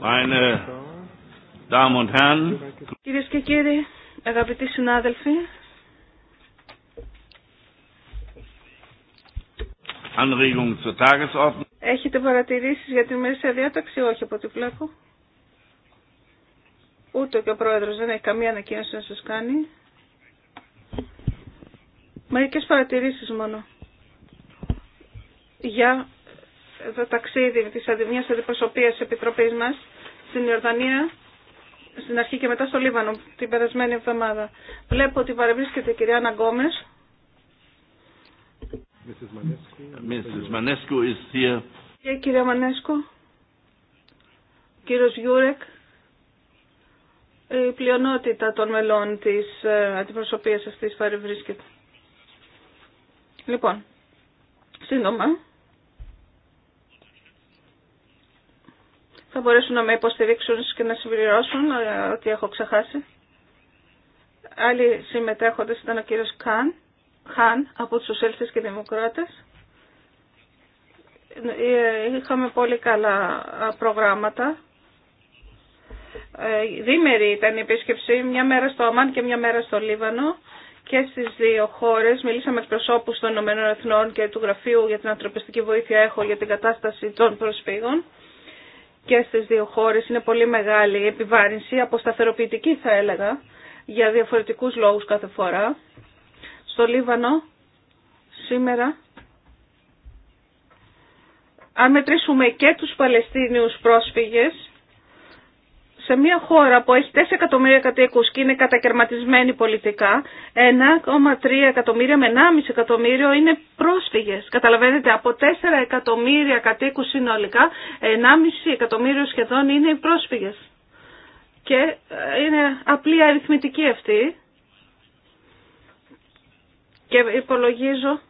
Meine Κυρίες και κύριοι, αγαπητοί συνάδελφοι, zur Tagesordnung. Έχετε παρατηρήσει για τη μέση διάταξη, όχι από ό,τι βλέπω. Ούτε και ο πρόεδρο δεν έχει καμία ανακοίνωση να σα κάνει. Μερικές παρατηρήσει μόνο. Για το ταξίδι της μιας αντιπροσωπείας της Επιτροπής μας στην Ιορδανία, στην αρχή και μετά στο Λίβανο την περασμένη εβδομάδα. Βλέπω ότι παρεμβρίσκεται η κυρία Άννα Γκόμες. Και η κυρία Μανέσκου, κύριος Γιούρεκ, η πλειονότητα των μελών της ε, αντιπροσωπείας αυτής παρεμβρίσκεται. Λοιπόν, σύντομα, θα μπορέσουν να με υποστηρίξουν και να συμπληρώσουν ε, ότι έχω ξεχάσει. Άλλοι συμμετέχοντες ήταν ο κύριος Καν, Χαν από τους Σοσιαλιστές και Δημοκράτες. Ε, είχαμε πολύ καλά προγράμματα. Ε, Δήμερη ήταν η επίσκεψη, μια μέρα στο Αμάν και μια μέρα στο Λίβανο και στις δύο χώρες. Μιλήσαμε με των Ηνωμένων και του Γραφείου για την Ανθρωπιστική Βοήθεια έχω για την κατάσταση των προσφύγων και στις δύο χώρες είναι πολύ μεγάλη η επιβάρυνση, αποσταθεροποιητική θα έλεγα, για διαφορετικούς λόγους κάθε φορά. Στο Λίβανο σήμερα, αν μετρήσουμε και τους Παλαιστίνιους πρόσφυγες, σε μια χώρα που έχει 4 εκατομμύρια κατοίκου και είναι κατακαιρματισμένη πολιτικά, 1,3 εκατομμύρια με 1,5 εκατομμύριο είναι πρόσφυγε. Καταλαβαίνετε, από 4 εκατομμύρια κατοίκου συνολικά, 1,5 εκατομμύριο σχεδόν είναι οι πρόσφυγε. Και ε, είναι απλή αριθμητική αυτή. Και υπολογίζω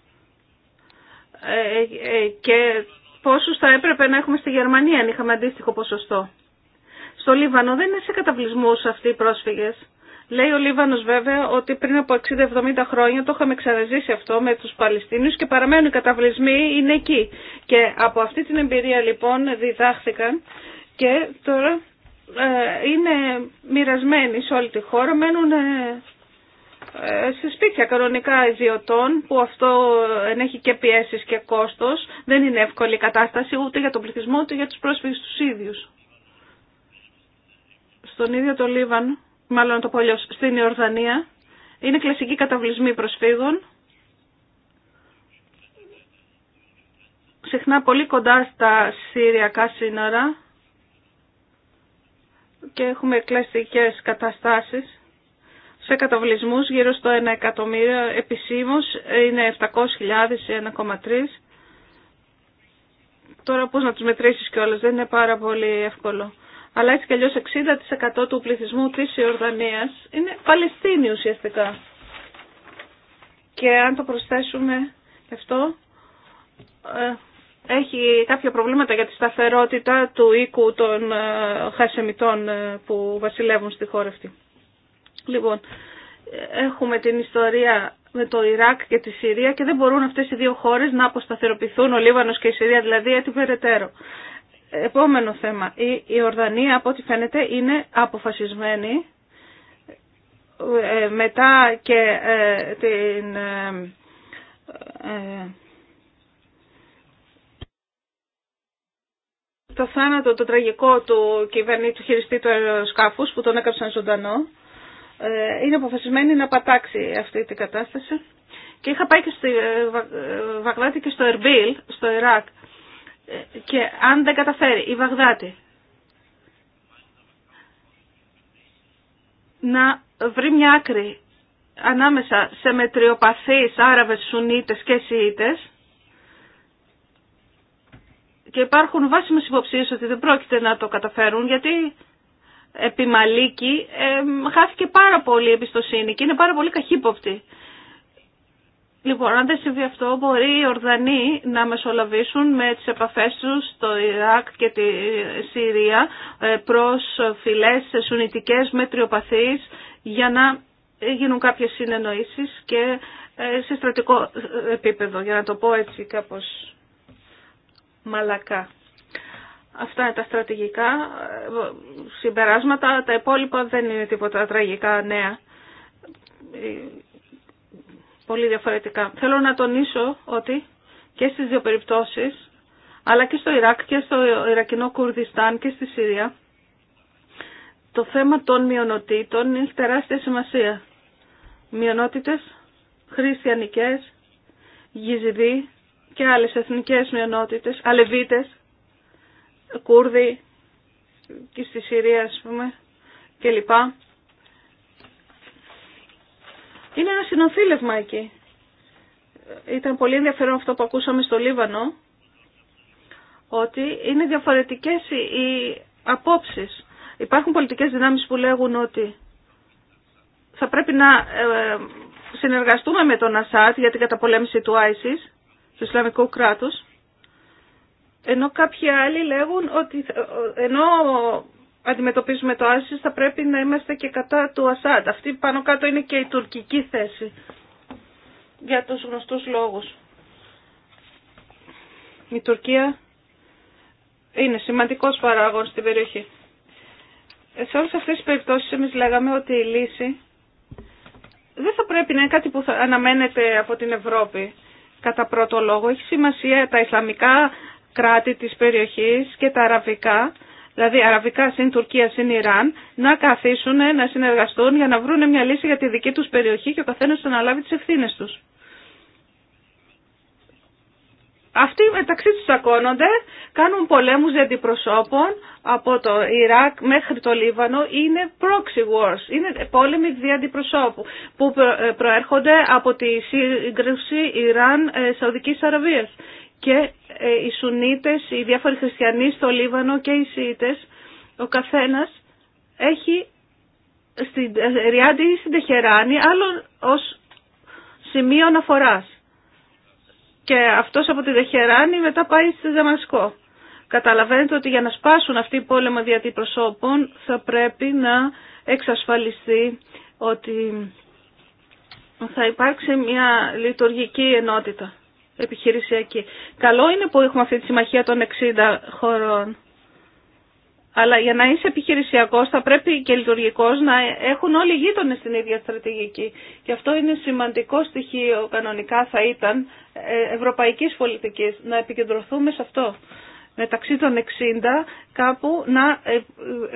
ε, ε, και πόσους θα έπρεπε να έχουμε στη Γερμανία αν είχαμε αντίστοιχο ποσοστό στο Λίβανο δεν είναι σε καταβλισμούς αυτοί οι πρόσφυγε. Λέει ο Λίβανο, βέβαια ότι πριν από 60-70 χρόνια το είχαμε ξαναζήσει αυτό με του Παλαιστίνιου και παραμένουν οι καταβλισμοί είναι εκεί. Και από αυτή την εμπειρία λοιπόν διδάχθηκαν και τώρα ε, είναι μοιρασμένοι σε όλη τη χώρα, μένουν ε, ε, σε σπίτια κανονικά ιδιωτών που αυτό ενέχει και πιέσεις και κόστος. Δεν είναι εύκολη η κατάσταση ούτε για τον πληθυσμό ούτε για τους πρόσφυγες τους ίδιους στον ίδιο το Λίβαν, μάλλον το πόλιο στην Ιορδανία, είναι κλασική καταβλισμή προσφύγων. Συχνά πολύ κοντά στα Συριακά σύνορα και έχουμε κλασικές καταστάσεις σε καταβλισμούς γύρω στο 1 εκατομμύριο επισήμως είναι 700.000 ή 1,3 Τώρα πώς να τους μετρήσεις κιόλας δεν είναι πάρα πολύ εύκολο αλλά έτσι κι αλλιώς 60% του πληθυσμού της Ιορδανίας είναι Παλαιστίνοι ουσιαστικά. Και αν το προσθέσουμε αυτό, ε, έχει κάποια προβλήματα για τη σταθερότητα του οίκου των ε, χασεμιτών ε, που βασιλεύουν στη χώρα αυτή. Λοιπόν, έχουμε την ιστορία με το Ιράκ και τη Συρία και δεν μπορούν αυτές οι δύο χώρες να αποσταθεροποιηθούν, ο Λίβανος και η Συρία δηλαδή έτσι Επόμενο θέμα. Η Ορδανία, από ό,τι φαίνεται, είναι αποφασισμένη ε, μετά και ε, την ε, το θάνατο το τραγικό του κυβερνή, του χειριστή του αεροσκάφους που τον έκαψαν ζωντανό είναι αποφασισμένη να πατάξει αυτή την κατάσταση και είχα πάει και στη Βαγδάτη και στο Ερμπίλ, στο Ιράκ και αν δεν καταφέρει η Βαγδάτη να βρει μια άκρη ανάμεσα σε μετριοπαθείς Άραβες, Σουνίτες και Σιήτες και υπάρχουν βάσιμες υποψίες ότι δεν πρόκειται να το καταφέρουν γιατί επί Μαλίκη χάθηκε πάρα πολύ εμπιστοσύνη και είναι πάρα πολύ καχύποπτη. Λοιπόν, αν δεν συμβεί αυτό, μπορεί οι Ορδανοί να μεσολαβήσουν με τις επαφές τους στο Ιράκ και τη Συρία ε, προς φυλές σουνητικές μετριοπαθείς για να γίνουν κάποιες συνεννοήσεις και ε, σε στρατικό επίπεδο, για να το πω έτσι κάπως μαλακά. Αυτά είναι τα στρατηγικά ε, συμπεράσματα, τα υπόλοιπα δεν είναι τίποτα τραγικά νέα πολύ διαφορετικά. Θέλω να τονίσω ότι και στις δύο περιπτώσεις, αλλά και στο Ιράκ και στο Ιρακινό Κουρδιστάν και στη Συρία, το θέμα των μειονοτήτων έχει τεράστια σημασία. Μειονότητες, χριστιανικές, γιζιδοί και άλλες εθνικές μειονότητες, αλεβίτες, Κούρδοι και στη Συρία ας πούμε και λοιπά. Είναι ένα συνοθήλευμα εκεί. Ήταν πολύ ενδιαφέρον αυτό που ακούσαμε στο Λίβανο, ότι είναι διαφορετικές οι απόψεις. Υπάρχουν πολιτικές δυνάμεις που λέγουν ότι θα πρέπει να ε, συνεργαστούμε με τον Ασάτ για την καταπολέμηση του ISIS, του Ισλαμικού κράτους, ενώ κάποιοι άλλοι λέγουν ότι, ε, ενώ αντιμετωπίζουμε το ISIS θα πρέπει να είμαστε και κατά του Ασάντ. Αυτή πάνω κάτω είναι και η τουρκική θέση για τους γνωστούς λόγους. Η Τουρκία είναι σημαντικός παράγον στην περιοχή. Σε όλες αυτές τις περιπτώσεις εμείς λέγαμε ότι η λύση δεν θα πρέπει να είναι κάτι που θα αναμένεται από την Ευρώπη κατά πρώτο λόγο. Έχει σημασία τα Ισλαμικά κράτη της περιοχής και τα Αραβικά δηλαδή αραβικά συν Τουρκία συν Ιράν, να καθίσουν, να συνεργαστούν για να βρουν μια λύση για τη δική τους περιοχή και ο καθένα να αναλάβει τις ευθύνες τους. Αυτοί μεταξύ τους σακώνονται, κάνουν πολέμους για αντιπροσώπων από το Ιράκ μέχρι το Λίβανο. Είναι proxy wars, είναι πόλεμοι δια αντιπροσώπου που ε, προέρχονται από τη σύγκριση Ιράν-Σαουδικής Αραβίας και ε, οι Σουνίτες, οι διάφοροι χριστιανοί στο Λίβανο και οι Σιήτες, ο καθένας έχει στην ε, Ριάντη ή στην Τεχεράνη άλλο ως σημείο αναφοράς. Και αυτός από τη Τεχεράνη μετά πάει στη Δαμασκό. Καταλαβαίνετε ότι για να σπάσουν αυτοί οι πόλεμα διατή προσώπων θα πρέπει να εξασφαλιστεί ότι θα υπάρξει μια λειτουργική ενότητα επιχειρησιακή. Καλό είναι που έχουμε αυτή τη συμμαχία των 60 χωρών. Αλλά για να είσαι επιχειρησιακό θα πρέπει και λειτουργικό να έχουν όλοι οι γείτονε την ίδια στρατηγική. Και αυτό είναι σημαντικό στοιχείο κανονικά θα ήταν ε, ευρωπαϊκή πολιτική. Να επικεντρωθούμε σε αυτό. Μεταξύ των 60 κάπου να ε,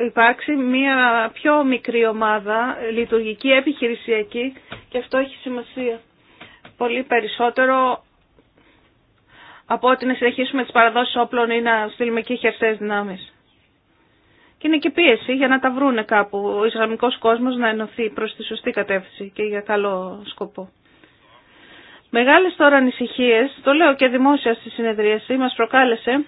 υπάρξει μια πιο μικρή ομάδα λειτουργική επιχειρησιακή και αυτό έχει σημασία πολύ περισσότερο από ότι να συνεχίσουμε τις παραδόσεις όπλων ή να στείλουμε εκεί χερσαίες δυνάμεις. Και είναι και πίεση για να τα βρούνε κάπου ο Ισλαμικός κόσμος να ενωθεί προς τη σωστή κατεύθυνση και για καλό σκοπό. Μεγάλες τώρα ανησυχίε, το λέω και δημόσια στη συνεδρίαση, μας προκάλεσε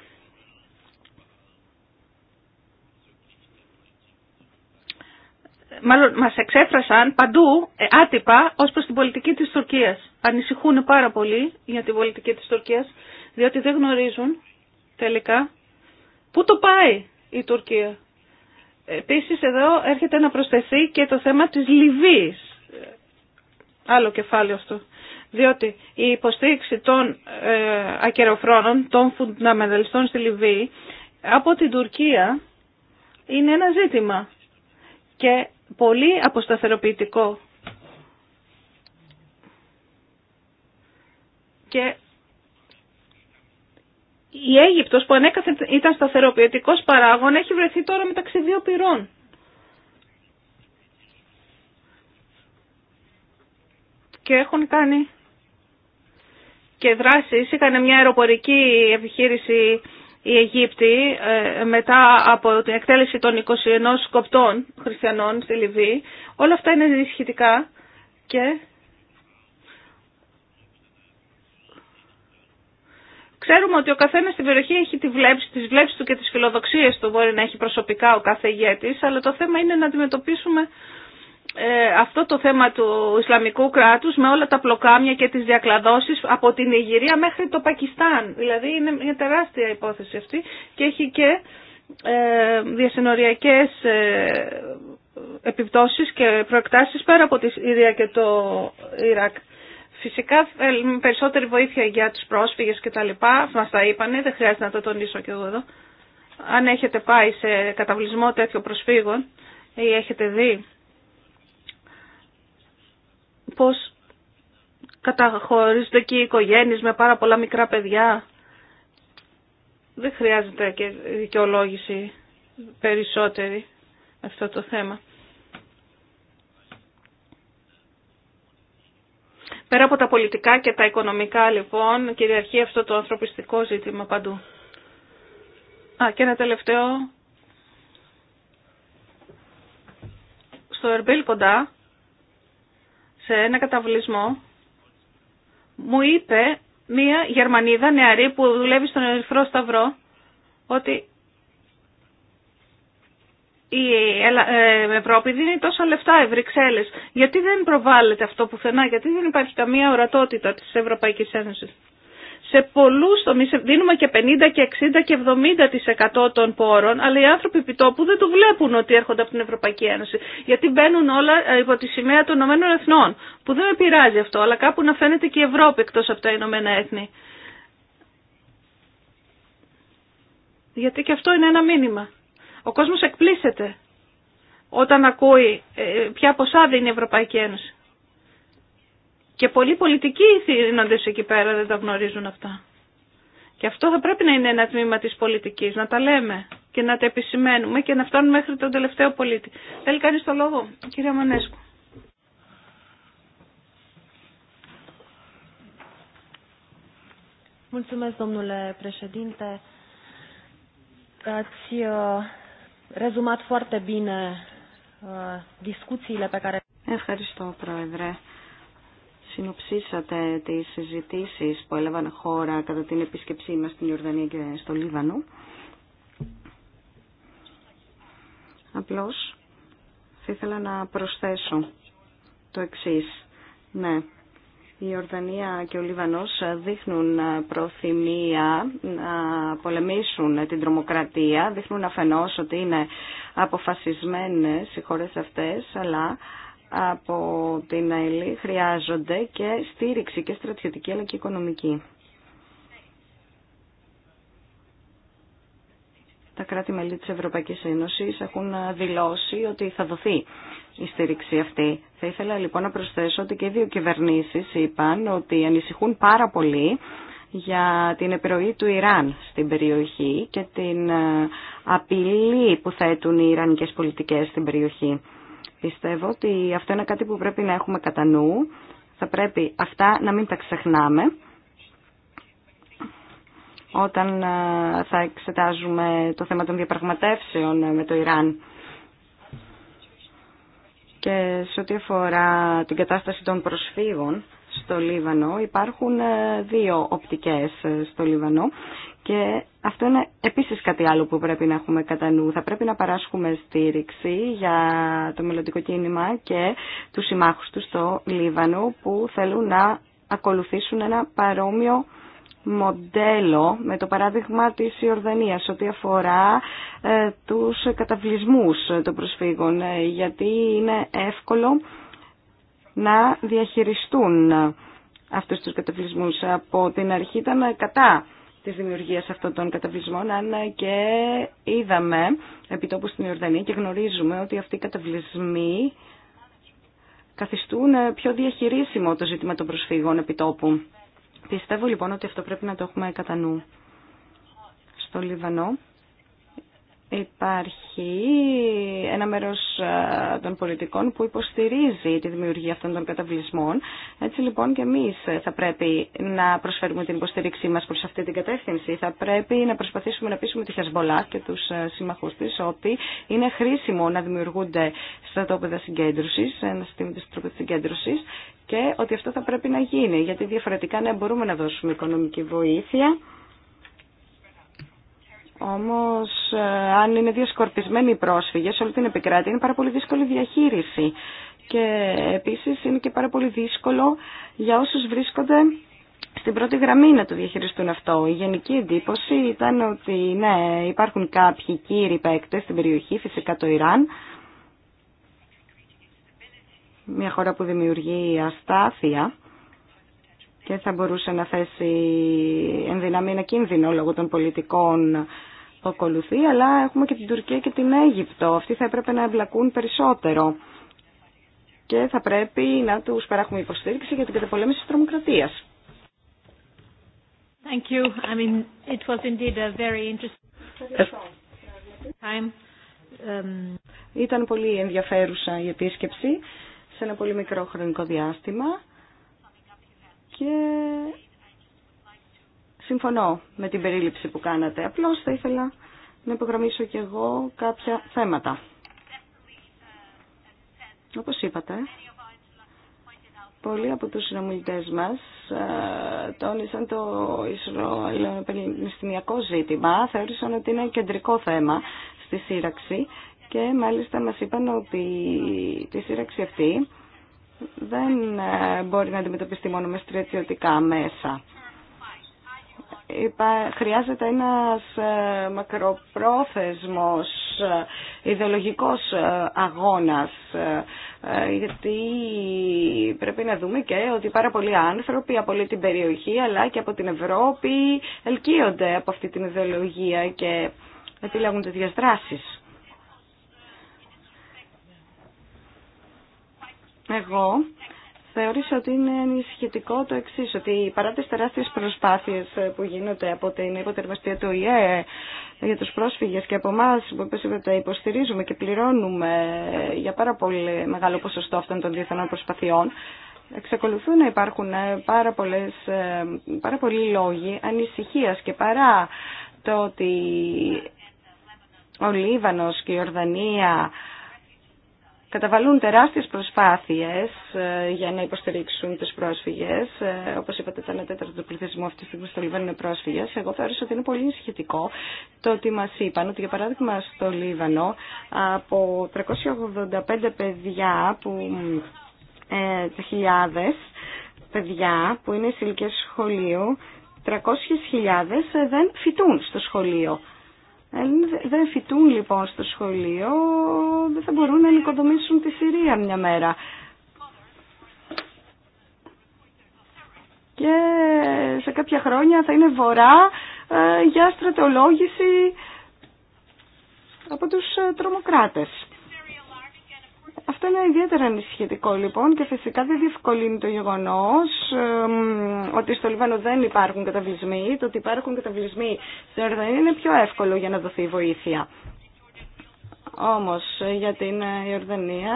μάλλον μας εξέφρασαν παντού ε, άτυπα ως προς την πολιτική της Τουρκίας. Ανησυχούν πάρα πολύ για την πολιτική της Τουρκίας διότι δεν γνωρίζουν τελικά πού το πάει η Τουρκία. Επίσης εδώ έρχεται να προσθεθεί και το θέμα της Λιβύης. Άλλο κεφάλαιο αυτό. Διότι η υποστήριξη των ε, ακεροφρόνων, των φουνταμενταλιστών στη Λιβύη, από την Τουρκία είναι ένα ζήτημα και πολύ αποσταθεροποιητικό. Και η Αίγυπτος που ανέκαθεν ήταν σταθεροποιητικός παράγων έχει βρεθεί τώρα μεταξύ δύο πυρών. Και έχουν κάνει και δράσεις. Είχαν μια αεροπορική επιχείρηση η Αίγυπτη ε, μετά από την εκτέλεση των 21 σκοπτών χριστιανών στη Λιβύη. Όλα αυτά είναι ενισχυτικά και Ξέρουμε ότι ο καθένα στην περιοχή έχει τη βλέψη, τις βλέψεις του και τις φιλοδοξίες του μπορεί να έχει προσωπικά ο κάθε ηγέτης, αλλά το θέμα είναι να αντιμετωπίσουμε ε, αυτό το θέμα του Ισλαμικού κράτους με όλα τα πλοκάμια και τις διακλαδώσεις από την Ιγυρία μέχρι το Πακιστάν. Δηλαδή είναι μια τεράστια υπόθεση αυτή και έχει και ε, διασυνοριακές ε, επιπτώσεις και προεκτάσεις πέρα από τη Ιρία και το Ιράκ. Φυσικά ε, περισσότερη βοήθεια για τους πρόσφυγες και τα λοιπά. Μας τα είπανε, δεν χρειάζεται να το τονίσω κι εγώ εδώ. Αν έχετε πάει σε καταβλισμό τέτοιο προσφύγων ή έχετε δει πώς καταχωρίζονται εκεί οι οικογένειες με πάρα πολλά μικρά παιδιά. Δεν χρειάζεται και δικαιολόγηση περισσότερη αυτό το θέμα. Πέρα από τα πολιτικά και τα οικονομικά λοιπόν κυριαρχεί αυτό το ανθρωπιστικό ζήτημα παντού. Α, και ένα τελευταίο. Στο Ερμπίλ κοντά, σε ένα καταβλισμό, μου είπε μία Γερμανίδα νεαρή που δουλεύει στον Ερυθρό Σταυρό ότι ε, η Ευρώπη δίνει τόσα λεφτά, οι Γιατί δεν προβάλλεται αυτό που πουθενά, γιατί δεν υπάρχει καμία ορατότητα της Ευρωπαϊκής Ένωσης. Σε πολλούς τομείς δίνουμε και 50 και 60 και 70% των πόρων, αλλά οι άνθρωποι επιτόπου δεν το βλέπουν ότι έρχονται από την Ευρωπαϊκή Ένωση. Γιατί μπαίνουν όλα ε, υπό τη σημαία των Ηνωμένων Εθνών, που δεν με πειράζει αυτό, αλλά κάπου να φαίνεται και η Ευρώπη εκτός από τα Ηνωμένα Έθνη. Γιατί και αυτό είναι ένα μήνυμα. Ο κόσμος εκπλήσεται όταν ακούει ε, ποια ποσά δίνει η Ευρωπαϊκή Ένωση. Και πολλοί πολιτικοί θύνονται εκεί πέρα δεν τα γνωρίζουν αυτά. Και αυτό θα πρέπει να είναι ένα τμήμα της πολιτικής, να τα λέμε και να τα επισημαίνουμε και να φτάνουμε μέχρι τον τελευταίο πολίτη. Θέλει κανεί το λόγο, κύριε Μανέσκου. Mulțumesc, domnule președinte. Ați uh, rezumat foarte bine uh, discuțiile pe care... Ευχαριστώ, Πρόεδρε. Συνοψίσατε τις συζητήσει που έλαβαν χώρα κατά την επίσκεψή μας στην Ιορδανία και στο Λίβανο. Απλώς θα ήθελα να προσθέσω το εξής. Ναι, η Ορδανία και ο Λιβανός δείχνουν προθυμία να πολεμήσουν την τρομοκρατία, δείχνουν αφενός ότι είναι αποφασισμένες οι χώρες αυτές, αλλά από την ΑΕΛΗ χρειάζονται και στήριξη και στρατιωτική αλλά και οικονομική. τα κράτη-μέλη της Ευρωπαϊκής Ένωσης έχουν δηλώσει ότι θα δοθεί η στήριξη αυτή. Θα ήθελα λοιπόν να προσθέσω ότι και οι δύο κυβερνήσεις είπαν ότι ανησυχούν πάρα πολύ για την επιρροή του Ιράν στην περιοχή και την ε, απειλή που θέτουν οι Ιρανικές πολιτικές στην περιοχή. Πιστεύω ότι αυτό είναι κάτι που πρέπει να έχουμε κατά νου. Θα πρέπει αυτά να μην τα ξεχνάμε όταν ε, θα εξετάζουμε το θέμα των διαπραγματεύσεων ε, με το Ιράν. Και σε ό,τι αφορά την κατάσταση των προσφύγων στο Λίβανο, υπάρχουν ε, δύο οπτικές στο Λίβανο και αυτό είναι επίσης κάτι άλλο που πρέπει να έχουμε κατά νου. Θα πρέπει να παράσχουμε στήριξη για το μελλοντικό κίνημα και τους συμμάχους του στο Λίβανο που θέλουν να ακολουθήσουν ένα παρόμοιο μοντέλο με το παράδειγμα της Ιορδανίας ό,τι αφορά ε, τους καταβλισμούς των προσφύγων ε, γιατί είναι εύκολο να διαχειριστούν αυτούς τους καταβλισμούς. Από την αρχή ήταν κατά της δημιουργίας αυτών των καταβλισμών αν και είδαμε επιτόπου στην Ιορδανία και γνωρίζουμε ότι αυτοί οι καταβλισμοί καθιστούν πιο διαχειρίσιμο το ζήτημα των προσφύγων επιτόπου. Πιστεύω λοιπόν ότι αυτό πρέπει να το έχουμε κατά νου. Στο Λιβανό Υπάρχει ένα μέρος ε, των πολιτικών που υποστηρίζει τη δημιουργία αυτών των καταβλισμών. Έτσι λοιπόν και εμείς θα πρέπει να προσφέρουμε την υποστήριξή μας προς αυτή την κατεύθυνση. Θα πρέπει να προσπαθήσουμε να πείσουμε τη Χεσμολά και τους ε, συμμαχούς της ότι είναι χρήσιμο να δημιουργούνται στρατόπεδα συγκέντρωσης, ένα σύστημα της συγκέντρωσης και ότι αυτό θα πρέπει να γίνει γιατί διαφορετικά ναι μπορούμε να δώσουμε οικονομική βοήθεια όμως, ε, αν είναι διασκορπισμένοι οι πρόσφυγες, όλη την επικράτη είναι πάρα πολύ δύσκολη διαχείριση. Και επίσης είναι και πάρα πολύ δύσκολο για όσους βρίσκονται στην πρώτη γραμμή να το διαχειριστούν αυτό. Η γενική εντύπωση ήταν ότι ναι, υπάρχουν κάποιοι κύριοι παίκτες στην περιοχή, φυσικά το Ιράν, μια χώρα που δημιουργεί αστάθεια και θα μπορούσε να θέσει ενδυνάμει ένα κίνδυνο λόγω των πολιτικών ακολουθεί, αλλά έχουμε και την Τουρκία και την Αίγυπτο. Αυτοί θα έπρεπε να εμπλακούν περισσότερο και θα πρέπει να τους παράχουμε υποστήριξη για την καταπολέμηση της τρομοκρατίας. Ήταν πολύ ενδιαφέρουσα η επίσκεψη σε ένα πολύ μικρό χρονικό διάστημα και συμφωνώ με την περίληψη που κάνατε. Απλώς θα ήθελα να υπογραμμίσω και εγώ κάποια θέματα. Όπως είπατε, πολλοί από τους συνομιλητές μας ε, τόνισαν το 100η ζήτημα, θεώρησαν ότι είναι κεντρικό θέμα στη σύραξη και μάλιστα μας είπαν ότι τη σύραξη αυτή δεν ε, μπορεί να αντιμετωπιστεί μόνο με στρατιωτικά μέσα χρειάζεται ένας ε, μακροπρόθεσμος ε, ιδεολογικός ε, αγώνας γιατί πρέπει να δούμε και ότι πάρα πολλοί άνθρωποι από όλη την περιοχή αλλά και από την Ευρώπη ελκύονται από αυτή την ιδεολογία και επιλέγουν τις διαστράσεις. Εγώ Θεώρησα ότι είναι ενισχυτικό το εξή, ότι παρά τι τεράστιε προσπάθειε ε, που γίνονται από την υποτερμαστία του ΙΕ ε, για του πρόσφυγε και από εμά, που είπατε, υποστηρίζουμε και πληρώνουμε ε, για πάρα πολύ μεγάλο ποσοστό αυτών των διεθνών προσπαθειών, εξακολουθούν να υπάρχουν πάρα, πολλές, πάρα πολλοί λόγοι ανησυχία και παρά το ότι ο Λίβανος και η Ορδανία καταβαλούν τεράστιες προσπάθειες ε, για να υποστηρίξουν τους πρόσφυγες. Ε, όπως είπατε, το 1 τέταρτο του πληθυσμού αυτή τη στιγμή στο είναι πρόσφυγες. Εγώ θεώρησα ότι είναι πολύ σχετικό το ότι μας είπαν ότι, για παράδειγμα, στο Λίβανο από 385 παιδιά που... Ε, παιδιά που είναι σε ηλικία σχολείου 300.000 ε, δεν φοιτούν στο σχολείο. Ε, δεν φοιτούν λοιπόν στο σχολείο, δεν θα μπορούν να νοικοδομήσουν τη Συρία μια μέρα. Και σε κάποια χρόνια θα είναι βορρά ε, για στρατολόγηση από τους ε, τρομοκράτες. Αυτό είναι ιδιαίτερα ανησυχητικό λοιπόν και φυσικά δεν διευκολύνει το γεγονός ότι στο Λιβάνο δεν υπάρχουν καταβλισμοί, το ότι υπάρχουν καταβλισμοί στην Ιορδανία είναι πιο εύκολο για να δοθεί βοήθεια. Όμως ε, για την ε, Ιορδανία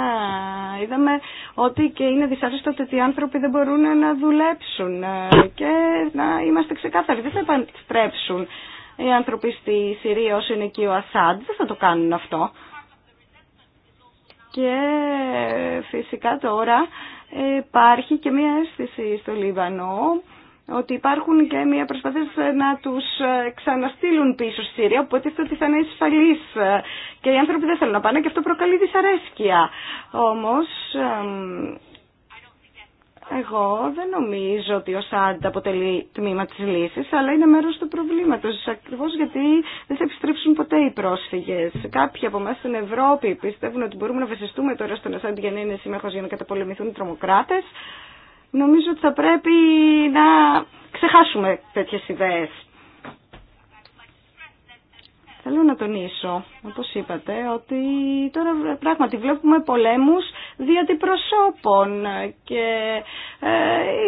είδαμε ότι και είναι δυσάρεστο ότι οι άνθρωποι δεν μπορούν να δουλέψουν ε, και να είμαστε ξεκάθαροι, δεν θα επαντρέψουν οι άνθρωποι στη Συρία όσοι είναι εκεί ο Ασάντ, δεν θα το κάνουν αυτό και φυσικά τώρα υπάρχει και μία αίσθηση στο Λίβανο ότι υπάρχουν και μία προσπάθεια να τους ξαναστείλουν πίσω στη Συρία, οπότε αυτό ότι θα είναι εισφαλής και οι άνθρωποι δεν θέλουν να πάνε και αυτό προκαλεί δυσαρέσκεια. Όμως εγώ δεν νομίζω ότι ο ΣΑΝΤ αποτελεί τμήμα της λύσης, αλλά είναι μέρος του προβλήματος, ακριβώς γιατί δεν θα επιστρέψουν ποτέ οι πρόσφυγες. Κάποιοι από εμά στην Ευρώπη πιστεύουν ότι μπορούμε να βασιστούμε τώρα στον ΣΑΝΤ για να είναι σύμμαχος για να καταπολεμηθούν οι τρομοκράτες. Νομίζω ότι θα πρέπει να ξεχάσουμε τέτοιες ιδέες. Θέλω να τονίσω, όπως είπατε, ότι τώρα πράγματι βλέπουμε πολέμους δια προσώπων και ε,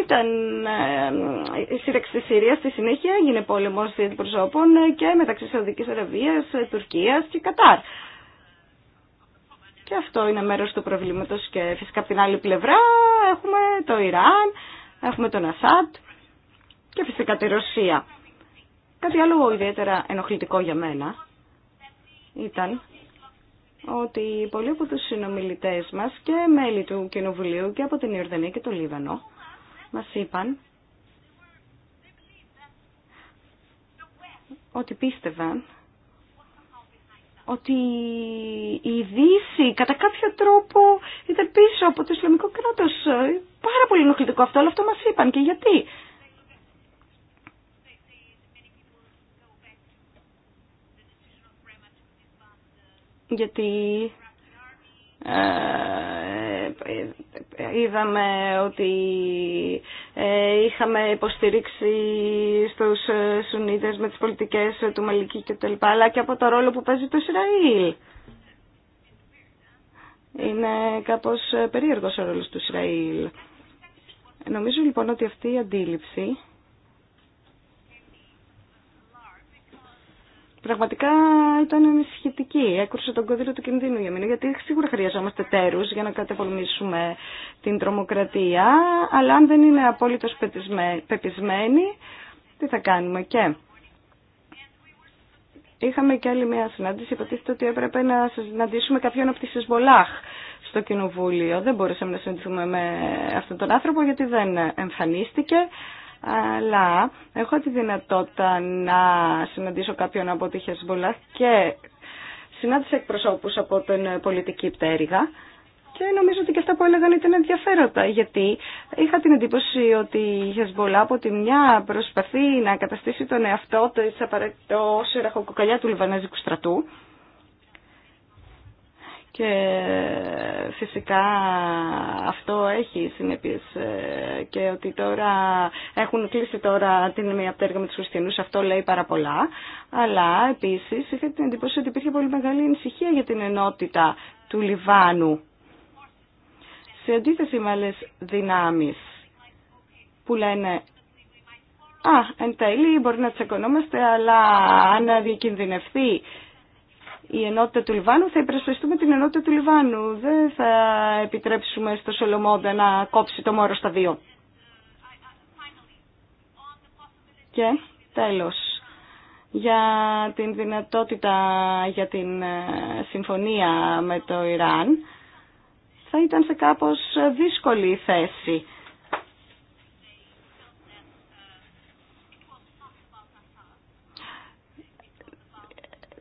ήταν ε, η σύνταξη της Συρίας στη συνέχεια έγινε πόλεμος δια και μεταξύ Σαουδικής Αραβίας, Τουρκίας και Κατάρ. Και αυτό είναι μέρος του προβλήματος και φυσικά από την άλλη πλευρά έχουμε το Ιράν, έχουμε τον Ασάτ και φυσικά τη Ρωσία. Κάτι άλλο ιδιαίτερα ενοχλητικό για μένα ήταν ότι πολλοί από τους συνομιλητές μας και μέλη του Κοινοβουλίου και από την Ιορδανία και το Λίβανο μας είπαν ότι πίστευαν ότι η Δύση κατά κάποιο τρόπο ήταν πίσω από το Ισλαμικό κράτος. Πάρα πολύ ενοχλητικό αυτό, αλλά αυτό μας είπαν. Και γιατί. γιατί ε, ε, ε, είδαμε ότι είχαμε υποστηρίξει στους Σουνίτες με τις πολιτικές του Μαλική και αλλά και από το ρόλο που παίζει το Ισραήλ. Είναι κάπως περίεργος ο ρόλος του Ισραήλ. Νομίζω λοιπόν ότι αυτή η αντίληψη πραγματικά ήταν ενισχυτική. Έκρουσε τον κοδύλο του κινδύνου για μένα, γιατί σίγουρα χρειαζόμαστε τέρου για να καταπολεμήσουμε την τρομοκρατία. Αλλά αν δεν είναι απόλυτο πεπισμένοι, τι θα κάνουμε. Και είχαμε και άλλη μια συνάντηση. Υποτίθεται ότι έπρεπε να συναντήσουμε κάποιον από τη Σισβολάχ στο Κοινοβούλιο. Δεν μπορούσαμε να συναντηθούμε με αυτόν τον άνθρωπο γιατί δεν εμφανίστηκε αλλά έχω τη δυνατότητα να συναντήσω κάποιον από τη Χεσμολά και συνάντησα εκπροσώπους από την πολιτική πτέρυγα και νομίζω ότι και αυτά που έλεγαν ήταν ενδιαφέροντα, γιατί είχα την εντύπωση ότι η Χεσμολά από τη μια προσπαθεί να καταστήσει τον εαυτό της απαραίτητο ραχοκοκαλιά του Λιβανέζικου στρατού, και φυσικά αυτό έχει συνεπείς ε, και ότι τώρα έχουν κλείσει τώρα την μία πτέρυγα με τους χριστιανούς, αυτό λέει πάρα πολλά. Αλλά επίσης είχα την εντύπωση ότι υπήρχε πολύ μεγάλη ανησυχία για την ενότητα του Λιβάνου. Σε αντίθεση με άλλες δυνάμεις που λένε «Α, εν τέλει μπορεί να τσεκωνόμαστε, αλλά αν διακινδυνευτεί η ενότητα του Λιβάνου, θα υπερασπιστούμε την ενότητα του Λιβάνου. Δεν θα επιτρέψουμε στο Σολομόντα να κόψει το μόρο στα δύο. Και τέλος, για την δυνατότητα για την ε, συμφωνία με το Ιράν, θα ήταν σε κάπως δύσκολη θέση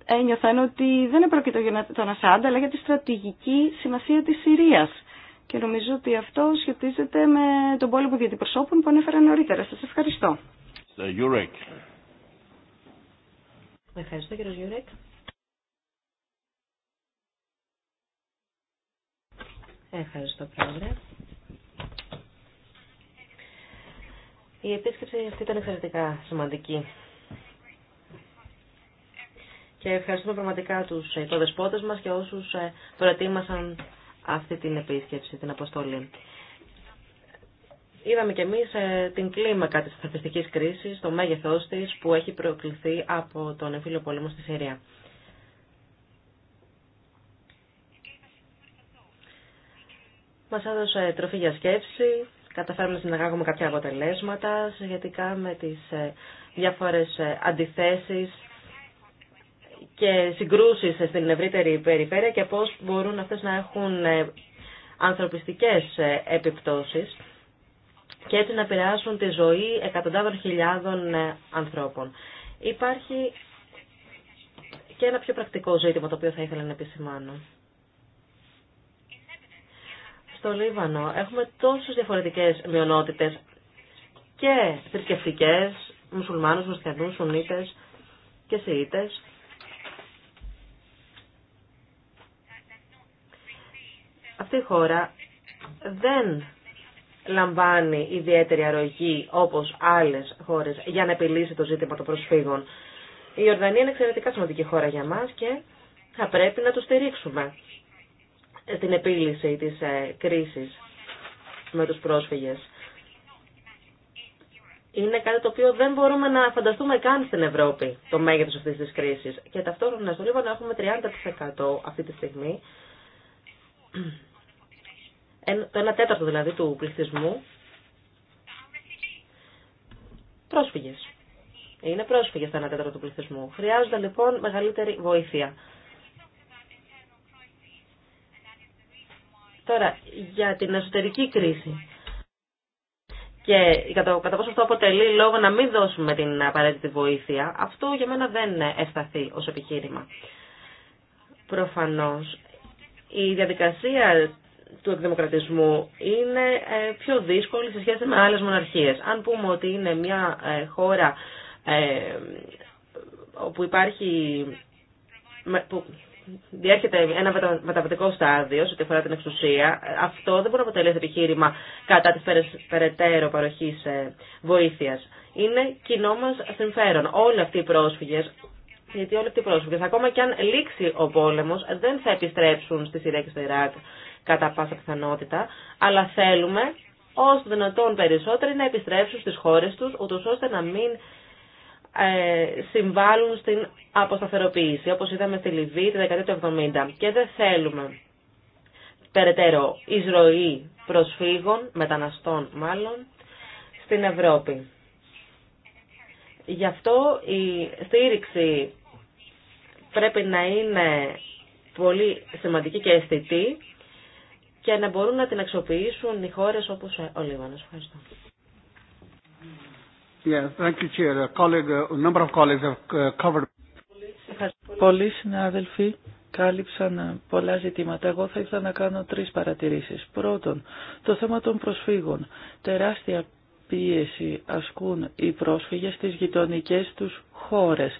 ένιωθαν ότι δεν επρόκειτο για τον Ασάντα, αλλά για τη στρατηγική σημασία της Συρίας. Και νομίζω ότι αυτό σχετίζεται με τον πόλεμο διατυπροσώπων που ανέφερα νωρίτερα. Σας ευχαριστώ. Ευχαριστώ κύριος Γιουρέκ. Ευχαριστώ πρόεδρε. Η επίσκεψη αυτή ήταν εξαιρετικά σημαντική και ευχαριστούμε πραγματικά τους ε, οικοδεσπότες μας και όσους ε, προετοίμασαν αυτή την επίσκεψη, την αποστολή. Είδαμε και εμείς ε, την κλίμακα της θεραπευτικής κρίσης, το μέγεθός της που έχει προκληθεί από τον εμφύλιο πόλεμο στη Συρία. Μα έδωσε τροφή για σκέψη, καταφέραμε να συνεργάγουμε κάποια αποτελέσματα σχετικά με τι διάφορε αντιθέσει και συγκρούσεις στην ευρύτερη περιφέρεια και πώς μπορούν αυτές να έχουν ε, ανθρωπιστικές ε, επιπτώσεις και έτσι να επηρεάσουν τη ζωή εκατοντάδων χιλιάδων ε, ανθρώπων. Υπάρχει και ένα πιο πρακτικό ζήτημα το οποίο θα ήθελα να επισημάνω. Στο Λίβανο έχουμε τόσες διαφορετικές μειονότητες και θρησκευτικέ, μουσουλμάνους, χριστιανούς, σουνίτες και σιήτες αυτή η χώρα δεν λαμβάνει ιδιαίτερη αρρωγή όπως άλλες χώρες για να επιλύσει το ζήτημα των προσφύγων. Η Ορδανία είναι εξαιρετικά σημαντική χώρα για μας και θα πρέπει να το στηρίξουμε την επίλυση της ε, κρίσης με τους πρόσφυγες. Είναι κάτι το οποίο δεν μπορούμε να φανταστούμε καν στην Ευρώπη, το μέγεθος αυτής της κρίσης. Και ταυτόχρονα στο Λίβανο έχουμε 30% αυτή τη στιγμή το 1 τέταρτο δηλαδή του πληθυσμού, πρόσφυγες. Είναι πρόσφυγες το 1 τέταρτο του πληθυσμού. Χρειάζονται λοιπόν μεγαλύτερη βοήθεια. Τώρα, για την εσωτερική κρίση. Και κατά, πόσο αυτό αποτελεί λόγο να μην δώσουμε την απαραίτητη βοήθεια, αυτό για μένα δεν ευσταθεί ως επιχείρημα. Προφανώς, η διαδικασία του εκδημοκρατισμού είναι ε, πιο δύσκολη σε σχέση με άλλες μοναρχίες. Αν πούμε ότι είναι μια ε, χώρα ε, όπου υπάρχει που διέρχεται ένα μεταβατικό στάδιο σε ό,τι αφορά την εξουσία, αυτό δεν μπορεί να αποτελέσει επιχείρημα κατά της περαιτέρω παροχής βοήθειας. Είναι κοινό μας συμφέρον. Όλοι αυτοί οι πρόσφυγες γιατί όλοι αυτοί οι πρόσφυγε, ακόμα και αν λήξει ο πόλεμο, δεν θα επιστρέψουν στη Συρία και στο Ιράκ κατά πάσα πιθανότητα, αλλά θέλουμε όσο δυνατόν περισσότεροι να επιστρέψουν στις χώρες τους, ούτως ώστε να μην ε, συμβάλλουν στην αποσταθεροποίηση, όπως είδαμε στη Λιβύη τη δεκαετία του 70. Και δεν θέλουμε περαιτέρω εισρωή προσφύγων, μεταναστών μάλλον, στην Ευρώπη. Γι' αυτό η στήριξη πρέπει να είναι πολύ σημαντική και αισθητή για να μπορούν να την αξιοποιήσουν οι χώρες όπως ε, ο Λίβανος. Ευχαριστώ. thank you, A uh, Πολλοί συνάδελφοι κάλυψαν ε, πολλά ζητήματα. Εγώ θα ήθελα να κάνω τρεις παρατηρήσεις. Πρώτον, το θέμα των προσφύγων. Τεράστια πίεση ασκούν οι πρόσφυγες στις γειτονικές τους χώρες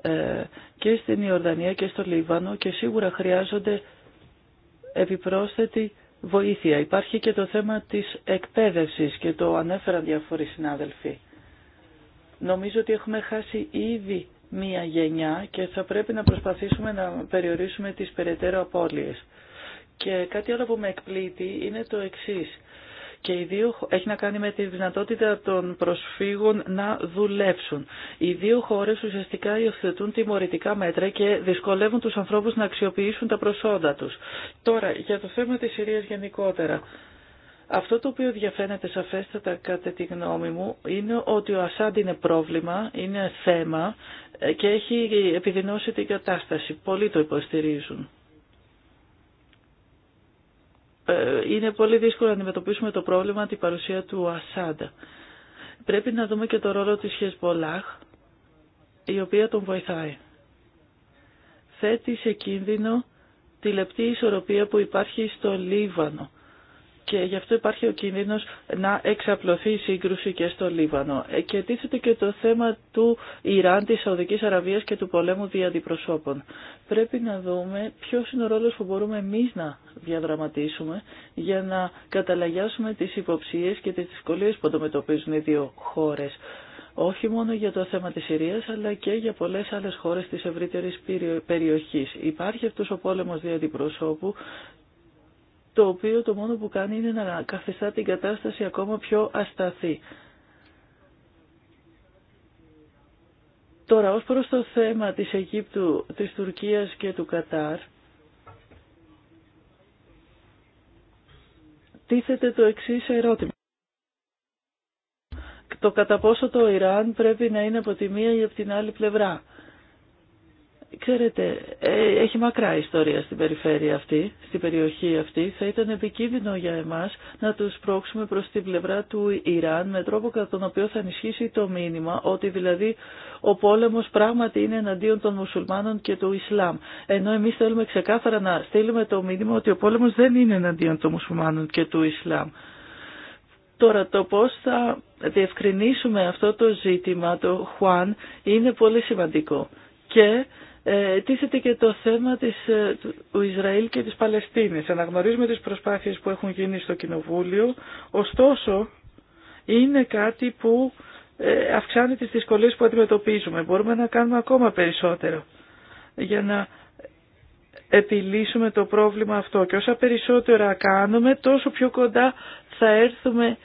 ε, και στην Ιορδανία και στο Λίβανο και σίγουρα χρειάζονται επιπρόσθετη βοήθεια. Υπάρχει και το θέμα της εκπαίδευσης και το ανέφεραν διάφοροι συνάδελφοι. Νομίζω ότι έχουμε χάσει ήδη μία γενιά και θα πρέπει να προσπαθήσουμε να περιορίσουμε τις περαιτέρω απώλειες. Και κάτι άλλο που με εκπλήττει είναι το εξής και οι δύο έχει να κάνει με τη δυνατότητα των προσφύγων να δουλέψουν. Οι δύο χώρες ουσιαστικά υιοθετούν τιμωρητικά μέτρα και δυσκολεύουν τους ανθρώπους να αξιοποιήσουν τα προσόντα τους. Τώρα, για το θέμα της Συρίας γενικότερα. Αυτό το οποίο διαφαίνεται σαφέστατα κατά τη γνώμη μου είναι ότι ο Ασάντ είναι πρόβλημα, είναι θέμα και έχει επιδεινώσει την κατάσταση. Πολλοί το υποστηρίζουν. Ε, είναι πολύ δύσκολο να αντιμετωπίσουμε το πρόβλημα την παρουσία του Ασάντα. Πρέπει να δούμε και το ρόλο της Χεσμολάχ, η οποία τον βοηθάει. Θέτει σε κίνδυνο τη λεπτή ισορροπία που υπάρχει στο Λίβανο και γι' αυτό υπάρχει ο κίνδυνος να εξαπλωθεί η σύγκρουση και στο Λίβανο. Ε, και τίθεται και το θέμα του Ιράν, της Σαουδικής Αραβίας και του πολέμου αντιπροσώπων. Πρέπει να δούμε ποιος είναι ο ρόλος που μπορούμε εμείς να διαδραματίσουμε για να καταλαγιάσουμε τις υποψίες και τις δυσκολίες που αντιμετωπίζουν οι δύο χώρες όχι μόνο για το θέμα της Συρίας αλλά και για πολλές άλλες χώρες της ευρύτερης περιοχής. Υπάρχει αυτός ο πόλεμος δια το οποίο το μόνο που κάνει είναι να καθιστά την κατάσταση ακόμα πιο ασταθή. Τώρα, ως προς το θέμα της Αιγύπτου, της Τουρκίας και του Κατάρ, τίθεται το εξής ερώτημα. Το κατά πόσο το Ιράν πρέπει να είναι από τη μία ή από την άλλη πλευρά. Ξέρετε, ε, έχει μακρά ιστορία στην περιφέρεια αυτή, στην περιοχή αυτή. Θα ήταν επικίνδυνο για εμάς να τους πρόξουμε προς την πλευρά του Ιράν με τρόπο κατά τον οποίο θα ενισχύσει το μήνυμα ότι δηλαδή ο πόλεμος πράγματι είναι εναντίον των μουσουλμάνων και του Ισλάμ. Ενώ εμείς θέλουμε ξεκάθαρα να στείλουμε το μήνυμα ότι ο πόλεμος δεν είναι εναντίον των μουσουλμάνων και του Ισλάμ. Τώρα το πώς θα διευκρινίσουμε αυτό το ζήτημα, το Χουάν, είναι πολύ σημαντικό. Και ε, τίθεται και το θέμα της, ε, του Ισραήλ και της Παλαιστίνης. Αναγνωρίζουμε τις προσπάθειες που έχουν γίνει στο Κοινοβούλιο, ωστόσο είναι κάτι που ε, αυξάνει τις δυσκολίες που αντιμετωπίζουμε. Μπορούμε να κάνουμε ακόμα περισσότερο για να επιλύσουμε το πρόβλημα αυτό. Και όσα περισσότερα κάνουμε, τόσο πιο κοντά θα έρθουμε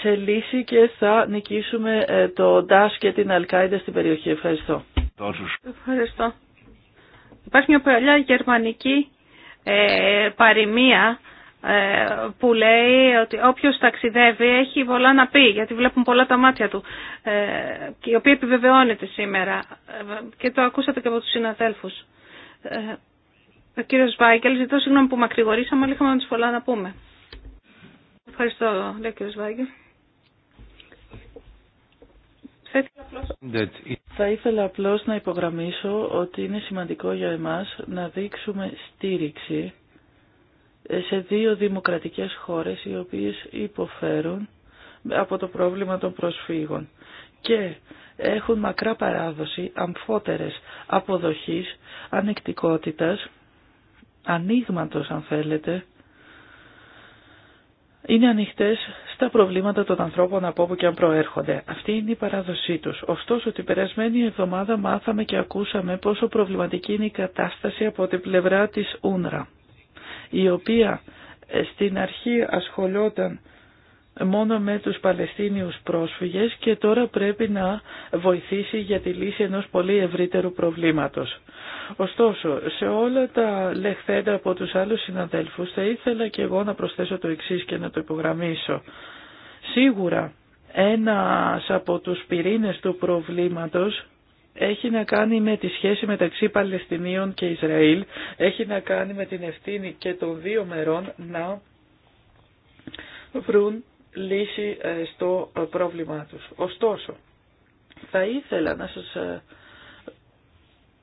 σε λύση και θα νικήσουμε το ΝΤΑΣ και την Αλκάιντα στην περιοχή. Ευχαριστώ. Ευχαριστώ. Υπάρχει μια παλιά γερμανική ε, παροιμία ε, που λέει ότι όποιος ταξιδεύει έχει πολλά να πει γιατί βλέπουν πολλά τα μάτια του ε, η οποία επιβεβαιώνεται σήμερα και το ακούσατε και από τους συναδέλφους ε, ο κύριος Βάγκελ ζητώ συγγνώμη που μακρηγορήσαμε αλλά είχαμε τους πολλά να πούμε ευχαριστώ λέει ο κύριος Βάγκελ θα ήθελα απλώς να υπογραμμίσω ότι είναι σημαντικό για εμάς να δείξουμε στήριξη σε δύο δημοκρατικές χώρες οι οποίες υποφέρουν από το πρόβλημα των προσφύγων και έχουν μακρά παράδοση αμφότερες αποδοχής, ανεκτικότητας, ανοίγματος αν θέλετε, είναι ανοιχτές τα προβλήματα των ανθρώπων από όπου και αν προέρχονται. Αυτή είναι η παράδοσή τους. Ωστόσο, την περασμένη εβδομάδα μάθαμε και ακούσαμε πόσο προβληματική είναι η κατάσταση από την πλευρά της Ούνρα, η οποία ε, στην αρχή ασχολόταν μόνο με τους Παλαιστίνιους πρόσφυγες και τώρα πρέπει να βοηθήσει για τη λύση ενός πολύ ευρύτερου προβλήματος. Ωστόσο, σε όλα τα λεχθέντα από τους άλλους συναδέλφους θα ήθελα και εγώ να προσθέσω το εξή και να το υπογραμμίσω. Σίγουρα ένας από τους πυρήνες του προβλήματος έχει να κάνει με τη σχέση μεταξύ Παλαιστινίων και Ισραήλ, έχει να κάνει με την ευθύνη και των δύο μερών να βρουν λύση ε, στο ε, πρόβλημά τους. Ωστόσο, θα ήθελα να σας ε,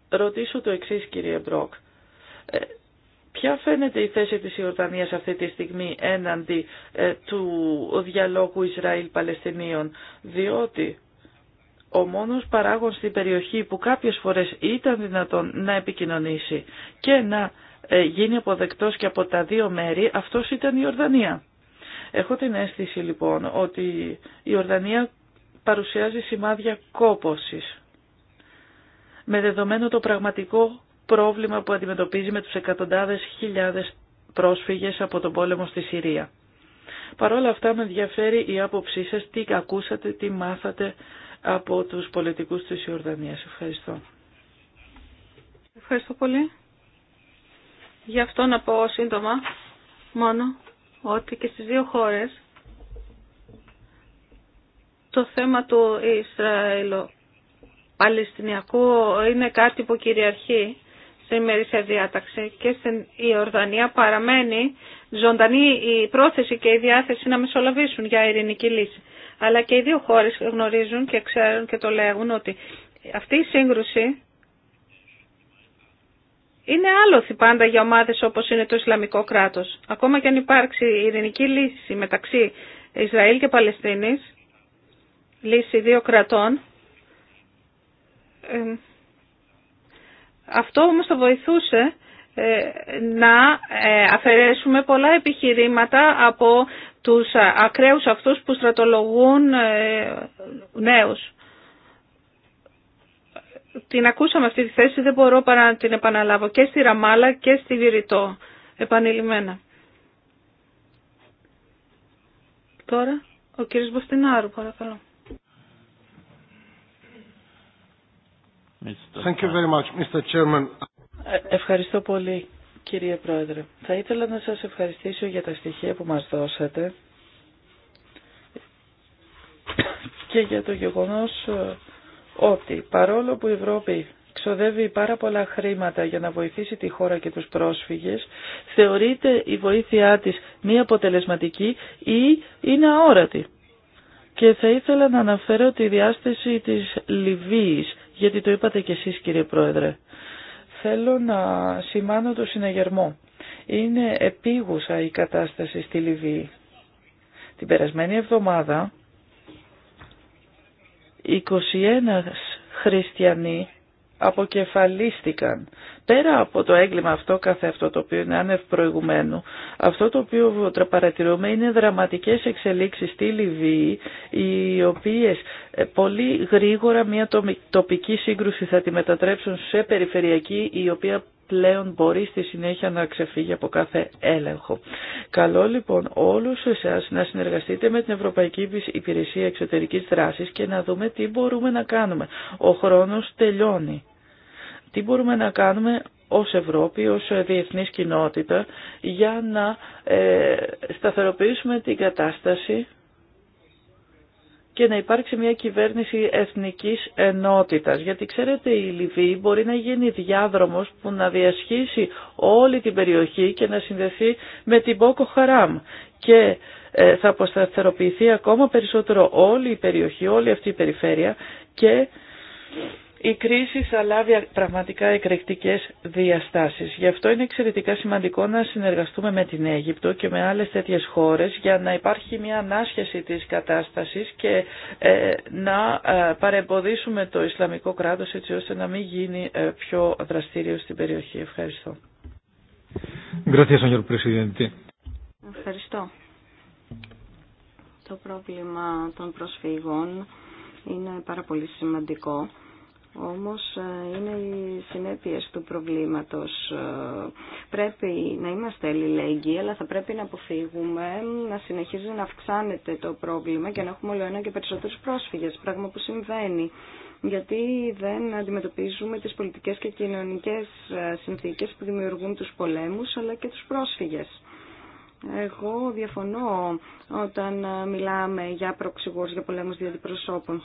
ρωτήσω το εξής κύριε Μπρόκ. Ποια φαίνεται η θέση της Ιορδανίας αυτή τη στιγμή έναντι του διαλόγου Ισραήλ-Παλαιστινίων, διότι ο μόνος παράγων στην περιοχή που κάποιες φορές ήταν δυνατόν να επικοινωνήσει και να γίνει αποδεκτός και από τα δύο μέρη, αυτός ήταν η Ιορδανία. Έχω την αίσθηση λοιπόν ότι η Ορδανία παρουσιάζει σημάδια κόπωσης. Με δεδομένο το πραγματικό πρόβλημα που αντιμετωπίζει με τους εκατοντάδες χιλιάδες πρόσφυγες από τον πόλεμο στη Συρία. Παρ' όλα αυτά με ενδιαφέρει η άποψή σας, τι ακούσατε, τι μάθατε από τους πολιτικούς της Ιορδανίας. Ευχαριστώ. Ευχαριστώ πολύ. Γι' αυτό να πω σύντομα μόνο ότι και στις δύο χώρες το θέμα του Ισραηλο-Παλαιστινιακού είναι κάτι που κυριαρχεί σε ημερήσια διάταξη και στην Ιορδανία παραμένει ζωντανή η πρόθεση και η διάθεση να μεσολαβήσουν για ειρηνική λύση. Αλλά και οι δύο χώρες γνωρίζουν και ξέρουν και το λέγουν ότι αυτή η σύγκρουση είναι άλοθη πάντα για ομάδες όπως είναι το Ισλαμικό κράτος. Ακόμα και αν υπάρξει ειρηνική λύση μεταξύ Ισραήλ και Παλαιστίνης, λύση δύο κρατών, αυτό όμως θα βοηθούσε ε, να ε, αφαιρέσουμε πολλά επιχειρήματα από τους ακραίους αυτούς που στρατολογούν ε, νέους την ακούσαμε αυτή τη θέση, δεν μπορώ παρά να την επαναλάβω και στη Ραμάλα και στη Βηρητό, επανειλημμένα. Τώρα, ο κύριος Μποστινάρου, παρακαλώ. Thank you very much, Mr. ευχαριστώ πολύ, κύριε Πρόεδρε. Θα ήθελα να σας ευχαριστήσω για τα στοιχεία που μας δώσατε και για το γεγονός ότι παρόλο που η Ευρώπη ξοδεύει πάρα πολλά χρήματα για να βοηθήσει τη χώρα και τους πρόσφυγες, θεωρείται η βοήθειά της μη αποτελεσματική ή είναι αόρατη. Και θα ήθελα να αναφέρω τη διάσταση της Λιβύης, γιατί το είπατε κι εσείς κύριε Πρόεδρε. Θέλω να σημάνω το συναγερμό. Είναι επίγουσα η κατάσταση στη Λιβύη. Την περασμένη εβδομάδα 21 χριστιανοί αποκεφαλίστηκαν. Πέρα από το έγκλημα αυτό αυτό το οποίο είναι άνευ προηγουμένου, αυτό το οποίο παρατηρούμε είναι δραματικές εξελίξεις στη Λιβύη, οι οποίες ε, πολύ γρήγορα μια τοπική σύγκρουση θα τη μετατρέψουν σε περιφερειακή, η οποία πλέον μπορεί στη συνέχεια να ξεφύγει από κάθε έλεγχο. Καλό λοιπόν όλους εσάς να συνεργαστείτε με την Ευρωπαϊκή Υπηρεσία Εξωτερικής Δράσης και να δούμε τι μπορούμε να κάνουμε. Ο χρόνος τελειώνει. Τι μπορούμε να κάνουμε ως Ευρώπη, ως διεθνής κοινότητα για να ε, σταθεροποιήσουμε την κατάσταση και να υπάρξει μια κυβέρνηση εθνικής ενότητας. Γιατί ξέρετε η Λιβύη μπορεί να γίνει διάδρομος που να διασχίσει όλη την περιοχή και να συνδεθεί με την Μπόκο Χαράμ. Και ε, θα αποσταθεροποιηθεί ακόμα περισσότερο όλη η περιοχή, όλη αυτή η περιφέρεια και η κρίση θα λάβει πραγματικά εκρηκτικές διαστάσεις. Γι' αυτό είναι εξαιρετικά σημαντικό να συνεργαστούμε με την Αίγυπτο και με άλλες τέτοιες χώρες για να υπάρχει μια ανάσχεση της κατάστασης και ε, να ε, παρεμποδίσουμε το Ισλαμικό κράτος έτσι ώστε να μην γίνει ε, πιο δραστήριο στην περιοχή. Ευχαριστώ. Ευχαριστώ. Το πρόβλημα των προσφύγων είναι πάρα πολύ σημαντικό όμως ε, είναι οι συνέπειες του προβλήματος. Ε, πρέπει να είμαστε αλληλέγγυοι, αλλά θα πρέπει να αποφύγουμε να συνεχίζει να αυξάνεται το πρόβλημα και να έχουμε όλο ένα και περισσότερους πρόσφυγες, πράγμα που συμβαίνει γιατί δεν αντιμετωπίζουμε τις πολιτικές και κοινωνικές ε, συνθήκες που δημιουργούν τους πολέμους αλλά και τους πρόσφυγες. Εγώ διαφωνώ όταν μιλάμε για προξηγούς, για πολέμους διαδιπροσώπων.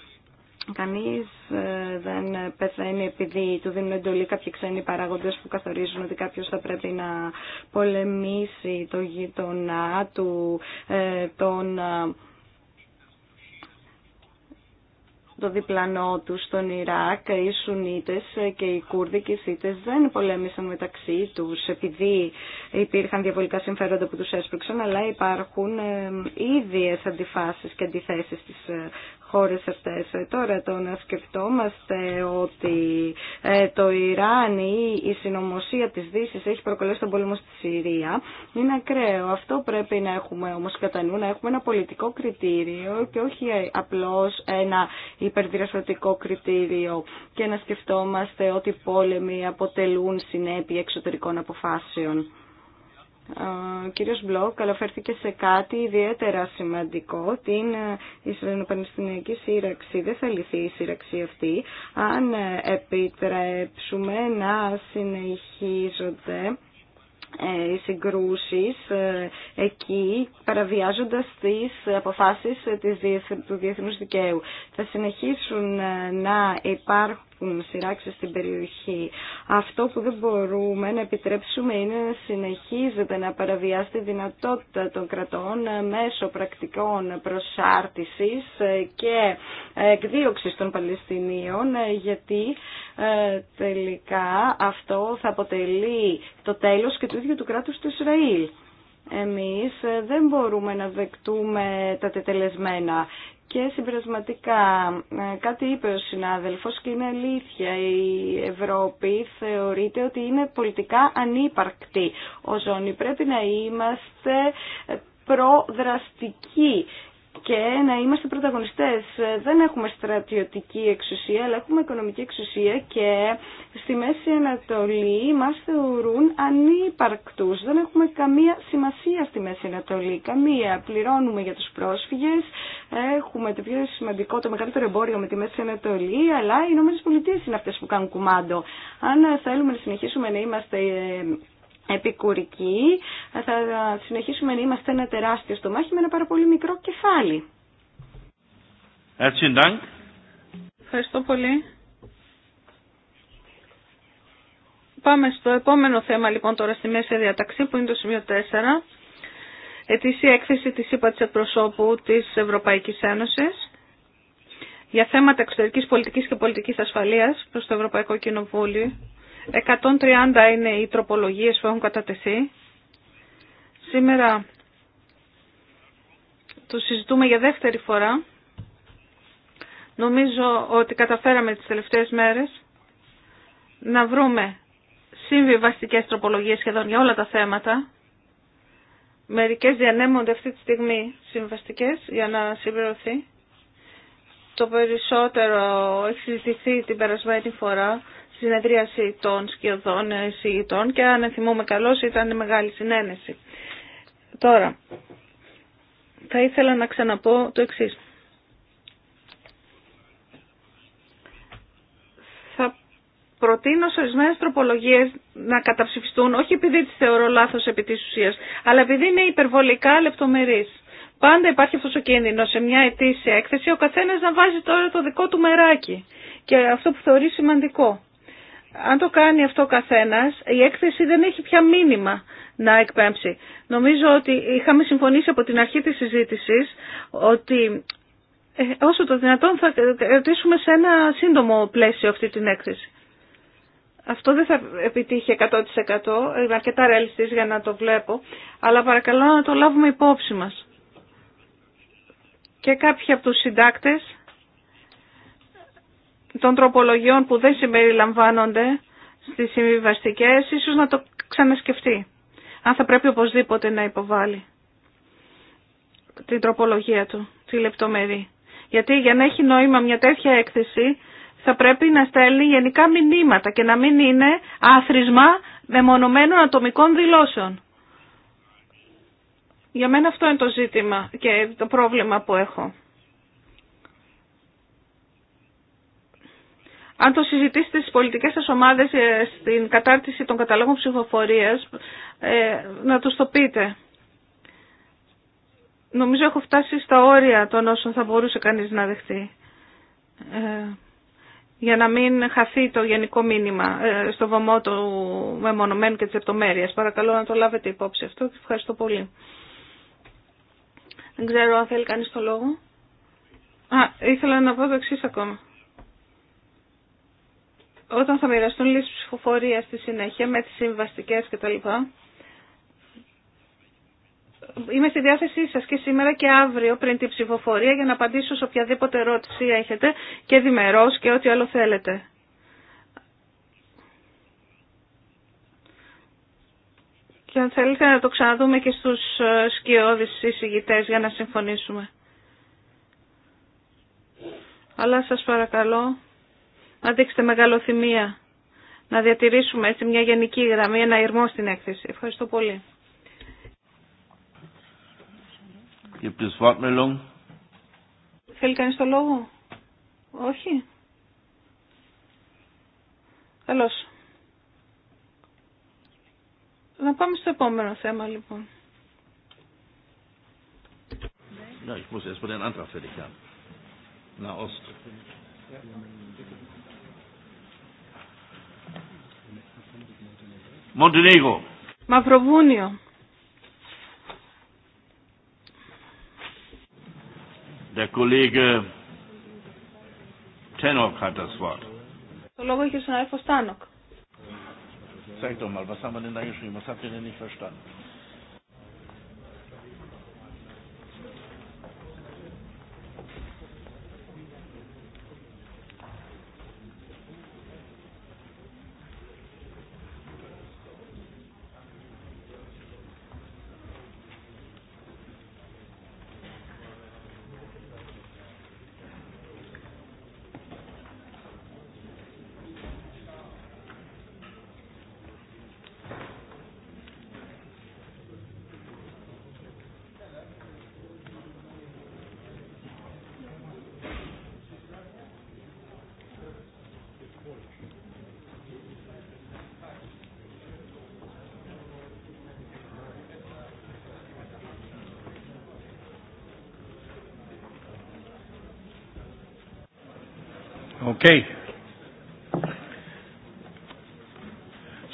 Κανείς ε, δεν πεθαίνει επειδή του δίνουν εντολή κάποιοι ξένοι παράγοντες που καθορίζουν ότι κάποιος θα πρέπει να πολεμήσει το γείτονά του, ε, τον, ε, το διπλανό του στον Ιράκ, οι Σουνίτες και οι Κούρδοι και οι δεν πολέμησαν μεταξύ τους επειδή υπήρχαν διαβολικά συμφέροντα που τους έσπρωξαν, αλλά υπάρχουν ίδιες αντιφάσεις και αντιθέσεις στις χώρες αυτές. Ε, τώρα το να σκεφτόμαστε ότι ε, το Ιράν ή η συνωμοσία της Δύσης έχει προκαλέσει τον πόλεμο στη Συρία είναι ακραίο. Αυτό πρέπει να έχουμε όμως κατά νου, να έχουμε ένα πολιτικό κριτήριο και όχι ε, απλώς ένα υπερδιαστατικό κριτήριο και να σκεφτόμαστε ότι οι πόλεμοι αποτελούν συνέπεια εξωτερικών αποφάσεων ο κύριος Μπλοκ καλοφέρθηκε σε κάτι ιδιαίτερα σημαντικό, την ε, Ισραηλοπανεστινιακή σύραξη. Δεν θα λυθεί η σύραξη αυτή αν ε, επιτρέψουμε να συνεχίζονται ε, οι συγκρούσεις εκεί παραβιάζοντας τις αποφάσεις του διεθνούς δικαίου. Θα συνεχίσουν να υπάρχουν σειράξει στην περιοχή. Αυτό που δεν μπορούμε να επιτρέψουμε είναι να συνεχίζεται να παραβιάσει τη δυνατότητα των κρατών μέσω πρακτικών προσάρτησης και εκδίωξη των Παλαιστινίων γιατί ε, τελικά αυτό θα αποτελεί το τέλος και του ίδιου του κράτους του Ισραήλ. Εμείς ε, δεν μπορούμε να δεκτούμε τα τετελεσμένα. Και συμπερασματικά, ε, κάτι είπε ο συνάδελφος και είναι αλήθεια, η Ευρώπη θεωρείται ότι είναι πολιτικά ανύπαρκτη. Ο Ζώνη πρέπει να είμαστε ε, προδραστικοί και να είμαστε πρωταγωνιστές. Δεν έχουμε στρατιωτική εξουσία, αλλά έχουμε οικονομική εξουσία και στη Μέση Ανατολή μας θεωρούν ανύπαρκτους. Δεν έχουμε καμία σημασία στη Μέση Ανατολή, καμία. Πληρώνουμε για τους πρόσφυγες, έχουμε το πιο σημαντικό, το μεγαλύτερο εμπόριο με τη Μέση Ανατολή, αλλά οι Ηνωμένες Πολιτείες είναι αυτές που κάνουν κουμάντο. Αν θέλουμε να συνεχίσουμε να είμαστε επικουρική. θα συνεχίσουμε να είμαστε ένα τεράστιο στομάχι με ένα πάρα πολύ μικρό κεφάλι. Ευχαριστώ πολύ. Πάμε στο επόμενο θέμα λοιπόν τώρα στη μέση διαταξή που είναι το σημείο 4. Ετήσια έκθεση της ΥΠΑ Προσώπου της Ευρωπαϊκής Ένωσης για θέματα εξωτερικής πολιτικής και πολιτικής ασφαλείας προς το Ευρωπαϊκό Κοινοβούλιο 130 είναι οι τροπολογίες που έχουν κατατεθεί. Σήμερα το συζητούμε για δεύτερη φορά. Νομίζω ότι καταφέραμε τις τελευταίες μέρες να βρούμε συμβιβαστικές τροπολογίες σχεδόν για όλα τα θέματα. Μερικές διανέμονται αυτή τη στιγμή συμβαστικές για να συμπληρωθεί. Το περισσότερο έχει συζητηθεί την περασμένη φορά συνεδρίαση των σκιωδών ε, εισηγητών και αν θυμούμε καλώς ήταν μεγάλη συνένεση. Τώρα, θα ήθελα να ξαναπώ το εξής. Θα προτείνω σε ορισμένε τροπολογίε να καταψηφιστούν, όχι επειδή τις θεωρώ λάθος επί της ουσίας, αλλά επειδή είναι υπερβολικά λεπτομερείς. Πάντα υπάρχει αυτός ο κίνδυνος σε μια ετήσια έκθεση, ο καθένας να βάζει τώρα το δικό του μεράκι και αυτό που θεωρεί σημαντικό αν το κάνει αυτό ο καθένας, η έκθεση δεν έχει πια μήνυμα να εκπέμψει. Νομίζω ότι είχαμε συμφωνήσει από την αρχή της συζήτησης ότι ε, όσο το δυνατόν θα κρατήσουμε σε ένα σύντομο πλαίσιο αυτή την έκθεση. Αυτό δεν θα επιτύχει 100%, είμαι αρκετά ρεαλιστής για να το βλέπω, αλλά παρακαλώ να το λάβουμε υπόψη μας. Και κάποιοι από τους συντάκτες των τροπολογιών που δεν συμπεριλαμβάνονται στις συμβιβαστικέ, ίσως να το ξανασκεφτεί. Αν θα πρέπει οπωσδήποτε να υποβάλει την τροπολογία του, τη λεπτομερή. Γιατί για να έχει νόημα μια τέτοια έκθεση θα πρέπει να στέλνει γενικά μηνύματα και να μην είναι άθροισμα μεμονωμένων ατομικών δηλώσεων. Για μένα αυτό είναι το ζήτημα και το πρόβλημα που έχω. Αν το συζητήσετε στις πολιτικές σας ομάδες ε, στην κατάρτιση των καταλόγων ψηφοφορίας, ε, να τους το πείτε. Νομίζω έχω φτάσει στα όρια των όσων θα μπορούσε κανείς να δεχτεί. Ε, για να μην χαθεί το γενικό μήνυμα στο βωμό του μεμονωμένου και της επτομέρειας. Παρακαλώ να το λάβετε υπόψη αυτό και ευχαριστώ πολύ. Δεν ξέρω αν θέλει κανείς το λόγο. Α, ήθελα να πω το ακόμα όταν θα μοιραστούν λύσεις ψηφοφορία στη συνέχεια με τις συμβαστικές κτλ. Είμαι στη διάθεσή σας και σήμερα και αύριο πριν την ψηφοφορία για να απαντήσω σε οποιαδήποτε ερώτηση έχετε και διμερός και ό,τι άλλο θέλετε. Και αν θέλετε να το ξαναδούμε και στους ε, σκιώδεις εισηγητές για να συμφωνήσουμε. Αλλά σας παρακαλώ να δείξετε μεγαλοθυμία να διατηρήσουμε έτσι μια γενική γραμμή, ένα ηρμό στην έκθεση. Ευχαριστώ πολύ. Θέλει κανείς το λόγο? Όχι? Καλώς. Να πάμε στο επόμενο θέμα λοιπόν. Ja, ich muss erst mal den Antrag fertig haben. Na Ost. Montenegro. Μαυροβούνιο. Der Kollege Tenok hat das Wort. Το λόγο έχει ο συνάδελφος Τάνοκ. Sag doch mal, was haben wir denn da geschrieben? Was habt ihr denn nicht verstanden? Okay.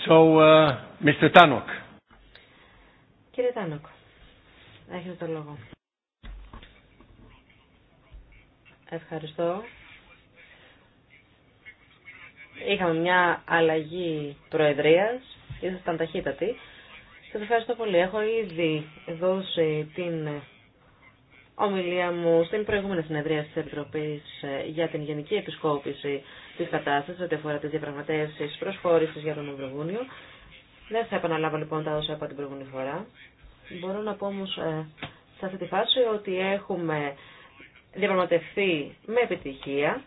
So, uh, Mr. Tanok. Κύριε Τάνοκ, έχετε το λόγο. Ευχαριστώ. Είχαμε μια αλλαγή προεδρίας, ήσασταν ταχύτατη. Σας ευχαριστώ πολύ. Έχω ήδη δώσει την ομιλία μου στην προηγούμενη συνεδρία της Επιτροπής ε, για την Γενική Επισκόπηση της κατάστασης ό,τι αφορά τι διαπραγματεύσεις προσχώρηση για τον Ευρωβούνιο. Δεν θα επαναλάβω λοιπόν τα όσα είπα την προηγούμενη φορά. Μπορώ να πω όμως ε, σε αυτή τη φάση ότι έχουμε διαπραγματευτεί με επιτυχία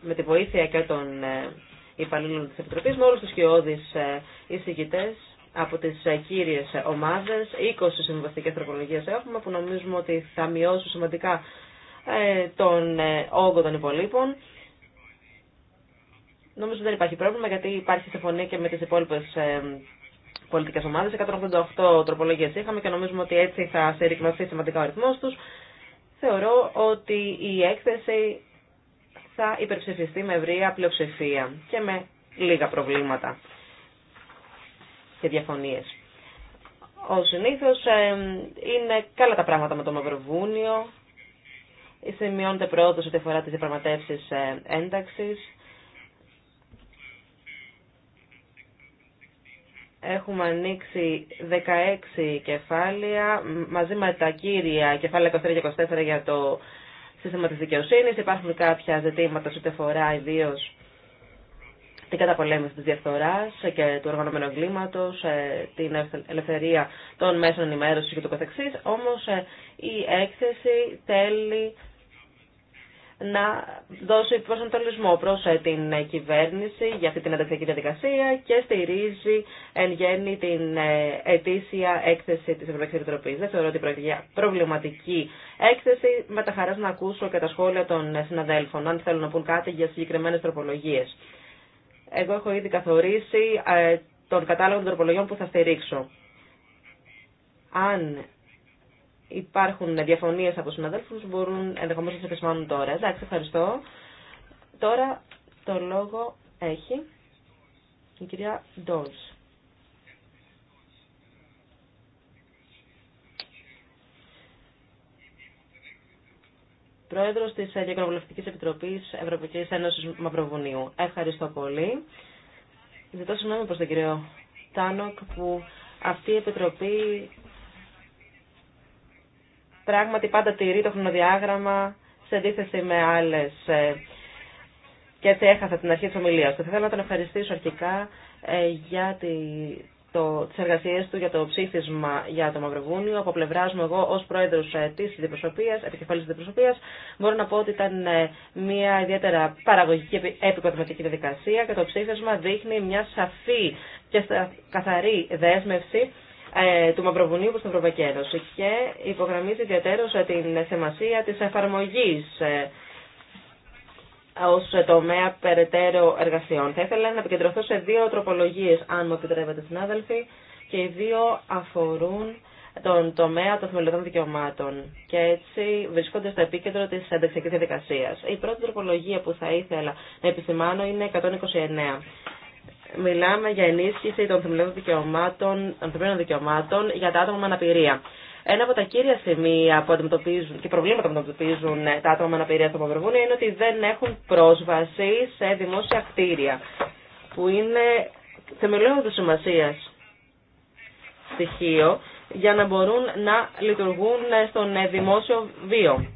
με τη βοήθεια και των ε, υπαλλήλων της Επιτροπής με όλους τους κοιόδης εισηγητές από τι ε, κύριε ομάδε, 20 συμβαστικέ τροπολογίε έχουμε που νομίζουμε ότι θα μειώσουν σημαντικά ε, τον ε, όγκο των υπολείπων. Νομίζω ότι δεν υπάρχει πρόβλημα γιατί υπάρχει συμφωνία και με τις υπόλοιπε πολιτικέ ομάδε. 188 τροπολογίε είχαμε και νομίζουμε ότι έτσι θα συρρυκνωθεί σημαντικά ο αριθμό του. Θεωρώ ότι η έκθεση θα υπερψηφιστεί με ευρεία πλειοψηφία και με λίγα προβλήματα και διαφωνίε. Ο συνήθω ε, είναι καλά τα πράγματα με το Μαυροβούνιο. Σημειώνεται πρόοδο ό,τι αφορά τι διαπραγματεύσει ε, ένταξη. Έχουμε ανοίξει 16 κεφάλαια μαζί με τα κύρια κεφάλαια 23 24 για το σύστημα της δικαιοσύνη. Υπάρχουν κάποια ζητήματα σε ό,τι αφορά ιδίως την καταπολέμηση της διαφθοράς και του οργανωμένου εγκλήματος, ε, την ελευθερία των μέσων ενημέρωσης και του καθεξής. Όμως ε, η έκθεση θέλει να δώσει προσανατολισμό προς ε, την κυβέρνηση για αυτή την ανταξιακή διαδικασία και στηρίζει εν γέννη την ετήσια έκθεση της Ευρωπαϊκής Επιτροπής. Δεν θεωρώ ότι πρόκειται προβληματική έκθεση. Με τα χαρά να ακούσω και τα σχόλια των συναδέλφων, αν θέλουν να πούν κάτι για συγκεκριμένες τροπολογίες. Εγώ έχω ήδη καθορίσει ε, τον κατάλογο των τροπολογιών που θα στηρίξω. Αν υπάρχουν διαφωνίες από συναδέλφους, μπορούν ενδεχομένως να σε επισημάνουν τώρα. Εντάξει, ευχαριστώ. Τώρα το λόγο έχει η κυρία Ντόλς. πρόεδρος της Διακοινοβουλευτικής Επιτροπής Ευρωπαϊκής Ένωση Μαυροβουνίου. Ευχαριστώ πολύ. Ζητώ συγγνώμη προ τον κύριο Τάνοκ που αυτή η Επιτροπή πράγματι πάντα τηρεί το χρονοδιάγραμμα σε αντίθεση με άλλες ε, και έτσι έχασα την αρχή τη ομιλίας του. Θα ήθελα να τον ευχαριστήσω αρχικά ε, για τη το, τις εργασίες του για το ψήφισμα για το Μαυροβούνιο. Από πλευρά μου εγώ ως πρόεδρος ε, της διπροσωπίας, επικεφαλής της διπροσωπίας, μπορώ να πω ότι ήταν ε, μια ιδιαίτερα παραγωγική και επικοδηματική διαδικασία και το ψήφισμα δείχνει μια σαφή και καθαρή δέσμευση ε, του Μαυροβουνίου προς την Ευρωπαϊκή Ένωση και υπογραμμίζει ιδιαίτερως την σημασία της εφαρμογής Ω τομέα περαιτέρω εργασιών. Θα ήθελα να επικεντρωθώ σε δύο τροπολογίες, αν μου επιτρέπετε συνάδελφοι, και οι δύο αφορούν τον τομέα των θεμελιωδών δικαιωμάτων και έτσι βρισκόνται στο επίκεντρο τη ενταξιακή διαδικασία. Η πρώτη τροπολογία που θα ήθελα να επισημάνω είναι 129. Μιλάμε για ενίσχυση των θεμελιωδών δικαιωμάτων, δικαιωμάτων για τα άτομα με αναπηρία. Ένα από τα κύρια σημεία που αντιμετωπίζουν και προβλήματα που αντιμετωπίζουν τα άτομα με αναπηρία στο Μαυροβούνιο είναι ότι δεν έχουν πρόσβαση σε δημόσια κτίρια, που είναι θεμελιώδη σημασία στοιχείο για να μπορούν να λειτουργούν στον δημόσιο βίο.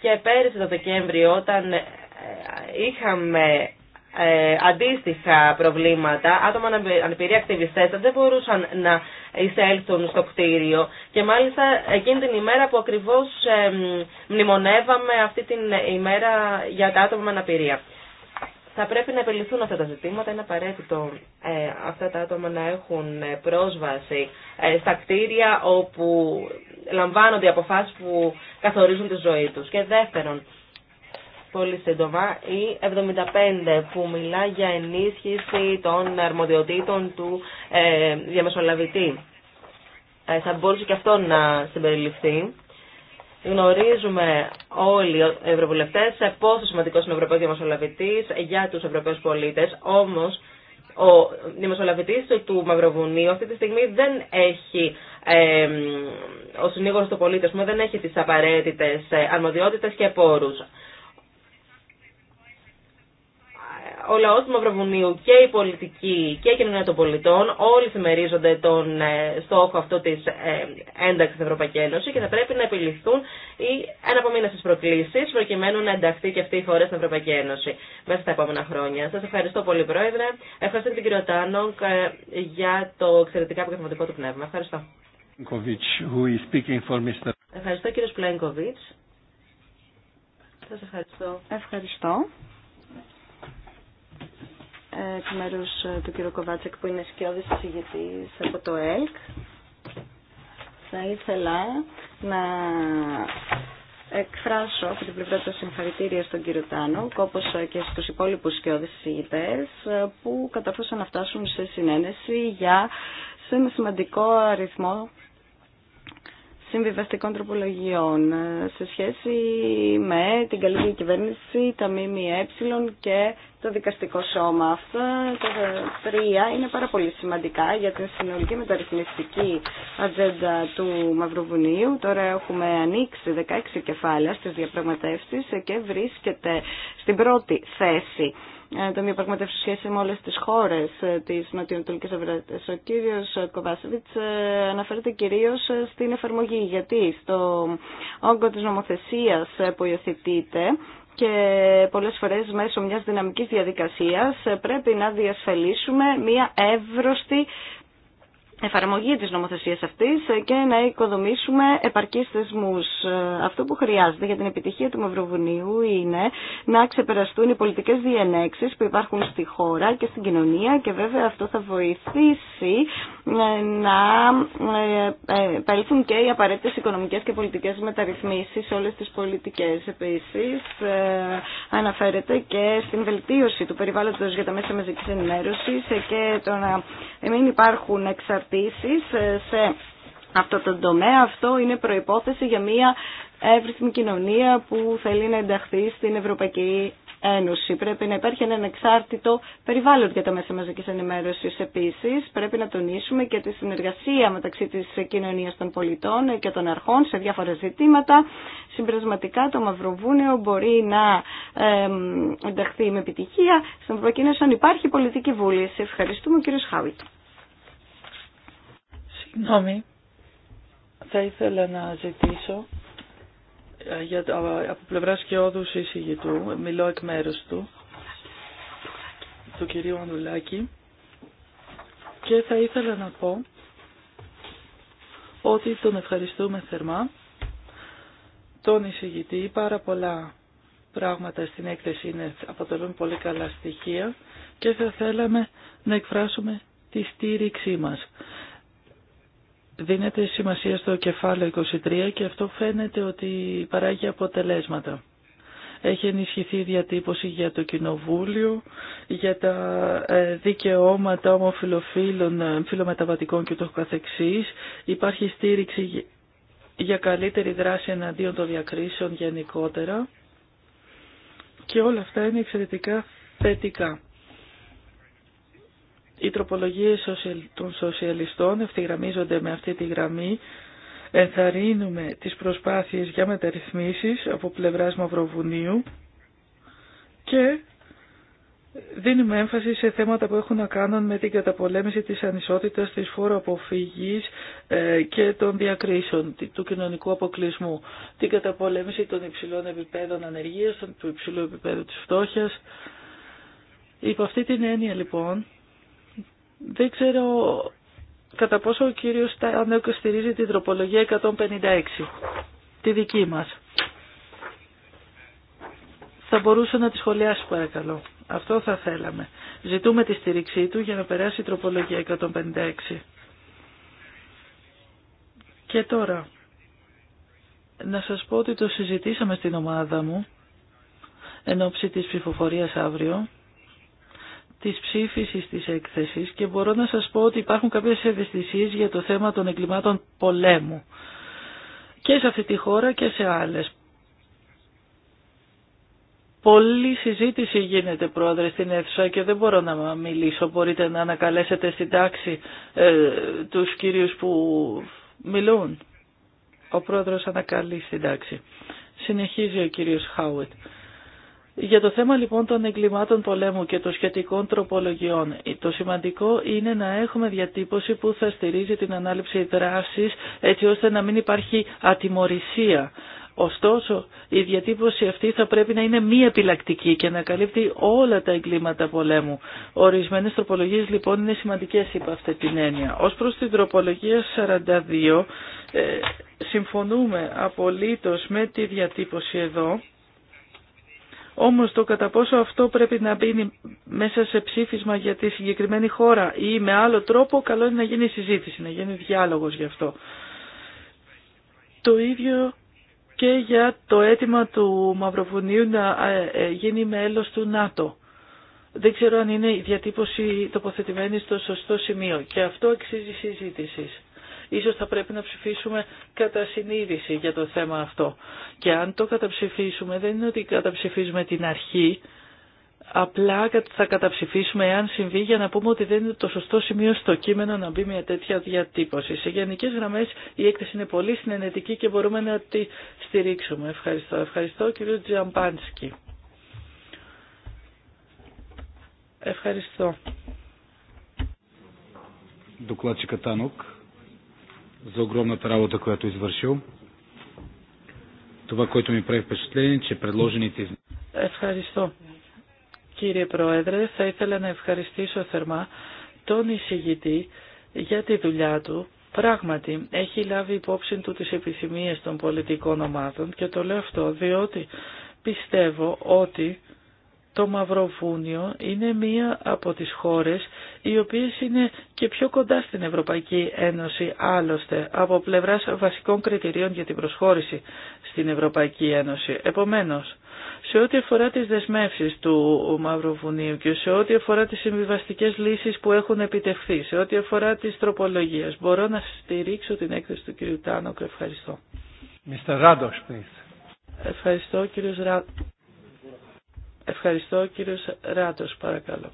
Και πέρυσι το Δεκέμβριο, όταν ε, είχαμε ε, αντίστοιχα προβλήματα. Άτομα αναπηρία ακτιβιστέ δεν μπορούσαν να εισέλθουν στο κτίριο και μάλιστα εκείνη την ημέρα που ακριβώ ε, μνημονεύαμε αυτή την ημέρα για τα άτομα με αναπηρία. Θα πρέπει να επιληθούν αυτά τα ζητήματα. Είναι απαραίτητο ε, αυτά τα άτομα να έχουν ε, πρόσβαση ε, στα κτίρια όπου λαμβάνονται οι αποφάσεις που καθορίζουν τη ζωή τους. Και δεύτερον, πολύ σύντομα, η 75 που μιλά για ενίσχυση των αρμοδιοτήτων του ε, διαμεσολαβητή. Ε, θα μπορούσε και αυτό να συμπεριληφθεί. Γνωρίζουμε όλοι οι ευρωβουλευτέ πόσο σημαντικό είναι ο Ευρωπαίο Διαμεσολαβητή για του Ευρωπαίου πολίτε. Όμω, ο Διαμεσολαβητή του Μαυροβουνίου αυτή τη στιγμή δεν έχει, ε, ο συνήγορο του πολίτη δεν έχει τι απαραίτητε αρμοδιότητε και πόρου. ο λαό του Μαυροβουνίου και η πολιτική και η κοινωνία των πολιτών όλοι θυμερίζονται τον ε, στόχο αυτό της ε, ένταξη στην Ευρωπαϊκή Ένωση και θα πρέπει να επιληφθούν οι τη προκλήση προκειμένου να ενταχθεί και αυτή η χώρα στην Ευρωπαϊκή Ένωση μέσα στα επόμενα χρόνια. Σα ευχαριστώ πολύ Πρόεδρε. Ευχαριστώ την κύριο Τάνοκ ε, για το εξαιρετικά αποκαθηματικό του πνεύμα. Ευχαριστώ. Ευχαριστώ κύριο Πλέγκοβιτ. Σας ευχαριστώ. Ευχαριστώ εκ μέρου ε, του κ. Κοβάτσεκ που είναι σκιώδης συζητητής από το ΕΛΚ. Θα ήθελα να εκφράσω από την πλευρά του συγχαρητήρια στον κύριο Τάνο, όπως και στους υπόλοιπους σκιώδης συζητητές που καταφούσαν να φτάσουν σε συνένεση για σε ένα σημαντικό αριθμό συμβιβαστικών τροπολογιών ε, σε σχέση με την καλή κυβέρνηση, τα ΜΜΕ και το δικαστικό σώμα. Αυτά τα τρία είναι πάρα πολύ σημαντικά για την συνολική μεταρρυθμιστική ατζέντα του Μαυροβουνίου. Τώρα έχουμε ανοίξει 16 κεφάλαια στις διαπραγματεύσεις και βρίσκεται στην πρώτη θέση ε, των διαπραγματεύσεων σχέση με όλε τι χώρε ε, τη Νοτιοανατολική Ευρώπη. Ο κύριο Κοβάσεβιτ ε, αναφέρεται κυρίω στην εφαρμογή, γιατί στο όγκο τη νομοθεσία που υιοθετείται και πολλές φορές μέσω μιας δυναμικής διαδικασίας πρέπει να διασφαλίσουμε μια εύρωστη εφαρμογή της νομοθεσίας αυτής και να οικοδομήσουμε επαρκείς θεσμούς. Αυτό που χρειάζεται για την επιτυχία του Μαυροβουνίου είναι να ξεπεραστούν οι πολιτικές διενέξεις που υπάρχουν στη χώρα και στην κοινωνία και βέβαια αυτό θα βοηθήσει ε, να ε, ε, παρελθούν και οι απαραίτητες οικονομικές και πολιτικές μεταρρυθμίσεις σε όλες τις πολιτικές. Επίσης αναφέρεται και στην βελτίωση του περιβάλλοντος για τα μέσα μαζικής ενημέρωσης και το να μην υπάρχουν εξαρτήσεις επίσης ε, σε αυτό το τομέα. Αυτό είναι προϋπόθεση για μια εύρυθμη κοινωνία που θέλει να ενταχθεί στην Ευρωπαϊκή Ένωση. Πρέπει να υπάρχει ένα ανεξάρτητο περιβάλλον για τα μέσα μαζικής ενημέρωσης. Επίσης, πρέπει να τονίσουμε και τη συνεργασία μεταξύ της κοινωνίας των πολιτών και των αρχών σε διάφορα ζητήματα. Συμπρασματικά το Μαυροβούνιο μπορεί να ενταχθεί με επιτυχία στην Ευρωπαϊκή Ένωση αν υπάρχει πολιτική βούληση. Ευχαριστούμε κύριο Χάουιτ. Συγγνώμη, θα ήθελα να ζητήσω ε, για, από πλευρά όδου εισηγητού, μιλώ εκ μέρους του, του κυρίου Ανδουλάκη, και θα ήθελα να πω ότι τον ευχαριστούμε θερμά, τον εισηγητή, πάρα πολλά πράγματα στην έκθεση είναι, αποτελούν πολύ καλά στοιχεία και θα θέλαμε να εκφράσουμε τη στήριξή μας δίνεται σημασία στο κεφάλαιο 23 και αυτό φαίνεται ότι παράγει αποτελέσματα. Έχει ενισχυθεί η διατύπωση για το Κοινοβούλιο, για τα ε, δικαιώματα ομοφιλοφίλων, ε, φιλομεταβατικών και το καθεξής. Υπάρχει στήριξη για καλύτερη δράση εναντίον των διακρίσεων γενικότερα. Και όλα αυτά είναι εξαιρετικά θετικά. Οι τροπολογίες των σοσιαλιστών ευθυγραμμίζονται με αυτή τη γραμμή. Ενθαρρύνουμε τις προσπάθειες για μεταρρυθμίσεις από πλευράς Μαυροβουνίου και δίνουμε έμφαση σε θέματα που έχουν να κάνουν με την καταπολέμηση της ανισότητας, της φοροαποφυγής ε, και των διακρίσεων, του κοινωνικού αποκλεισμού, την καταπολέμηση των υψηλών επιπέδων ανεργίας, του υψηλού επίπεδου της φτώχειας. Υπό αυτή την έννοια λοιπόν, δεν ξέρω κατά πόσο ο κύριος Τάνεκ στηρίζει την τροπολογία 156, τη δική μας. Θα μπορούσα να τη σχολιάσει παρακαλώ. Αυτό θα θέλαμε. Ζητούμε τη στήριξή του για να περάσει η τροπολογία 156. Και τώρα, να σας πω ότι το συζητήσαμε στην ομάδα μου, εν ώψη της ψηφοφορίας αύριο, της ψήφισης της έκθεσης και μπορώ να σας πω ότι υπάρχουν κάποιες ευαισθησίες για το θέμα των εγκλημάτων πολέμου και σε αυτή τη χώρα και σε άλλες. Πολλή συζήτηση γίνεται πρόεδρε στην αίθουσα και δεν μπορώ να μιλήσω. Μπορείτε να ανακαλέσετε στην τάξη ε, τους κυρίους που μιλούν. Ο πρόεδρος ανακαλεί στην τάξη. Συνεχίζει ο κύριος Χάουετ. Για το θέμα λοιπόν των εγκλημάτων πολέμου και των σχετικών τροπολογιών, το σημαντικό είναι να έχουμε διατύπωση που θα στηρίζει την ανάληψη δράσης έτσι ώστε να μην υπάρχει ατιμορρησία. Ωστόσο, η διατύπωση αυτή θα πρέπει να είναι μη επιλακτική και να καλύπτει όλα τα εγκλήματα πολέμου. Ορισμένες τροπολογίες λοιπόν είναι σημαντικές υπό αυτή την έννοια. Ως προς την τροπολογία 42, ε, συμφωνούμε απολύτως με τη διατύπωση εδώ όμως το κατά πόσο αυτό πρέπει να μπει μέσα σε ψήφισμα για τη συγκεκριμένη χώρα ή με άλλο τρόπο, καλό είναι να γίνει συζήτηση, να γίνει διάλογος γι' αυτό. Το ίδιο και για το αίτημα του Μαυροβουνίου να ε, ε, γίνει μέλος του ΝΑΤΟ. Δεν ξέρω αν είναι η διατύπωση τοποθετημένη στο σωστό σημείο και αυτό αξίζει συζήτησης. Ίσως θα πρέπει να ψηφίσουμε κατά συνείδηση για το θέμα αυτό. Και αν το καταψηφίσουμε δεν είναι ότι καταψηφίζουμε την αρχή, απλά θα καταψηφίσουμε εάν συμβεί για να πούμε ότι δεν είναι το σωστό σημείο στο κείμενο να μπει μια τέτοια διατύπωση. Σε γενικέ γραμμέ η έκθεση είναι πολύ συνενετική και μπορούμε να τη στηρίξουμε. Ευχαριστώ. Ευχαριστώ κύριο Τζαμπάνσκι. Ευχαριστώ. Ευχαριστώ. Κύριε Πρόεδρε, θα ήθελα να ευχαριστήσω θερμά τον εισηγητή για τη δουλειά του. Πράγματι, έχει λάβει υπόψη του τις επιθυμίες των πολιτικών ομάδων και το λέω αυτό διότι πιστεύω ότι το Μαυροβούνιο είναι μία από τις χώρες οι οποίες είναι και πιο κοντά στην Ευρωπαϊκή Ένωση άλλωστε από πλευράς βασικών κριτηρίων για την προσχώρηση στην Ευρωπαϊκή Ένωση. Επομένως, σε ό,τι αφορά τις δεσμεύσεις του Μαυροβουνίου και σε ό,τι αφορά τις συμβιβαστικέ λύσεις που έχουν επιτευχθεί, σε ό,τι αφορά τις τροπολογίες, μπορώ να στηρίξω την έκθεση του κ. Τάνοκ. Ευχαριστώ. Mr. Ευχαριστώ Ράντος. Ευχαριστώ κύριο Ράτος παρακαλώ.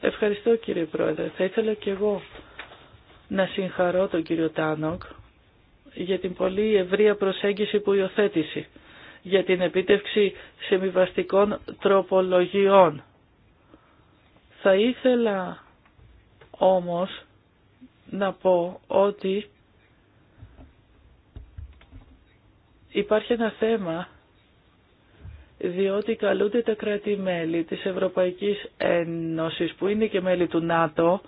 Ευχαριστώ κύριε Πρόεδρε. Θα ήθελα και εγώ να συγχαρώ τον κύριο Τάνοκ για την πολύ ευρία προσέγγιση που υιοθέτησε για την επίτευξη σεμιβαστικών τροπολογιών. Θα ήθελα όμως να πω ότι υπάρχει ένα θέμα διότι καλούνται τα κράτη-μέλη της Ευρωπαϊκής Ένωσης που είναι και μέλη του ΝΑΤΟ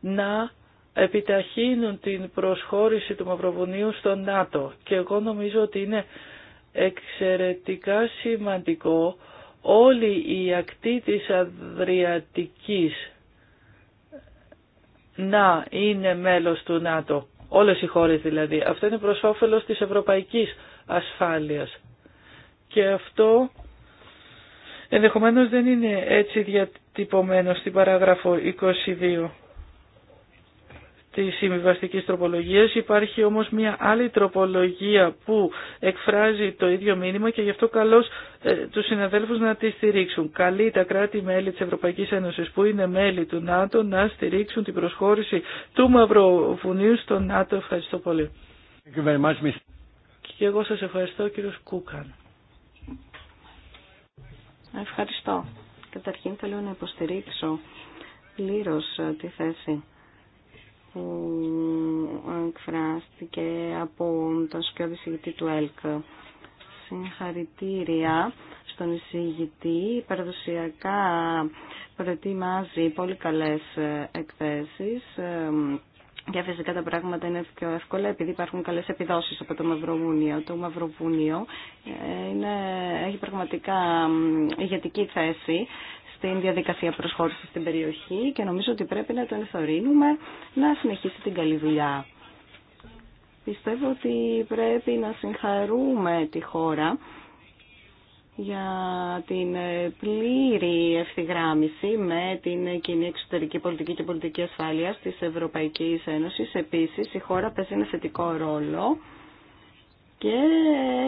να επιταχύνουν την προσχώρηση του Μαυροβουνίου στο ΝΑΤΟ. Και εγώ νομίζω ότι είναι εξαιρετικά σημαντικό όλη η ακτή της Αδριατικής να είναι μέλος του ΝΑΤΟ. Όλες οι χώρες δηλαδή. Αυτό είναι προς της ευρωπαϊκής ασφάλειας. Και αυτό Ενδεχομένως δεν είναι έτσι διατυπωμένο στην παράγραφο 22 της συμβιβαστικής τροπολογίας. Υπάρχει όμως μια άλλη τροπολογία που εκφράζει το ίδιο μήνυμα και γι' αυτό καλώς του ε, τους συναδέλφους να τη στηρίξουν. Καλεί τα κράτη-μέλη της Ευρωπαϊκής Ένωσης που είναι μέλη του ΝΑΤΟ να στηρίξουν την προσχώρηση του Μαυροβουνίου στο ΝΑΤΟ. Ευχαριστώ πολύ. Και εγώ σας ευχαριστώ κύριος Κούκαν. Ευχαριστώ. Καταρχήν θέλω να υποστηρίξω πλήρως ε, τη θέση που εκφράστηκε από τον σκιώδη συγητή του ΕΛΚ. Συγχαρητήρια στον εισηγητή. Παραδοσιακά προετοιμάζει πολύ καλές εκθέσεις ε, και φυσικά τα πράγματα είναι πιο εύκολα επειδή υπάρχουν καλές επιδόσεις από το Μαυροβούνιο. Το Μαυροβούνιο ε, είναι, έχει πραγματικά ηγετική θέση στην διαδικασία προσχώρησης στην περιοχή και νομίζω ότι πρέπει να τον εθωρύνουμε να συνεχίσει την καλή δουλειά. Πιστεύω ότι πρέπει να συγχαρούμε τη χώρα για την ε, πλήρη ευθυγράμμιση με την κοινή εξωτερική πολιτική και πολιτική ασφάλεια της Ευρωπαϊκής Ένωσης. Επίσης, η χώρα παίζει ένα θετικό ρόλο και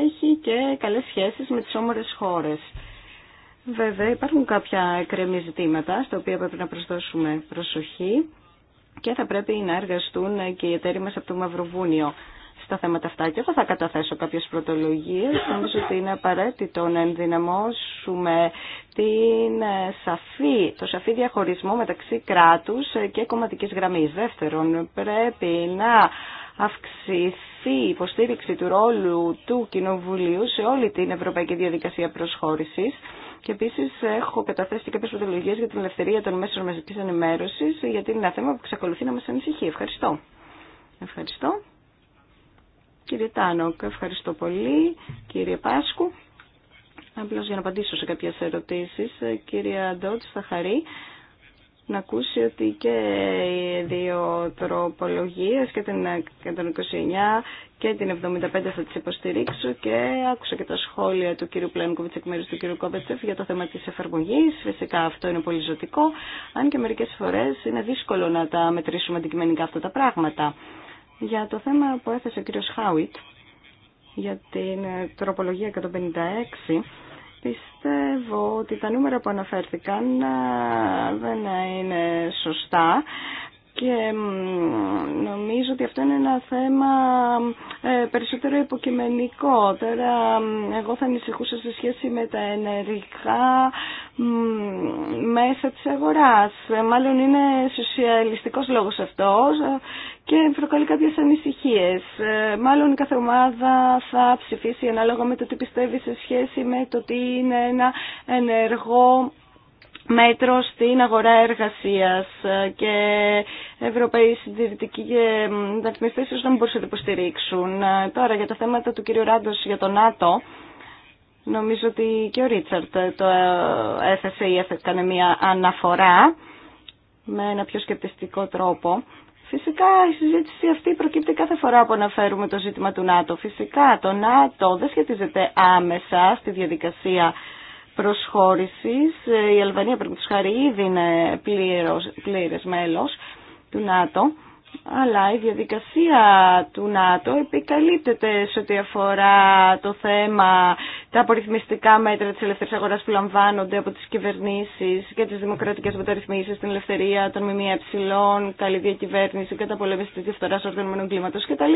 έχει και καλές σχέσεις με τις όμορες χώρες. Βέβαια, υπάρχουν κάποια εκκρεμή ζητήματα, στα οποία πρέπει να προσδώσουμε προσοχή και θα πρέπει να εργαστούν και οι εταίροι μας από το Μαυροβούνιο τα θέματα αυτά και εγώ θα καταθέσω κάποιες πρωτολογίες. Νομίζω ότι είναι απαραίτητο να ενδυναμώσουμε την ε, σαφή, το σαφή διαχωρισμό μεταξύ κράτους και κομματικής γραμμής. Δεύτερον, πρέπει να αυξηθεί η υποστήριξη του ρόλου του Κοινοβουλίου σε όλη την ευρωπαϊκή διαδικασία προσχώρησης. Και επίση έχω καταθέσει και κάποιε πρωτολογίε για την ελευθερία των μέσων μαζική ενημέρωση, γιατί είναι ένα θέμα που εξακολουθεί να μα ανησυχεί. Ευχαριστώ. Ευχαριστώ. Κύριε Τάνοκ, ευχαριστώ πολύ. Κύριε Πάσκου. Απλώς για να απαντήσω σε κάποιες ερωτήσεις, ε, κύριε Ντότ, θα χαρεί να ακούσει ότι και οι δύο τροπολογίες και την 129 και την 75 θα τις υποστηρίξω και άκουσα και τα σχόλια του κύριου Πλένκοβιτς εκ του κύριου Κόβετσεφ για το θέμα της εφαρμογής. Φυσικά αυτό είναι πολύ ζωτικό, αν και μερικές φορές είναι δύσκολο να τα μετρήσουμε αντικειμενικά αυτά τα πράγματα. Για το θέμα που έθεσε ο κύριος Χάουιτ για την τροπολογία 156, πιστεύω ότι τα νούμερα που αναφέρθηκαν δεν είναι σωστά και νομίζω ότι αυτό είναι ένα θέμα ε, περισσότερο υποκειμενικό. Τώρα εγώ θα ανησυχούσα σε σχέση με τα ενεργικά μέσα της αγοράς. Ε, μάλλον είναι σοσιαλιστικός λόγος αυτός ε, και προκαλεί κάποιες ανησυχίες. Ε, μάλλον κάθε ομάδα θα ψηφίσει ανάλογα με το τι πιστεύει σε σχέση με το τι είναι ένα ενεργό μέτρο στην αγορά εργασίας και Ευρωπαίοι συντηρητικοί και δεν ίσως να μπορούσαν να υποστηρίξουν. Τώρα για τα θέματα του κ. Ράντος για το ΝΑΤΟ. Νομίζω ότι και ο Ρίτσαρτ το έθεσε ή έκανε μια αναφορά με ένα πιο σκεπτιστικό τρόπο. Φυσικά η συζήτηση αυτή προκύπτει κάθε φορά που αναφέρουμε το ζήτημα του ΝΑΤΟ. Φυσικά το ΝΑΤΟ δεν σχετίζεται άμεσα στη διαδικασία προσχώρησης. Η Αλβανία, τους χάρη, ήδη είναι πλήρες, πλήρες μέλος του ΝΑΤΟ αλλά η διαδικασία του ΝΑΤΟ επικαλύπτεται σε ό,τι αφορά το θέμα τα απορριθμιστικά μέτρα της ελεύθερης αγοράς που λαμβάνονται από τις κυβερνήσεις και τις δημοκρατικές μεταρρυθμίσεις, την ελευθερία των ΜΜΕ, καλή διακυβέρνηση, καταπολέμηση της διαφθοράς οργανωμένων κλίματος κτλ.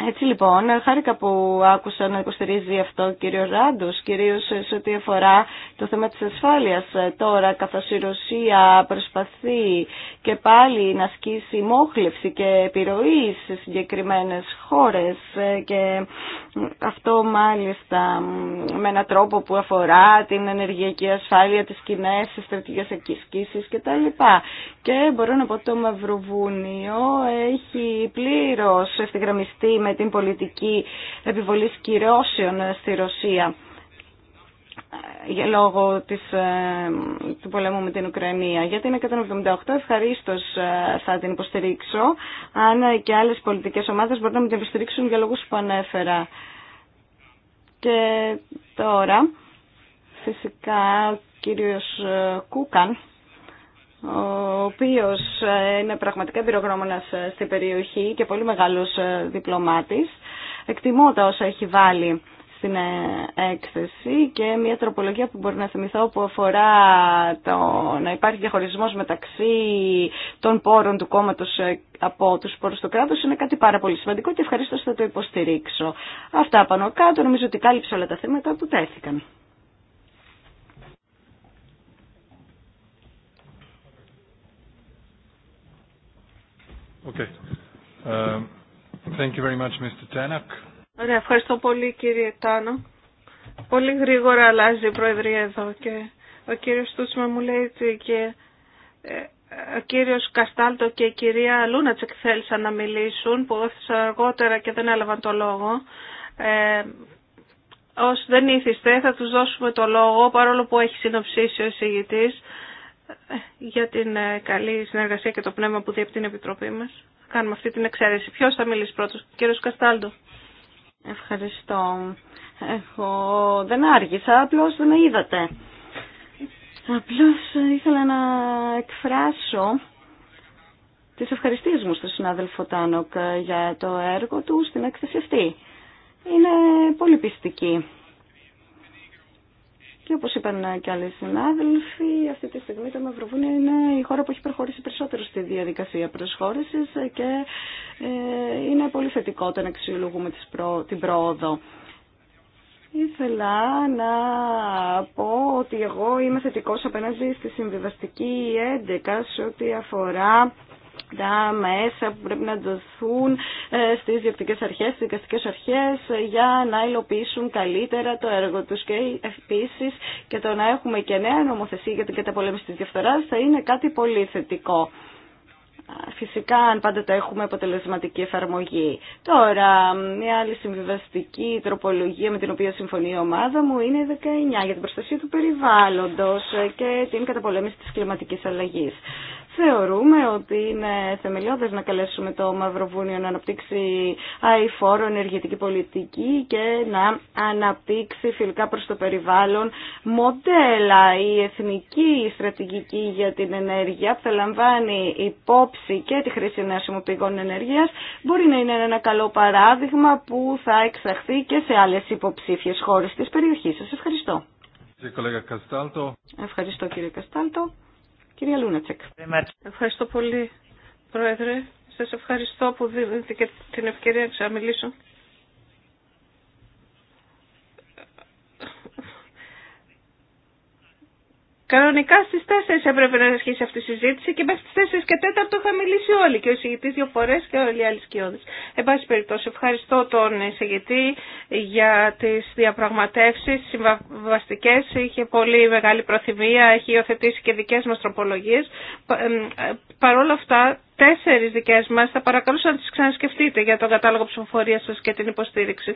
Έτσι λοιπόν, χάρηκα που άκουσα να υποστηρίζει αυτό ο κύριο ράντο, κυρίω σε ό,τι αφορά το θέμα της ασφάλειας. Τώρα, καθώ η Ρωσία προσπαθεί και πάλι να ασκήσει μόχλευση και επιρροή σε συγκεκριμένες χώρες και αυτό μάλιστα με έναν τρόπο που αφορά την ενεργειακή ασφάλεια, τι κοινέ, στρατηγικέ στρατηγικές κτλ. Και μπορώ να πω το Μαυροβούνιο έχει πλήρω ευθυγραμμιστεί με την πολιτική επιβολής κυρώσεων στη Ρωσία λόγω της, ε, του πολέμου με την Ουκρανία. Για την 178 ευχαρίστως ε, θα την υποστηρίξω, αν και άλλες πολιτικές ομάδες μπορούν να με την υποστηρίξουν για λόγους που ανέφερα. Και τώρα, φυσικά, ο κύριος ε, Κούκαν ο οποίος ε, είναι πραγματικά εμπειρογνώμονας ε, στην περιοχή και πολύ μεγάλος ε, διπλωμάτης. Εκτιμώ τα όσα έχει βάλει στην έκθεση και μια τροπολογία που μπορεί να θυμηθώ που αφορά το να υπάρχει διαχωρισμός μεταξύ των πόρων του κόμματος από τους πόρους του κράτους είναι κάτι πάρα πολύ σημαντικό και ευχαριστώ θα το υποστηρίξω. Αυτά πάνω κάτω νομίζω ότι κάλυψε όλα τα θέματα που τέθηκαν. Um, Ωραία, ευχαριστώ πολύ κύριε Τάνο. Πολύ γρήγορα αλλάζει η Προεδρία εδώ και ο κύριος Στούτσμα μου λέει ότι και ε, ο κύριος Καστάλτο και η κυρία Λούνατσεκ θέλησαν να μιλήσουν που έφτασαν αργότερα και δεν έλαβαν το λόγο. Ε, όσοι δεν ήθιστε θα τους δώσουμε το λόγο παρόλο που έχει συνοψίσει ο εισηγητής για την ε, καλή συνεργασία και το πνεύμα που διέπτει την Επιτροπή μας. Θα κάνουμε αυτή την εξαίρεση. Ποιο θα μιλήσει πρώτος, κύριος Καστάλτο; Ευχαριστώ. Εγώ δεν άργησα, απλώς δεν με είδατε. Απλώς ήθελα να εκφράσω τις ευχαριστίες μου στον συνάδελφο Τάνοκ για το έργο του στην έκθεση αυτή. Είναι πολύ πιστική και όπως είπαν και άλλοι συνάδελφοι, αυτή τη στιγμή το Μαυροβούνιο είναι η χώρα που έχει προχωρήσει περισσότερο στη διαδικασία προσχώρησης και ε, είναι πολύ θετικό όταν αξιολογούμε την πρόοδο. Ήθελα να πω ότι εγώ είμαι θετικός απέναντι στη συμβιβαστική 11 σε ό,τι αφορά τα μέσα που πρέπει να δοθούν ε, στις διοκτικές αρχές, στις δικαστικές αρχές για να υλοποιήσουν καλύτερα το έργο τους και επίσης και το να έχουμε και νέα νομοθεσία για την καταπολέμηση της διαφθοράς θα είναι κάτι πολύ θετικό. Φυσικά, αν πάντα το έχουμε αποτελεσματική εφαρμογή. Τώρα, μια άλλη συμβιβαστική τροπολογία με την οποία συμφωνεί η ομάδα μου είναι η 19 για την προστασία του περιβάλλοντος και την καταπολέμηση της κλιματικής αλλαγής. Θεωρούμε ότι είναι θεμελιώδες να καλέσουμε το Μαυροβούνιο να αναπτύξει αηφόρο ενεργητική πολιτική και να αναπτύξει φιλικά προς το περιβάλλον μοντέλα η εθνική στρατηγική για την ενέργεια που θα λαμβάνει υπόψη και τη χρήση νέων πηγών ενέργειας μπορεί να είναι ένα καλό παράδειγμα που θα εξαχθεί και σε άλλες υποψήφιες χώρες της περιοχής. Σας ευχαριστώ. Ευχαριστώ κύριε Καστάλτο. Κυρία Λούνατσεκ. Ευχαριστώ πολύ, Πρόεδρε. Σας ευχαριστώ που δίνετε και την ευκαιρία να ξαναμιλήσω. Κανονικά στι 4 έπρεπε να αρχίσει αυτή η συζήτηση και μέχρι στι 4 και 4 είχα μιλήσει όλοι και ο εισηγητή δύο φορέ και όλοι οι άλλοι σκιώδε. Εν πάση περιπτώσει, ευχαριστώ τον εισηγητή για τι διαπραγματεύσει συμβαστικέ. Είχε πολύ μεγάλη προθυμία, έχει υιοθετήσει και δικέ μα τροπολογίε. Παρ' όλα αυτά, τέσσερις δικές μας. Θα παρακαλούσα να τι ξανασκεφτείτε για τον κατάλογο ψηφοφορίας σα και την υποστήριξη.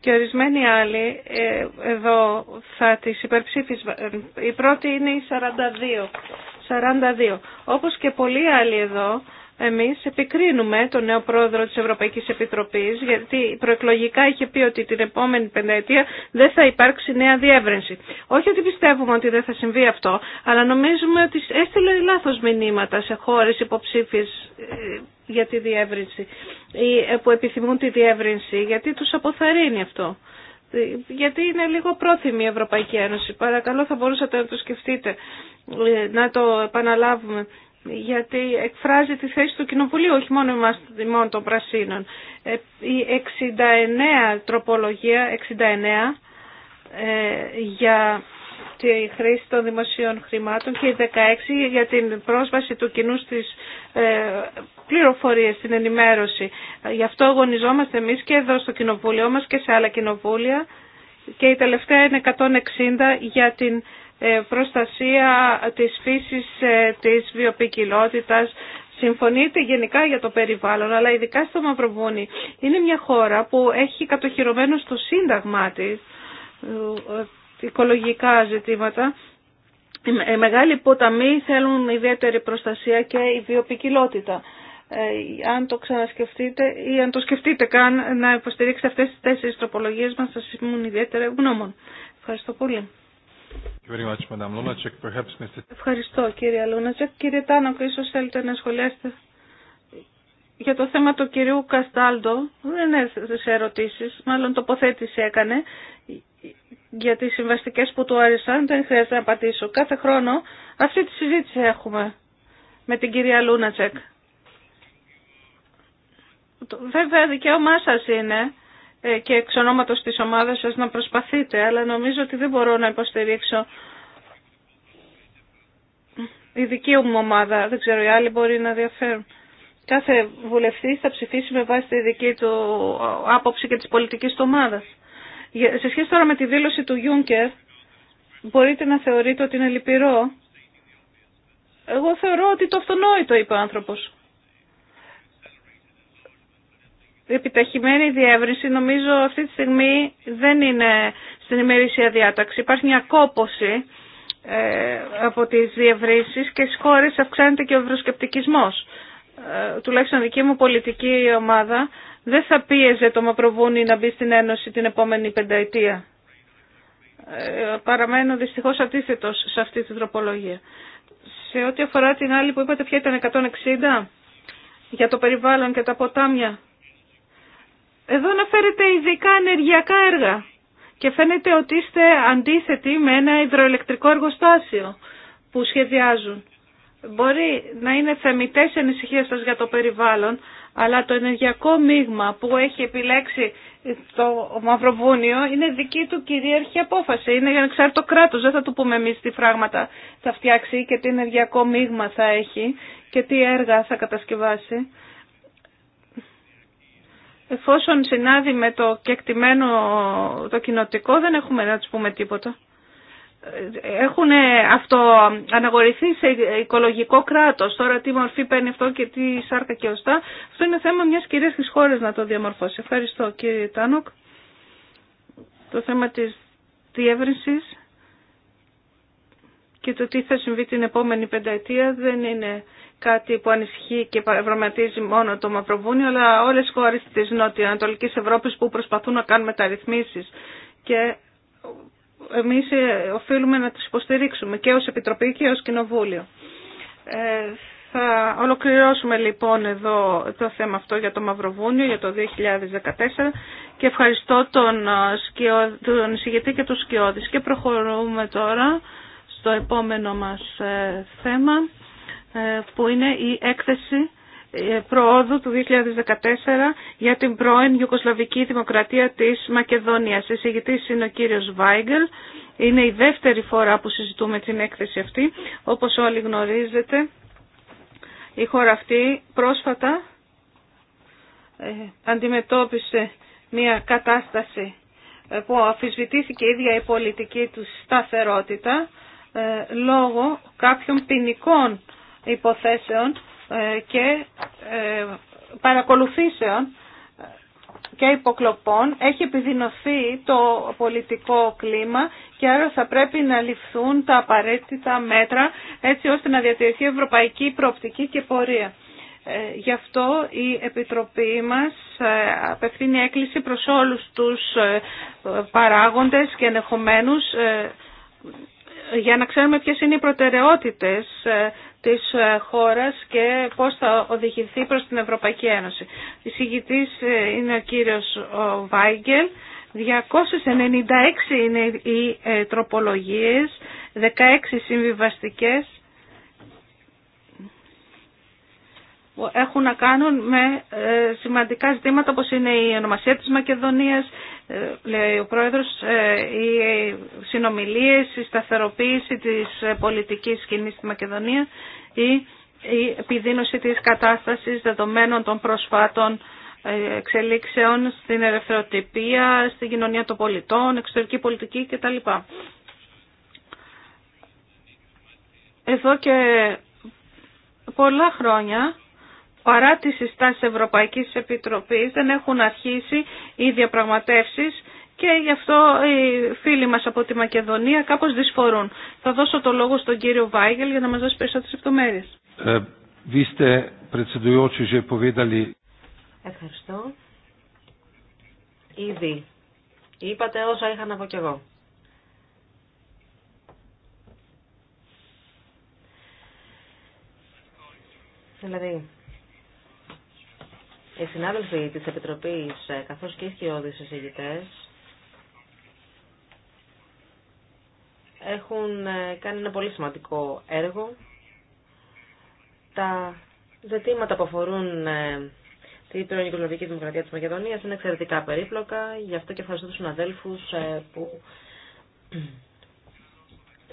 Και ορισμένοι άλλοι ε, εδώ θα τι υπερψήφισαν. Ε, η πρώτη είναι η 42. 42. Όπως και πολλοί άλλοι εδώ εμείς επικρίνουμε τον νέο πρόεδρο της Ευρωπαϊκής Επιτροπής γιατί προεκλογικά είχε πει ότι την επόμενη πενταετία δεν θα υπάρξει νέα διεύρυνση. Όχι ότι πιστεύουμε ότι δεν θα συμβεί αυτό, αλλά νομίζουμε ότι έστειλε λάθος μηνύματα σε χώρες υποψήφιες ε, για τη διεύρυνση ή ε, που επιθυμούν τη διεύρυνση γιατί τους αποθαρρύνει αυτό. Γιατί είναι λίγο πρόθυμη η Ευρωπαϊκή Ένωση. Παρακαλώ θα μπορούσατε να το σκεφτείτε, ε, να το επαναλάβουμε γιατί εκφράζει τη θέση του Κοινοβουλίου, όχι μόνο εμάς μόνο των Πρασίνων. Ε, η 69 τροπολογία, 69, ε, για τη χρήση των δημοσίων χρημάτων και η 16 για την πρόσβαση του κοινού στις ε, πληροφορίες, στην ενημέρωση. Γι' αυτό αγωνιζόμαστε εμείς και εδώ στο Κοινοβούλιο μας και σε άλλα κοινοβούλια και η τελευταία είναι 160 για την ε, προστασία της φύσης, ε, της βιοπικιλότητας. Συμφωνείτε γενικά για το περιβάλλον, αλλά ειδικά στο Μαυροβούνι. Είναι μια χώρα που έχει κατοχυρωμένο στο σύνταγμά της ε, οικολογικά ζητήματα. Οι μεγάλοι ποταμοί θέλουν ιδιαίτερη προστασία και η βιοπικιλότητα. αν το ξανασκεφτείτε ή αν το σκεφτείτε καν να υποστηρίξετε αυτές τις τέσσερις τροπολογίες μας θα σας ιδιαίτερα γνώμων Ευχαριστώ πολύ. Ευχαριστώ κύριε Λούνατσεκ. Κύριε Τάνοκ, ίσως θέλετε να σχολιάσετε για το θέμα του κυρίου Καστάλτο. Δεν έρθετε σε ερωτήσεις, μάλλον τοποθέτηση έκανε για τις συμβαστικές που του άρεσαν. Δεν χρειάζεται να απαντήσω. Κάθε χρόνο αυτή τη συζήτηση έχουμε με την κυρία Λούνατσεκ. Βέβαια δικαίωμά σας είναι ε, και εξ ονόματος της ομάδας σας να προσπαθείτε, αλλά νομίζω ότι δεν μπορώ να υποστηρίξω η δική μου ομάδα, δεν ξέρω, οι άλλοι μπορεί να διαφέρουν. Κάθε βουλευτής θα ψηφίσει με βάση τη δική του άποψη και της πολιτικής του ομάδας. Σε σχέση τώρα με τη δήλωση του Γιούνκερ, μπορείτε να θεωρείτε ότι είναι λυπηρό. Εγώ θεωρώ ότι το αυτονόητο είπε ο άνθρωπος. επιταχυμένη διεύρυνση νομίζω αυτή τη στιγμή δεν είναι στην ημερήσια διάταξη. Υπάρχει μια κόπωση ε, από τις διευρύνσεις και στις χώρες αυξάνεται και ο ευρωσκεπτικισμός. Ε, τουλάχιστον δική μου πολιτική ομάδα δεν θα πίεζε το Μαπροβούνι να μπει στην Ένωση την επόμενη πενταετία. Ε, παραμένω δυστυχώς αντίθετος σε αυτή την τροπολογία. Σε ό,τι αφορά την άλλη που είπατε ποια ήταν 160 για το περιβάλλον και τα ποτάμια. Εδώ αναφέρεται ειδικά ενεργειακά έργα και φαίνεται ότι είστε αντίθετοι με ένα υδροελεκτρικό εργοστάσιο που σχεδιάζουν. Μπορεί να είναι θεμητές οι ανησυχίες σας για το περιβάλλον, αλλά το ενεργειακό μείγμα που έχει επιλέξει το Μαυροβούνιο είναι δική του κυρίαρχη απόφαση. Είναι για να ξέρει το κράτος, δεν θα του πούμε εμείς τι φράγματα θα φτιάξει και τι ενεργειακό μείγμα θα έχει και τι έργα θα κατασκευάσει. Εφόσον συνάδει με το κεκτημένο το κοινοτικό δεν έχουμε να του πούμε τίποτα. Έχουν αυτό αναγορηθεί σε οικολογικό κράτος. Τώρα τι μορφή παίρνει αυτό και τι σάρκα και οστά. Αυτό είναι θέμα μιας κυρίας τη χώρα να το διαμορφώσει. Ευχαριστώ κύριε Τάνοκ. Το θέμα τη διεύρυνση και το τι θα συμβεί την επόμενη πενταετία δεν είναι κάτι που ανησυχεί και ευρωματίζει μόνο το Μαυροβούνιο, αλλά όλες οι χώρες της Νότια-Ανατολικής Ευρώπης που προσπαθούν να κάνουν μεταρρυθμίσεις. Και εμείς ε, οφείλουμε να τις υποστηρίξουμε και ως Επιτροπή και ως Κοινοβούλιο. Ε, θα ολοκληρώσουμε λοιπόν εδώ το θέμα αυτό για το Μαυροβούνιο για το 2014 και ευχαριστώ τον, ε, τον εισηγητή και τους σκιώδης. Και προχωρούμε τώρα στο επόμενο μας ε, θέμα ε, που είναι η έκθεση ε, προόδου του 2014 για την πρώην Ιουκοσλαβική Δημοκρατία της Μακεδονίας. Εισηγητής είναι ο κύριος Βάιγκελ. Είναι η δεύτερη φορά που συζητούμε την έκθεση αυτή. Όπως όλοι γνωρίζετε, η χώρα αυτή πρόσφατα αντιμετώπισε μια κατάσταση που αφισβητήθηκε η ίδια η πολιτική του σταθερότητα ε, λόγω κάποιων ποινικών υποθέσεων ε, και ε, παρακολουθήσεων και υποκλοπών έχει επιδεινωθεί το πολιτικό κλίμα και άρα θα πρέπει να ληφθούν τα απαραίτητα μέτρα έτσι ώστε να διατηρηθεί ευρωπαϊκή προοπτική και πορεία. Γι' αυτό η Επιτροπή μας απευθύνει έκκληση προς όλους τους παράγοντες και ενεχομένους για να ξέρουμε ποιες είναι οι προτεραιότητες ε, της ε, χώρας και πώς θα οδηγηθεί προς την Ευρωπαϊκή Ένωση. Η συγητής ε, είναι ο κύριος Βάγγελ, 296 είναι οι τροπολογίες, 16 συμβιβαστικές έχουν να κάνουν με ε, σημαντικά ζητήματα όπως είναι η ονομασία της Μακεδονίας, ε, λέει ο Πρόεδρος, ε, οι συνομιλίες, η σταθεροποίηση της πολιτικής σκηνής στη Μακεδονία ή η επιδείνωση της κατάστασης δεδομένων των προσφάτων εξελίξεων στην ελευθεροτυπία, στην κοινωνία των πολιτών, εξωτερική πολιτική κτλ. Εδώ και πολλά χρόνια παρά τις συστάσεις Ευρωπαϊκής Επιτροπής δεν έχουν αρχίσει οι διαπραγματεύσεις και γι' αυτό οι φίλοι μας από τη Μακεδονία κάπως δυσφορούν. Θα δώσω το λόγο στον κύριο Βάγγελ για να μας δώσει περισσότερες υποβίδαλη. Ε, Ευχαριστώ. Ήδη είπατε όσα είχα να πω κι εγώ. Δηλαδή, οι ε, συνάδελφοι της Επιτροπής, ε, καθώς και οι σχεώδεις εισηγητές, έχουν ε, κάνει ένα πολύ σημαντικό έργο. Τα ζητήματα που αφορούν την πρώην Δημοκρατία της Μακεδονίας είναι εξαιρετικά περίπλοκα, γι' αυτό και ευχαριστώ τους συναδέλφους που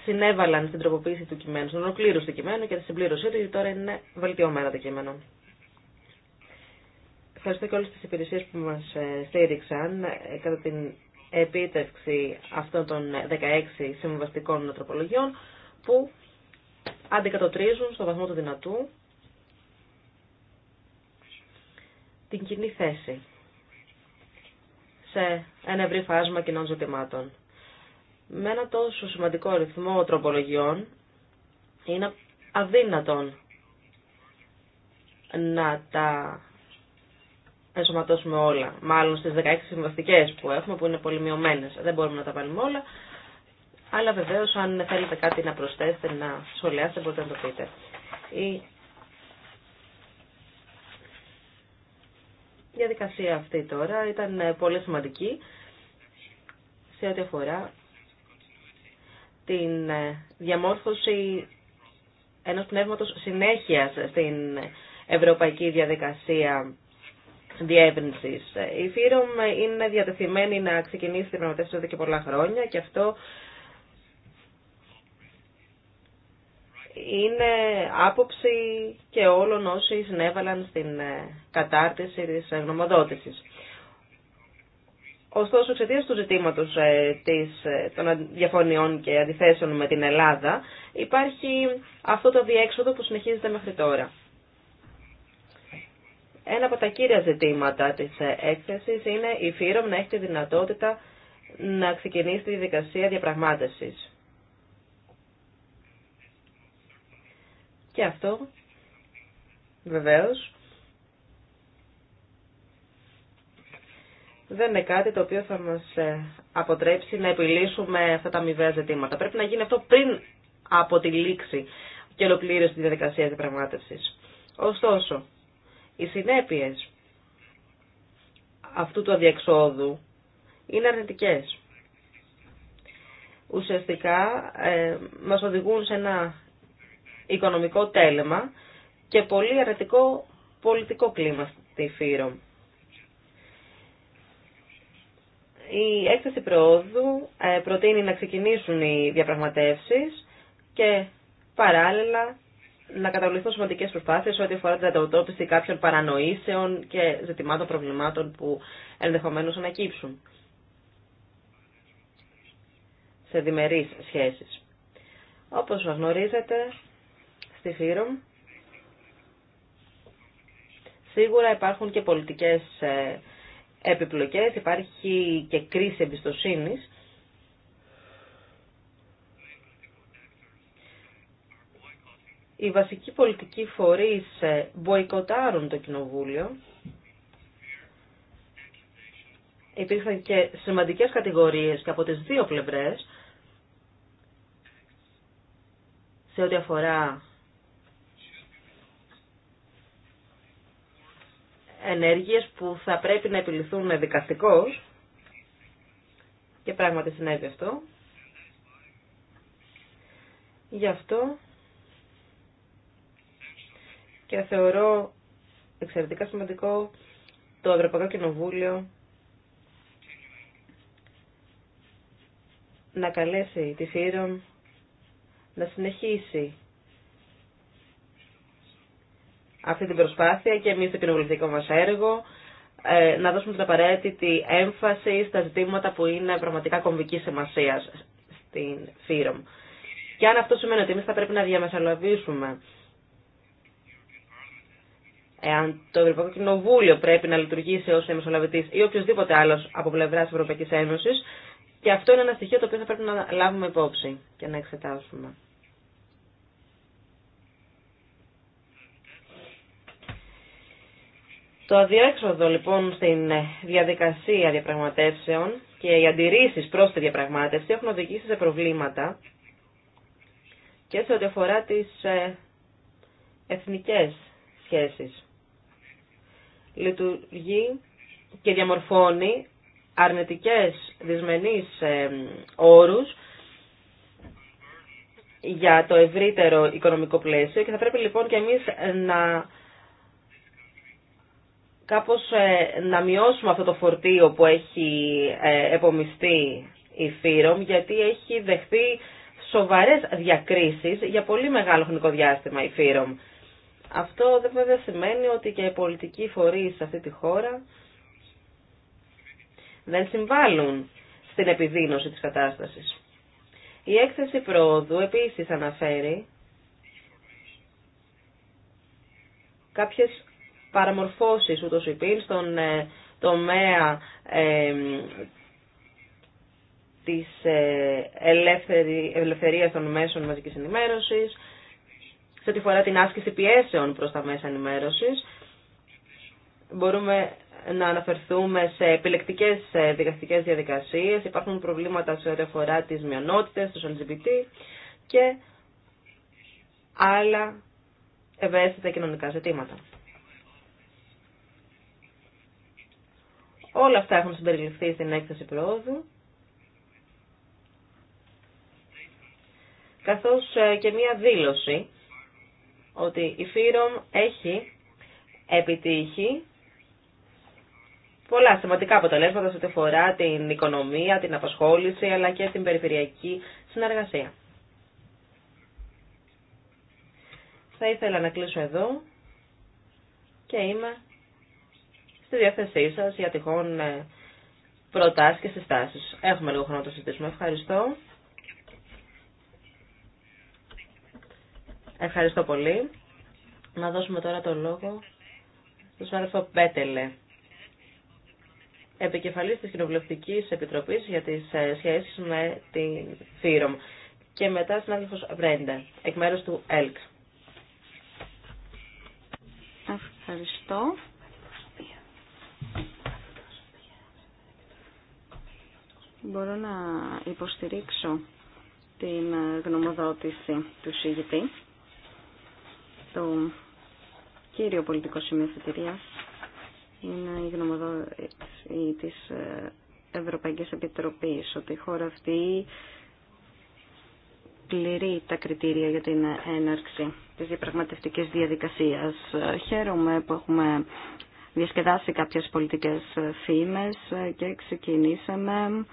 συνέβαλαν στην τροποποίηση του κειμένου, στον ολοκλήρωση του κειμένου και τη συμπλήρωσή του, γιατί τώρα είναι βελτιωμένα το κείμενο. Ευχαριστώ και όλες τις υπηρεσίες που μας ε, στήριξαν ε, κατά την επίτευξη αυτών των 16 συμβαστικών τροπολογιών που αντικατοτρίζουν στο βαθμό του δυνατού την κοινή θέση σε ένα ευρύ φάσμα κοινών ζητημάτων. Με ένα τόσο σημαντικό ρυθμό τροπολογιών είναι αδύνατον να τα ενσωματώσουμε όλα. Μάλλον στι 16 συμβαστικέ που έχουμε που είναι πολύ μειωμένε. Δεν μπορούμε να τα βάλουμε όλα. Αλλά βεβαίω αν θέλετε κάτι να προσθέσετε, να σχολιάσετε μπορείτε να το πείτε. Η διαδικασία αυτή τώρα ήταν πολύ σημαντική σε ό,τι αφορά την διαμόρφωση ενός πνεύματος συνέχειας στην ευρωπαϊκή διαδικασία διεύρυνση. Η Φύρομ είναι διατεθειμένη να ξεκινήσει την πραγματεύση εδώ και πολλά χρόνια και αυτό είναι άποψη και όλων όσοι συνέβαλαν στην ε, κατάρτιση της ε, γνωμοδότησης. Ωστόσο, εξαιτία του ζητήματο ε, των διαφωνιών και αντιθέσεων με την Ελλάδα, υπάρχει αυτό το διέξοδο που συνεχίζεται μέχρι τώρα. Ένα από τα κύρια ζητήματα της έκθεσης είναι η ΦΥΡΟΜ να έχει τη δυνατότητα να ξεκινήσει τη διαδικασία διαπραγμάτευσης. Και αυτό, βεβαίως, δεν είναι κάτι το οποίο θα μας ε, αποτρέψει να επιλύσουμε αυτά τα αμοιβαία ζητήματα. Πρέπει να γίνει αυτό πριν από τη λήξη και ολοκλήρωση τη διαδικασία διαπραγμάτευσης. Ωστόσο, οι συνέπειες αυτού του αδιεξόδου είναι αρνητικές. Ουσιαστικά ε, μας οδηγούν σε ένα οικονομικό τέλεμα και πολύ αρνητικό πολιτικό κλίμα στη Φύρο. Η έκθεση προόδου ε, προτείνει να ξεκινήσουν οι διαπραγματεύσεις και παράλληλα να καταβληθούν σημαντικέ προσπάθειε ό,τι αφορά την αντιμετώπιση κάποιων παρανοήσεων και ζητημάτων προβλημάτων που ενδεχομένω ανακύψουν σε διμερεί σχέσει. Όπω γνωρίζετε, στη Φύρομ σίγουρα υπάρχουν και πολιτικέ ε, επιπλοκές, υπάρχει και κρίση εμπιστοσύνης οι βασικοί πολιτικοί φορείς ε, μποϊκοτάρουν το Κοινοβούλιο. Υπήρχαν και σημαντικές κατηγορίες και από τις δύο πλευρές σε ό,τι αφορά ενέργειες που θα πρέπει να επιληθούν δικαστικώς και πράγματι συνέβη αυτό. Γι' αυτό και θεωρώ εξαιρετικά σημαντικό το Ευρωπαϊκό Κοινοβούλιο να καλέσει τη ΦΥΡΟΜ να συνεχίσει αυτή την προσπάθεια και εμείς το κοινοβουλευτικό μας έργο ε, να δώσουμε την απαραίτητη έμφαση στα ζητήματα που είναι πραγματικά κομβική σημασία στην ΦΥΡΟΜ. Και αν αυτό σημαίνει ότι εμείς θα πρέπει να διαμεσολαβήσουμε εάν το Ευρωπαϊκό Κοινοβούλιο πρέπει να λειτουργήσει ως μεσολαβητής ή οποιοδήποτε άλλος από πλευρά της Ευρωπαϊκής Ένωσης και αυτό είναι ένα στοιχείο το οποίο θα πρέπει να λάβουμε υπόψη και να εξετάσουμε. Το αδιέξοδο λοιπόν στην διαδικασία διαπραγματεύσεων και οι αντιρρήσεις προς τη διαπραγμάτευση έχουν οδηγήσει σε προβλήματα και σε ό,τι αφορά τις ε, εθνικές σχέσεις λειτουργεί και διαμορφώνει αρνητικές δυσμενείς όρους για το ευρύτερο οικονομικό πλαίσιο και θα πρέπει λοιπόν και εμείς να κάπως ε, να μειώσουμε αυτό το φορτίο που έχει ε, επομιστεί η ΦΥΡΟΜ γιατί έχει δεχθεί σοβαρές διακρίσεις για πολύ μεγάλο χρονικό διάστημα η ΦΥΡΟΜ. Αυτό δεν βέβαια σημαίνει ότι και οι πολιτικοί φορείς σε αυτή τη χώρα δεν συμβάλλουν στην επιδείνωση της κατάστασης. Η έκθεση πρόοδου επίσης αναφέρει κάποιες παραμορφώσεις ούτως υπήν στον ε, τομέα ε, της ε, ελευθερίας των μέσων μαζικής ενημέρωσης, σε ό,τι φορά την άσκηση πιέσεων προς τα μέσα ενημέρωσης. Μπορούμε να αναφερθούμε σε επιλεκτικές ε, δικαστικές διαδικασίες. Υπάρχουν προβλήματα σε ό,τι αφορά τις μειονότητες, τους LGBT και άλλα ευαίσθητα κοινωνικά ζητήματα. Όλα αυτά έχουν συμπεριληφθεί στην έκθεση προόδου. Καθώς ε, και μία δήλωση ότι η ΦΥΡΟΜ έχει επιτύχει πολλά σημαντικά αποτελέσματα σε ό,τι αφορά την οικονομία, την απασχόληση αλλά και την περιφερειακή συνεργασία. Θα ήθελα να κλείσω εδώ και είμαι στη διάθεσή σας για τυχόν ε, προτάσεις και συστάσεις. Έχουμε λίγο χρόνο να το συζητήσουμε. Ευχαριστώ. Ευχαριστώ πολύ. Να δώσουμε τώρα το λόγο στον συνάδελφο Πέτελε, επικεφαλής της κοινοβουλευτική Επιτροπής για τις ε, σχέσει με την ΦΥΡΟΜ και μετά συνάδελφος Βρέντε, εκ μέρου του ΕΛΚ. Ευχαριστώ. Μπορώ να υποστηρίξω την γνωμοδότηση του συγητή το κύριο πολιτικό σημείο θετηρίας είναι η γνωμοδότηση της ε, Ευρωπαϊκής Επιτροπής ότι η χώρα αυτή πληρεί τα κριτήρια για την έναρξη της διαπραγματευτικής διαδικασίας. Χαίρομαι που έχουμε διασκεδάσει κάποιες πολιτικές φήμες και ξεκινήσαμε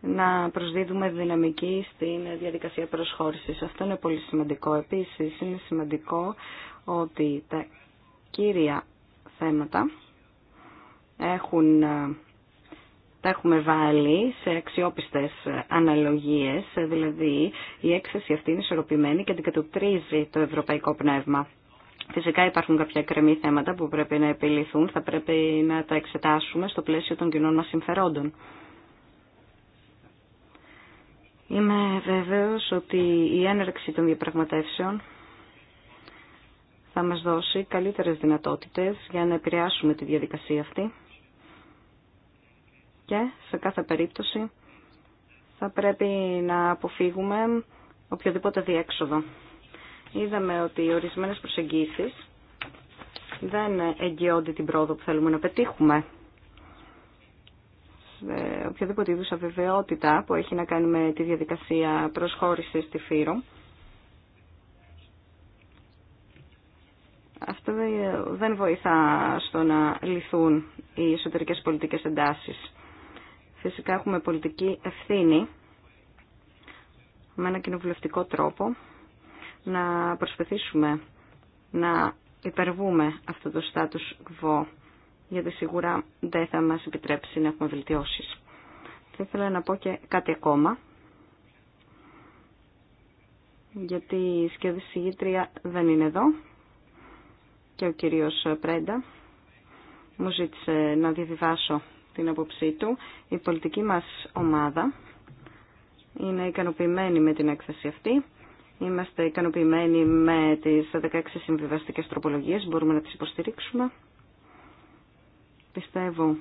να προσδίδουμε δυναμική στην διαδικασία προσχώρησης. Αυτό είναι πολύ σημαντικό. Επίσης, είναι σημαντικό ότι τα κύρια θέματα έχουν, τα έχουμε βάλει σε αξιόπιστες αναλογίες, δηλαδή η έκθεση αυτή είναι ισορροπημένη και αντικατοπτρίζει το ευρωπαϊκό πνεύμα. Φυσικά υπάρχουν κάποια κρεμή θέματα που πρέπει να επιληθούν, θα πρέπει να τα εξετάσουμε στο πλαίσιο των κοινών μας συμφερόντων. Είμαι βέβαιος ότι η έναρξη των διαπραγματεύσεων θα μας δώσει καλύτερες δυνατότητες για να επηρεάσουμε τη διαδικασία αυτή και σε κάθε περίπτωση θα πρέπει να αποφύγουμε οποιοδήποτε διέξοδο. Είδαμε ότι οι ορισμένες προσεγγίσεις δεν εγγυώνται την πρόοδο που θέλουμε να πετύχουμε οποιαδήποτε είδους αβεβαιότητα που έχει να κάνει με τη διαδικασία προσχώρησης στη Φύρο. Αυτό δεν βοηθά στο να λυθούν οι εσωτερικές πολιτικές εντάσεις. Φυσικά έχουμε πολιτική ευθύνη με ένα κοινοβουλευτικό τρόπο να προσπαθήσουμε να υπερβούμε αυτό το status quo γιατί σίγουρα δεν θα μας επιτρέψει να έχουμε βελτιώσεις. Θα ήθελα να πω και κάτι ακόμα, γιατί η σκέδη δεν είναι εδώ και ο κύριος Πρέντα μου ζήτησε να διαβιβάσω την απόψή του. Η πολιτική μας ομάδα είναι ικανοποιημένη με την έκθεση αυτή. Είμαστε ικανοποιημένοι με τις 16 συμβιβαστικές τροπολογίες, μπορούμε να τις υποστηρίξουμε. Πιστεύω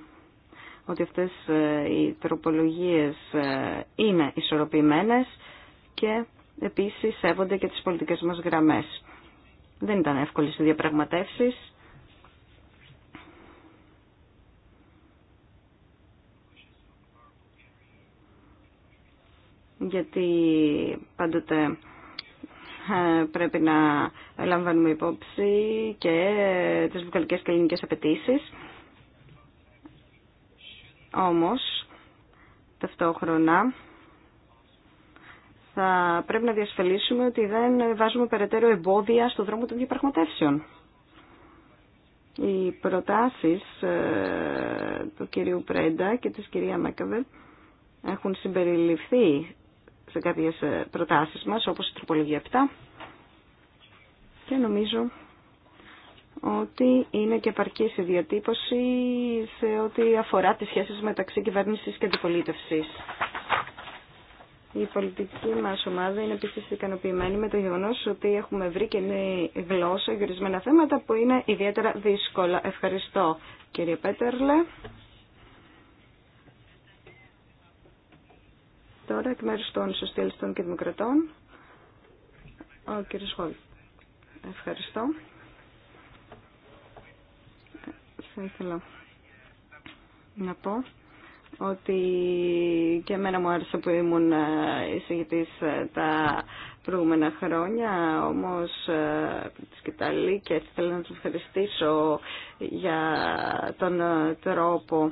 ότι αυτές ε, οι τροπολογίες ε, είναι ισορροπημένες και επίσης σέβονται και τις πολιτικές μας γραμμές. Δεν ήταν εύκολες οι διαπραγματεύσεις. γιατί πάντοτε ε, πρέπει να λαμβάνουμε υπόψη και τις βουκαλικές και ελληνικές απαιτήσει. Όμως, ταυτόχρονα, θα πρέπει να διασφαλίσουμε ότι δεν βάζουμε περαιτέρω εμπόδια στον δρόμο των διαπραγματεύσεων. Οι προτάσεις ε, του κυρίου Πρέντα και της κυρία Μέκαβελ έχουν συμπεριληφθεί σε κάποιες ε, προτάσεις μας, όπως η τροπολογία 7. Και νομίζω ότι είναι και επαρκή η διατύπωση σε ό,τι αφορά τις σχέσεις μεταξύ κυβέρνησης και αντιπολίτευσης. Η πολιτική μας ομάδα είναι επίσης ικανοποιημένη με το γεγονός ότι έχουμε βρει καινή γλώσσα για ορισμένα θέματα που είναι ιδιαίτερα δύσκολα. Ευχαριστώ κύριε Πέτερλε. Τώρα εκ μέρους των Σοσιαλιστών και Δημοκρατών, ο κύριος Χόλ. Ευχαριστώ. θα ήθελα να πω ότι και εμένα μου άρεσε που ήμουν ε, εισηγητής ε, τα προηγούμενα χρόνια, όμως ε, τη Κιταλή και θέλω να του ευχαριστήσω για τον τρόπο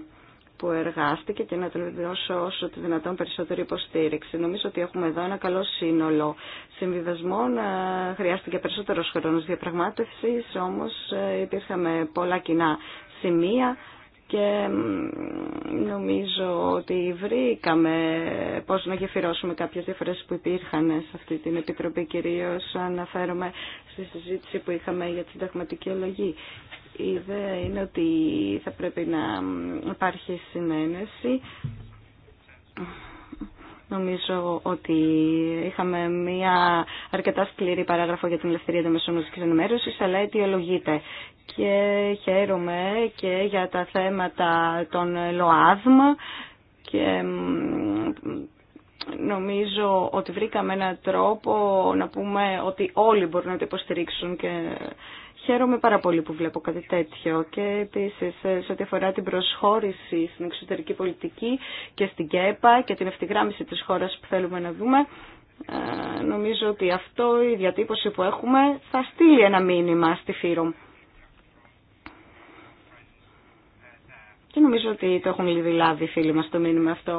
που εργάστηκε και να τον δώσω όσο το δυνατόν περισσότερη υποστήριξη. Νομίζω ότι έχουμε εδώ ένα καλό σύνολο συμβιβασμών. Χρειάστηκε περισσότερος χρόνος διαπραγμάτευση, όμω υπήρχαμε πολλά κοινά σημεία και νομίζω ότι βρήκαμε πώς να γεφυρώσουμε κάποιες διαφορές που υπήρχαν σε αυτή την Επιτροπή κυρίως αναφέρομαι στη συζήτηση που είχαμε για τη συνταγματική αλλαγή. Η ιδέα είναι ότι θα πρέπει να υπάρχει συνένεση Νομίζω ότι είχαμε μια αρκετά σκληρή παράγραφο για την ελευθερία των μεσών μαζικής ενημέρωσης, αλλά αιτιολογείται. Και χαίρομαι και για τα θέματα των ΛΟΑΔΜ και νομίζω ότι βρήκαμε έναν τρόπο να πούμε ότι όλοι μπορούν να το υποστηρίξουν και Χαίρομαι πάρα πολύ που βλέπω κάτι τέτοιο και επίση ε, σε ό,τι αφορά την προσχώρηση στην εξωτερική πολιτική και στην ΚΕΠΑ και την ευθυγράμμιση της χώρας που θέλουμε να δούμε, ε, νομίζω ότι αυτό η διατύπωση που έχουμε θα στείλει ένα μήνυμα στη ΦΥΡΟΜ. Και νομίζω ότι το έχουν ήδη λάβει οι φίλοι μας το μήνυμα αυτό,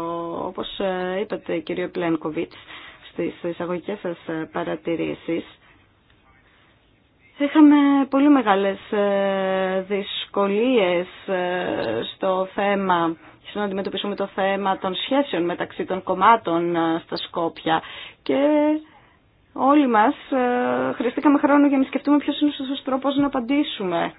όπως ε, είπατε κύριε Πλένκοβιτς στις εισαγωγικές σας παρατηρήσεις. Είχαμε πολύ μεγάλες ε, δυσκολίες ε, στο θέμα να αντιμετωπίσουμε το θέμα των σχέσεων μεταξύ των κομμάτων ε, στα Σκόπια και όλοι μας χρειαστήκαμε χρόνο για να σκεφτούμε ποιος είναι ο σωστός τρόπος να απαντήσουμε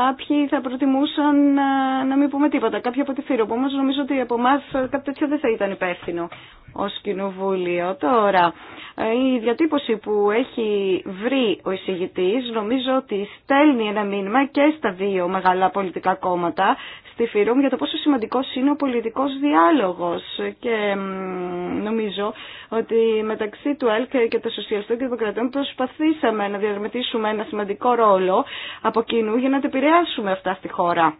Κάποιοι θα προτιμούσαν ε, να, μην πούμε τίποτα, κάποιοι από τη Φύροπο. Όμω νομίζω ότι από εμά ε, κάτι τέτοιο δεν θα ήταν υπεύθυνο ω κοινοβούλιο. Τώρα, ε, η διατύπωση που έχει βρει ο εισηγητή νομίζω ότι στέλνει ένα μήνυμα και στα δύο μεγάλα πολιτικά κόμματα στη για το πόσο σημαντικός είναι ο πολιτικός διάλογος και νομίζω ότι μεταξύ του ΕΛΚ και των Σοσιαλιστών και Δημοκρατών προσπαθήσαμε να διαδραματίσουμε ένα σημαντικό ρόλο από κοινού για να τα επηρεάσουμε αυτά στη χώρα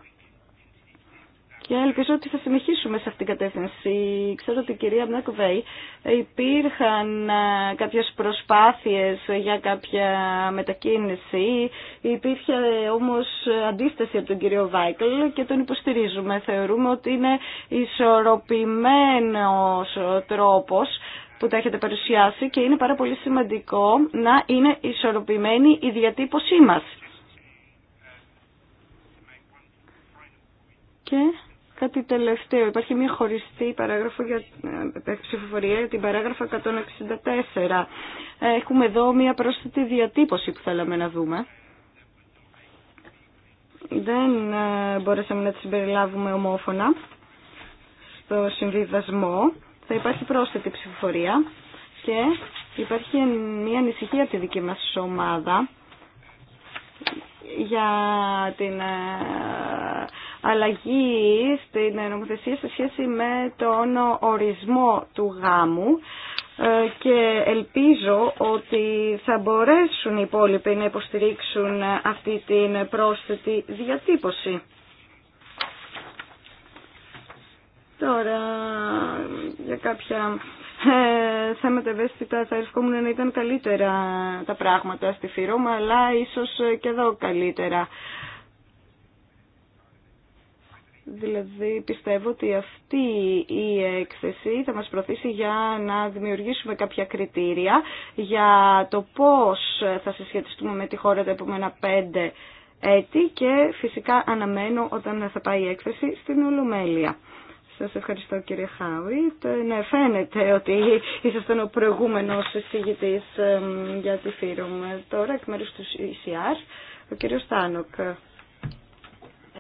και ελπίζω ότι θα συνεχίσουμε σε αυτήν την κατεύθυνση. Ξέρω ότι η κυρία Μνάκοβέη ε, υπήρχαν ε, κάποιες προσπάθειες για κάποια μετακίνηση, υπήρχε όμως αντίσταση από τον κύριο Βάικλ και τον υποστηρίζουμε. Θεωρούμε ότι είναι ισορροπημένος τρόπος που τα έχετε παρουσιάσει και είναι πάρα πολύ σημαντικό να είναι ισορροπημένη η διατύπωσή μας. Και Κάτι τελευταίο. Υπάρχει μια χωριστή παράγραφο για ε, ε, ψηφοφορία την παράγραφο 164. Έχουμε εδώ μια πρόσθετη διατύπωση που θέλαμε να δούμε. Δεν ε, μπορέσαμε να τη συμπεριλάβουμε ομόφωνα στο συμβιβασμό. Θα υπάρχει πρόσθετη ψηφοφορία και υπάρχει μια ανησυχία τη δική μας ομάδα για την ε, αλλαγή στην νομοθεσία σε σχέση με τον ορισμό του γάμου ε, και ελπίζω ότι θα μπορέσουν οι υπόλοιποι να υποστηρίξουν αυτή την πρόσθετη διατύπωση. Τώρα, για κάποια ε, θα ευαίσθητα θα ερχόμουν να ήταν καλύτερα τα πράγματα στη Φυρώμα, αλλά ίσως και εδώ καλύτερα. Δηλαδή πιστεύω ότι αυτή η έκθεση θα μας προωθήσει για να δημιουργήσουμε κάποια κριτήρια για το πώς θα συσχετιστούμε με τη χώρα τα επόμενα πέντε έτη και φυσικά αναμένω όταν θα πάει η έκθεση στην Ολομέλεια. Σας ευχαριστώ κύριε Χάουιτ. Ναι, φαίνεται ότι ήσασταν ο προηγούμενος εισηγητής για τη ΦΥΡΟΜ. Τώρα εκ μέρους του ECR, ο κύριος Τάνοκ.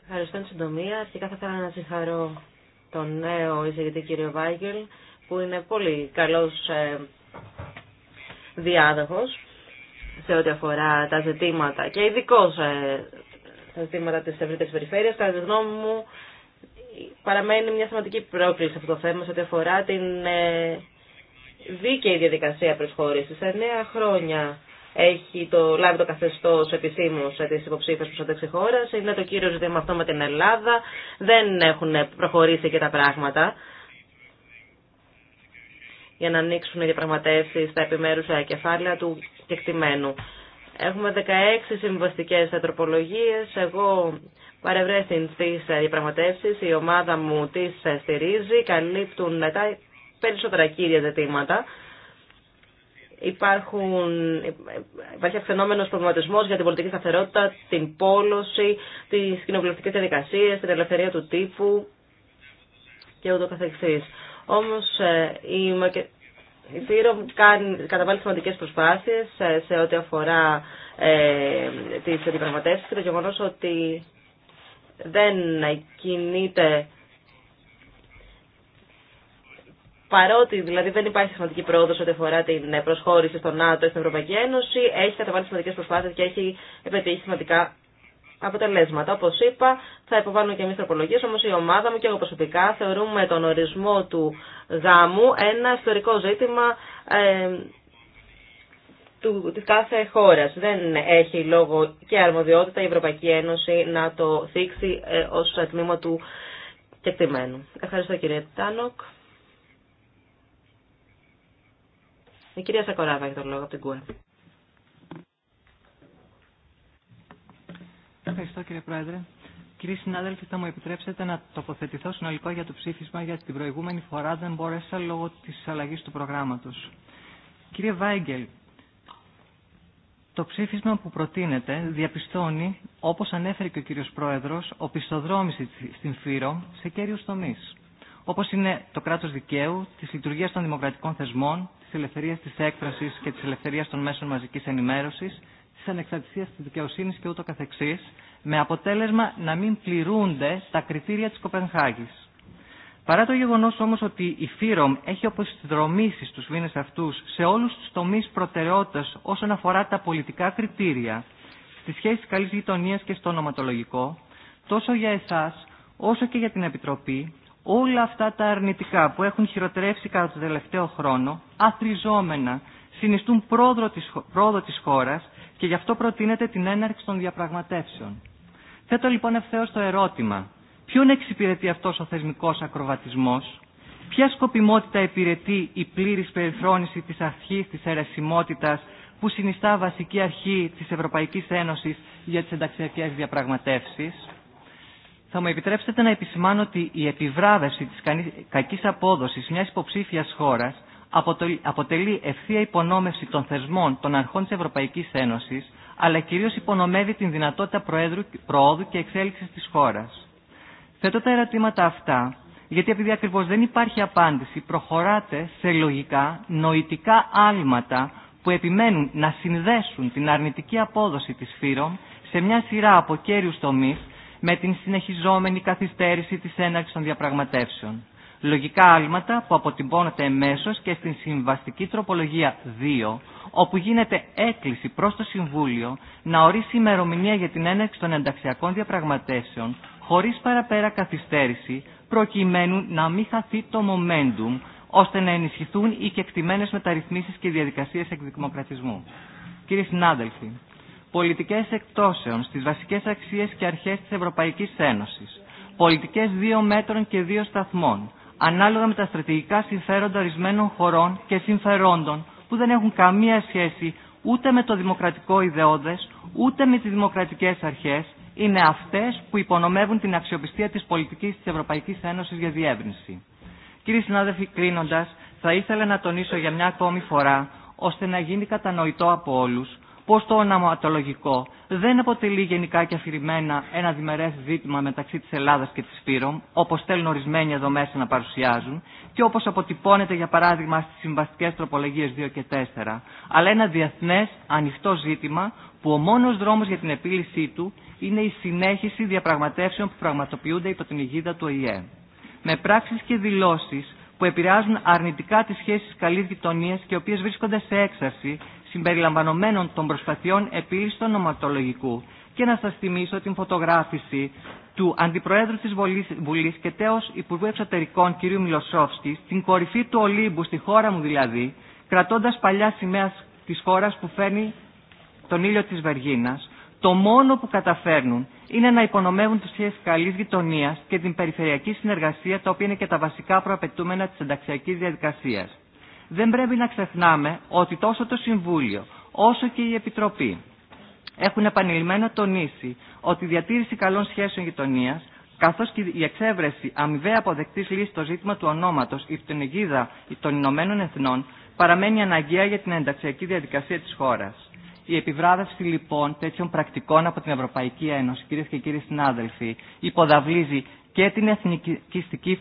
Ευχαριστώ την συντομία. Αρχικά θα ήθελα να συγχαρώ τον νέο εισηγητή κύριο Βάγγελ, που είναι πολύ καλός ε, διάδοχος σε ό,τι αφορά τα ζητήματα και ειδικώ ε, τα ζητήματα της ευρύτερης περιφέρειας. Κατά τη γνώμη μου, παραμένει μια σημαντική πρόκληση αυτό το θέμα σε ό,τι αφορά την ε, δίκαιη διαδικασία προσχώρησης. Σε νέα χρόνια έχει το, λάβει το καθεστώ επισήμω τη υποψήφια προστατεύση χώρα. Είναι το κύριο ζήτημα αυτό με την Ελλάδα. Δεν έχουν προχωρήσει και τα πράγματα για να ανοίξουν οι διαπραγματεύσει στα επιμέρου κεφάλαια του κεκτημένου. Έχουμε 16 συμβαστικές τροπολογίες. Εγώ παρευρέθη στις διαπραγματεύσεις. Η ομάδα μου τις στηρίζει. Καλύπτουν μετά περισσότερα κύρια ζητήματα. Υπάρχουν, υπάρχει αυξανόμενος προβληματισμός για την πολιτική σταθερότητα, την πόλωση, τις κοινοβουλευτικές διαδικασίες, την ελευθερία του τύπου και ούτω καθεξής. Όμως η ε, η ΦΥΡΟΜ καταβάλει σημαντικέ προσπάθειε ε, σε ό,τι αφορά ε, τι αντιπραγματεύσει και το γεγονό ότι δεν κινείται παρότι δηλαδή δεν υπάρχει σημαντική πρόοδο ό,τι αφορά την προσχώρηση στο ΝΑΤΟ ή στην Ευρωπαϊκή Ένωση, έχει καταβάλει σημαντικέ προσπάθειε και έχει επιτύχει σημαντικά αποτελέσματα. Όπως είπα, θα υποβάλουμε και εμεί τροπολογίε, όμω η ομάδα μου και εγώ προσωπικά θεωρούμε τον ορισμό του γάμου ένα ιστορικό ζήτημα ε, του, της κάθε χώρας. Δεν έχει λόγο και αρμοδιότητα η Ευρωπαϊκή Ένωση να το θίξει ε, ως τμήμα του κεκτημένου. Ευχαριστώ κύριε Τάνοκ. Η κυρία Σακοράβα έχει τον λόγο από την ΚΟΕ. Ευχαριστώ κύριε Πρόεδρε. Κύριοι συνάδελφοι, θα μου επιτρέψετε να τοποθετηθώ συνολικά για το ψήφισμα, γιατί την προηγούμενη φορά δεν μπόρεσα λόγω τη αλλαγή του προγράμματο. Κύριε Βάγκελ, το ψήφισμα που προτείνεται διαπιστώνει, όπω ανέφερε και ο κύριος Πρόεδρος, οπισθοδρόμηση στην Φύρο σε κέριου τομεί. Όπω είναι το κράτο δικαίου, της λειτουργίας των δημοκρατικών θεσμών, τη ελευθερία τη έκφρασης και τη ελευθερία των μέσων μαζική ενημέρωση της ανεξαρτησίας της δικαιοσύνης και ούτω καθεξής, με αποτέλεσμα να μην πληρούνται τα κριτήρια της Κοπενχάγης. Παρά το γεγονός όμως ότι η ΦΥΡΟΜ έχει δρομήσει στους μήνες αυτούς σε όλους τους τομεί προτεραιότητα όσον αφορά τα πολιτικά κριτήρια, στι σχέσει καλής γειτονία και στο ονοματολογικό, τόσο για εσάς όσο και για την Επιτροπή, όλα αυτά τα αρνητικά που έχουν χειροτερεύσει κατά το τελευταίο χρόνο, αθριζόμενα, συνιστούν πρόοδο της, πρόοδο της χώρας και γι' αυτό προτείνεται την έναρξη των διαπραγματεύσεων. Θέτω λοιπόν ευθέω το ερώτημα, ποιον εξυπηρετεί αυτό ο θεσμικό ακροβατισμό, ποια σκοπιμότητα υπηρετεί η πλήρη περιφρόνηση τη αρχή τη αιρεσιμότητα που συνιστά βασική αρχή τη Ευρωπαϊκή Ένωση για τι ενταξιακέ διαπραγματεύσει. Θα μου επιτρέψετε να επισημάνω ότι η επιβράβευση τη κακή απόδοση μια υποψήφια χώρα αποτελεί ευθεία υπονόμευση των θεσμών των αρχών της Ευρωπαϊκής Ένωσης, αλλά κυρίως υπονομεύει την δυνατότητα προόδου και εξέλιξης της χώρας. Θέτω τα ερωτήματα αυτά, γιατί επειδή ακριβώ δεν υπάρχει απάντηση, προχωράτε σε λογικά, νοητικά άλματα που επιμένουν να συνδέσουν την αρνητική απόδοση της ΦΥΡΟΜ σε μια σειρά από κέριους τομείς με την συνεχιζόμενη καθυστέρηση της έναρξης των διαπραγματεύσεων λογικά άλματα που αποτυπώνεται εμέσως και στην συμβαστική τροπολογία 2, όπου γίνεται έκκληση προς το Συμβούλιο να ορίσει ημερομηνία για την έναρξη των ενταξιακών διαπραγματεύσεων χωρίς παραπέρα καθυστέρηση, προκειμένου να μην χαθεί το momentum, ώστε να ενισχυθούν οι κεκτημένες μεταρρυθμίσεις και διαδικασίες εκδημοκρατισμού. Κύριε συνάδελφοι, πολιτικές εκτόσεων στις βασικές αξίες και αρχές της Ευρωπαϊκής Ένωσης, πολιτικές δύο μέτρων και δύο σταθμών, ανάλογα με τα στρατηγικά συμφέροντα ορισμένων χωρών και συμφερόντων που δεν έχουν καμία σχέση ούτε με το δημοκρατικό ιδεώδες, ούτε με τις δημοκρατικές αρχές, είναι αυτές που υπονομεύουν την αξιοπιστία της πολιτικής της Ευρωπαϊκής Ένωσης για διεύρυνση. Κύριοι συνάδελφοι, κλείνοντας, θα ήθελα να τονίσω για μια ακόμη φορά, ώστε να γίνει κατανοητό από όλους, Πώ το ονοματολογικό δεν αποτελεί γενικά και αφηρημένα ένα διμερέ ζήτημα μεταξύ τη Ελλάδα και τη Φύρων, όπω θέλουν ορισμένοι εδώ μέσα να παρουσιάζουν και όπω αποτυπώνεται για παράδειγμα στι συμβαστικέ τροπολογίε 2 και 4, αλλά ένα διεθνέ, ανοιχτό ζήτημα που ο μόνο δρόμο για την επίλυσή του είναι η συνέχιση διαπραγματεύσεων που πραγματοποιούνται υπό την ηγίδα του ΟΗΕ. Με πράξει και δηλώσει που επηρεάζουν αρνητικά τι σχέσει καλή γειτονία και οι οποίε βρίσκονται σε έξαρση συμπεριλαμβανομένων των προσπαθειών επίλυσης των νοματολογικού και να σας θυμίσω την φωτογράφηση του Αντιπροέδρου της Βουλής και τέος Υπουργού Εξωτερικών κ. Μιλοσόφσκη στην κορυφή του Ολύμπου, στη χώρα μου δηλαδή, κρατώντας παλιά σημαία της χώρας που φέρνει τον ήλιο της Βεργίνας, το μόνο που καταφέρνουν είναι να υπονομεύουν τις σχέσεις καλής γειτονίας και την περιφερειακή συνεργασία, τα οποία είναι και τα βασικά προαπαιτούμενα της ενταξιακή διαδικασίας δεν πρέπει να ξεχνάμε ότι τόσο το Συμβούλιο όσο και η Επιτροπή έχουν επανειλημμένα τονίσει ότι η διατήρηση καλών σχέσεων γειτονία, καθώ και η εξέβρεση αμοιβαία αποδεκτή λύση στο ζήτημα του ονόματο ή την αιγίδα των Ηνωμένων Εθνών, παραμένει αναγκαία για την ενταξιακή διαδικασία τη χώρα. Η επιβράδευση λοιπόν τέτοιων πρακτικών από την Ευρωπαϊκή Ένωση, κυρίε και κύριοι συνάδελφοι, υποδαβλίζει και την εθνικιστική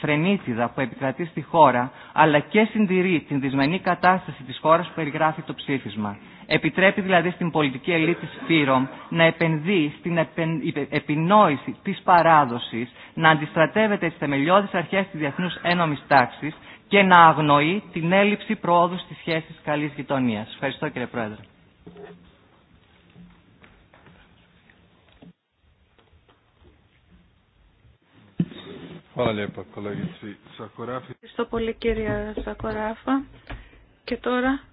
φρενίτιδα που επικρατεί στη χώρα, αλλά και συντηρεί την δυσμενή κατάσταση της χώρας που περιγράφει το ψήφισμα. Επιτρέπει δηλαδή στην πολιτική ελίτ της Φύρομ να επενδύει στην επινόηση της παράδοσης, να αντιστρατεύεται τις θεμελιώδεις αρχές της διεθνούς ένωμης τάξης και να αγνοεί την έλλειψη προόδου στις σχέσεις καλής γειτονίας. Ευχαριστώ κύριε Πρόεδρε. Ευχαριστώ πολύ κύριε Σακοράφα. Και τώρα...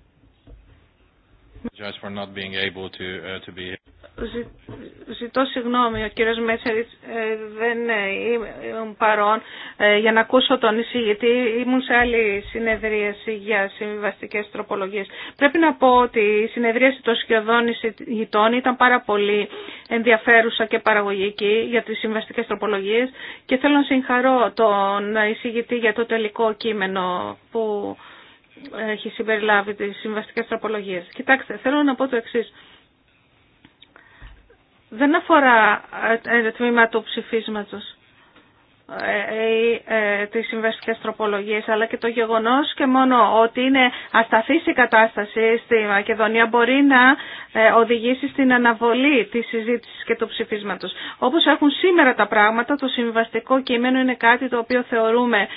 able uh, be... Ζητώ συγγνώμη, ο κύριος ε, δεν ε, ήμουν παρόν ε, για να ακούσω τον εισηγητή. Ήμουν σε άλλη συνεδρίαση για συμβιβαστικέ τροπολογίες. Πρέπει να πω ότι η συνεδρίαση των σχεδόν εισηγητών ήταν πάρα πολύ ενδιαφέρουσα και παραγωγική για τις συμβαστικέ τροπολογίες και θέλω να συγχαρώ τον εισηγητή για το τελικό κείμενο που έχει συμπεριλάβει τις συμβαστικές τροπολογίες. Κοιτάξτε, θέλω να πω το εξής δεν αφορά ε, ε, το τμήμα του ψηφίσματος ε, ή ε, τις συμβαστικές τροπολογίες αλλά και το γεγονός και μόνο ότι είναι ασταθής η κατάσταση στη Μακεδονία μπορεί να οδηγήσει στην αναβολή της συζήτησης και του ψηφίσματος. Όπως έχουν σήμερα τα πράγματα το συμβαστικό κείμενο είναι κάτι το οποίο θεωρούμε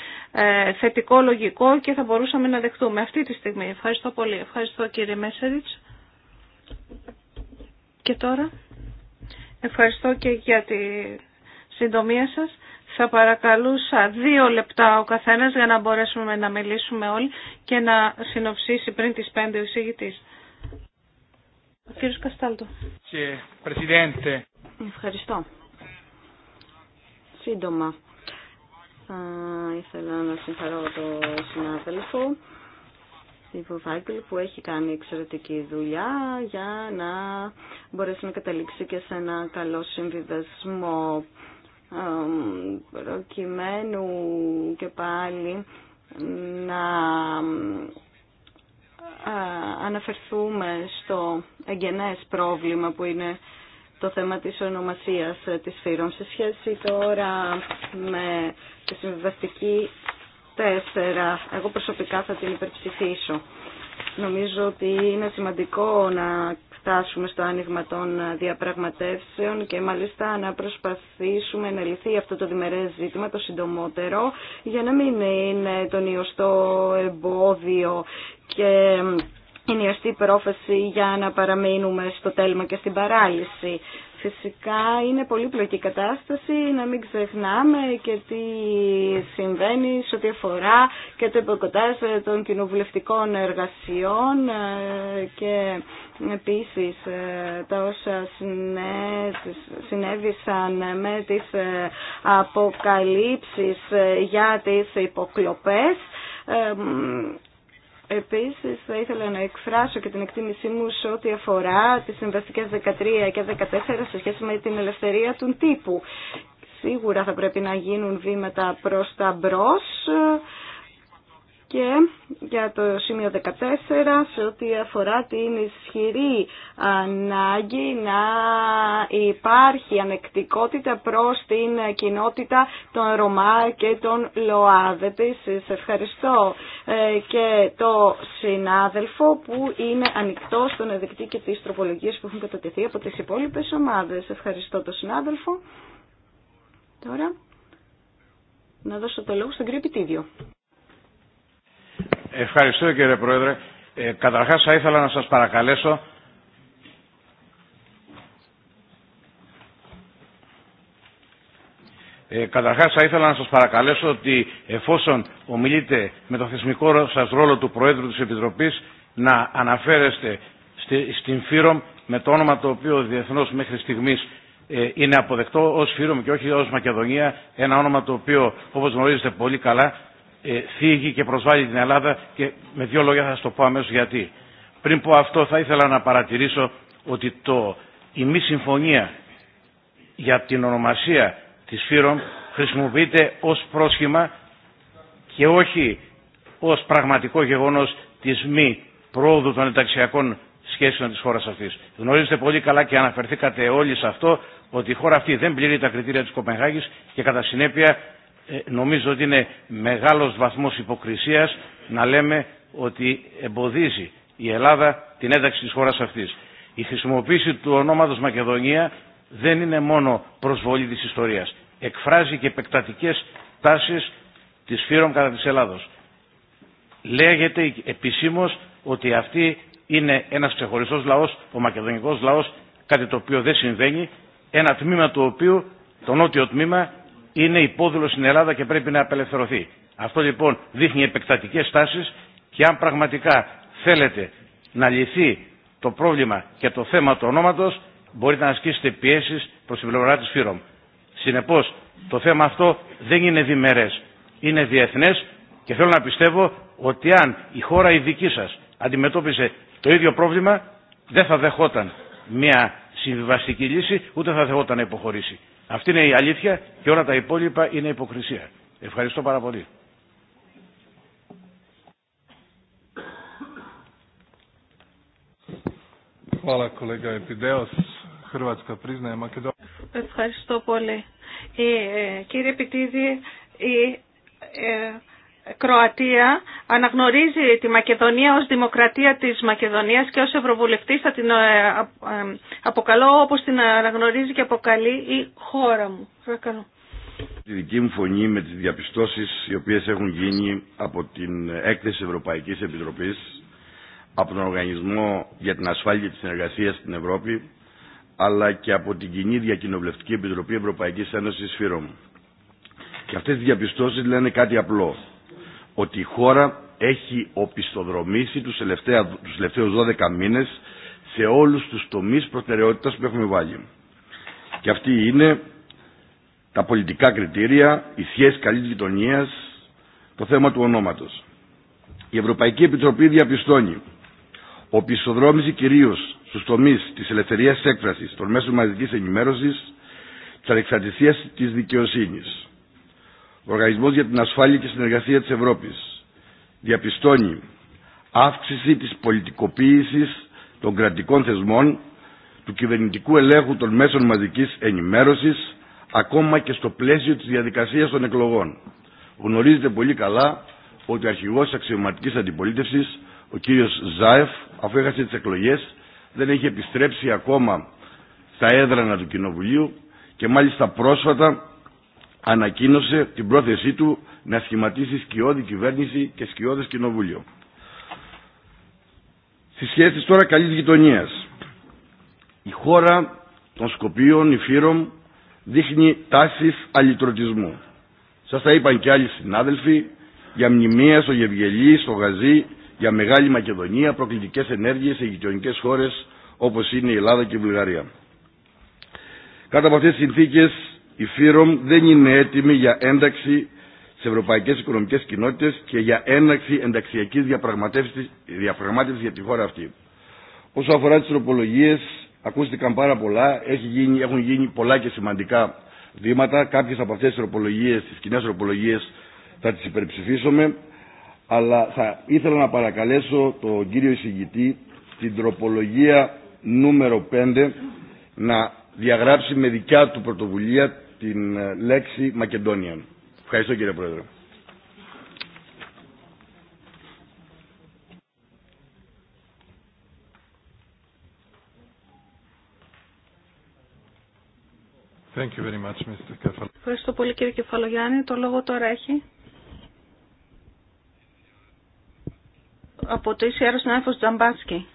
θετικό, λογικό και θα μπορούσαμε να δεχτούμε αυτή τη στιγμή. Ευχαριστώ πολύ. Ευχαριστώ κύριε Μέσεριτς. Και τώρα Ευχαριστώ και για τη συντομία σας. Θα παρακαλούσα δύο λεπτά ο καθένας για να μπορέσουμε να μιλήσουμε όλοι και να συνοψίσει πριν τις πέντε ο εισηγητής. Ο κύριος Καστάλτο. Ευχαριστώ. Σύντομα. Θα ήθελα να συγχαρώ τον συνάδελφο που έχει κάνει εξαιρετική δουλειά για να μπορέσει να καταλήξει και σε ένα καλό συμβιβασμό προκειμένου και πάλι να ε, αναφερθούμε στο εγγενές πρόβλημα που είναι το θέμα της ονομασίας ε, της φύρων. Σε σχέση τώρα με τη συμβιβαστική τέσσερα. Εγώ προσωπικά θα την υπερψηφίσω. Νομίζω ότι είναι σημαντικό να φτάσουμε στο άνοιγμα των διαπραγματεύσεων και μάλιστα να προσπαθήσουμε να λυθεί αυτό το διμερές ζήτημα το συντομότερο για να μην είναι τον ιωστό εμπόδιο και η νοιαστή πρόφαση για να παραμείνουμε στο τέλμα και στην παράλυση. Φυσικά είναι πολύπλοκη κατάσταση, να μην ξεχνάμε και τι συμβαίνει σε ό,τι αφορά και το υποκοτάζ ε, των κοινοβουλευτικών εργασιών ε, και επίσης ε, τα όσα συνέβησαν με τις αποκαλύψεις για τις υποκλοπές Επίσης θα ήθελα να εκφράσω και την εκτίμησή μου σε ό,τι αφορά τις συμβαστικές 13 και 14 σε σχέση με την ελευθερία του τύπου. Σίγουρα θα πρέπει να γίνουν βήματα προς τα μπρος και για το σημείο 14 σε ό,τι αφορά την ισχυρή ανάγκη να υπάρχει ανεκτικότητα προς την κοινότητα των Ρωμά και των ΛΟΑΔΕΤΗ. σε ευχαριστώ ε, και το συνάδελφο που είναι ανοιχτό στον εδικτή και τις τροπολογίες που έχουν κατατεθεί από τις υπόλοιπες ομάδες. Ευχαριστώ το συνάδελφο. Τώρα να δώσω το λόγο στον κύριο Πιτίδιο. Ευχαριστώ κύριε Πρόεδρε. Ε, καταρχάς θα ήθελα να σας παρακαλέσω Ε, καταρχάς θα ήθελα να σας παρακαλέσω ότι εφόσον ομιλείτε με το θεσμικό σας ρόλο του Προέδρου της Επιτροπής να αναφέρεστε στη, στην ΦΥΡΟΜ με το όνομα το οποίο διεθνώς μέχρι στιγμής ε, είναι αποδεκτό ως ΦΥΡΟΜ και όχι ως Μακεδονία ένα όνομα το οποίο όπως γνωρίζετε πολύ καλά ε, θίγει και προσβάλλει την Ελλάδα και με δύο λόγια θα σας το πω αμέσως γιατί. Πριν πω αυτό θα ήθελα να παρατηρήσω ότι το, η μη συμφωνία για την ονομασία της Φύρων χρησιμοποιείται ως πρόσχημα και όχι ως πραγματικό γεγονός της μη πρόοδου των ενταξιακών σχέσεων της χώρας αυτής. Γνωρίζετε πολύ καλά και αναφερθήκατε όλοι σε αυτό ότι η χώρα αυτή δεν πληρεί τα κριτήρια της Κοπενχάγης και κατά συνέπεια ε, νομίζω ότι είναι μεγάλος βαθμός υποκρισίας να λέμε ότι εμποδίζει η Ελλάδα την ένταξη της χώρας αυτής. Η χρησιμοποίηση του ονόματος Μακεδονία δεν είναι μόνο προσβολή της ιστορίας. Εκφράζει και επεκτατικές τάσεις της φύρων κατά της Ελλάδος. Λέγεται επισήμως ότι αυτή είναι ένας ξεχωριστός λαός, ο μακεδονικός λαός, κάτι το οποίο δεν συμβαίνει, ένα τμήμα του οποίου, το νότιο τμήμα, είναι υπόδουλο στην Ελλάδα και πρέπει να απελευθερωθεί. Αυτό λοιπόν δείχνει επεκτατικέ τάσει, και αν πραγματικά θέλετε να λυθεί το πρόβλημα και το θέμα του ονόματος μπορείτε να ασκήσετε πιέσει προς την πλευρά τη ΦΥΡΟΜ. Συνεπώς το θέμα αυτό δεν είναι διμερές, είναι διεθνές και θέλω να πιστεύω ότι αν η χώρα η δική σα αντιμετώπιζε το ίδιο πρόβλημα δεν θα δεχόταν μια συμβιβαστική λύση ούτε θα δεχόταν να υποχωρήσει. Αυτή είναι η αλήθεια και όλα τα υπόλοιπα είναι υποκρισία. Ευχαριστώ πάρα πολύ. Ευχαριστώ πολύ. Ε, κύριε Πιτίδη, η ε, Κροατία αναγνωρίζει τη Μακεδονία ως δημοκρατία της Μακεδονίας και ως Ευρωβουλευτής θα την ε, ε, αποκαλώ όπως την αναγνωρίζει και αποκαλεί η χώρα μου. Παρακαλώ. Τη δική μου φωνή με τις διαπιστώσεις οι οποίες έχουν γίνει από την έκθεση Ευρωπαϊκής Επιτροπής από τον Οργανισμό για την Ασφάλεια της Συνεργασίας στην Ευρώπη αλλά και από την Κοινή Διακοινοβουλευτική Επιτροπή Ευρωπαϊκής Ένωσης Φύρων. Και αυτές οι διαπιστώσεις λένε κάτι απλό ότι η χώρα έχει οπισθοδρομήσει τους, τους τελευταίους 12 μήνες σε όλους τους τομείς προτεραιότητας που έχουμε βάλει. Και αυτοί είναι τα πολιτικά κριτήρια, οι σχέσεις καλή γειτονία, το θέμα του ονόματος. Η Ευρωπαϊκή Επιτροπή διαπιστώνει οπισθοδρόμηση κυρίως στους τομείς της ελευθερίας έκφρασης, των μέσων μαζικής ενημέρωσης, της ανεξαρτησία της δικαιοσύνης. Ο Οργανισμός για την Ασφάλεια και Συνεργασία της Ευρώπης διαπιστώνει αύξηση της πολιτικοποίησης των κρατικών θεσμών, του κυβερνητικού ελέγχου των μέσων μαζικής ενημέρωσης, ακόμα και στο πλαίσιο της διαδικασίας των εκλογών. Γνωρίζετε πολύ καλά ότι ο αρχηγός αξιωματικής αντιπολίτευσης, ο κύριος Ζάεφ, αφού έχασε τις εκλογές, δεν έχει επιστρέψει ακόμα στα έδρανα του Κοινοβουλίου και μάλιστα πρόσφατα ανακοίνωσε την πρόθεσή του να σχηματίσει σκιώδη κυβέρνηση και σκιώδες κοινοβούλιο. Στις σχέσεις τώρα καλής γειτονίας. Η χώρα των Σκοπίων, η Φύρομ, δείχνει τάσεις αλυτρωτισμού. Σας τα είπαν και άλλοι συνάδελφοι για μνημεία στο Γευγελί, στο Γαζί, για Μεγάλη Μακεδονία, προκλητικές ενέργειες σε γειτονικέ χώρες όπως είναι η Ελλάδα και η Βουλγαρία. Κάτω από αυτές τις συνθήκε. Η ΦΥΡΟΜ δεν είναι έτοιμη για ένταξη στι ευρωπαϊκέ οικονομικέ κοινότητε και για ένταξη ενταξιακή διαπραγμάτευση για τη χώρα αυτή. Όσο αφορά τι τροπολογίε, ακούστηκαν πάρα πολλά, Έχει γίνει, έχουν γίνει πολλά και σημαντικά βήματα. Κάποιε από αυτέ τι τροπολογίε, τι κοινέ τροπολογίε, θα τι υπερψηφίσουμε. Αλλά θα ήθελα να παρακαλέσω τον κύριο εισηγητή την τροπολογία νούμερο 5 να διαγράψει με δικιά του πρωτοβουλία την ε, λέξη Μακεδόνια. Ευχαριστώ κύριε Πρόεδρε. Thank you very much, Mr. Ευχαριστώ πολύ κύριε Κεφαλογιάννη. Το λόγο τώρα έχει. Από το Σιέρα συνάδελφος Τζαμπάσκι.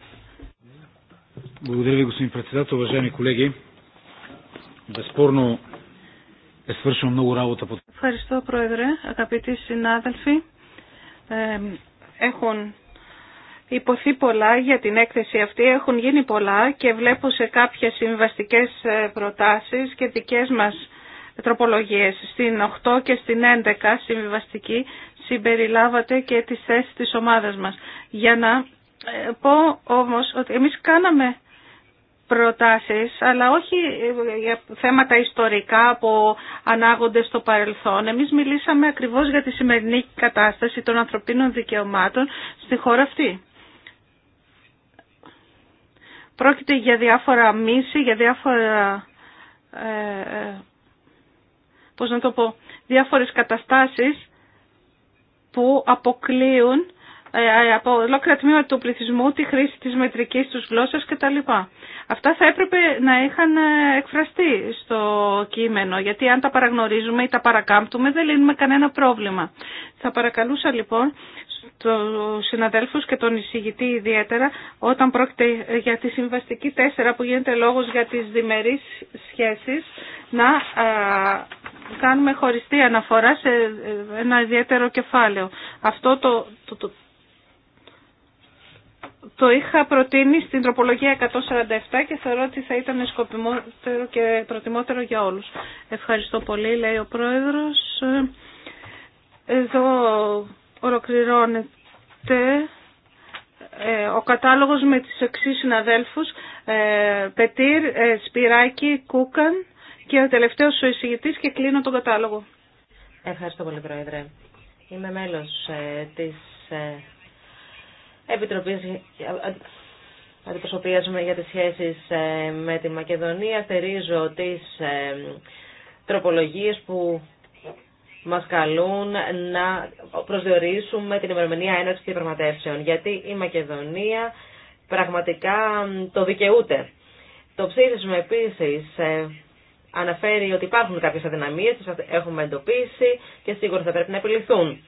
Благодаря ви, господин председател. колеги, Ευχαριστώ Πρόεδρε, αγαπητοί συνάδελφοι. έχουν υποθεί πολλά για την έκθεση αυτή, έχουν γίνει πολλά και βλέπω σε κάποιες συμβαστικές ε, προτάσεις και δικές μας τροπολογίες. Στην 8 και στην 11 συμβιβαστική συμπεριλάβατε και τις θέσεις της ομάδας μας. Για να ε, πω όμως ότι εμείς κάναμε προτάσεις, αλλά όχι για θέματα ιστορικά που ανάγονται στο παρελθόν. Εμείς μιλήσαμε ακριβώς για τη σημερινή κατάσταση των ανθρωπίνων δικαιωμάτων στη χώρα αυτή. Πρόκειται για διάφορα μίση, για διάφορα... Ε, ε πώς να το πω, διάφορες καταστάσεις που αποκλείουν ε, από ολόκληρα τμήματα του πληθυσμού τη χρήση της μετρικής τους γλώσσας κτλ. Αυτά θα έπρεπε να είχαν ε, εκφραστεί στο κείμενο, γιατί αν τα παραγνωρίζουμε ή τα παρακάμπτουμε δεν λύνουμε κανένα πρόβλημα. Θα παρακαλούσα λοιπόν τους συναδέλφους και τον εισηγητή ιδιαίτερα όταν πρόκειται για τη συμβαστική 4 που γίνεται λόγος για τις διμερείς σχέσεις να κάνουμε χωριστή αναφορά σε ένα ιδιαίτερο κεφάλαιο. Αυτό το, το είχα προτείνει στην τροπολογία 147 και θεωρώ ότι θα ήταν σκοπιμότερο και προτιμότερο για όλους. Ευχαριστώ πολύ, λέει ο Πρόεδρος. Εδώ ολοκληρώνεται ε, ο κατάλογος με τις εξής συναδέλφους, ε, Πετήρ, ε, Σπυράκη, Κούκαν και ο τελευταίος ο εισηγητής και κλείνω τον κατάλογο. Ευχαριστώ πολύ, Πρόεδρε. Είμαι μέλος της Επιτροπή Αντιπροσωπείας για τι σχέσει ε, με τη Μακεδονία. Θερίζω τις ε, τροπολογίες που μας καλούν να προσδιορίσουμε την ημερομηνία των διαπραγματεύσεων, γιατί η Μακεδονία πραγματικά το δικαιούται. Το ψήφισμα επίσης ε, αναφέρει ότι υπάρχουν κάποιες αδυναμίες, τι έχουμε εντοπίσει και σίγουρα θα πρέπει να επιληθούν.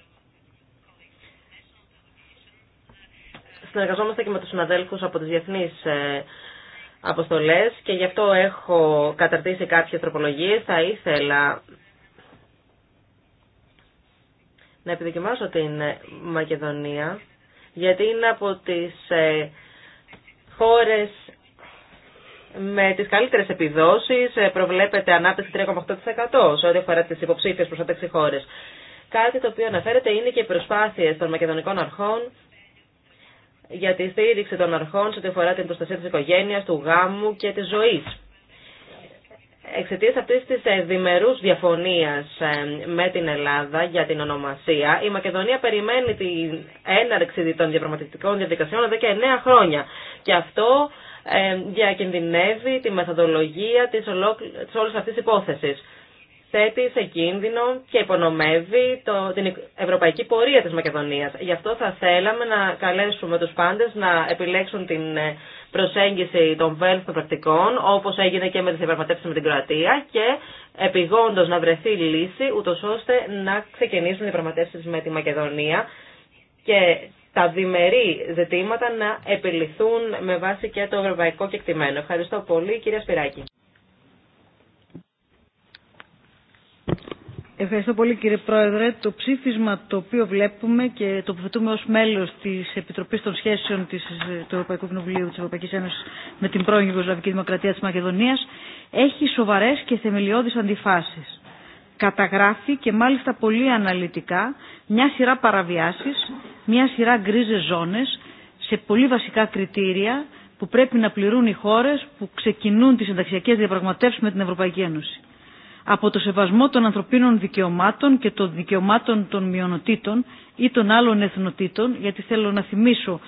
συνεργαζόμαστε και με τους συναδέλφους από τις διεθνείς ε, αποστολές και γι' αυτό έχω καταρτήσει κάποιες τροπολογίες. Θα ήθελα να επιδοκιμάσω την ε, Μακεδονία γιατί είναι από τις ε, χώρες με τις καλύτερες επιδόσεις προβλέπεται ανάπτυξη 3,8% σε ό,τι αφορά τις υποψήφιες προς τα χώρες. Κάτι το οποίο αναφέρεται είναι και οι προσπάθειες των μακεδονικών αρχών για τη στήριξη των αρχών σε ό,τι αφορά την προστασία της οικογένειας, του γάμου και της ζωής. Εξαιτίας αυτής της ε, διμερούς διαφωνίας ε, με την Ελλάδα για την ονομασία, η Μακεδονία περιμένει την έναρξη των διαπραγματευτικών διαδικασιών εδώ χρόνια. Και αυτό ε, διακινδυνεύει τη μεθοδολογία τη όλη αυτή τη υπόθεση θέτει σε κίνδυνο και υπονομεύει το, την ευρωπαϊκή πορεία της Μακεδονίας. Γι' αυτό θα θέλαμε να καλέσουμε τους πάντες να επιλέξουν την ε, προσέγγιση των βέλθων πρακτικών, όπως έγινε και με τις διαπραγματεύσεις με την Κροατία και επιγόντως να βρεθεί λύση, ούτως ώστε να ξεκινήσουν οι διαπραγματεύσεις με τη Μακεδονία και τα διμερεί ζητήματα να επιληθούν με βάση και το ευρωπαϊκό κεκτημένο. Ευχαριστώ πολύ, κυρία Σπυράκη. Ευχαριστώ πολύ κύριε Πρόεδρε. Το ψήφισμα το οποίο βλέπουμε και τοποθετούμε ως μέλος της Επιτροπής των Σχέσεων της, του Ευρωπαϊκού Κοινοβουλίου της Ευρωπαϊκής Ένωσης με την πρώην Ιουγκοσλαβική Δημοκρατία της Μακεδονίας έχει σοβαρές και θεμελιώδεις αντιφάσεις. Καταγράφει και μάλιστα πολύ αναλυτικά μια σειρά παραβιάσεις, μια σειρά γκρίζες ζώνες σε πολύ βασικά κριτήρια που πρέπει να πληρούν οι χώρες που ξεκινούν τις συνταξιακές διαπραγματεύσεις με την Ευρωπαϊκή Ένωση από το σεβασμό των ανθρωπίνων δικαιωμάτων και των δικαιωμάτων των μειονοτήτων ή των άλλων εθνοτήτων, γιατί θέλω να θυμίσω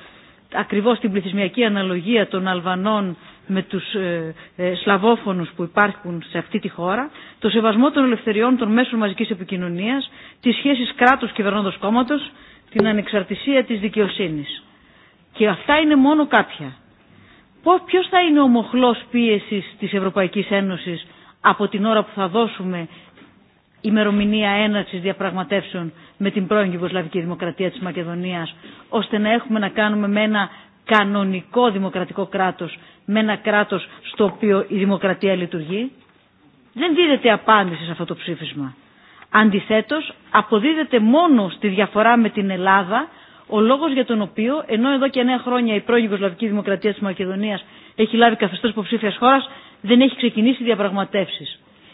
ακριβώς την πληθυσμιακή αναλογία των Αλβανών με τους ε, ε σλαβόφωνους που υπάρχουν σε αυτή τη χώρα, το σεβασμό των ελευθεριών των μέσων μαζικής επικοινωνίας, τις σχέσεις κράτους κυβερνώντος κόμματος, την ανεξαρτησία της δικαιοσύνης. Και αυτά είναι μόνο κάποια. Ποιο θα είναι ο μοχλός πίεσης της Ευρωπαϊκής Ένωσης από την ώρα που θα δώσουμε ημερομηνία έναρξης διαπραγματεύσεων με την πρώην Γιουγκοσλαβική Δημοκρατία της Μακεδονίας, ώστε να έχουμε να κάνουμε με ένα κανονικό δημοκρατικό κράτος, με ένα κράτος στο οποίο η δημοκρατία λειτουργεί. Δεν δίδεται απάντηση σε αυτό το ψήφισμα. Αντιθέτως, αποδίδεται μόνο στη διαφορά με την Ελλάδα, ο λόγο για τον οποίο, ενώ εδώ και 9 χρόνια η πρώην Ιγκοσλαβική Δημοκρατία τη Μακεδονία έχει λάβει καθεστώ υποψήφια χώρα δεν έχει ξεκινήσει διαπραγματεύσει.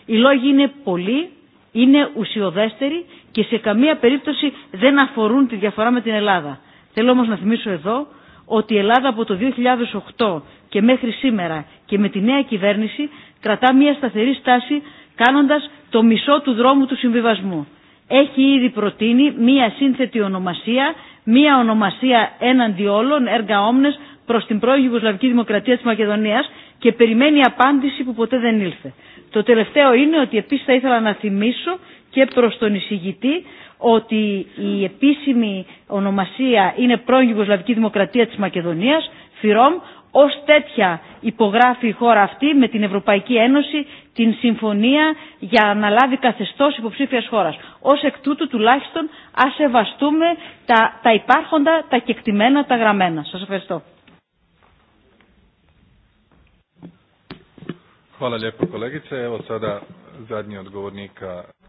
Οι λόγοι είναι πολλοί, είναι ουσιοδέστεροι και σε καμία περίπτωση δεν αφορούν τη διαφορά με την Ελλάδα. Θέλω όμω να θυμίσω εδώ ότι η Ελλάδα από το 2008 και μέχρι σήμερα και με τη νέα κυβέρνηση κρατά μια σταθερή στάση κάνοντας το μισό του δρόμου του συμβιβασμού. Έχει ήδη προτείνει μια σύνθετη ονομασία μία ονομασία έναντι όλων, έργα όμνες, προς την πρώην Ιουγκοσλαβική Δημοκρατία της Μακεδονίας και περιμένει απάντηση που ποτέ δεν ήλθε. Το τελευταίο είναι ότι επίσης θα ήθελα να θυμίσω και προς τον εισηγητή ότι η επίσημη ονομασία είναι πρώην Ιουγκοσλαβική Δημοκρατία της Μακεδονίας, ΦΥΡΟΜ, ως τέτοια υπογράφει η χώρα αυτή με την Ευρωπαϊκή Ένωση την συμφωνία για να λάβει καθεστώς υποψήφιας χώρας. Ως εκ τούτου τουλάχιστον ας σεβαστούμε τα, τα υπάρχοντα, τα κεκτημένα, τα γραμμένα. Σας ευχαριστώ.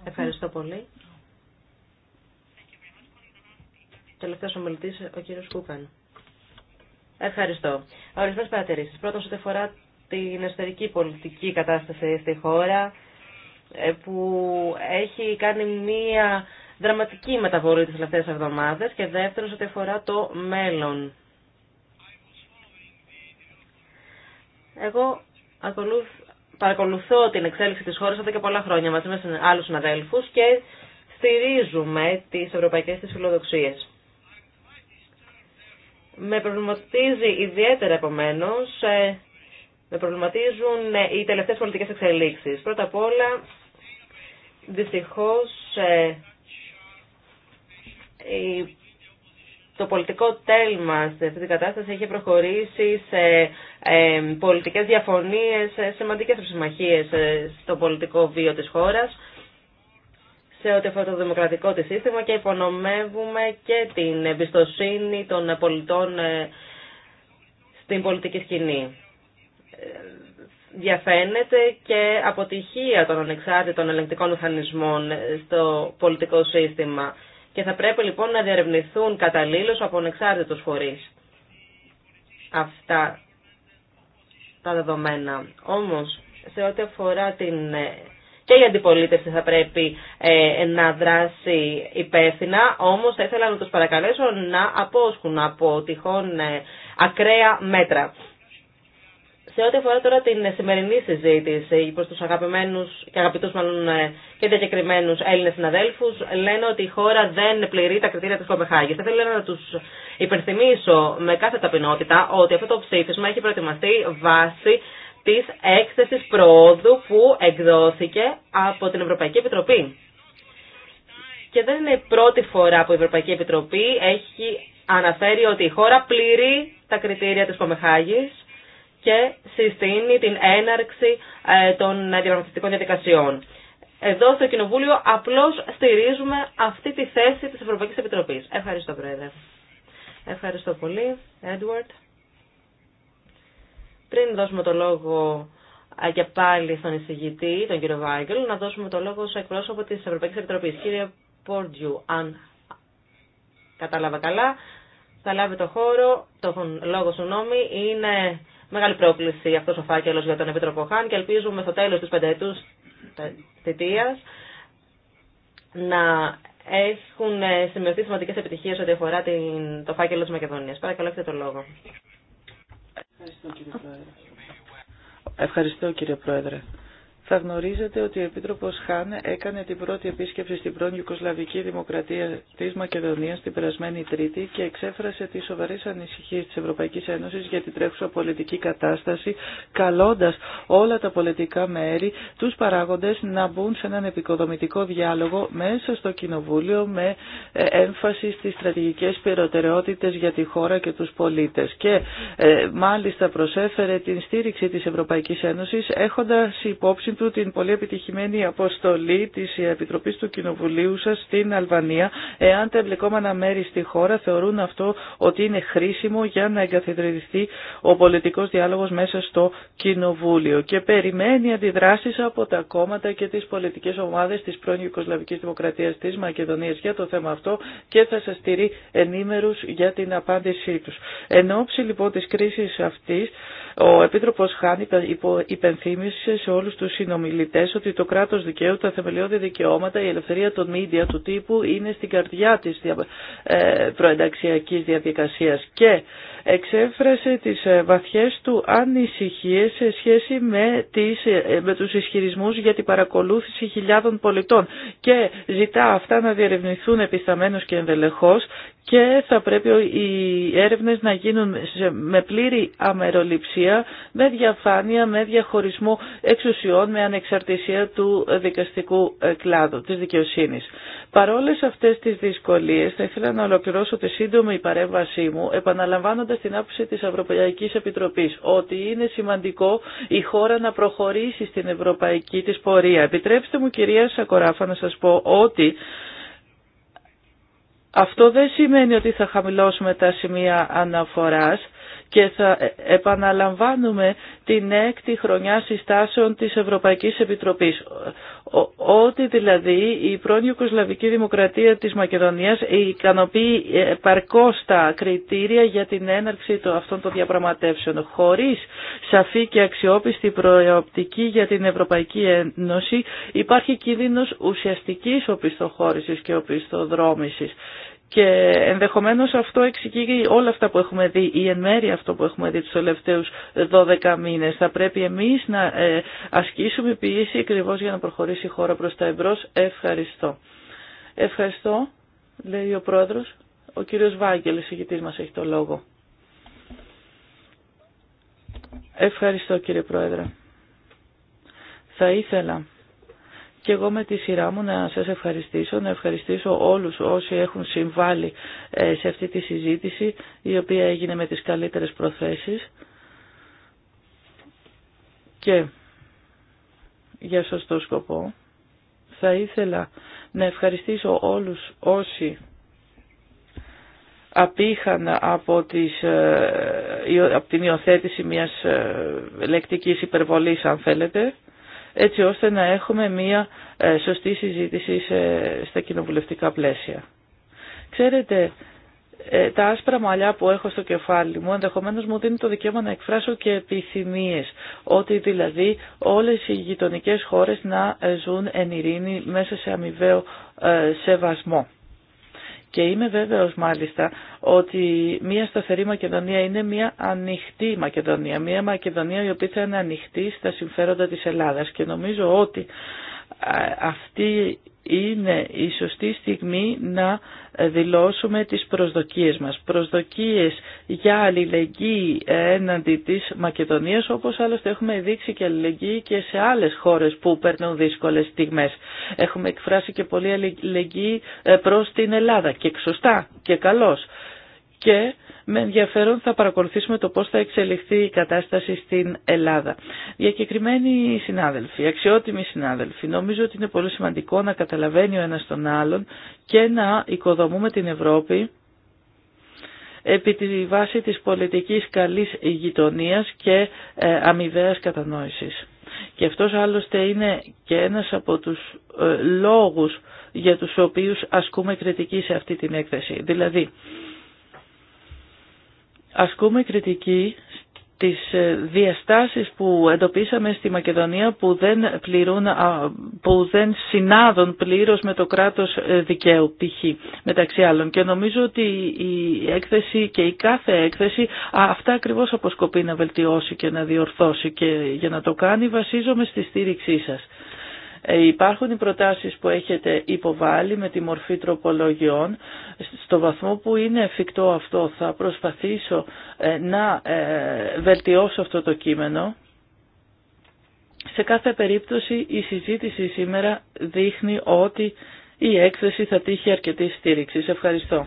Ευχαριστώ πολύ. Τελευταίος ομιλητής, ο κύριος Κούκαν. Ευχαριστώ. Ορισμένε παρατηρήσει. Πρώτον, σε ό,τι αφορά την εσωτερική πολιτική κατάσταση στη χώρα ε, που έχει κάνει μία δραματική μεταβολή τις τελευταίες εβδομάδες και δεύτερον ότι αφορά το μέλλον. Εγώ παρακολουθώ την εξέλιξη της χώρας εδώ και πολλά χρόνια μαζί με άλλους συναδέλφους και στηρίζουμε τις ευρωπαϊκές της φιλοδοξίες. Με προβληματίζει ιδιαίτερα επομένως ε, με προβληματίζουν ε, οι τελευταίες πολιτικές εξελίξεις. Πρώτα απ' όλα, δυστυχώς, ε, το πολιτικό τέλμα σε αυτή την κατάσταση έχει προχωρήσει σε ε, πολιτικές διαφωνίες, σε σημαντικές συμμαχίες στο πολιτικό βίο της χώρας σε ό,τι αφορά το δημοκρατικό της σύστημα και υπονομεύουμε και την εμπιστοσύνη των πολιτών στην πολιτική σκηνή διαφαίνεται και αποτυχία των ανεξάρτητων ελεγκτικών μηχανισμών στο πολιτικό σύστημα και θα πρέπει λοιπόν να διαρευνηθούν καταλήλως από ανεξάρτητους φορείς αυτά τα δεδομένα. Όμως, σε ό,τι αφορά την... και η αντιπολίτευση θα πρέπει ε, να δράσει υπεύθυνα, όμως θα ήθελα να τους παρακαλέσω να απόσχουν από τυχόν ε, ακραία μέτρα. Σε ό,τι αφορά τώρα την σημερινή συζήτηση προ του αγαπημένου και αγαπητούς μάλλον ε, και διακεκριμένου Έλληνε συναδέλφου, λένε ότι η χώρα δεν πληρεί τα κριτήρια τη Κοπεχάγη. Θα ήθελα να του υπενθυμίσω με κάθε ταπεινότητα ότι αυτό το ψήφισμα έχει προετοιμαστεί βάσει τη έκθεση προόδου που εκδόθηκε από την Ευρωπαϊκή Επιτροπή. Και δεν είναι η πρώτη φορά που η Ευρωπαϊκή Επιτροπή έχει αναφέρει ότι η χώρα πληρεί τα κριτήρια της Κομεχάγης και συστήνει την έναρξη ε, των διαπραγματευτικών διαδικασιών. Εδώ στο Κοινοβούλιο απλώς στηρίζουμε αυτή τη θέση της Ευρωπαϊκής Επιτροπής. Ευχαριστώ, Πρόεδρε. Ευχαριστώ πολύ, Έντουαρτ. Πριν δώσουμε το λόγο και ε, πάλι στον εισηγητή, τον κύριο Βάγκελ, να δώσουμε το λόγο σε εκπρόσωπο της Ευρωπαϊκής Επιτροπής. Κύριε Πόρτιου, αν κατάλαβα καλά, θα λάβει το χώρο, Το λόγο σου νόμι, είναι Μεγάλη πρόκληση αυτός ο φάκελος για τον Επίτροπο Χάν και ελπίζουμε στο τέλος της πενταετού θητείας να έχουν σημειωθεί σημαντικές επιτυχίες ό,τι αφορά την, το φάκελο τη Μακεδονίας. Παρακαλώ, έχετε το λόγο. Ευχαριστώ Ευχαριστώ κύριε Πρόεδρε. Θα γνωρίζετε ότι ο Επίτροπος Χάν έκανε την πρώτη επίσκεψη στην πρώην Ιουκοσλαβική Δημοκρατία της Μακεδονίας την περασμένη Τρίτη και εξέφρασε τι σοβαρέ ανησυχίε της Ευρωπαϊκής Ένωσης για την τρέχουσα πολιτική κατάσταση, καλώντας όλα τα πολιτικά μέρη, τους παράγοντες να μπουν σε έναν επικοδομητικό διάλογο μέσα στο Κοινοβούλιο με ε, έμφαση στις στρατηγικές προτεραιότητες για τη χώρα και τους πολίτες. Και ε, μάλιστα προσέφερε την στήριξη της Ευρωπαϊκής Ένωσης έχοντας υπόψη την πολύ επιτυχημένη αποστολή της Επιτροπής του Κοινοβουλίου σας στην Αλβανία, εάν τα εμπλεκόμενα μέρη στη χώρα θεωρούν αυτό ότι είναι χρήσιμο για να εγκαθιδρυθεί ο πολιτικός διάλογος μέσα στο Κοινοβούλιο και περιμένει αντιδράσεις από τα κόμματα και τις πολιτικές ομάδες της πρώην Ιουκοσλαβικής Δημοκρατίας της Μακεδονίας για το θέμα αυτό και θα σας στηρεί ενήμερους για την απάντησή τους. Εν ώψη λοιπόν της κρίσης αυτής, ο Επίτροπος Χάν υπενθύμησε σε όλους τους συνομιλητέ ότι το κράτος δικαίου, τα θεμελιώδη δικαιώματα, η ελευθερία των μίντια του τύπου είναι στην καρδιά της ε, προενταξιακή διαδικασία. και εξέφρασε τι ε, βαθιές του ανησυχίε σε σχέση με, τις, ε, με τους ισχυρισμούς για την παρακολούθηση χιλιάδων πολιτών και ζητά αυτά να διερευνηθούν επισταμένω και ενδελεχώ και θα πρέπει οι έρευνες να γίνουν με πλήρη αμεροληψία, με διαφάνεια, με διαχωρισμό εξουσιών, με ανεξαρτησία του δικαστικού ε, κλάδου, της δικαιοσύνης. Παρόλες αυτές τις δυσκολίες θα ήθελα να ολοκληρώσω τη σύντομη παρέμβασή μου επαναλαμβάνοντας την άποψη της Ευρωπαϊκής Επιτροπής ότι είναι σημαντικό η χώρα να προχωρήσει στην ευρωπαϊκή της πορεία. Επιτρέψτε μου κυρία Σακοράφα να σας πω ότι αυτό δεν σημαίνει ότι θα χαμηλώσουμε τα σημεία αναφοράς και θα ε, επαναλαμβάνουμε την έκτη χρονιά συστάσεων της Ευρωπαϊκής Επιτροπής. Ότι δηλαδή η πρώην Ιουκοσλαβική Δημοκρατία της Μακεδονίας ικανοποιεί παρκώς τα κριτήρια για την έναρξη αυτών των διαπραγματεύσεων. Χωρίς σαφή και αξιόπιστη προοπτική για την Ευρωπαϊκή Ένωση υπάρχει κίνδυνος ουσιαστικής οπισθοχώρησης και οπισθοδρόμησης. Και ενδεχομένως αυτό εξηγεί όλα αυτά που έχουμε δει ή εν μέρει αυτό που έχουμε δει τους τελευταίους 12 μήνες. Θα πρέπει εμείς να ε, ασκήσουμε πίεση ακριβώ για να προχωρήσει η χώρα προς τα εμπρός. Ευχαριστώ. Ευχαριστώ, λέει ο Πρόεδρος. Ο κύριος η ηγητής μας, έχει το λόγο. Ευχαριστώ κύριε Πρόεδρε. Θα ήθελα και εγώ με τη σειρά μου να σας ευχαριστήσω, να ευχαριστήσω όλους όσοι έχουν συμβάλει ε, σε αυτή τη συζήτηση η οποία έγινε με τις καλύτερες προθέσεις και για σωστό σκοπό. Θα ήθελα να ευχαριστήσω όλους όσοι απήχαν από, τις, ε, την υιοθέτηση μιας ε, λεκτικής υπερβολής αν θέλετε έτσι ώστε να έχουμε μία ε, σωστή συζήτηση στα κοινοβουλευτικά πλαίσια. Ξέρετε, ε, τα άσπρα μαλλιά που έχω στο κεφάλι μου ενδεχομένω μου δίνει το δικαίωμα να εκφράσω και επιθυμίες. Ότι δηλαδή όλες οι γειτονικές χώρες να ε, ζουν εν ειρήνη μέσα σε αμοιβαίο σεβασμό. Και είμαι βέβαιος μάλιστα ότι μια σταθερή Μακεδονία είναι μια ανοιχτή Μακεδονία, μια Μακεδονία η οποία θα είναι ανοιχτή στα συμφέροντα της Ελλάδας και νομίζω ότι αυτή είναι η σωστή στιγμή να δηλώσουμε τις προσδοκίες μας. Προσδοκίες για αλληλεγγύη έναντι της Μακεδονίας, όπως άλλωστε έχουμε δείξει και αλληλεγγύη και σε άλλες χώρες που παίρνουν δύσκολες στιγμές. Έχουμε εκφράσει και πολύ αλληλεγγύη ε, προς την Ελλάδα και σωστά και καλώς. Και με ενδιαφέρον θα παρακολουθήσουμε το πώς θα εξελιχθεί η κατάσταση στην Ελλάδα. Διακεκριμένοι συνάδελφοι, αξιότιμοι συνάδελφοι, νομίζω ότι είναι πολύ σημαντικό να καταλαβαίνει ο ένας τον άλλον και να οικοδομούμε την Ευρώπη επί τη βάση της πολιτικής καλής γειτονίας και ε, αμοιβαίας κατανόησης. Και αυτός άλλωστε είναι και ένας από τους ε, λόγους για τους οποίους ασκούμε κριτική σε αυτή την έκθεση. Δηλαδή, ασκούμε κριτική στις ε, διαστάσεις που εντοπίσαμε στη Μακεδονία που δεν, πληρούν, που δεν συνάδουν πλήρως με το κράτος ε, δικαίου π.χ. μεταξύ άλλων και νομίζω ότι η έκθεση και η κάθε έκθεση αυτά ακριβώς αποσκοπεί να βελτιώσει και να διορθώσει και για να το κάνει βασίζομαι στη στήριξή σας. Ε, υπάρχουν οι προτάσεις που έχετε υποβάλει με τη μορφή τροπολογιών. Στο βαθμό που είναι εφικτό αυτό θα προσπαθήσω ε, να ε, βελτιώσω αυτό το κείμενο. Σε κάθε περίπτωση η συζήτηση σήμερα δείχνει ότι η έκθεση θα τύχει αρκετή στήριξη. ευχαριστώ.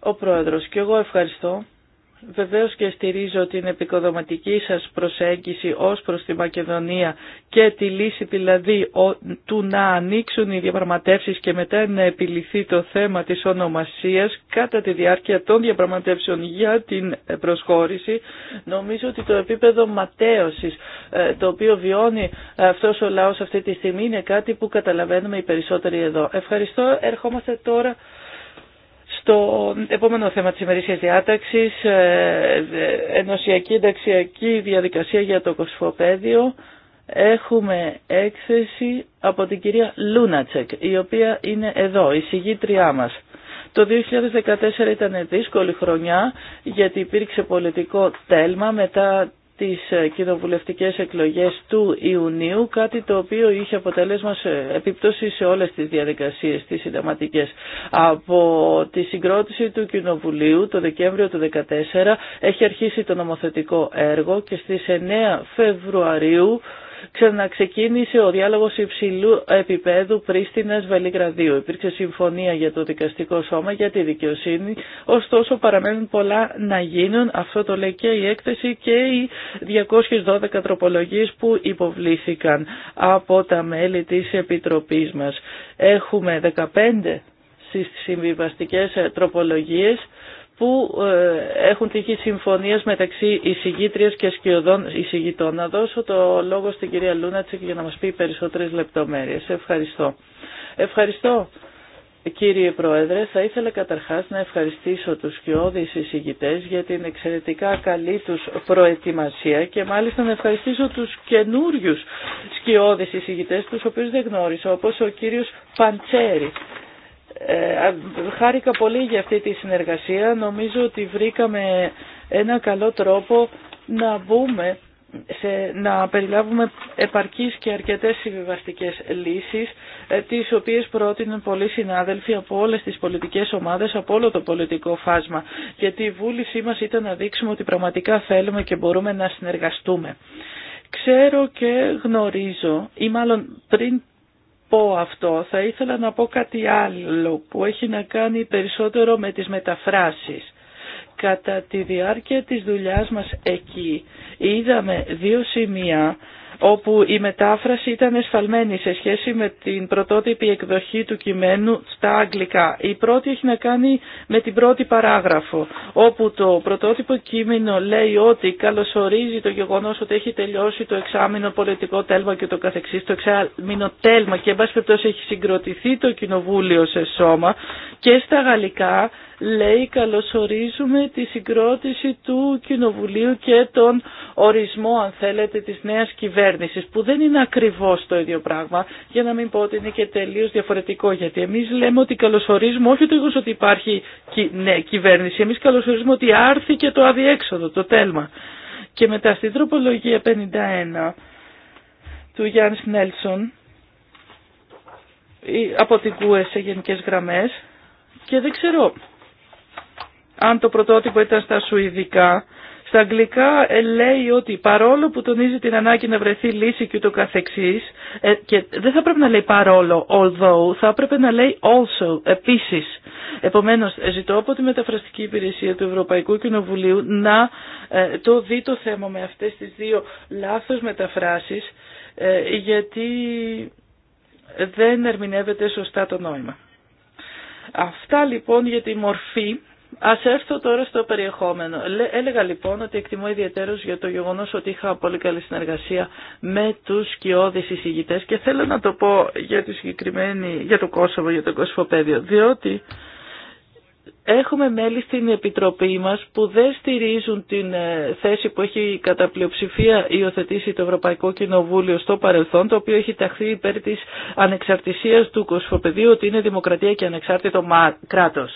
Ο Πρόεδρος και εγώ ευχαριστώ. Βεβαίως και στηρίζω την επικοδοματική σας προσέγγιση ως προς τη Μακεδονία και τη λύση δηλαδή του να ανοίξουν οι διαπραγματεύσεις και μετά να επιληθεί το θέμα της ονομασίας κατά τη διάρκεια των διαπραγματεύσεων για την προσχώρηση. Νομίζω ότι το επίπεδο ματέωσης ε, το οποίο βιώνει ε, αυτός ο λαός αυτή τη στιγμή είναι κάτι που καταλαβαίνουμε οι περισσότεροι εδώ. Ευχαριστώ. Ερχόμαστε τώρα το επόμενο θέμα της ημερήσιας διάταξης, ε, ε, ενωσιακή ενταξιακή διαδικασία για το κοσφοπέδιο, έχουμε έκθεση από την κυρία Λούνατσεκ, η οποία είναι εδώ, η συγγήτριά μας. Το 2014 ήταν δύσκολη χρονιά γιατί υπήρξε πολιτικό τέλμα μετά τις ε, κοινοβουλευτικές εκλογές του Ιουνίου, κάτι το οποίο είχε αποτέλεσμα σε επίπτωση σε όλες τις διαδικασίες τις συνταματικές. Από τη συγκρότηση του Κοινοβουλίου το Δεκέμβριο του 2014 έχει αρχίσει το νομοθετικό έργο και στις 9 Φεβρουαρίου ξαναξεκίνησε ο διάλογος υψηλού επίπεδου Πρίστινας Βελιγραδίου. Υπήρξε συμφωνία για το δικαστικό σώμα, για τη δικαιοσύνη, ωστόσο παραμένουν πολλά να γίνουν. Αυτό το λέει και η έκθεση και οι 212 τροπολογίες που υποβλήθηκαν από τα μέλη της Επιτροπής μας. Έχουμε 15 στις συμβιβαστικές ε, τροπολογίες που ε, έχουν τυχεί συμφωνίες μεταξύ εισηγήτριας και σκιωδών εισηγητών. Να δώσω το λόγο στην κυρία Λούνατσεκ για να μας πει περισσότερες λεπτομέρειες. Ευχαριστώ. Ευχαριστώ. Κύριε Πρόεδρε, θα ήθελα καταρχάς να ευχαριστήσω τους σκιώδεις εισηγητές για την εξαιρετικά καλή τους προετοιμασία και μάλιστα να ευχαριστήσω τους καινούριους σκιώδεις εισηγητές τους οποίους δεν γνώρισα, όπως ο κύριος Παντσέρη ε, χάρηκα πολύ για αυτή τη συνεργασία. Νομίζω ότι βρήκαμε ένα καλό τρόπο να μπούμε σε, να περιλάβουμε επαρκείς και αρκετές συμβιβαστικές λύσεις ε, τις οποίες πρότειναν πολλοί συνάδελφοι από όλες τις πολιτικές ομάδες, από όλο το πολιτικό φάσμα γιατί η βούλησή μας ήταν να δείξουμε ότι πραγματικά θέλουμε και μπορούμε να συνεργαστούμε. Ξέρω και γνωρίζω ή μάλλον πριν πω αυτό, θα ήθελα να πω κάτι άλλο που έχει να κάνει περισσότερο με τις μεταφράσεις. Κατά τη διάρκεια της δουλειάς μας εκεί είδαμε δύο σημεία όπου η μετάφραση ήταν εσφαλμένη σε σχέση με την πρωτότυπη εκδοχή του κειμένου στα αγγλικά. Η πρώτη έχει να κάνει με την πρώτη παράγραφο, όπου το πρωτότυπο κείμενο λέει ότι καλωσορίζει το γεγονός ότι έχει τελειώσει το εξάμεινο πολιτικό τέλμα και το καθεξής, το εξάμεινο τέλμα και εν περιπτώσει έχει συγκροτηθεί το κοινοβούλιο σε σώμα και στα γαλλικά λέει καλωσορίζουμε τη συγκρότηση του Κοινοβουλίου και τον ορισμό αν θέλετε της νέας κυβέρνησης που δεν είναι ακριβώς το ίδιο πράγμα για να μην πω ότι είναι και τελείως διαφορετικό γιατί εμείς λέμε ότι καλωσορίζουμε όχι το ότι υπάρχει ναι, κυβέρνηση εμείς καλωσορίζουμε ότι άρθηκε το αδιέξοδο, το τέλμα και μετά στην τροπολογία 51 του Γιάννης Νέλσον από την ΚΟΕΣ σε γενικές γραμμές και δεν ξέρω αν το πρωτότυπο ήταν στα σουηδικά, στα αγγλικά ε, λέει ότι παρόλο που τονίζει την ανάγκη να βρεθεί λύση και ούτω καθεξής, ε, και δεν θα πρέπει να λέει παρόλο, although, θα έπρεπε να λέει also, επίσης. Επομένως, ζητώ από τη μεταφραστική υπηρεσία του Ευρωπαϊκού Κοινοβουλίου να ε, το δει το θέμα με αυτές τις δύο λάθος μεταφράσεις, γιατί δεν ερμηνεύεται σωστά το νόημα. Αυτά λοιπόν για τη μορφή Α έρθω τώρα στο περιεχόμενο. Έλεγα λοιπόν ότι εκτιμώ ιδιαίτερω για το γεγονό ότι είχα πολύ καλή συνεργασία με του σκιώδει εισηγητές και θέλω να το πω για, τη συγκεκριμένη, για το Κόσοβο, για το Κοσφοπέδιο, διότι έχουμε μέλη στην Επιτροπή μα που δεν στηρίζουν την ε, θέση που έχει κατά πλειοψηφία υιοθετήσει το Ευρωπαϊκό Κοινοβούλιο στο παρελθόν, το οποίο έχει ταχθεί υπέρ τη ανεξαρτησία του Κοσφοπεδίου ότι είναι δημοκρατία και ανεξάρτητο κράτο.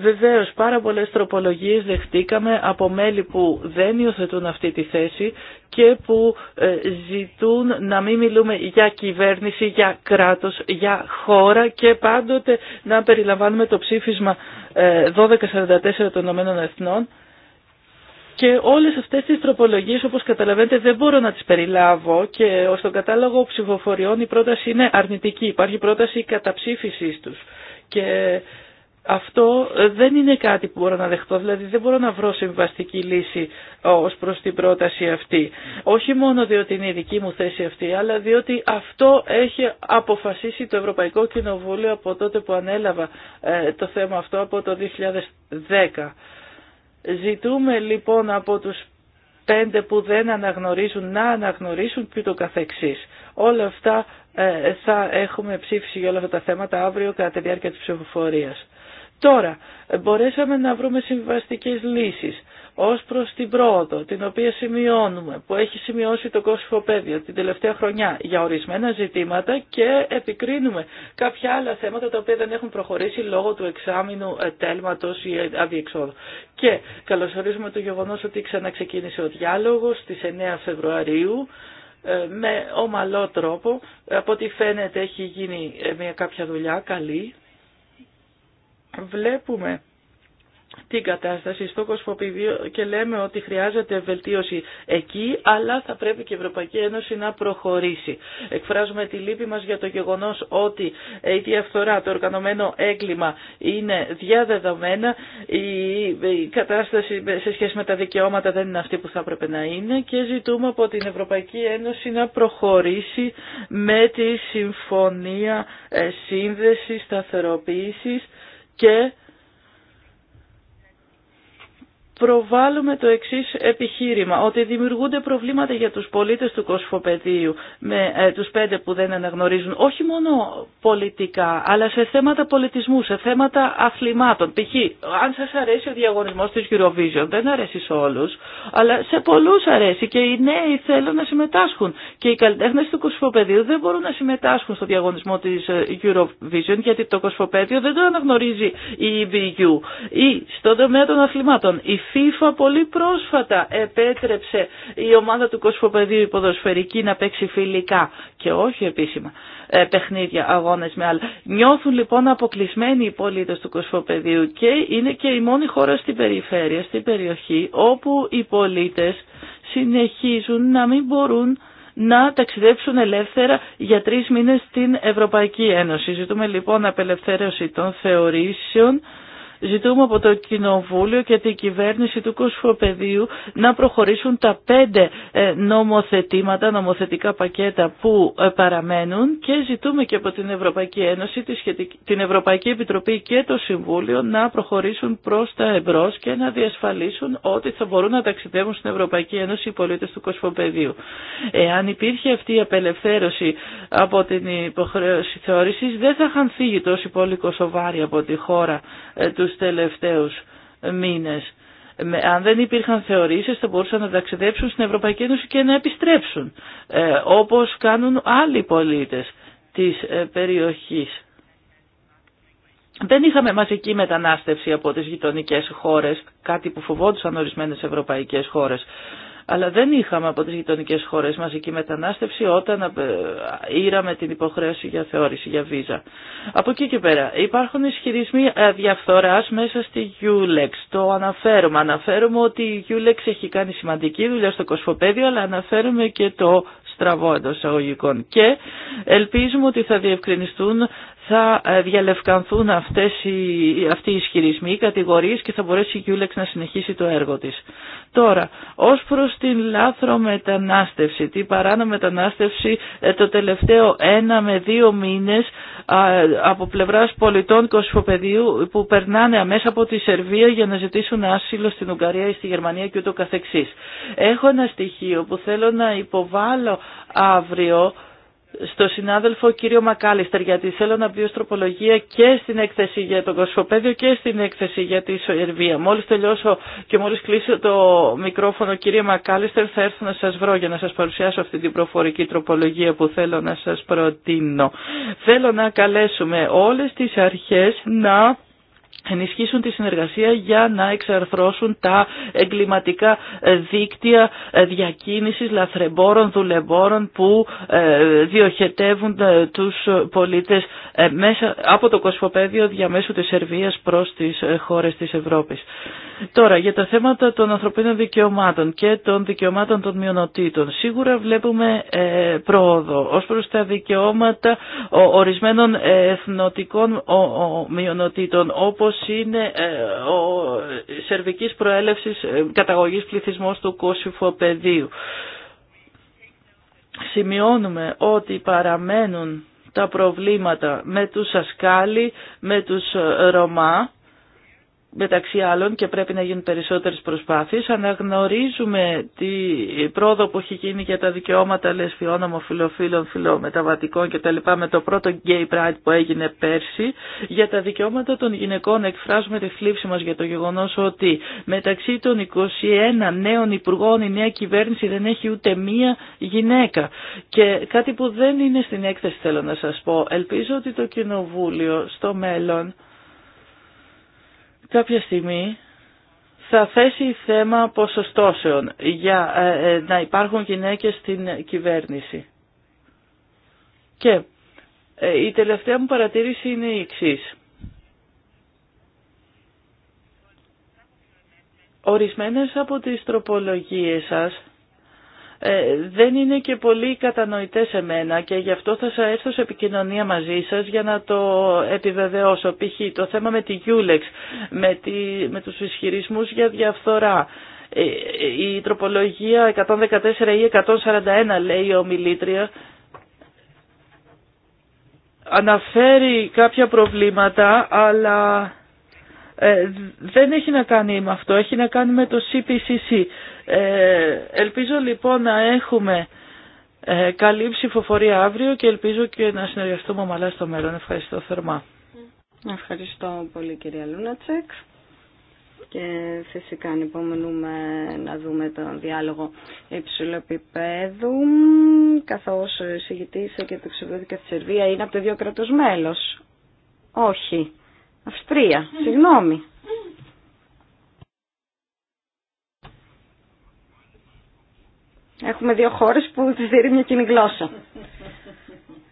Βεβαίως πάρα πολλές τροπολογίες δεχτήκαμε από μέλη που δεν υιοθετούν αυτή τη θέση και που ε, ζητούν να μην μιλούμε για κυβέρνηση, για κράτος, για χώρα και πάντοτε να περιλαμβάνουμε το ψήφισμα 1244 ε, των Ηνωμένων Εθνών και όλες αυτές τις τροπολογίες όπως καταλαβαίνετε δεν μπορώ να τις περιλάβω και στον κατάλογο ψηφοφοριών η πρόταση είναι αρνητική. Υπάρχει πρόταση καταψήφισης τους και αυτό ε, δεν είναι κάτι που μπορώ να δεχτώ, δηλαδή δεν μπορώ να βρω συμβαστική λύση ε, ως προς την πρόταση αυτή. Όχι μόνο διότι είναι η δική μου θέση αυτή, αλλά διότι αυτό έχει αποφασίσει το Ευρωπαϊκό Κοινοβούλιο από τότε που ανέλαβα ε, το θέμα αυτό, από το 2010. Ζητούμε λοιπόν από τους πέντε που δεν αναγνωρίζουν να αναγνωρίσουν και το καθεξής. Όλα αυτά θα έχουμε ψήφιση για όλα αυτά τα θέματα αύριο κατά τη διάρκεια της ψηφοφορίας. Τώρα, μπορέσαμε να βρούμε συμβαστικές λύσεις ως προς την πρόοδο, την οποία σημειώνουμε, που έχει σημειώσει το πέδιο την τελευταία χρονιά για ορισμένα ζητήματα και επικρίνουμε κάποια άλλα θέματα τα οποία δεν έχουν προχωρήσει λόγω του εξάμεινου ε, τέλματος ή ε, αδιεξόδου. Και καλωσορίζουμε το γεγονός ότι ξαναξεκίνησε ο διάλογος στις 9 Φεβρουαρίου, ε, με ομαλό τρόπο, από ό,τι φαίνεται έχει γίνει μια κάποια δουλειά καλή βλέπουμε την κατάσταση στο κοσμοπηδίο και λέμε ότι χρειάζεται βελτίωση εκεί, αλλά θα πρέπει και η Ευρωπαϊκή Ένωση να προχωρήσει. Εκφράζουμε τη λύπη μας για το γεγονός ότι η διαφθορά, το οργανωμένο έγκλημα είναι διαδεδομένα, η κατάσταση σε σχέση με τα δικαιώματα δεν είναι αυτή που θα έπρεπε να είναι και ζητούμε από την Ευρωπαϊκή Ένωση να προχωρήσει με τη Συμφωνία ε, Σύνδεσης Σταθεροποίησης και προβάλλουμε το εξής επιχείρημα, ότι δημιουργούνται προβλήματα για τους πολίτες του Κοσφοπεδίου, με ε, τους πέντε που δεν αναγνωρίζουν, όχι μόνο πολιτικά, αλλά σε θέματα πολιτισμού, σε θέματα αθλημάτων. Π.χ. αν σας αρέσει ο διαγωνισμός της Eurovision, δεν αρέσει σε όλους, αλλά σε πολλούς αρέσει και οι νέοι θέλουν να συμμετάσχουν. Και οι καλλιτέχνες του Κοσφοπεδίου δεν μπορούν να συμμετάσχουν στο διαγωνισμό της ε, Eurovision, γιατί το Κοσφοπέδιο δεν το αναγνωρίζει η EBU. Ή στον τομέα των αθλημάτων, η FIFA πολύ πρόσφατα επέτρεψε η ομάδα του Κοσμοπεδίου Υποδοσφαιρική να παίξει φιλικά και όχι επίσημα ε, παιχνίδια, αγώνες με άλλα. Νιώθουν λοιπόν αποκλεισμένοι οι πολίτες του Κοσμοπεδίου και είναι και η μόνη χώρα στην περιφέρεια, στην περιοχή όπου οι πολίτες συνεχίζουν να μην μπορούν να ταξιδέψουν ελεύθερα για τρεις μήνες στην Ευρωπαϊκή Ένωση. Ζητούμε λοιπόν απελευθέρωση των θεωρήσεων Ζητούμε από το Κοινοβούλιο και την κυβέρνηση του Κοσφοπεδίου να προχωρήσουν τα πέντε ε, νομοθετήματα, νομοθετικά πακέτα που ε, παραμένουν και ζητούμε και από την Ευρωπαϊκή Ένωση, την Ευρωπαϊκή Επιτροπή και το Συμβούλιο να προχωρήσουν προς τα εμπρός και να διασφαλίσουν ότι θα μπορούν να ταξιδεύουν στην Ευρωπαϊκή Ένωση οι πολίτες του Κοσφοπεδίου. Εάν υπήρχε αυτή η απελευθέρωση από την υποχρέωση θεώρηση, δεν θα είχαν φύγει τόσοι πολλοί Κοσοβάροι από τη χώρα ε, του τους τελευταίους μήνες. Αν δεν υπήρχαν θεωρήσεις θα μπορούσαν να ταξιδέψουν στην Ευρωπαϊκή Ένωση και να επιστρέψουν, ε, όπως κάνουν άλλοι πολίτες της ε, περιοχής. Δεν είχαμε μαζική μετανάστευση από τις γειτονικές χώρες, κάτι που φοβόντουσαν ορισμένες ευρωπαϊκές χώρες αλλά δεν είχαμε από τις γειτονικέ χώρες μαζική μετανάστευση όταν ε, ήραμε την υποχρέωση για θεώρηση, για βίζα. Από εκεί και πέρα υπάρχουν ισχυρισμοί ε, διαφθοράς μέσα στη Ulex. Το αναφέρουμε. Αναφέρουμε ότι η Ulex έχει κάνει σημαντική δουλειά στο κοσφοπέδιο, αλλά αναφέρουμε και το στραβό εντό εισαγωγικών. Και ελπίζουμε ότι θα διευκρινιστούν θα ε, διαλευκανθούν αυτές οι, αυτοί οι ισχυρισμοί, οι κατηγορίες και θα μπορέσει η Γιούλεξ να συνεχίσει το έργο της. Τώρα, ως προς την λάθρο μετανάστευση, την παράνομη μετανάστευση ε, το τελευταίο ένα με δύο μήνες από πλευράς πολιτών κοσφοπεδίου που περνάνε αμέσα από τη Σερβία για να ζητήσουν άσυλο στην Ουγγαρία ή στη Γερμανία και ούτω καθεξής. Έχω ένα στοιχείο που θέλω να υποβάλω αύριο στο συνάδελφο κύριο Μακάλιστερ, γιατί θέλω να μπει ως τροπολογία και στην έκθεση για το Κοσμοπέδιο και στην έκθεση για τη Σοερβία. Μόλις τελειώσω και μόλις κλείσω το μικρόφωνο κύριε Μακάλιστερ θα έρθω να σας βρω για να σας παρουσιάσω αυτή την προφορική τροπολογία που θέλω να σας προτείνω. Θέλω να καλέσουμε όλες τις αρχές να ενισχύσουν τη συνεργασία για να εξαρθρώσουν τα εγκληματικά δίκτυα διακίνησης λαθρεμπόρων, δουλεμπόρων που ε, διοχετεύουν ε, τους πολίτες ε, μέσα από το κοσμοπέδιο διαμέσου της Σερβίας προς τις χώρες της Ευρώπης. Τώρα, για τα θέματα των ανθρωπίνων δικαιωμάτων και των δικαιωμάτων των μειονοτήτων, σίγουρα βλέπουμε ε, πρόοδο ως προς τα δικαιώματα ορισμένων ε, εθνοτικών μειονοτήτων, όπως είναι ε, ο σερβικής προέλευσης καταγωγής πληθυσμός του κόσυφου πεδίου. Σημειώνουμε ότι παραμένουν τα προβλήματα με τους ασκάλι, με τους Ρωμά, μεταξύ άλλων και πρέπει να γίνουν περισσότερες προσπάθειες. Αναγνωρίζουμε την πρόοδο που έχει γίνει για τα δικαιώματα λεσφιών, ομοφιλοφίλων, φιλομεταβατικών κτλ. με το πρώτο Gay Pride που έγινε πέρσι. Για τα δικαιώματα των γυναικών εκφράζουμε τη θλίψη μας για το γεγονός ότι μεταξύ των 21 νέων υπουργών η νέα κυβέρνηση δεν έχει ούτε μία γυναίκα. Και κάτι που δεν είναι στην έκθεση θέλω να σας πω. Ελπίζω ότι το Κοινοβούλιο στο μέλλον κάποια στιγμή θα θέσει θέμα ποσοστώσεων για ε, ε, να υπάρχουν γυναίκες στην κυβέρνηση. Και ε, η τελευταία μου παρατήρηση είναι η εξής. Ορισμένες από τις τροπολογίες σας ε, δεν είναι και πολύ κατανοητές σε μένα και γι' αυτό θα σας έρθω σε επικοινωνία μαζί σας για να το επιβεβαιώσω. Π.χ. το θέμα με τη Γιούλεξ, με, τη, με τους ισχυρισμούς για διαφθορά. Ε, ε, η τροπολογία 114 ή 141 λέει η ομιλήτρια αναφέρει κάποια προβλήματα αλλά ε, δεν έχει να κάνει με αυτό, έχει να κάνει με το CPCC. Ε, ελπίζω λοιπόν να έχουμε ε, καλή ψηφοφορία αύριο και ελπίζω και να συνεργαστούμε ομαλά στο μέλλον. Ευχαριστώ θερμά. Ευχαριστώ πολύ κυρία Λούνατσεκ και φυσικά ανυπομονούμε να δούμε τον διάλογο υψηλού επίπεδου καθώς ο και το εξωτερικό τη Σερβία είναι από το δύο κράτος μέλος. Όχι. Αυστρία, συγγνώμη. Έχουμε δύο χώρες που τη δίνει μια κοινή γλώσσα.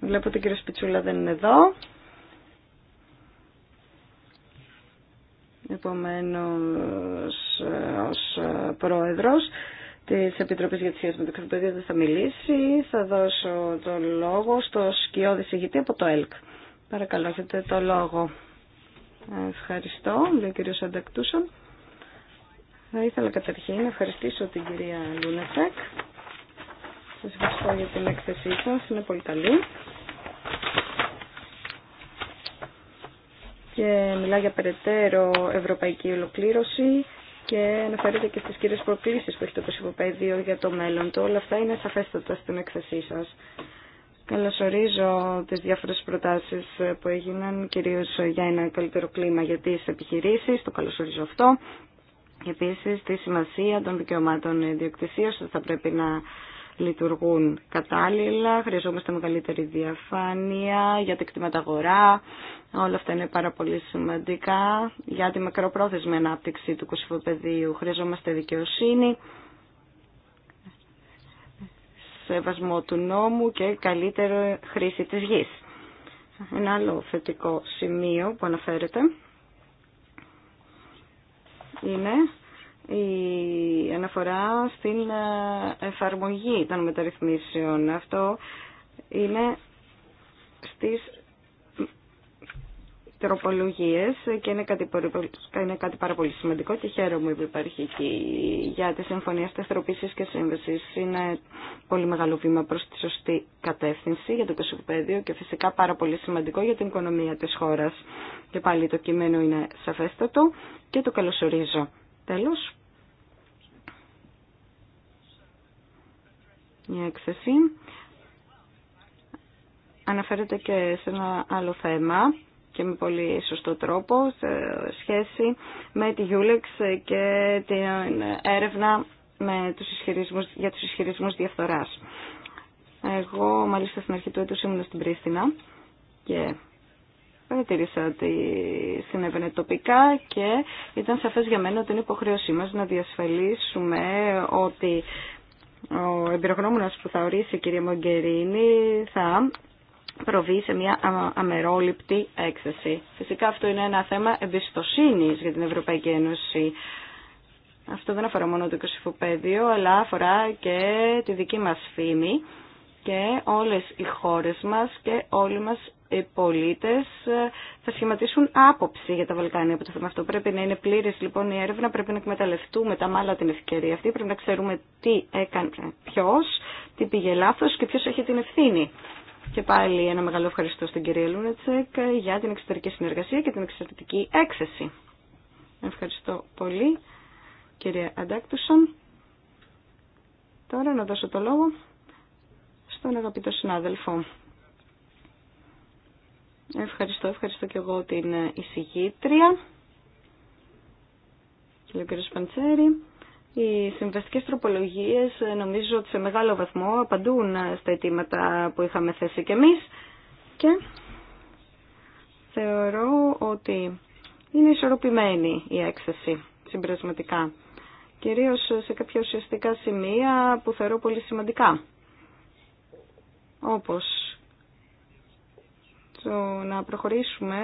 Βλέπω ότι ο κύριος Πιτσούλα δεν είναι εδώ. Επομένως, ως ε, πρόεδρος της Επιτροπής για τη Σχέση με το Κρατοπέδιο δεν θα μιλήσει. Θα δώσω το λόγο στο σκιώδη συγγητή από το ΕΛΚ. Παρακαλώ, έχετε το λόγο. Ευχαριστώ, λέει ο κύριο Αντακτούσον. Θα ήθελα καταρχήν να ευχαριστήσω την κυρία Λούνεφεκ. Σα ευχαριστώ για την έκθεσή σα. είναι πολύ καλή. Και μιλά για περαιτέρω ευρωπαϊκή ολοκλήρωση και αναφέρεται και στις κύριε προκλήσει που έχει το Πρωθυπουπέδιο για το μέλλον του. Όλα αυτά είναι σαφέστατα στην έκθεσή σας. Καλωσορίζω τις διάφορες προτάσεις που έγιναν, κυρίως για ένα καλύτερο κλίμα για τις επιχειρήσεις, το καλωσορίζω αυτό. Επίσης, τη σημασία των δικαιωμάτων ιδιοκτησίας θα πρέπει να λειτουργούν κατάλληλα, χρειαζόμαστε μεγαλύτερη διαφάνεια για τα εκτιμάτα αγορά, όλα αυτά είναι πάρα πολύ σημαντικά για τη μακροπρόθεσμη ανάπτυξη του κοσυφοπεδίου. Χρειαζόμαστε δικαιοσύνη, σεβασμό του νόμου και καλύτερη χρήση της γης. Ένα άλλο θετικό σημείο που αναφέρεται είναι η αναφορά στην ε, εφαρμογή των μεταρρυθμίσεων. Αυτό είναι στις Τροπολογίε και είναι κάτι, είναι κάτι πάρα πολύ σημαντικό και χαίρομαι που υπάρχει εκεί για τη Συμφωνία Σταθεροποίησης και σύνδεση. Είναι πολύ μεγάλο βήμα προς τη σωστή κατεύθυνση για το κοσοπέδιο και φυσικά πάρα πολύ σημαντικό για την οικονομία της χώρας. Και πάλι το κείμενο είναι σαφέστατο και το καλωσορίζω. Τέλο. Η έκθεση αναφέρεται και σε ένα άλλο θέμα και με πολύ σωστό τρόπο σε σχέση με τη Γιούλεξ και την έρευνα με τους ισχυρισμούς, για τους ισχυρισμούς διαφθοράς. Εγώ μάλιστα στην αρχή του έτους ήμουν στην Πρίστινα και παρατήρησα ότι συνέβαινε τοπικά και ήταν σαφές για μένα ότι είναι υποχρέωσή μας να διασφαλίσουμε ότι ο εμπειρογνώμονας που θα ορίσει η κυρία Μογκερίνη θα προβεί σε μια αμερόληπτη έκθεση. Φυσικά αυτό είναι ένα θέμα εμπιστοσύνη για την Ευρωπαϊκή Ένωση. Αυτό δεν αφορά μόνο το κοσυφοπαίδιο, αλλά αφορά και τη δική μας φήμη και όλες οι χώρες μας και όλοι μας οι πολίτες ε, θα σχηματίσουν άποψη για τα Βαλκάνια από το θέμα αυτό. Πρέπει να είναι πλήρε λοιπόν η έρευνα, πρέπει να εκμεταλλευτούμε τα μάλλα την ευκαιρία αυτή, πρέπει να ξέρουμε τι έκανε ποιο, τι πήγε λάθο και ποιο έχει την ευθύνη. Και πάλι ένα μεγάλο ευχαριστώ στην κυρία Λούνετσεκ για την εξωτερική συνεργασία και την εξωτερική έκθεση. Ευχαριστώ πολύ, κυρία Αντάκτουσον. Τώρα να δώσω το λόγο στον αγαπητό συνάδελφο. Ευχαριστώ, ευχαριστώ και εγώ την εισηγήτρια. Κύριο Παντσέρη. Οι συμβαστικές τροπολογίες ε, νομίζω ότι σε μεγάλο βαθμό απαντούν ε, στα αιτήματα που είχαμε θέσει κι εμείς και θεωρώ ότι είναι ισορροπημένη η έκθεση συμπερασματικά. Κυρίως σε κάποια ουσιαστικά σημεία που θεωρώ πολύ σημαντικά. Όπως το να προχωρήσουμε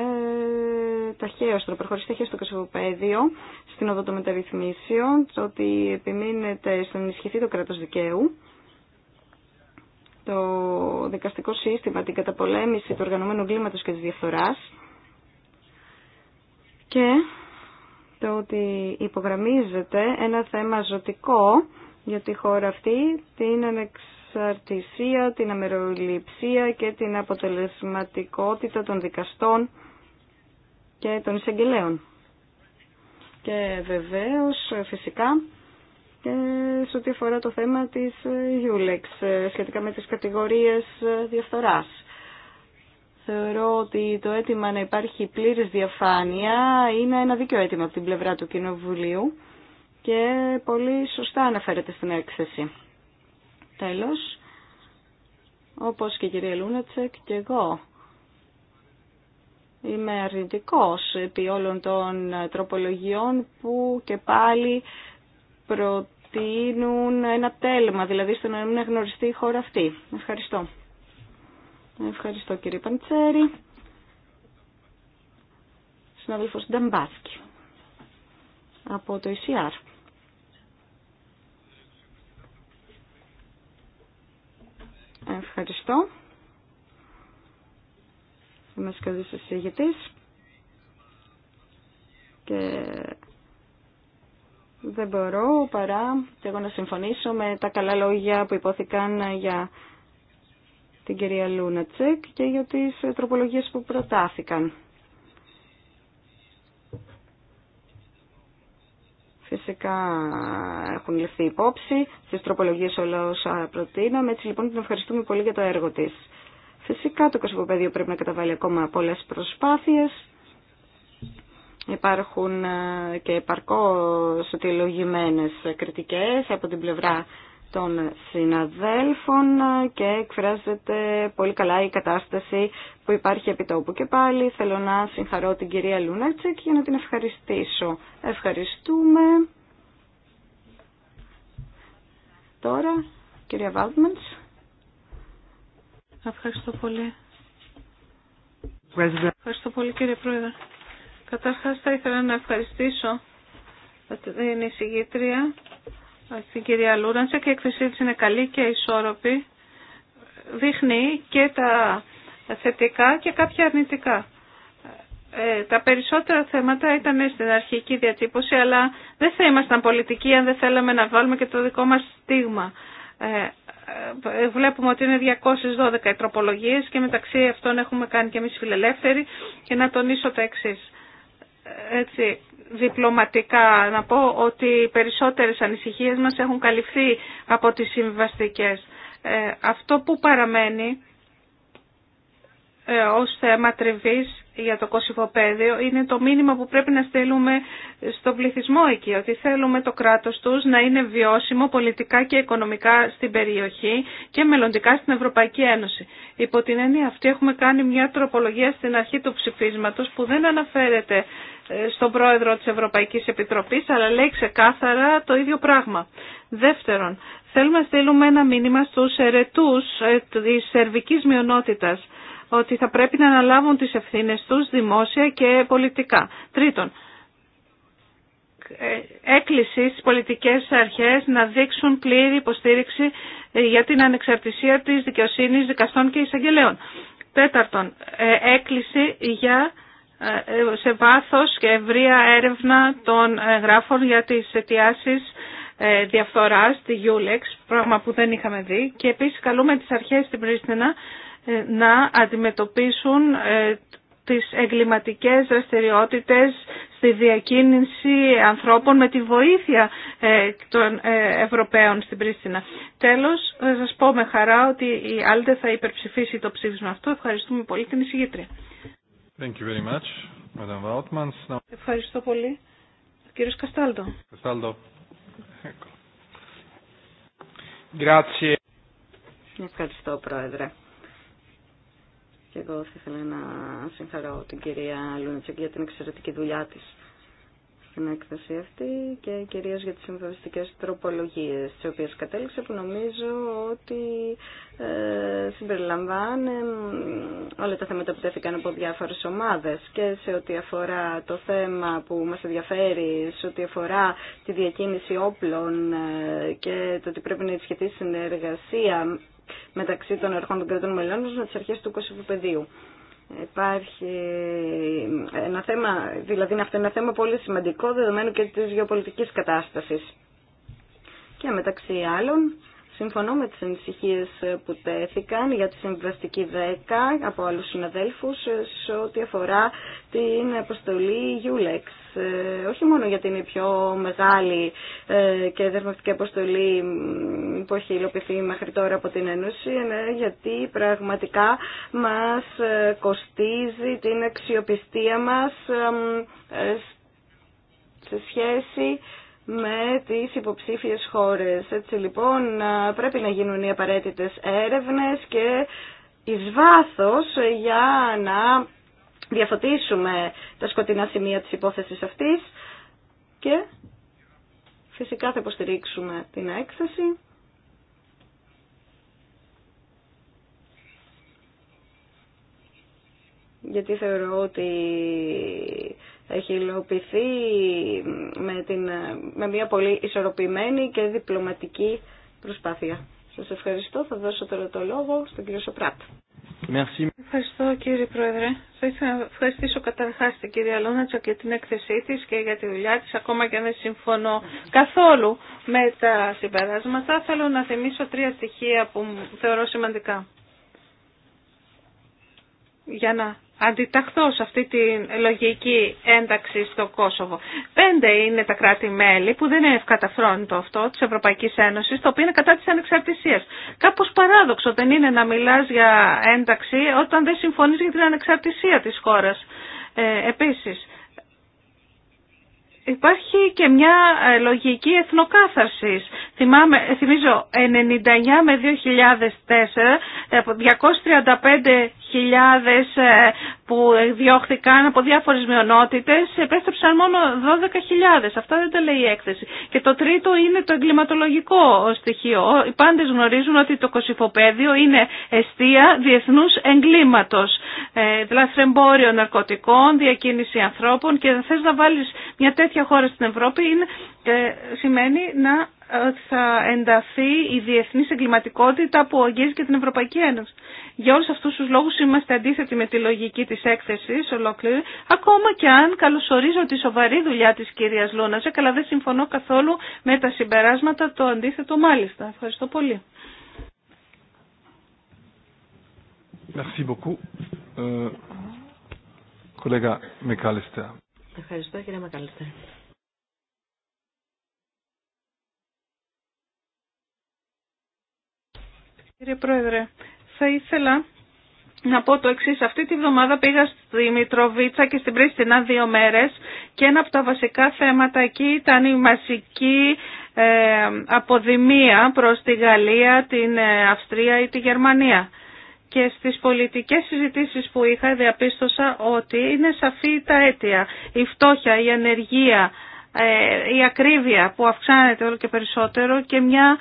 ταχαίως, να προχωρήσει ταχαίως το στην οδό των μεταρρυθμίσεων, το ότι επιμείνεται στο ενισχυθεί το κράτος δικαίου, το δικαστικό σύστημα, την καταπολέμηση του οργανωμένου κλίματος και της διαφθοράς και το ότι υπογραμμίζεται ένα θέμα ζωτικό για τη χώρα αυτή, την ανεξαρτησία ανεξαρτησία, την αμεροληψία και την αποτελεσματικότητα των δικαστών και των εισαγγελέων. Και βεβαίως φυσικά και σε ό,τι αφορά το θέμα της Ιούλεξ σχετικά με τις κατηγορίες διαφθοράς. Θεωρώ ότι το αίτημα να υπάρχει πλήρης διαφάνεια είναι ένα δίκαιο αίτημα από την πλευρά του Κοινοβουλίου και πολύ σωστά αναφέρεται στην έκθεση. Τέλος, όπως και η κυρία Λούνατσεκ και εγώ είμαι αρνητικός επί όλων των τροπολογιών που και πάλι προτείνουν ένα τέλμα, δηλαδή στο να μην γνωριστεί η χώρα αυτή. Ευχαριστώ. Ευχαριστώ κύριε Παντσέρη. Συνάδελφος Νταμπάσκη από το ECR. Ευχαριστώ. Είμαι σκοτής εισηγητής και δεν μπορώ παρά και εγώ να συμφωνήσω με τα καλά λόγια που υπόθηκαν για την κυρία Λούνατσεκ και για τις τροπολογίες που προτάθηκαν. φυσικά έχουν ληφθεί υπόψη στις τροπολογίες όλα όσα προτείναμε. Έτσι λοιπόν την ευχαριστούμε πολύ για το έργο της. Φυσικά το κοσμοπέδιο πρέπει να καταβάλει ακόμα πολλές προσπάθειες. Υπάρχουν ε, και επαρκώς οτιολογημένες κριτικές από την πλευρά των συναδέλφων και εκφράζεται πολύ καλά η κατάσταση που υπάρχει επί τόπου. Και πάλι θέλω να συγχαρώ την κυρία Λούνατσεκ για να την ευχαριστήσω. Ευχαριστούμε. Τώρα, κυρία Βάλτμαντς. Ευχαριστώ πολύ. Ευχαριστώ πολύ κύριε Πρόεδρε. Καταρχάς θα ήθελα να ευχαριστήσω την εισηγήτρια στην κυρία Λούραντσα και η εκθεσή της είναι καλή και ισόρροπη. Δείχνει και τα θετικά και κάποια αρνητικά. Ε, τα περισσότερα θέματα ήταν στην αρχική διατύπωση, αλλά δεν θα ήμασταν πολιτικοί αν δεν θέλαμε να βάλουμε και το δικό μας στίγμα. Ε, ε, βλέπουμε ότι είναι 212 οι τροπολογίες και μεταξύ αυτών έχουμε κάνει και εμείς φιλελεύθεροι και να τονίσω τα εξής έτσι διπλωματικά να πω ότι οι περισσότερες ανησυχίες μας έχουν καλυφθεί από τις συμβαστικές. Ε, αυτό που παραμένει ε, ως θέμα τριβής για το Κωσυφοπαίδειο, είναι το μήνυμα που πρέπει να στείλουμε στον πληθυσμό εκεί, ότι θέλουμε το κράτος τους να είναι βιώσιμο πολιτικά και οικονομικά στην περιοχή και μελλοντικά στην Ευρωπαϊκή Ένωση. Υπό την έννοια αυτή έχουμε κάνει μια τροπολογία στην αρχή του ψηφίσματος που δεν αναφέρεται ε, στον πρόεδρο της Ευρωπαϊκής Επιτροπής, αλλά λέει ξεκάθαρα το ίδιο πράγμα. Δεύτερον, θέλουμε να στείλουμε ένα μήνυμα στους ερετούς ε, της σερβικής μειονότητας ότι θα πρέπει να αναλάβουν τις ευθύνες τους δημόσια και πολιτικά. Τρίτον, ε, έκκληση στις πολιτικές αρχές να δείξουν πλήρη υποστήριξη για την ανεξαρτησία της δικαιοσύνης δικαστών και εισαγγελέων. Τέταρτον, ε, έκκληση για ε, σε βάθος και ευρεία έρευνα των γράφων για τις αιτιάσεις διαφθοράς, τη Γιούλεξ, πράγμα που δεν είχαμε δει. Και επίσης καλούμε τις αρχές στην Πρίστινα ε, να αντιμετωπίσουν ε, τις εγκληματικές δραστηριότητες στη διακίνηση ανθρώπων με τη βοήθεια ε, των Ευρωπαίων στην Πρίστινα. Τέλος, θα σας πω με χαρά ότι η Άλτε θα υπερψηφίσει το ψήφισμα αυτό. Ευχαριστούμε πολύ την εισηγήτρια. Thank you very much, Madam Ευχαριστώ πολύ. κύριος Καστάλτο. Καστάλτο. Ευχαριστώ, Πρόεδρε. Και εγώ θα ήθελα να συγχαρώ την κυρία Λούνιτσεκ για την εξαιρετική δουλειά τη στην έκθεση αυτή και κυρίως για τις συμβαστικές τροπολογίες τις οποίες κατέληξε που νομίζω ότι ε, όλα τα θέματα που τέθηκαν από διάφορες ομάδες και σε ό,τι αφορά το θέμα που μας ενδιαφέρει, σε ό,τι αφορά τη διακίνηση όπλων ε, και το ότι πρέπει να ισχυθεί συνεργασία μεταξύ των αρχών των κρατών μελών με τις αρχές του πεδίου. Υπάρχει ένα θέμα, δηλαδή είναι ένα θέμα πολύ σημαντικό δεδομένου και της γεωπολιτικής κατάστασης. Και μεταξύ άλλων Συμφωνώ με τις ανησυχίες ε, που τέθηκαν για τη συμβαστική 10 από άλλους συναδέλφους ε, σε ό,τι αφορά την αποστολή Ιουλέξ. Ε, όχι μόνο γιατί είναι η πιο μεγάλη και δερματική αποστολή που έχει υλοποιηθεί μέχρι τώρα από την Ένωση, γιατί πραγματικά μας κοστίζει την αξιοπιστία μας σε σχέση με τις υποψήφιες χώρες. Έτσι λοιπόν πρέπει να γίνουν οι απαραίτητες έρευνες και εις βάθος για να διαφωτίσουμε τα σκοτεινά σημεία της υπόθεσης αυτής και φυσικά θα υποστηρίξουμε την έκθεση. Γιατί θεωρώ ότι έχει υλοποιηθεί με, την, με μια πολύ ισορροπημένη και διπλωματική προσπάθεια. Σας ευχαριστώ. Θα δώσω τώρα το λόγο στον κύριο Σοπράτ. Merci. Ευχαριστώ κύριε Πρόεδρε. Θα ήθελα να ευχαριστήσω καταρχά την κυρία Λόνατσα και την έκθεσή τη και για τη δουλειά τη, ακόμα και αν δεν συμφωνώ καθόλου με τα συμπεράσματα. Θέλω να θυμίσω τρία στοιχεία που θεωρώ σημαντικά για να αντιταχθώ σε αυτή τη λογική ένταξη στο Κόσοβο. Πέντε είναι τα κράτη-μέλη που δεν είναι ευκαταφρόνητο αυτό της Ευρωπαϊκής Ένωσης, το οποίο είναι κατά της ανεξαρτησίας. Κάπως παράδοξο δεν είναι να μιλάς για ένταξη όταν δεν συμφωνείς για την ανεξαρτησία της χώρας. Ε, επίσης, Υπάρχει και μια ε, λογική εθνοκάθαρσης. Θυμάμαι, ε, θυμίζω 99 με 2004 ε, από 235.000 που διώχθηκαν από διάφορε μειονότητες επέστρεψαν μόνο 12.000. Αυτά δεν τα λέει η έκθεση. Και το τρίτο είναι το εγκληματολογικό στοιχείο. Οι πάντε γνωρίζουν ότι το κοσυφοπέδιο είναι αιστεία διεθνούς εγκλήματο. Ε, δηλαδή εμπόριο ναρκωτικών, διακίνηση ανθρώπων και θε να βάλεις μια τέτοια χώρα στην Ευρώπη είναι, ε, σημαίνει να θα ενταθεί η διεθνή εγκληματικότητα που αγγίζει και την Ευρωπαϊκή Ένωση. Για όλους αυτούς τους λόγους είμαστε αντίθετοι με τη λογική τη έκθεση, ολόκληρη, ακόμα και αν καλωσορίζω τη σοβαρή δουλειά τη κυρία Λούναζε, αλλά δεν συμφωνώ καθόλου με τα συμπεράσματα, το αντίθετο μάλιστα. Ευχαριστώ πολύ. Ε, Ευχαριστώ κύριε Κύριε Πρόεδρε, θα ήθελα να πω το εξή. Αυτή τη βδομάδα πήγα στη Μητροβίτσα και στην Πρίστινα δύο μέρες και ένα από τα βασικά θέματα εκεί ήταν η μασική ε, αποδημία προ τη Γαλλία, την ε, Αυστρία ή τη Γερμανία. Και στις πολιτικές συζητήσεις που είχα διαπίστωσα ότι είναι σαφή τα αίτια. Η φτώχεια, η ανεργία, ε, η ακρίβεια που αυξάνεται όλο και περισσότερο και μια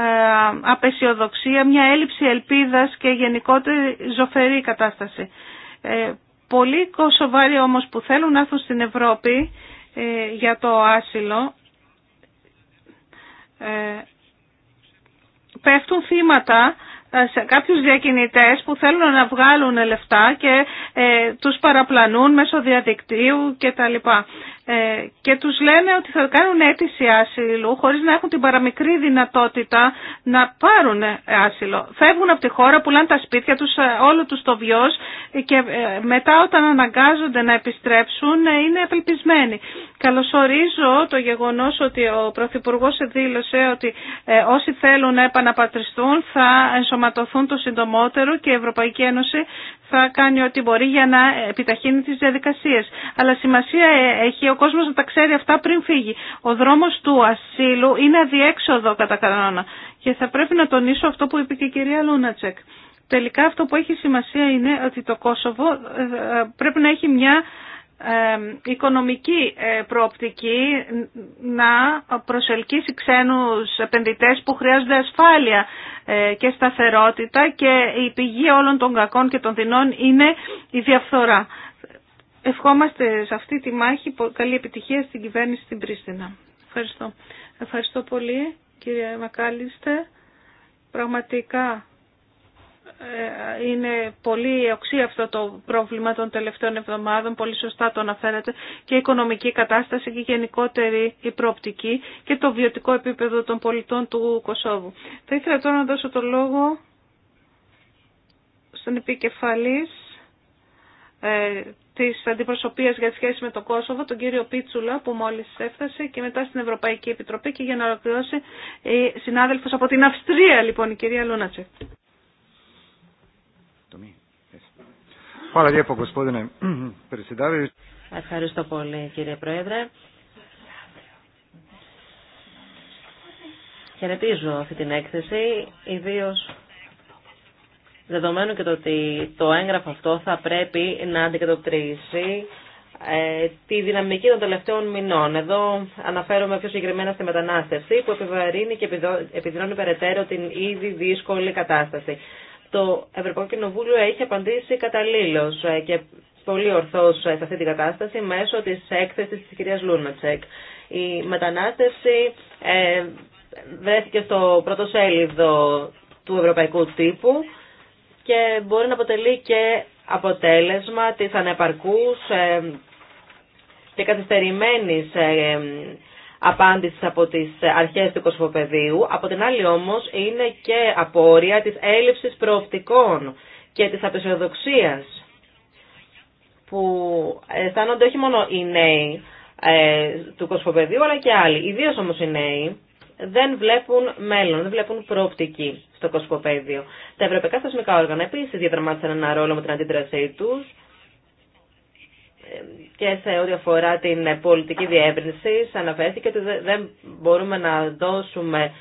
ε, απεσιοδοξία, μια έλλειψη ελπίδας και γενικότερη ζωφερή κατάσταση. Ε, πολλοί κόσοβάροι όμως που θέλουν να έρθουν στην Ευρώπη ε, για το άσυλο πέφτουν θύματα ε, σε κάποιους διακινητές που θέλουν να βγάλουν λεφτά και ε, τους παραπλανούν μέσω διαδικτύου και τα λοιπά. Ε, και τους λένε ότι θα κάνουν αίτηση άσυλου χωρίς να έχουν την παραμικρή δυνατότητα να πάρουν ε, άσυλο. Φεύγουν από τη χώρα, πουλάνε τα σπίτια τους, ε, όλο τους το βιός και μετά όταν αναγκάζονται να επιστρέψουν είναι απελπισμένοι. Καλωσορίζω το γεγονός ότι ο Πρωθυπουργός δήλωσε ότι όσοι θέλουν να επαναπατριστούν θα ενσωματωθούν το συντομότερο και η Ευρωπαϊκή Ένωση θα κάνει ό,τι μπορεί για να επιταχύνει τις διαδικασίες. Αλλά σημασία έχει ο κόσμος να τα ξέρει αυτά πριν φύγει. Ο δρόμος του ασύλου είναι αδιέξοδο κατά κανόνα και θα πρέπει να τονίσω αυτό που είπε και η κυρία Λούνατσεκ. Τελικά αυτό που έχει σημασία είναι ότι το Κόσοβο ε, ε, πρέπει να έχει μια οικονομική ε, προοπτική να προσελκύσει ξένους επενδυτές που χρειάζονται ασφάλεια ε, και σταθερότητα και η πηγή όλων των κακών και των δεινών είναι η διαφθορά. Ευχόμαστε σε αυτή τη μάχη καλή επιτυχία στην κυβέρνηση στην Πρίστινα. Ευχαριστώ. Ευχαριστώ πολύ κύριε Μακάλιστε. Πραγματικά ε, είναι πολύ οξύ αυτό το πρόβλημα των τελευταίων εβδομάδων, πολύ σωστά το αναφέρατε, και η οικονομική κατάσταση και γενικότερη η προοπτική και το βιωτικό επίπεδο των πολιτών του Κωσόβου. Θα ήθελα τώρα να δώσω το λόγο στον επικεφαλής ε, της Αντιπροσωπείας για σχέση με το Κόσοβο, τον κύριο Πίτσουλα που μόλις έφτασε και μετά στην Ευρωπαϊκή Επιτροπή και για να ολοκληρώσει η συνάδελφος από την Αυστρία λοιπόν η κυρία Λούνατσε. Ευχαριστώ πολύ κύριε Πρόεδρε. Χαιρετίζω αυτή την έκθεση, ιδίω δεδομένου και το ότι το έγγραφο αυτό θα πρέπει να αντικατοπτρίσει ε, τη δυναμική των τελευταίων μηνών. Εδώ αναφέρομαι πιο συγκεκριμένα στη μετανάστευση που επιβαρύνει και επιδρώνει περαιτέρω την ήδη δύσκολη κατάσταση. Το Ευρωπαϊκό Κοινοβούλιο έχει απαντήσει καταλήλως ε, και πολύ ορθώ ε, σε αυτή την κατάσταση μέσω τη έκθεση της κυρίας Λούνατσεκ. Η μετανάστευση ε, βρέθηκε στο πρώτο σέλιδο του ευρωπαϊκού τύπου και μπορεί να αποτελεί και αποτέλεσμα της ανεπαρκούς και καθυστερημένης απάντησης από τις αρχές του κοσμοπεδίου. Από την άλλη όμως είναι και απόρρια της έλλειψη προοπτικών και της απεσιοδοξία που αισθάνονται όχι μόνο οι νέοι ε, του κοσμοπεδίου αλλά και άλλοι. Ιδίω όμως οι νέοι δεν βλέπουν μέλλον, δεν βλέπουν προοπτική στο κοσμοπέδιο. Τα ευρωπαϊκά θεσμικά όργανα επίση διαδραμάτισαν ένα ρόλο με την αντίδρασή του και σε ό,τι αφορά την πολιτική διεύρυνση, αναφέρθηκε ότι δεν μπορούμε να δώσουμε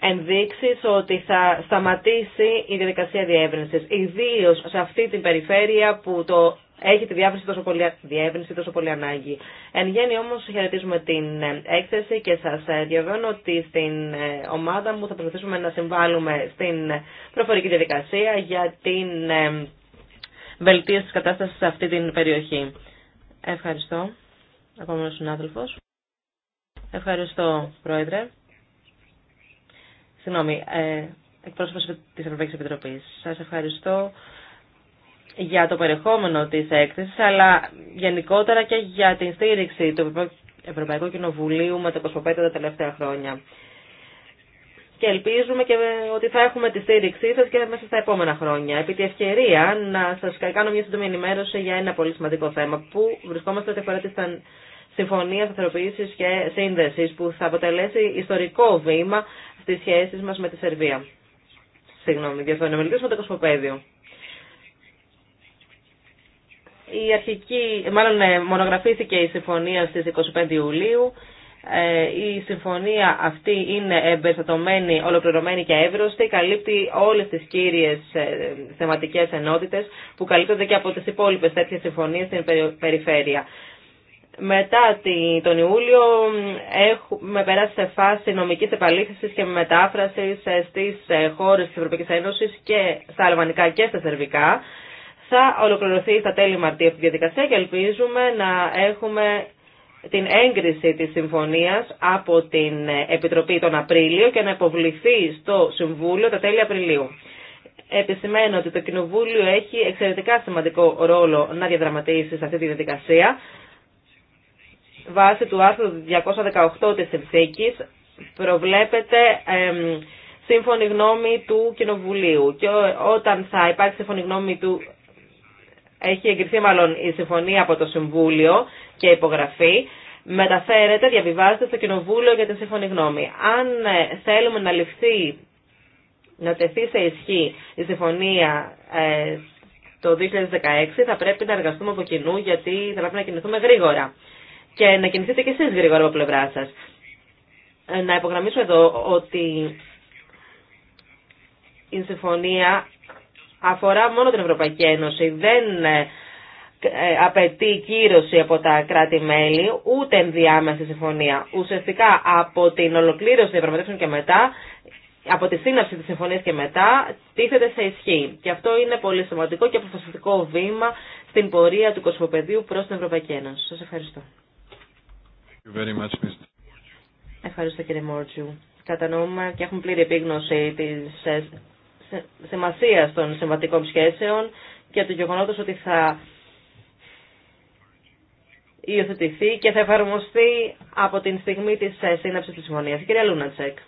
ενδείξεις ότι θα σταματήσει η διαδικασία διεύρυνσης, ιδίω σε αυτή την περιφέρεια που το έχει τη διεύρυνση τόσο πολύ, διεύρυνση τόσο πολύ ανάγκη. Εν γέννη όμως χαιρετίζουμε την έκθεση και σας διαβεβαιώνω ότι στην ε, ομάδα μου θα προσπαθήσουμε να συμβάλλουμε στην προφορική διαδικασία για την ε, βελτίωση τη κατάσταση σε αυτή την περιοχή. Ευχαριστώ. Επόμενο συνάδελφος. Ευχαριστώ, Πρόεδρε. Συγγνώμη, ε, εκπρόσωπος της Ευρωπαϊκής Επιτροπής. Σας ευχαριστώ για το περιεχόμενο τη έκθεση, αλλά γενικότερα και για την στήριξη του Ευρωπαϊκού Κοινοβουλίου με το 25 τα τελευταία χρόνια και ελπίζουμε και ότι θα έχουμε τη στήριξή σας και μέσα στα επόμενα χρόνια. Επί τη ευκαιρία να σας κάνω μια σύντομη ενημέρωση για ένα πολύ σημαντικό θέμα που βρισκόμαστε ότι αφορά τη Συμφωνία Σταθεροποίησης και σύνδεση που θα αποτελέσει ιστορικό βήμα στις σχέσεις μας με τη Σερβία. Συγγνώμη, διαφωνώ. Μιλήσω με το κοσμοπέδιο. Η αρχική, μάλλον ε, μονογραφήθηκε η συμφωνία στις 25 Ιουλίου. Ε, η συμφωνία αυτή είναι εμπεριστατωμένη, ολοκληρωμένη και εύρωστη, καλύπτει όλες τις κύριες ε, θεματικές ενότητες που καλύπτονται και από τις υπόλοιπες τέτοιες συμφωνίες στην περιφέρεια. Μετά τον Ιούλιο έχουμε περάσει σε φάση νομικής επαλήθευσης και μετάφρασης ε, στις χώρες της Ευρωπαϊκής Ένωσης και στα αλβανικά και στα σερβικά. Θα ολοκληρωθεί στα τέλη Μαρτίου αυτή η διαδικασία και ελπίζουμε να έχουμε την έγκριση της συμφωνίας από την Επιτροπή τον Απρίλιο και να υποβληθεί στο Συμβούλιο τα τέλη Απριλίου. Επισημαίνω ότι το Κοινοβούλιο έχει εξαιρετικά σημαντικό ρόλο να διαδραματίσει σε αυτή τη διαδικασία βάσει του άρθρου 218 της Συνθήκης προβλέπεται σύμφωνη γνώμη του Κοινοβουλίου και όταν θα υπάρξει σύμφωνη γνώμη του έχει εγκριθεί μάλλον η συμφωνία από το Συμβούλιο και υπογραφή μεταφέρεται, διαβιβάζεται στο Κοινοβούλιο για την σύμφωνη γνώμη. Αν ε, θέλουμε να ληφθεί, να τεθεί σε ισχύ η συμφωνία ε, το 2016, θα πρέπει να εργαστούμε από κοινού, γιατί θα πρέπει να κινηθούμε γρήγορα. Και να κινηθείτε κι εσείς γρήγορα από πλευρά σας. Ε, να υπογραμμίσω εδώ ότι η συμφωνία αφορά μόνο την Ευρωπαϊκή Ένωση, δεν ε, απαιτεί κύρωση από τα κράτη-μέλη, ούτε ενδιάμεση συμφωνία. Ουσιαστικά από την ολοκλήρωση των διαπραγματεύσεων και μετά, από τη σύναψη της συμφωνίας και μετά, τίθεται σε ισχύ. Και αυτό είναι πολύ σημαντικό και αποφασιστικό βήμα στην πορεία του κοσμοπεδίου προς την Ευρωπαϊκή Ένωση. Σας ευχαριστώ. Ευχαριστώ κύριε Μόρτζιου. Κατανοούμε και έχουμε πλήρη επίγνωση της ε, σημασίας των συμβατικών σχέσεων και του γεγονότος ότι θα υιοθετηθεί και θα εφαρμοστεί από την στιγμή της ε, σύναψης της συμφωνίας. Κυρία Λούνατσεκ,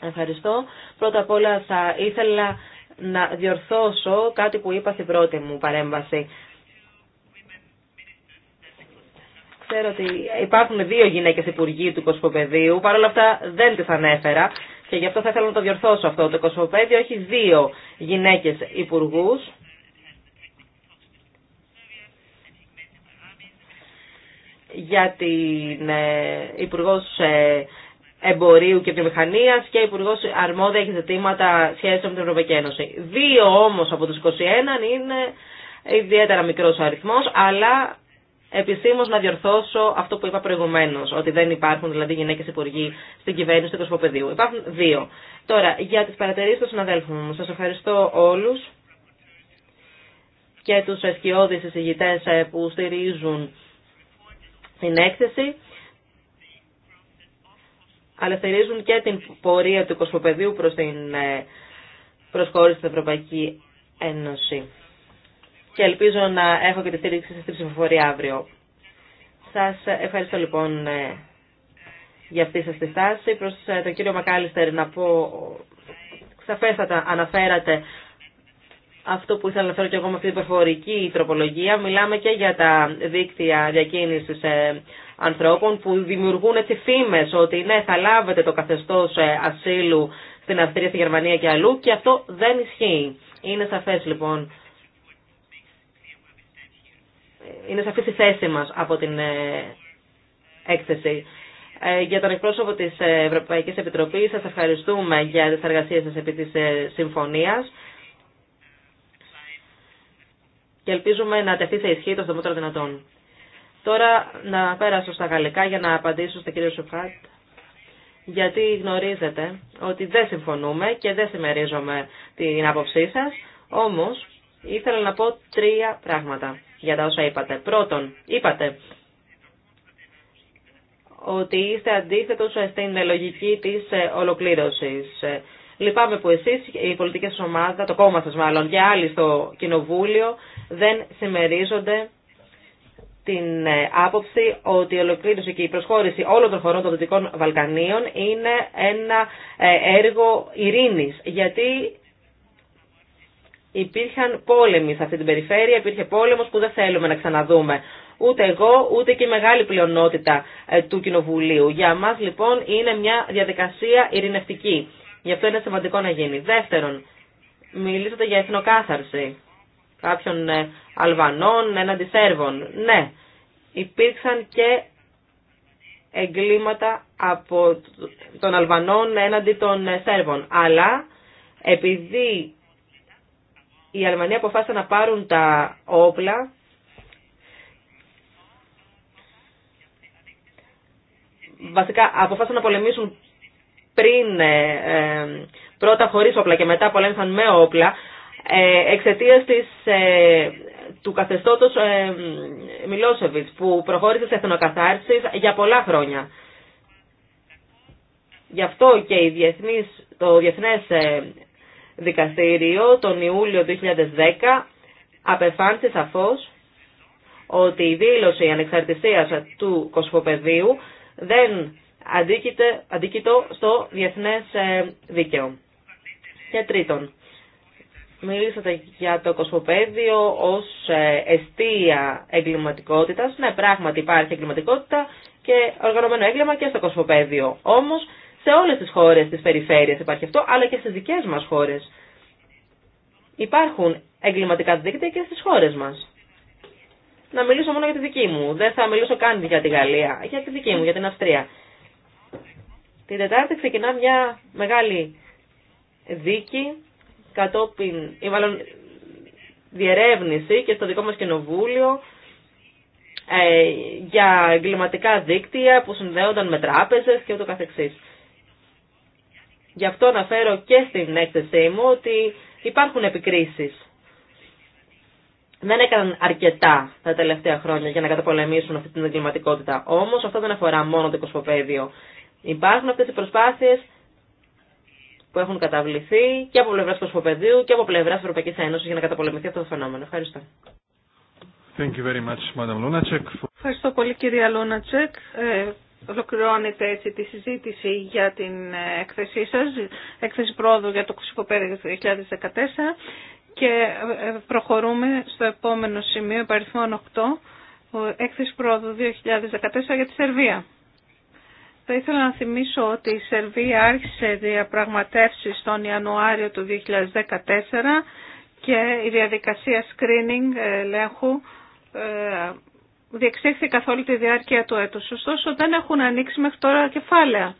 ευχαριστώ. Πρώτα απ' όλα θα ήθελα να διορθώσω κάτι που είπα στην πρώτη μου παρέμβαση. Ξέρω ότι υπάρχουν δύο γυναίκες υπουργοί του Κοσμοπεδίου, παρόλα αυτά δεν τις ανέφερα και γι' αυτό θα ήθελα να το διορθώσω αυτό. Το Κοσμοπέδιο έχει δύο γυναίκες υπουργούς για την ε, Υπουργό ε, Εμπορίου και Βιομηχανία και Υπουργό Αρμόδια και ζητήματα σχέσεων με την Ευρωπαϊκή Ένωση. Δύο όμω από του 21 είναι ιδιαίτερα μικρό ο αριθμό, αλλά επισήμω να διορθώσω αυτό που είπα προηγουμένω, ότι δεν υπάρχουν δηλαδή γυναίκε υπουργοί στην κυβέρνηση του Κοσμοπεδίου. Υπάρχουν δύο. Τώρα, για τι παρατηρήσει των συναδέλφων μου, σα ευχαριστώ όλου και τους εσκιώδεις εισηγητές ε, που στηρίζουν την έκθεση αλλά στηρίζουν και την πορεία του κοσμοπεδίου προς την ε, προσχώρηση στην Ευρωπαϊκή Ένωση. Και ελπίζω να έχω και τη στήριξη σας στην ψηφοφορία αύριο. Σας ευχαριστώ λοιπόν ε, για αυτή σας τη στάση. Προς ε, τον κύριο Μακάλιστερ να πω σαφέστατα αναφέρατε αυτό που ήθελα να φέρω και εγώ με αυτή την προφορική τροπολογία. Μιλάμε και για τα δίκτυα διακίνησης ε, ανθρώπων που δημιουργούν έτσι φήμες ότι ναι θα λάβετε το καθεστώς ε, ασύλου στην Αυστρία, στη Γερμανία και αλλού και αυτό δεν ισχύει. Είναι σαφές λοιπόν. Είναι σαφή η θέση μας από την ε, έκθεση. Για τον εκπρόσωπο της Ευρωπαϊκής Επιτροπής σας ευχαριστούμε για τις εργασίες σας επί της συμφωνίας ελπίζουμε να τεθεί σε ισχύ το στομότερο δυνατόν. Τώρα να πέρασω στα γαλλικά για να απαντήσω στον κύριο Σουφάτ, γιατί γνωρίζετε ότι δεν συμφωνούμε και δεν συμμερίζομαι την άποψή σας, όμως ήθελα να πω τρία πράγματα για τα όσα είπατε. Πρώτον, είπατε ότι είστε αντίθετος στην λογική της ε, ολοκλήρωσης ε, Λυπάμαι που εσεί, η πολιτική σα ομάδα, το κόμμα σα μάλλον και άλλοι στο Κοινοβούλιο δεν συμμερίζονται την ε, άποψη ότι η ολοκλήρωση και η προσχώρηση όλων των χωρών των Δυτικών Βαλκανίων είναι ένα ε, έργο ειρήνης, γιατί υπήρχαν πόλεμοι σε αυτή την περιφέρεια, υπήρχε πόλεμος που δεν θέλουμε να ξαναδούμε. Ούτε εγώ, ούτε και η μεγάλη πλειονότητα ε, του Κοινοβουλίου. Για μας λοιπόν είναι μια διαδικασία ειρηνευτική. Γι' αυτό είναι σημαντικό να γίνει. Δεύτερον, μιλήσατε για εθνοκάθαρση κάποιων ε, Αλβανών έναντι Σέρβων. Ναι, υπήρξαν και εγκλήματα από των Αλβανών έναντι των ε, Σέρβων. Αλλά επειδή οι Αλβανοί αποφάσισαν να πάρουν τα όπλα, βασικά αποφάσισαν να πολεμήσουν πριν ε, ε, πρώτα χωρίς όπλα και μετά πολέμησαν με όπλα ε, εξαιτία του καθεστώτος Μιλόσεβιτς που προχώρησε σε εθνοκαθάρσεις για πολλά χρόνια. Γι' αυτό και η διεθνής, το Διεθνές Δικαστήριο τον Ιούλιο 2010 απεφάνθη σαφώς ότι η δήλωση ανεξαρτησίας του Κοσμοπεδίου δεν αντίκειτο στο διεθνές ε, δίκαιο. Και τρίτον, μίλησατε για το κοσμοπέδιο ως εστία εγκληματικότητας. Ναι, πράγματι υπάρχει εγκληματικότητα και οργανωμένο έγκλημα και στο κοσμοπέδιο. Όμως, σε όλες τις χώρες της περιφέρειας υπάρχει αυτό, αλλά και στις δικές μας χώρες. Υπάρχουν εγκληματικά δίκτυα και στις χώρες μας. Να μιλήσω μόνο για τη δική μου. Δεν θα μιλήσω καν για τη Γαλλία. Για τη δική μου, για την Αυστρία. Την Τετάρτη ξεκινά μια μεγάλη δίκη κατόπιν, ή μάλλον διερεύνηση και στο δικό μας κοινοβούλιο ε, για εγκληματικά δίκτυα που συνδέονταν με τράπεζες και ούτω καθεξής. Γι' αυτό αναφέρω και στην έκθεσή μου ότι υπάρχουν επικρίσεις. Δεν έκαναν αρκετά τα τελευταία χρόνια για να καταπολεμήσουν αυτή την εγκληματικότητα. Όμως αυτό δεν αφορά μόνο το κοσμοπέδιο. Υπάρχουν αυτές οι προσπάθειε που έχουν καταβληθεί και από πλευρά Κοσμοπεδίου και από πλευρά Ευρωπαϊκή Ένωση για να καταπολεμηθεί αυτό το φαινόμενο. Ευχαριστώ. Thank you very much, Madam Ευχαριστώ πολύ, κυρία Λούνατσεκ. ολοκληρώνεται έτσι τη συζήτηση για την ε, έκθεσή σα, έκθεση πρόοδου για το Κοσμοπέδιο 2014. Και ε, ε, προχωρούμε στο επόμενο σημείο, υπαριθμόν 8, έκθεση πρόοδου 2014 για τη Σερβία. Θα ήθελα να θυμίσω ότι η Σερβία άρχισε διαπραγματεύσεις τον Ιανουάριο του 2014 και η διαδικασία screening ελέγχου ε, διεξήχθη καθ' όλη τη διάρκεια του έτους. Ωστόσο δεν έχουν ανοίξει μέχρι τώρα κεφάλαια.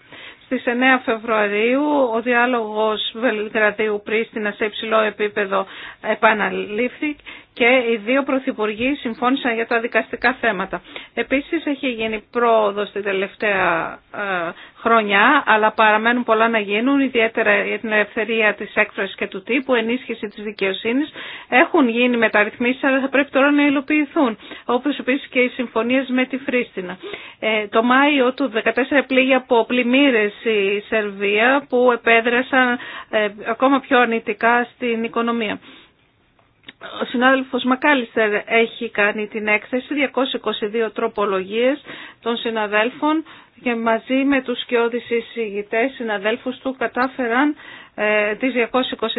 Στις 9 Φεβρουαρίου ο διάλογος Βελγραδίου Πρίστινα σε υψηλό επίπεδο επαναλήφθη και οι δύο πρωθυπουργοί συμφώνησαν για τα δικαστικά θέματα. Επίσης έχει γίνει πρόοδος την τελευταία ε, χρονιά, αλλά παραμένουν πολλά να γίνουν, ιδιαίτερα για την ελευθερία της έκφρασης και του τύπου, ενίσχυση της δικαιοσύνης. Έχουν γίνει μεταρρυθμίσεις, αλλά θα πρέπει τώρα να υλοποιηθούν, όπως επίσης και οι συμφωνίες με τη Φρίστινα. Ε, το Μάιο του 2014 πλήγει από πλημμύρες η Σερβία, που επέδρασαν ε, ακόμα πιο αρνητικά στην οικονομία. Ο συνάδελφος Μακάλιστερ έχει κάνει την έκθεση, 222 τροπολογίες των συναδέλφων και μαζί με τους σκιώδεις εισηγητές συναδέλφους του κατάφεραν ε, τις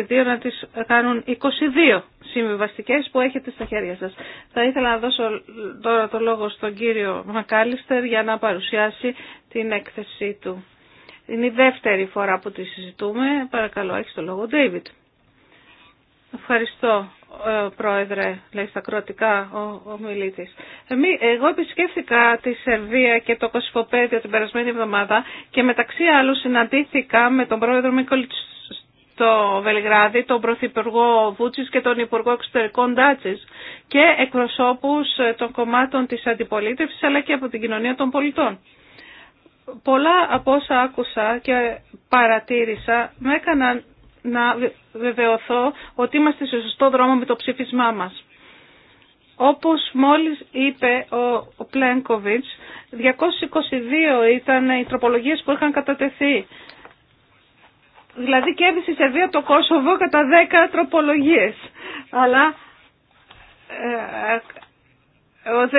222 να τις κάνουν 22 συμβιβαστικές που έχετε στα χέρια σας. Θα ήθελα να δώσω τώρα το λόγο στον κύριο Μακάλιστερ για να παρουσιάσει την έκθεσή του. Είναι η δεύτερη φορά που τη συζητούμε. Παρακαλώ, έχει το λόγο. David. Ευχαριστώ. Ε, πρόεδρε, λέει στα κροατικά ο, ο ε, εγώ επισκέφθηκα τη Σερβία και το Κωσυφοπέδιο την περασμένη εβδομάδα και μεταξύ άλλων συναντήθηκα με τον πρόεδρο Μίκολιτ στο Βελιγράδι, τον πρωθυπουργό Βούτσης και τον υπουργό εξωτερικών Ντάτσης και εκπροσώπους ε, των κομμάτων της αντιπολίτευσης αλλά και από την κοινωνία των πολιτών. Πολλά από όσα άκουσα και παρατήρησα με έκαναν να βεβαιωθώ ότι είμαστε σε σωστό δρόμο με το ψήφισμά μας. Όπως μόλις είπε ο, ο Πλένκοβιτς, 222 ήταν οι τροπολογίες που είχαν κατατεθεί. Δηλαδή κέρδισε σε δύο το Κόσοβο κατά 10 τροπολογίες. Αλλά ε,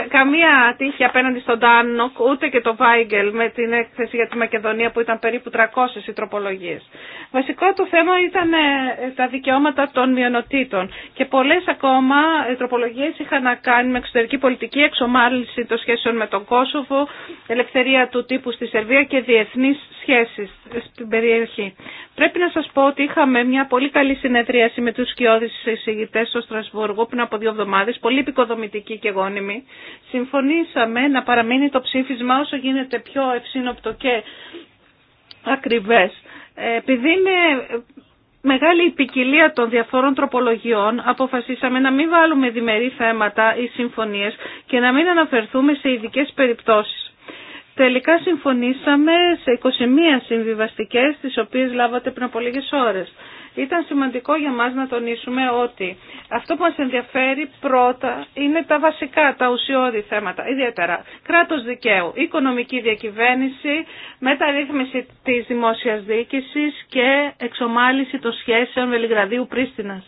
καμία τύχη απέναντι στον Τάνοκ, ούτε και το Βάιγκελ με την έκθεση για τη Μακεδονία που ήταν περίπου 300 οι τροπολογίες. Βασικό το θέμα ήταν ε, τα δικαιώματα των μειονοτήτων και πολλές ακόμα ε, τροπολογίες είχαν να κάνουν με εξωτερική πολιτική, εξομάλυνση των σχέσεων με τον Κόσοβο, ελευθερία του τύπου στη Σερβία και διεθνείς σχέσεις στην περιοχή. Πρέπει να σας πω ότι είχαμε μια πολύ καλή συνεδρίαση με τους σκιώδεις εισηγητές στο Στρασβούργο πριν από δύο εβδομάδες, πολύ επικοδομητική και γόνιμη συμφωνήσαμε να παραμείνει το ψήφισμα όσο γίνεται πιο ευσύνοπτο και ακριβές. Επειδή είναι μεγάλη η ποικιλία των διαφόρων τροπολογιών, αποφασίσαμε να μην βάλουμε διμερεί θέματα ή συμφωνίες και να μην αναφερθούμε σε ειδικές περιπτώσεις. Τελικά συμφωνήσαμε σε 21 συμβιβαστικές, τις οποίες λάβατε πριν από λίγες ώρες. Ήταν σημαντικό για μας να τονίσουμε ότι αυτό που μας ενδιαφέρει πρώτα είναι τα βασικά, τα ουσιώδη θέματα, ιδιαίτερα κράτος δικαίου, οικονομική διακυβέρνηση, μεταρρύθμιση της δημόσιας διοίκησης και εξομάλυση των σχέσεων Βελιγραδίου-Πρίστινας.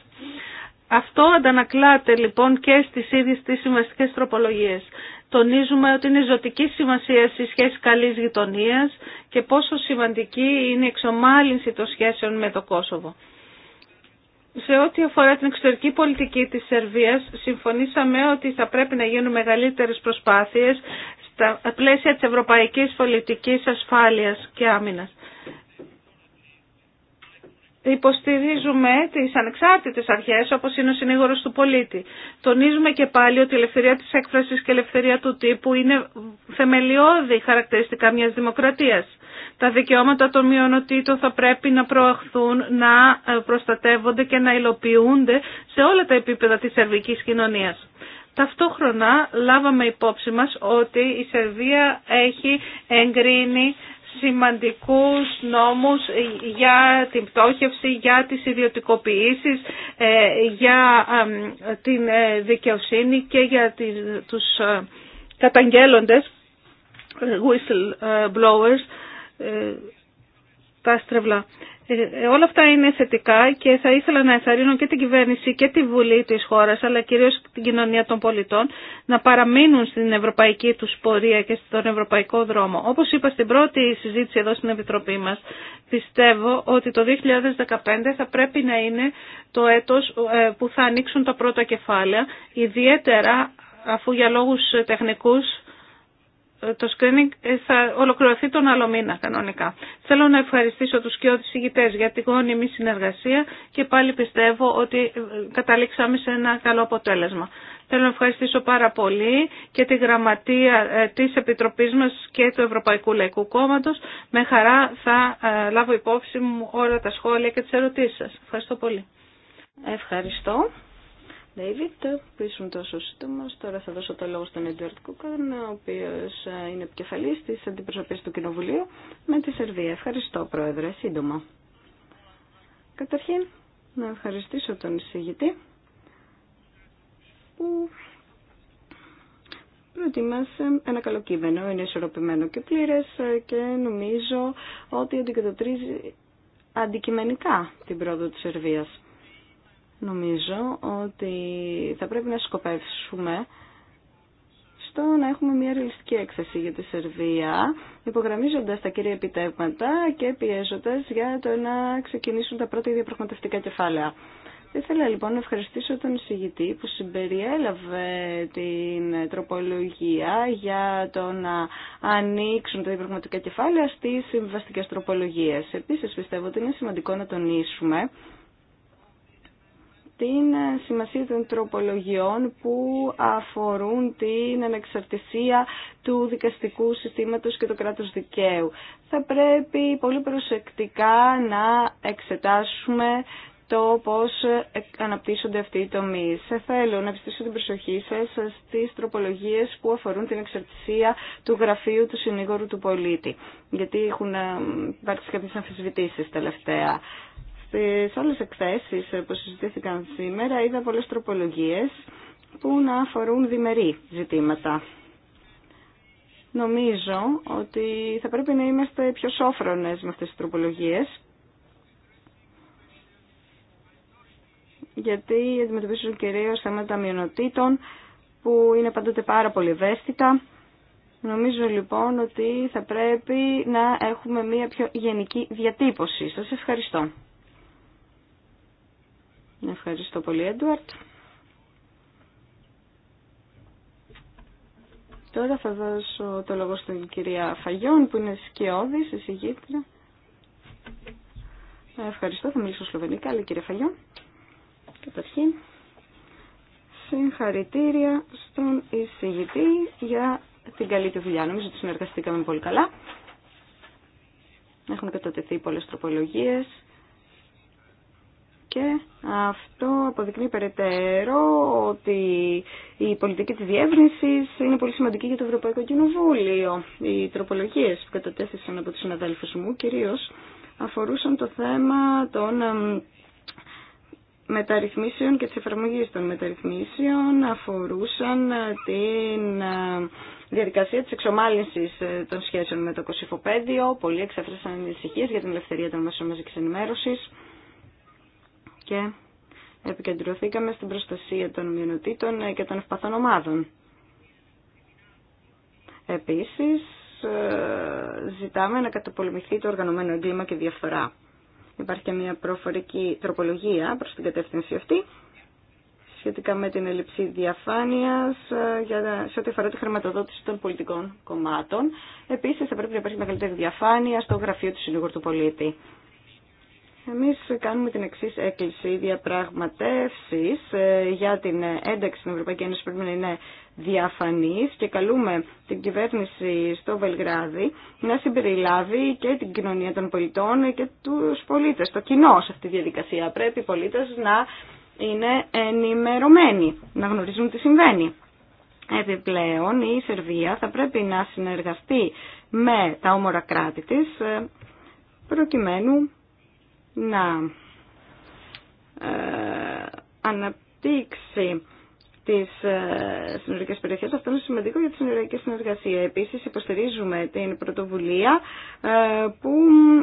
Αυτό αντανακλάται λοιπόν και στις ίδιες τις συμβαστικές τροπολογίες. Τονίζουμε ότι είναι ζωτική σημασία στη σχέση καλής γειτονίας και πόσο σημαντική είναι η εξομάλυνση των σχέσεων με το Κόσοβο. Σε ό,τι αφορά την εξωτερική πολιτική της Σερβίας, συμφωνήσαμε ότι θα πρέπει να γίνουν μεγαλύτερες προσπάθειες στα πλαίσια της ευρωπαϊκής πολιτικής ασφάλειας και άμυνας. Υποστηρίζουμε τις ανεξάρτητες αρχές όπως είναι ο συνήγορος του πολίτη. Τονίζουμε και πάλι ότι η ελευθερία της έκφρασης και η ελευθερία του τύπου είναι θεμελιώδη χαρακτηριστικά μιας δημοκρατίας. Τα δικαιώματα των μειονοτήτων θα πρέπει να προαχθούν, να ε, προστατεύονται και να υλοποιούνται σε όλα τα επίπεδα της σερβικής κοινωνίας. Ταυτόχρονα λάβαμε υπόψη μας ότι η Σερβία έχει εγκρίνει σημαντικούς νόμους για την πτώχευση, για τις ιδιωτικοποιήσεις, ε, για την ε, δικαιοσύνη και για τους ε, καταγγέλλοντες, whistleblowers, τα στρεβλά. Ε, όλα αυτά είναι θετικά και θα ήθελα να εθαρρύνω και την κυβέρνηση και τη Βουλή της χώρας αλλά κυρίως την κοινωνία των πολιτών να παραμείνουν στην ευρωπαϊκή τους πορεία και στον ευρωπαϊκό δρόμο. Όπως είπα στην πρώτη συζήτηση εδώ στην Επιτροπή μας, πιστεύω ότι το 2015 θα πρέπει να είναι το έτος ε, που θα ανοίξουν τα πρώτα κεφάλαια, ιδιαίτερα αφού για λόγους τεχνικούς το screening ε, θα ολοκληρωθεί τον άλλο μήνα κανονικά. Θέλω να ευχαριστήσω τους και τους ηγητές για την γόνιμη συνεργασία και πάλι πιστεύω ότι ε, καταλήξαμε σε ένα καλό αποτέλεσμα. Θέλω να ευχαριστήσω πάρα πολύ και τη γραμματεία ε, της Επιτροπής μας και του Ευρωπαϊκού Λαϊκού Κόμματος. Με χαρά θα λάβω υπόψη μου όλα τα σχόλια και τις ερωτήσεις σας. Ευχαριστώ πολύ. Ευχαριστώ. David, που ήσουν τόσο σύντομο. Τώρα θα δώσω το λόγο στον Edward Κούκαν, ο οποίο ε, είναι επικεφαλή τη αντιπροσωπεία του Κοινοβουλίου με τη Σερβία. Ευχαριστώ, Πρόεδρε, σύντομα. Καταρχήν, να ευχαριστήσω τον εισηγητή που προετοίμασε ένα καλό κείμενο. Είναι ισορροπημένο και πλήρε και νομίζω ότι αντικατοπτρίζει αντικειμενικά την πρόοδο της Σερβίας νομίζω ότι θα πρέπει να σκοπεύσουμε στο να έχουμε μια ρελιστική έκθεση για τη Σερβία, υπογραμμίζοντας τα κύρια επιτεύγματα και πιέζοντας για το να ξεκινήσουν τα πρώτα διαπραγματευτικά κεφάλαια. Ήθελα λοιπόν να ευχαριστήσω τον εισηγητή που συμπεριέλαβε την τροπολογία για το να ανοίξουν τα διαπραγματικά κεφάλαια στις συμβαστικές τροπολογίες. Επίσης πιστεύω ότι είναι σημαντικό να τονίσουμε την σημασία των τροπολογιών που αφορούν την ανεξαρτησία του δικαστικού συστήματος και του κράτους δικαίου. Θα πρέπει πολύ προσεκτικά να εξετάσουμε το πώς αναπτύσσονται αυτοί οι τομείς. Θέλω να επιστήσω την προσοχή σας στις τροπολογίες που αφορούν την εξαρτησία του γραφείου του συνήγορου του πολίτη, γιατί έχουν ε, υπάρξει κάποιες αμφισβητήσεις τελευταία. Στις άλλες εκθέσεις που συζητήθηκαν σήμερα είδα πολλές τροπολογίες που να αφορούν διμερεί ζητήματα. Νομίζω ότι θα πρέπει να είμαστε πιο σόφρονες με αυτές τις τροπολογίες γιατί αντιμετωπίζουν κυρίως θέματα μειονοτήτων που είναι πάντοτε πάρα πολύ ευαίσθητα. Νομίζω λοιπόν ότι θα πρέπει να έχουμε μια πιο γενική διατύπωση. Σας ευχαριστώ. Ευχαριστώ πολύ, Έντουαρτ. Τώρα θα δώσω το λόγο στην κυρία Φαγιόν που είναι σκιώδη, εισηγήτρια. Ευχαριστώ, θα μιλήσω σλοβενικά, λέει κυρία Φαγιόν. Καταρχήν, συγχαρητήρια στον εισηγητή για την καλή του δουλειά. Νομίζω ότι συνεργαστήκαμε πολύ καλά. Έχουν κατατεθεί πολλές τροπολογίες και αυτό αποδεικνύει περαιτέρω ότι η πολιτική της διεύρυνσης είναι πολύ σημαντική για το Ευρωπαϊκό Κοινοβούλιο. Οι τροπολογίες που κατατέθησαν από τους συναδέλφους μου κυρίως αφορούσαν το θέμα των μεταρρυθμίσεων και της εφαρμογής των μεταρρυθμίσεων αφορούσαν ε, την ε, διαδικασία της εξομάλυνσης ε, των σχέσεων με το Κωσυφοπέδιο. Πολλοί εξέφρασαν ανησυχίες για την ελευθερία των μέσων μαζικής και επικεντρωθήκαμε στην προστασία των μειονοτήτων και των ευπαθών ομάδων. Επίσης, ε, ζητάμε να καταπολεμηθεί το οργανωμένο εγκλήμα και διαφθορά. Υπάρχει και μια προφορική τροπολογία προς την κατεύθυνση αυτή, σχετικά με την ελλειψή διαφάνειας ε, για, σε ό,τι αφορά τη χρηματοδότηση των πολιτικών κομμάτων. Επίσης, θα πρέπει να υπάρχει μεγαλύτερη διαφάνεια στο γραφείο του Συνήγορου του Πολίτη. Εμείς κάνουμε την εξή έκκληση. διαπραγματεύσει διαπραγματεύσεις ε, για την ένταξη στην Ευρωπαϊκή Ένωση πρέπει να είναι διαφανής και καλούμε την κυβέρνηση στο Βελγράδι να συμπεριλάβει και την κοινωνία των πολιτών και τους πολίτες, το κοινό σε αυτή τη διαδικασία. Πρέπει οι πολίτες να είναι ενημερωμένοι, να γνωρίζουν τι συμβαίνει. Επιπλέον η Σερβία θα πρέπει να συνεργαστεί με τα όμορα κράτη της ε, προκειμένου να ε, αναπτύξει τις ε, συνορικές περιοχές. Αυτό είναι σημαντικό για τη συνοριακή συνεργασία. Επίσης υποστηρίζουμε την πρωτοβουλία ε, που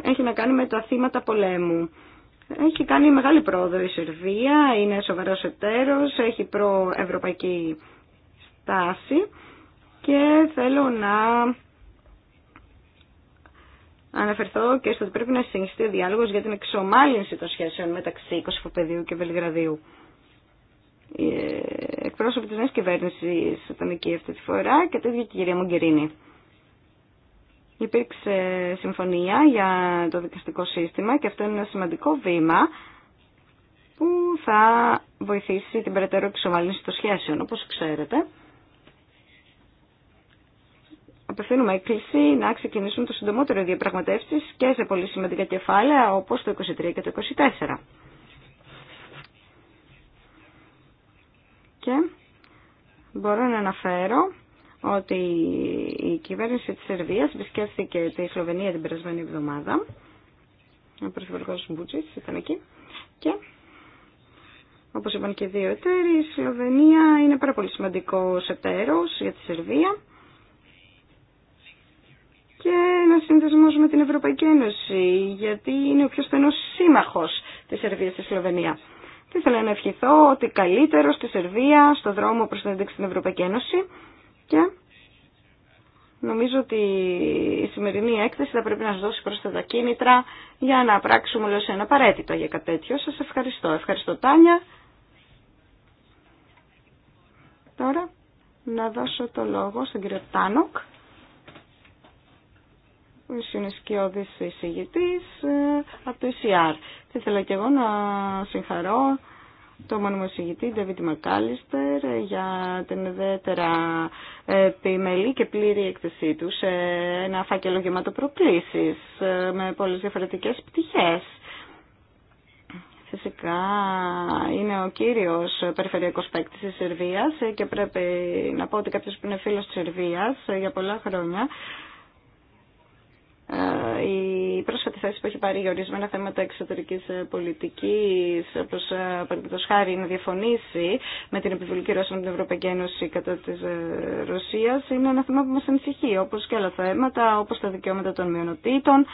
έχει να κάνει με τα θύματα πολέμου. Έχει κάνει μεγάλη πρόοδο η Σερβία, είναι σοβαρός εταίρος, έχει προευρωπαϊκή στάση και θέλω να αναφερθώ και στο ότι πρέπει να συνεχιστεί ο διάλογος για την εξομάλυνση των σχέσεων μεταξύ Κωσυφοπεδίου και Βελιγραδίου. Οι εκπρόσωποι της νέας κυβέρνησης ήταν εκεί αυτή τη φορά και το ίδιο και η κυρία Μογκερίνη. Υπήρξε συμφωνία για το δικαστικό σύστημα και αυτό είναι ένα σημαντικό βήμα που θα βοηθήσει την περαιτέρω εξομάλυνση των σχέσεων. Όπως ξέρετε, απευθύνουμε έκκληση να ξεκινήσουν το συντομότερο διαπραγματεύσει και σε πολύ σημαντικά κεφάλαια όπω το 23 και το 24. Και μπορώ να αναφέρω ότι η κυβέρνηση της Σερβίας επισκέφθηκε τη Σλοβενία την περασμένη εβδομάδα. Ο Πρωθυπουργό Μπούτσιτς ήταν εκεί. Και όπως είπαν και οι δύο εταίροι, η Σλοβενία είναι πάρα πολύ σημαντικό εταίρο για τη Σερβία και ένα συνδεσμό με την Ευρωπαϊκή Ένωση, γιατί είναι ο πιο στενό σύμμαχο τη Σερβία στη Σλοβενία. Τι ήθελα να ευχηθώ ότι καλύτερο στη Σερβία, στο δρόμο προς την ένταξη στην Ευρωπαϊκή Ένωση και νομίζω ότι η σημερινή έκθεση θα πρέπει να σα δώσει τα κίνητρα για να πράξουμε όλες ένα απαραίτητο για κάτι τέτοιο. Σα ευχαριστώ. Ευχαριστώ Τάνια. Τώρα να δώσω το λόγο στον κύριο Τάνοκ ο είναι εισηγητής ε, από το ECR. Θα ήθελα και εγώ να συγχαρώ το μόνιμο εισηγητή David McAllister για την ιδιαίτερα επιμελή και πλήρη έκθεσή του σε ένα φάκελο γεμάτο προκλήσεις ε, με πολλές διαφορετικές πτυχές. Φυσικά είναι ο κύριος περιφερειακός παίκτη της Σερβίας ε, και πρέπει να πω ότι κάποιος που είναι φίλος της Σερβίας για πολλά χρόνια ε, η πρόσφατη θέση που έχει πάρει για ορισμένα θέματα εξωτερική ε, πολιτική, όπω ε, παραδείγματο χάρη να διαφωνήσει με την επιβολική Ρώσων από την Ευρωπαϊκή Ένωση κατά τη Ρωσία, είναι ένα θέμα που μα ανησυχεί, όπω και άλλα θέματα, όπω τα δικαιώματα των μειονοτήτων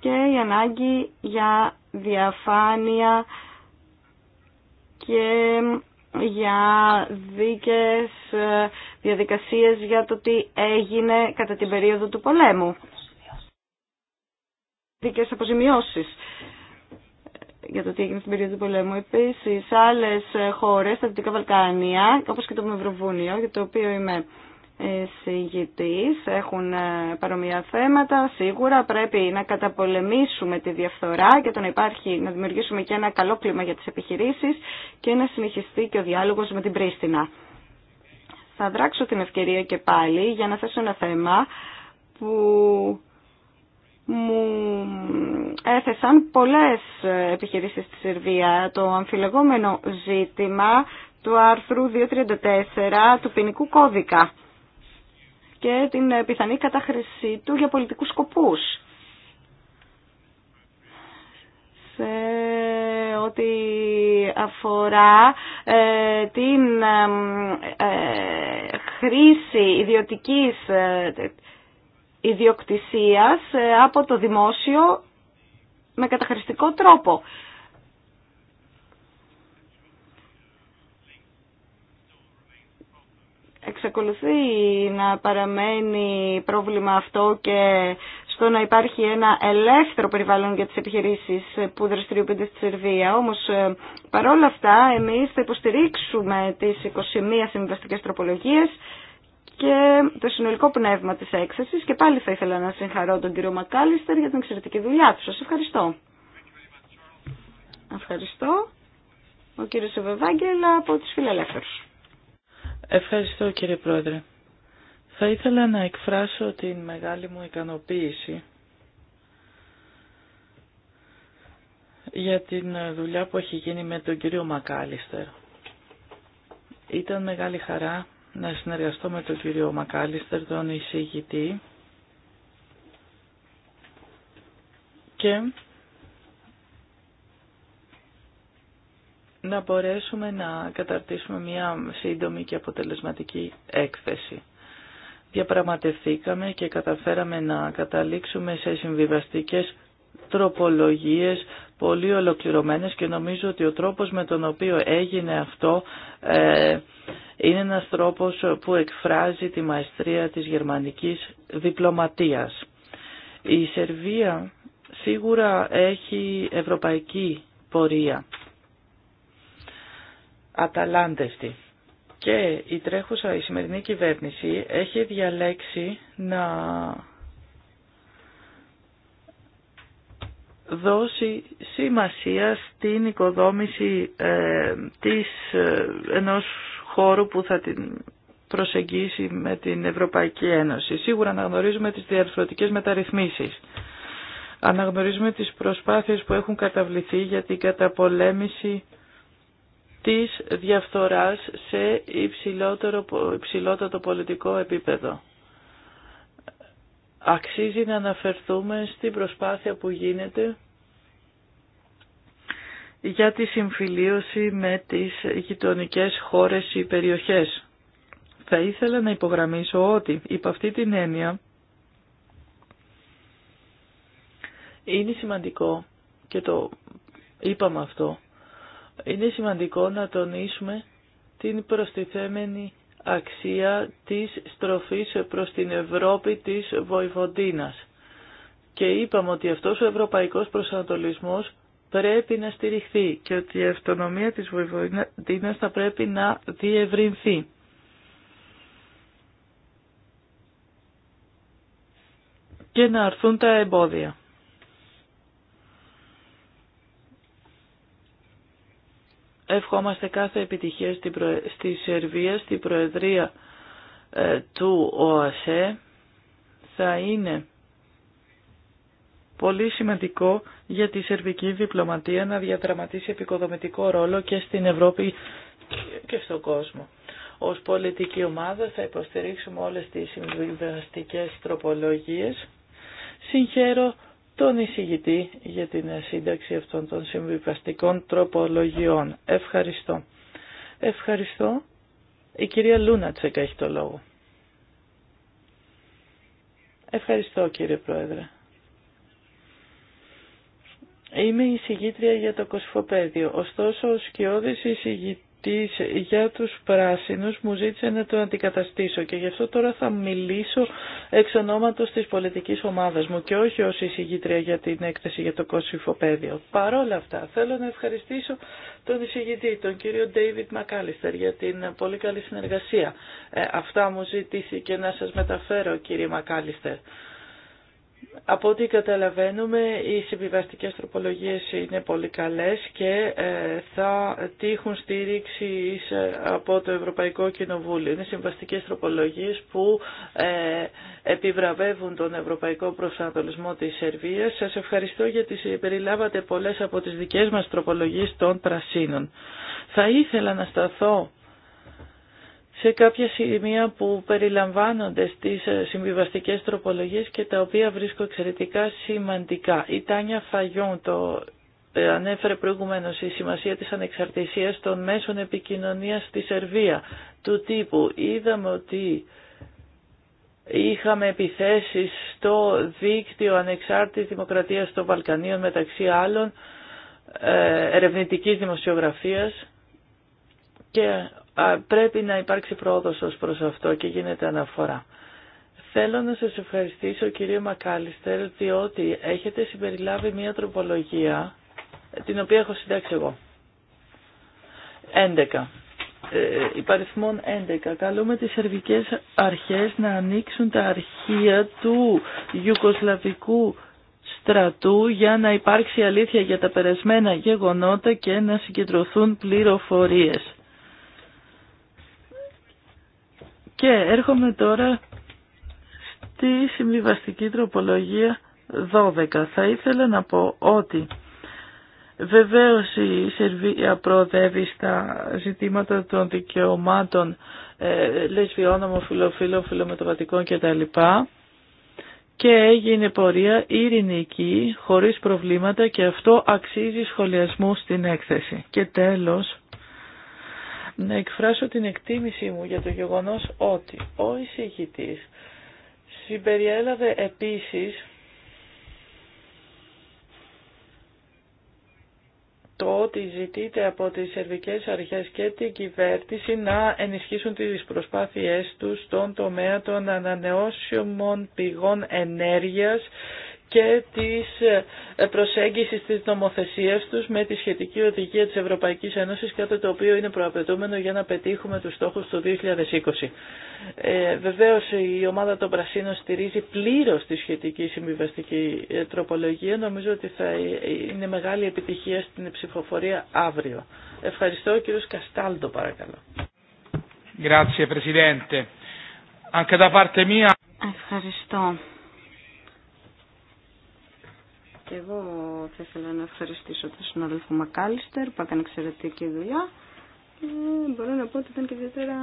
και η ανάγκη για διαφάνεια και για δίκες διαδικασίες για το τι έγινε κατά την περίοδο του πολέμου δικές αποζημιώσεις για το τι έγινε στην περίοδο του πολέμου. Επίση, άλλε χώρε, τα Δυτικά Βαλκάνια, όπω και το Μευροβούνιο, για το οποίο είμαι ε, συγητή, έχουν ε, παρομοιά θέματα. Σίγουρα πρέπει να καταπολεμήσουμε τη διαφθορά και το να υπάρχει, να δημιουργήσουμε και ένα καλό κλίμα για τι επιχειρήσει και να συνεχιστεί και ο διάλογο με την Πρίστινα. Θα δράξω την ευκαιρία και πάλι για να θέσω ένα θέμα που μου έθεσαν πολλές επιχειρήσεις στη Σερβία. Το αμφιλεγόμενο ζήτημα του άρθρου 234 του ποινικού κώδικα και την πιθανή κατάχρησή του για πολιτικούς σκοπούς. Σε ό,τι αφορά ε, την ε, ε, χρήση ιδιωτικής ιδιοκτησίας ε, από το δημόσιο με καταχρηστικό τρόπο. Εξακολουθεί να παραμένει πρόβλημα αυτό και στο να υπάρχει ένα ελεύθερο περιβάλλον για τις επιχειρήσεις που δραστηριοποιούνται στη Σερβία. Όμως ε, παρόλα αυτά εμείς θα υποστηρίξουμε τις 21 συμβαστικές τροπολογίες και το συνολικό πνεύμα της έκθεσης και πάλι θα ήθελα να συγχαρώ τον κύριο Μακάλιστερ για την εξαιρετική δουλειά του. Σας ευχαριστώ. Ευχαριστώ. Ο κύριος Ευεβάγγελα από τους Φιλελεύθερους. Ευχαριστώ κύριε Πρόεδρε. Θα ήθελα να εκφράσω την μεγάλη μου ικανοποίηση για την δουλειά που έχει γίνει με τον κύριο Μακάλιστερ. Ήταν μεγάλη χαρά να συνεργαστώ με τον κύριο Μακάλιστερ, τον εισηγητή και να μπορέσουμε να καταρτήσουμε μια σύντομη και αποτελεσματική έκθεση. Διαπραγματευθήκαμε και καταφέραμε να καταλήξουμε σε συμβιβαστικές τροπολογίες πολύ ολοκληρωμένες και νομίζω ότι ο τρόπος με τον οποίο έγινε αυτό ε, είναι ένας τρόπος που εκφράζει τη μαεστρία της γερμανικής διπλωματίας. Η Σερβία σίγουρα έχει ευρωπαϊκή πορεία, αταλάντευτη. Και η τρέχουσα, η σημερινή κυβέρνηση έχει διαλέξει να δώσει σημασία στην οικοδόμηση ε, της, ε, ενός χώρου που θα την προσεγγίσει με την Ευρωπαϊκή Ένωση. Σίγουρα αναγνωρίζουμε τις διαρθρωτικές μεταρρυθμίσεις. Αναγνωρίζουμε τις προσπάθειες που έχουν καταβληθεί για την καταπολέμηση της διαφθοράς σε υψηλότερο, υψηλότερο πολιτικό επίπεδο αξίζει να αναφερθούμε στην προσπάθεια που γίνεται για τη συμφιλίωση με τις γειτονικές χώρες ή περιοχές. Θα ήθελα να υπογραμμίσω ότι υπ' αυτή την έννοια είναι σημαντικό και το είπαμε αυτό, είναι σημαντικό να τονίσουμε την προστιθέμενη αξία της στροφής προς την Ευρώπη της Βοηβοντίνας. Και είπαμε ότι αυτός ο ευρωπαϊκός προσανατολισμός πρέπει να στηριχθεί και ότι η αυτονομία της Βοηβοντίνας θα πρέπει να διευρυνθεί. και να έρθουν τα εμπόδια. Ευχόμαστε κάθε επιτυχία στη Σερβία, στη Προεδρία ε, του ΟΑΣΕ. Θα είναι πολύ σημαντικό για τη σερβική διπλωματία να διαδραματίσει επικοδομητικό ρόλο και στην Ευρώπη και στον κόσμο. Ως πολιτική ομάδα θα υποστηρίξουμε όλες τις συμβιβαστικές τροπολογίες. Συγχαίρω τον εισηγητή για την σύνταξη αυτών των συμβιβαστικών τροπολογιών. Ευχαριστώ. Ευχαριστώ. Η κυρία Λούνατσεκ έχει το λόγο. Ευχαριστώ κύριε Πρόεδρε. Είμαι εισηγήτρια για το κοσφοπέδιο. Ωστόσο, ο σκιώδης εισηγητής της, για τους πράσινους μου ζήτησε να το αντικαταστήσω και γι' αυτό τώρα θα μιλήσω εξ ονόματος της πολιτικής ομάδας μου και όχι ως εισηγήτρια για την έκθεση για το κοσυφοπαίδιο. Παρόλα αυτά θέλω να ευχαριστήσω τον εισηγητή, τον κύριο Ντέιβιτ Μακάλιστερ για την πολύ καλή συνεργασία. Ε, αυτά μου ζητήθηκε να σας μεταφέρω κύριε Μακάλιστερ. Από ό,τι καταλαβαίνουμε, οι συμβιβαστικές τροπολογίες είναι πολύ καλές και ε, θα τύχουν στήριξη ε, από το Ευρωπαϊκό Κοινοβούλιο. Είναι συμβαστικές τροπολογίες που ε, επιβραβεύουν τον ευρωπαϊκό προσανατολισμό της Σερβίας. Σας ευχαριστώ γιατί περιλάβατε πολλές από τις δικές μας τροπολογίες των πρασίνων. Θα ήθελα να σταθώ σε κάποια σημεία που περιλαμβάνονται στις ε, συμβιβαστικές τροπολογίες και τα οποία βρίσκω εξαιρετικά σημαντικά. Η Τάνια Φαγιόν το ε, ανέφερε προηγουμένως η σημασία της ανεξαρτησίας των μέσων επικοινωνίας στη Σερβία του τύπου. Είδαμε ότι είχαμε επιθέσεις στο δίκτυο ανεξάρτητης δημοκρατίας των Βαλκανίων μεταξύ άλλων ε, ερευνητικής δημοσιογραφίας και πρέπει να υπάρξει πρόοδος ως προς αυτό και γίνεται αναφορά. Θέλω να σας ευχαριστήσω κύριε Μακάλιστερ διότι έχετε συμπεριλάβει μια τροπολογία ε, την οποία έχω συντάξει εγώ. 11. Ε, υπαριθμών 11. Καλούμε τις σερβικές αρχές να ανοίξουν τα αρχεία του Ιουκοσλαβικού στρατού για να υπάρξει αλήθεια για τα περασμένα γεγονότα και να συγκεντρωθούν πληροφορίες. Και έρχομαι τώρα στη συμβιβαστική τροπολογία 12. Θα ήθελα να πω ότι βεβαίως η Σερβία προοδεύει στα ζητήματα των δικαιωμάτων ε, λεσβιών, ομοφιλοφίλων, φιλομεταβατικών κτλ. Και έγινε πορεία ειρηνική, χωρίς προβλήματα και αυτό αξίζει σχολιασμού στην έκθεση. Και τέλος, να εκφράσω την εκτίμησή μου για το γεγονός ότι ο εισηγητής συμπεριέλαβε επίσης το ότι ζητείται από τις σερβικές αρχές και την κυβέρνηση να ενισχύσουν τις προσπάθειές τους στον τομέα των ανανεώσιμων πηγών ενέργειας και της ε, προσέγγισης της νομοθεσίας τους με τη σχετική οδηγία της Ευρωπαϊκής Ένωσης, κάτι το οποίο είναι προαπαιτούμενο για να πετύχουμε τους στόχους του 2020. Ε, βεβαίως η ομάδα των Πρασίνων στηρίζει πλήρως τη σχετική συμβιβαστική ε, τροπολογία. Νομίζω ότι θα είναι μεγάλη επιτυχία στην ψηφοφορία αύριο. Ευχαριστώ κύριο Καστάλτο παρακαλώ. Ευχαριστώ εγώ θα ήθελα να ευχαριστήσω τον συνάδελφο Μακάλιστερ που έκανε εξαιρετική δουλειά. Και μπορώ να πω ότι ήταν και ιδιαίτερα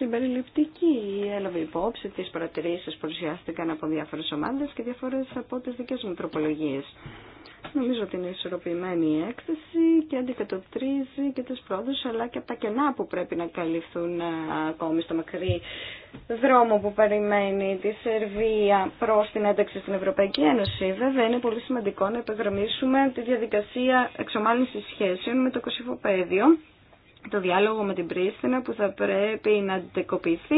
συμπεριληπτική. Έλαβε υπόψη τι παρατηρήσει που παρουσιάστηκαν από διάφορε ομάδε και διαφορέ από τι δικέ μου τροπολογίε. Νομίζω ότι είναι ισορροπημένη η έκθεση και αντικατοπτρίζει και τι πρόοδους αλλά και τα κενά που πρέπει να καλυφθούν ε, ακόμη στο μακρύ δρόμο που περιμένει τη Σερβία προς την ένταξη στην Ευρωπαϊκή Ένωση. Βέβαια είναι πολύ σημαντικό να επεγραμμίσουμε τη διαδικασία εξομάλυνσης σχέσεων με το κοσυφοπαίδιο το διάλογο με την Πρίστινα που θα πρέπει να αντικοποιηθεί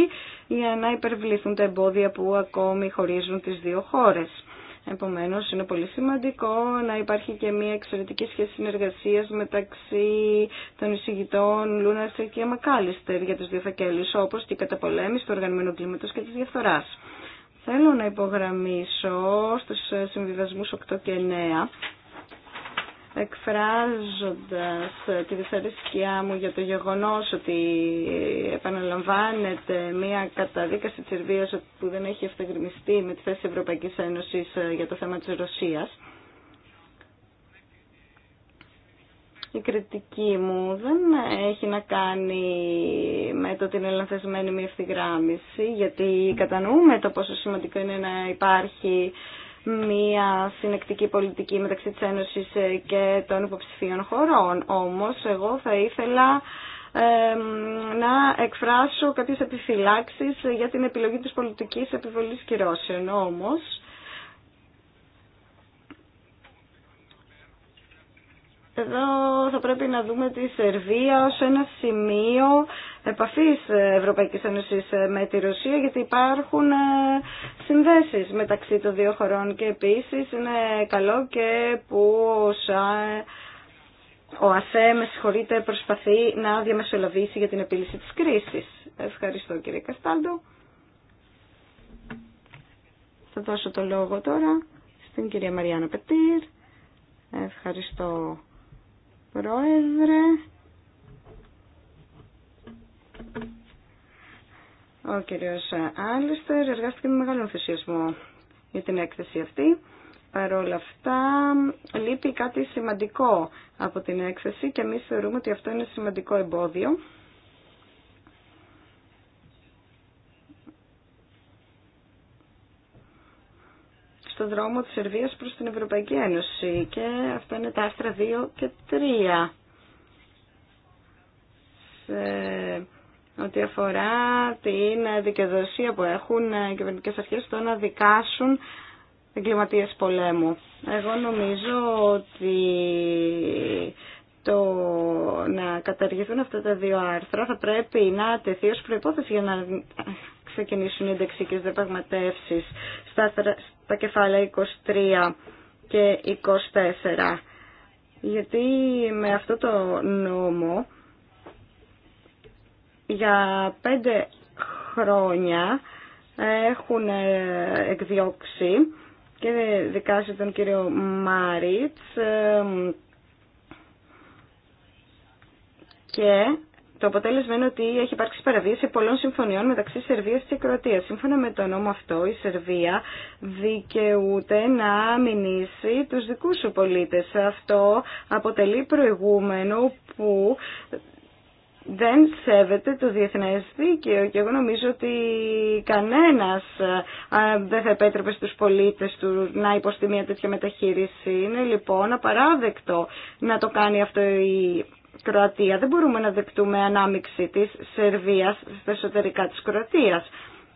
για να υπερβληθούν τα εμπόδια που ακόμη χωρίζουν τις δύο χώρες. Επομένως, είναι πολύ σημαντικό να υπάρχει και μια εξαιρετική σχέση συνεργασίας μεταξύ των εισηγητών Λούνα και Μακάλιστερ για τους δύο φακέλους, όπως και η καταπολέμηση του οργανωμένου κλίματος και της διαφθοράς. Θέλω να υπογραμμίσω στους συμβιβασμούς 8 και 9 εκφράζοντας τη δυσαρέσκειά μου για το γεγονός ότι επαναλαμβάνεται μια καταδίκαση της Σερβίας που δεν έχει ευθεγρυμιστεί με τη θέση Ευρωπαϊκής Ένωσης ε, για το θέμα της Ρωσίας. Η κριτική μου δεν έχει να κάνει με το την λανθασμένη μία ευθυγράμμιση, γιατί κατανοούμε το πόσο σημαντικό είναι να υπάρχει μια συνεκτική πολιτική μεταξύ της Ένωσης ε, και των υποψηφίων χωρών. Όμως εγώ θα ήθελα να εκφράσω κάποιες επιφυλάξεις για την επιλογή της πολιτικής επιβολής κυρώσεων. Όμως, εδώ θα πρέπει να δούμε τη Σερβία ως ένα σημείο επαφής Ευρωπαϊκής Ένωσης με τη Ρωσία γιατί υπάρχουν ε, συνδέσεις μεταξύ των δύο χωρών και επίσης είναι καλό και που ο ΑΣΕ, με συγχωρείτε, προσπαθεί να διαμεσολαβήσει για την επίλυση της κρίσης. Ευχαριστώ κύριε Καστάλτο. Θα δώσω το λόγο τώρα στην κυρία Μαριάννα Πετήρ. Ευχαριστώ πρόεδρε. Ο κύριος Άλιστερ εργάστηκε με μεγάλο ενθουσιασμό για την έκθεση αυτή. Παρ' όλα αυτά λείπει κάτι σημαντικό από την έκθεση και εμεί θεωρούμε ότι αυτό είναι σημαντικό εμπόδιο. στον δρόμο της Σερβίας προς την Ευρωπαϊκή Ένωση και αυτά είναι τα άστρα 2 και 3. Σε ό,τι αφορά την δικαιοδοσία που έχουν οι κυβερνητικέ αρχέ στο να δικάσουν εγκληματίε πολέμου. Εγώ νομίζω ότι το να καταργηθούν αυτά τα δύο άρθρα θα πρέπει να τεθεί ως προϋπόθεση για να ξεκινήσουν οι ενταξικές διαπραγματεύσεις στα, στα κεφάλαια 23 και 24. Γιατί με αυτό το νόμο για πέντε χρόνια έχουν εκδιώξει και δικάσει τον κύριο Μάριτς και το αποτέλεσμα είναι ότι έχει υπάρξει παραβίαση πολλών συμφωνιών μεταξύ Σερβίας και Κροατίας. Σύμφωνα με το νόμο αυτό, η Σερβία δικαιούται να μηνύσει τους δικούς σου πολίτες. Αυτό αποτελεί προηγούμενο που δεν σέβεται το διεθνές δίκαιο και εγώ νομίζω ότι κανένας ε, δεν θα επέτρεπε στους πολίτες του να υποστεί μια τέτοια μεταχείριση. Είναι λοιπόν απαράδεκτο να το κάνει αυτό η Κροατία. Δεν μπορούμε να δεκτούμε ανάμειξη της Σερβίας στα εσωτερικά της Κροατίας.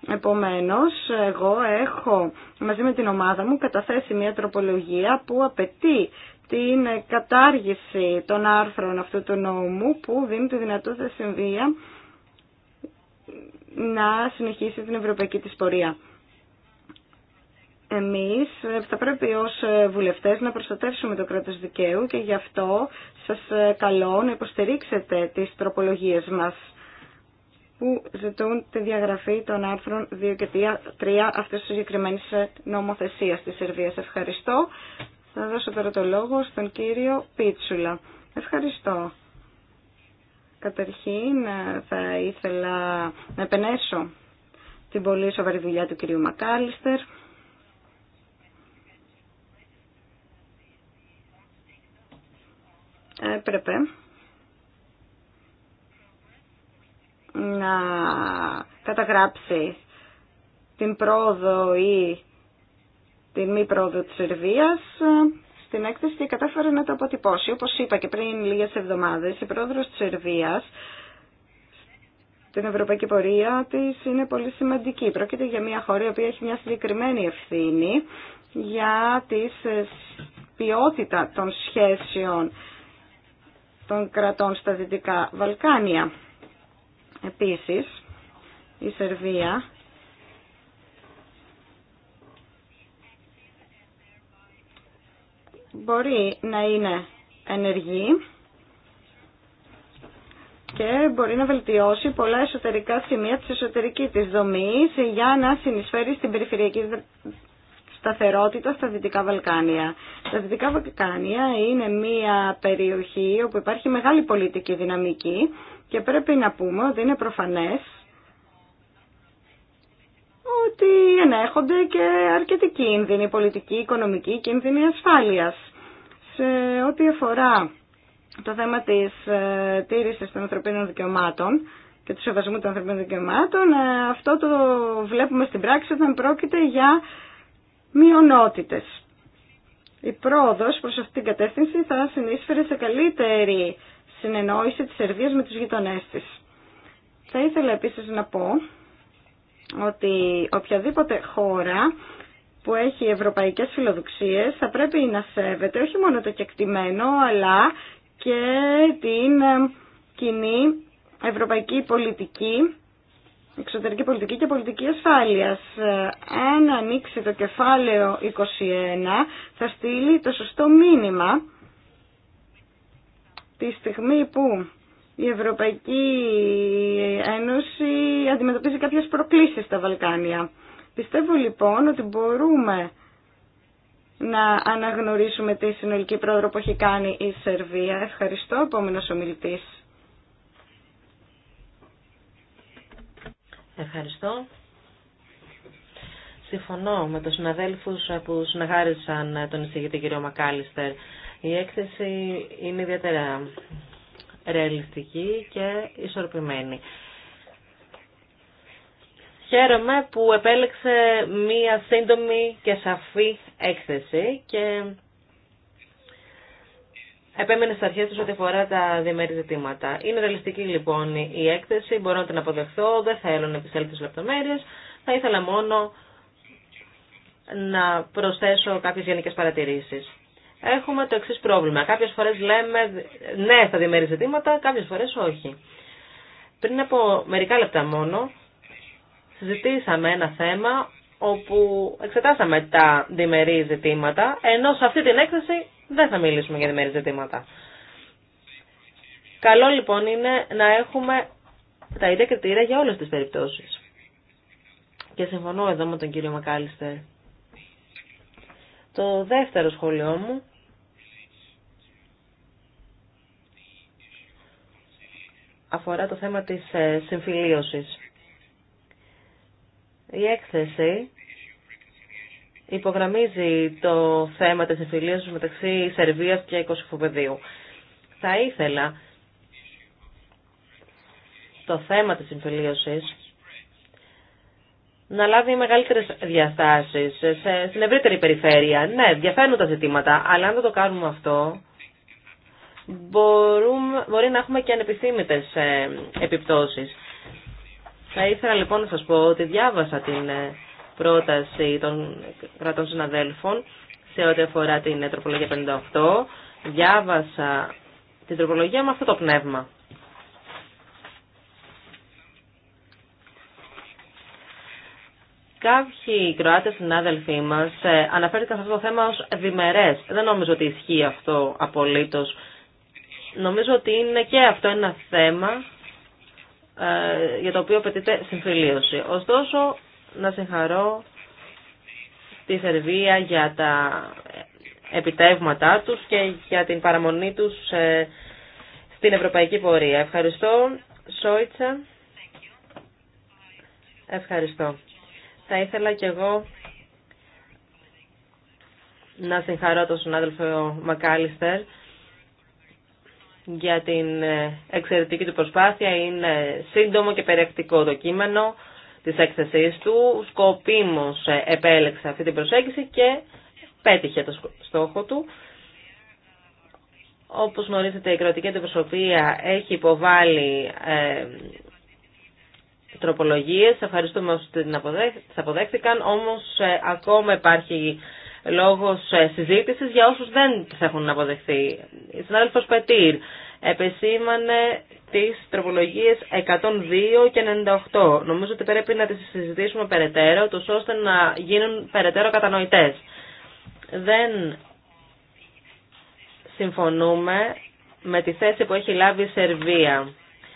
Επομένως, εγώ έχω μαζί με την ομάδα μου καταθέσει μια τροπολογία που απαιτεί την κατάργηση των άρθρων αυτού του νόμου που δίνει τη δυνατότητα στην βία να συνεχίσει την ευρωπαϊκή της πορεία. Εμείς θα πρέπει ως βουλευτές να προστατεύσουμε το κράτος δικαίου και γι' αυτό σας καλώ να υποστηρίξετε τις τροπολογίες μας που ζητούν τη διαγραφή των άρθρων 2 και 3 αυτής της συγκεκριμένης νομοθεσίας της Σερβίας. Ευχαριστώ. Θα δώσω τώρα το λόγο στον κύριο Πίτσουλα. Ευχαριστώ. Καταρχήν ε, θα ήθελα να επενέσω την πολύ σοβαρή δουλειά του κυρίου Μακάλιστερ. Έπρεπε να καταγράψει την πρόοδο ή την μη πρόοδο της Σερβίας ε, στην έκθεση κατάφερε να το αποτυπώσει. Όπως είπα και πριν λίγες εβδομάδες, η πρόεδρος της Σερβίας την ευρωπαϊκή πορεία της είναι πολύ σημαντική. Πρόκειται για μια χώρα η οποία έχει μια συγκεκριμένη ευθύνη για τη ε, ποιότητα των σχέσεων των κρατών στα Δυτικά Βαλκάνια. Επίσης, η Σερβία μπορεί να είναι ενεργή και μπορεί να βελτιώσει πολλά εσωτερικά σημεία της εσωτερικής της δομής για να συνεισφέρει στην περιφερειακή σταθερότητα στα Δυτικά Βαλκάνια. Τα Δυτικά Βαλκάνια είναι μια περιοχή όπου υπάρχει μεγάλη πολιτική δυναμική και πρέπει να πούμε ότι είναι προφανές ότι ενέχονται και αρκετοί κίνδυνοι, πολιτικοί, οικονομικοί κίνδυνοι ασφάλειας. Σε ό,τι αφορά το θέμα της ε, τήρησης των ανθρωπίνων δικαιωμάτων και του σεβασμού των ανθρωπίνων δικαιωμάτων, ε, αυτό το βλέπουμε στην πράξη όταν πρόκειται για μειονότητες. Η πρόοδος προς αυτήν την κατεύθυνση θα συνείσφερε σε καλύτερη συνεννόηση της Σερβίας με τους γειτονές της. Θα ήθελα επίσης να πω ότι οποιαδήποτε χώρα που έχει ευρωπαϊκές φιλοδοξίες θα πρέπει να σέβεται όχι μόνο το κεκτημένο αλλά και την ε, κοινή ευρωπαϊκή πολιτική εξωτερική πολιτική και πολιτική ασφάλειας. Ε, αν ανοίξει το κεφάλαιο 21 θα στείλει το σωστό μήνυμα τη στιγμή που η Ευρωπαϊκή Ένωση αντιμετωπίζει κάποιες προκλήσεις στα Βαλκάνια. Πιστεύω λοιπόν ότι μπορούμε να αναγνωρίσουμε τη συνολική πρόοδο που έχει κάνει η Σερβία. Ευχαριστώ, επόμενο ομιλητή. Ευχαριστώ. Συμφωνώ με τους συναδέλφους που συνεγάρισαν τον εισηγητή κύριο Μακάλιστερ. Η έκθεση είναι ιδιαίτερα ρεαλιστική και ισορροπημένη. Χαίρομαι που επέλεξε μία σύντομη και σαφή έκθεση και επέμενε στα αρχές τους ό,τι αφορά τα διμέρη ζητήματα. Είναι ρεαλιστική λοιπόν η έκθεση, μπορώ να την αποδεχθώ, δεν θέλω να επισέλθω τις λεπτομέρειες, θα ήθελα μόνο να προσθέσω κάποιες γενικές παρατηρήσεις έχουμε το εξή πρόβλημα. Κάποιες φορές λέμε ναι στα διμερεί ζητήματα, κάποιες φορές όχι. Πριν από μερικά λεπτά μόνο, συζητήσαμε ένα θέμα όπου εξετάσαμε τα διμερεί ζητήματα, ενώ σε αυτή την έκθεση δεν θα μιλήσουμε για διμερεί ζητήματα. Καλό λοιπόν είναι να έχουμε τα ίδια κριτήρια για όλες τις περιπτώσεις. Και συμφωνώ εδώ με τον κύριο Μακάλιστερ. Το δεύτερο σχόλιο μου αφορά το θέμα της ε, συμφιλίωσης. Η έκθεση υπογραμμίζει το θέμα της συμφιλίωσης μεταξύ Σερβίας και Κωσυφοπεδίου. Θα ήθελα το θέμα της συμφιλίωσης να λάβει μεγαλύτερε διαστάσει στην ευρύτερη περιφέρεια. Ναι, διαφέρουν τα ζητήματα, αλλά αν δεν το κάνουμε αυτό, μπορούμε, μπορεί να έχουμε και ανεπιθύμητε ε, επιπτώσει. Θα ήθελα λοιπόν να σα πω ότι διάβασα την ε, πρόταση των κρατών συναδέλφων σε ό,τι αφορά την ε, τροπολογία 58. Διάβασα την τροπολογία με αυτό το πνεύμα. Κάποιοι Κροάτες συνάδελφοί μας ε, αναφέρθηκαν σε αυτό το θέμα ως διμερές. Δεν νομίζω ότι ισχύει αυτό απολύτως. Νομίζω ότι είναι και αυτό ένα θέμα ε, για το οποίο απαιτείται συμφιλίωση. Ωστόσο, να συγχαρώ τη Σερβία για τα επιτεύγματά τους και για την παραμονή τους ε, στην ευρωπαϊκή πορεία. Ευχαριστώ, Σόιτσα. Ευχαριστώ. Θα ήθελα κι εγώ να συγχαρώ τον συνάδελφο Μακάλιστερ για την ε, εξαιρετική του προσπάθεια. Είναι σύντομο και περιεκτικό το κείμενο της έκθεσής του. Σκοπίμως ε, επέλεξε αυτή την προσέγγιση και πέτυχε το στόχο του. Όπως γνωρίζετε η κρατική αντιπροσωπεία έχει υποβάλει ε, τροπολογίες. Ευχαριστούμε όσους τις αποδέχτηκαν, όμως ε, ακόμα υπάρχει λόγος ε, συζήτησης για όσους δεν τις έχουν αποδεχθεί. Η συνάδελφος Πετήρ επεσήμανε τις τροπολογίες 102 και 98. Νομίζω ότι πρέπει να τις συζητήσουμε περαιτέρω, τους ώστε να γίνουν περαιτέρω κατανοητές. Δεν συμφωνούμε με τη θέση που έχει λάβει η Σερβία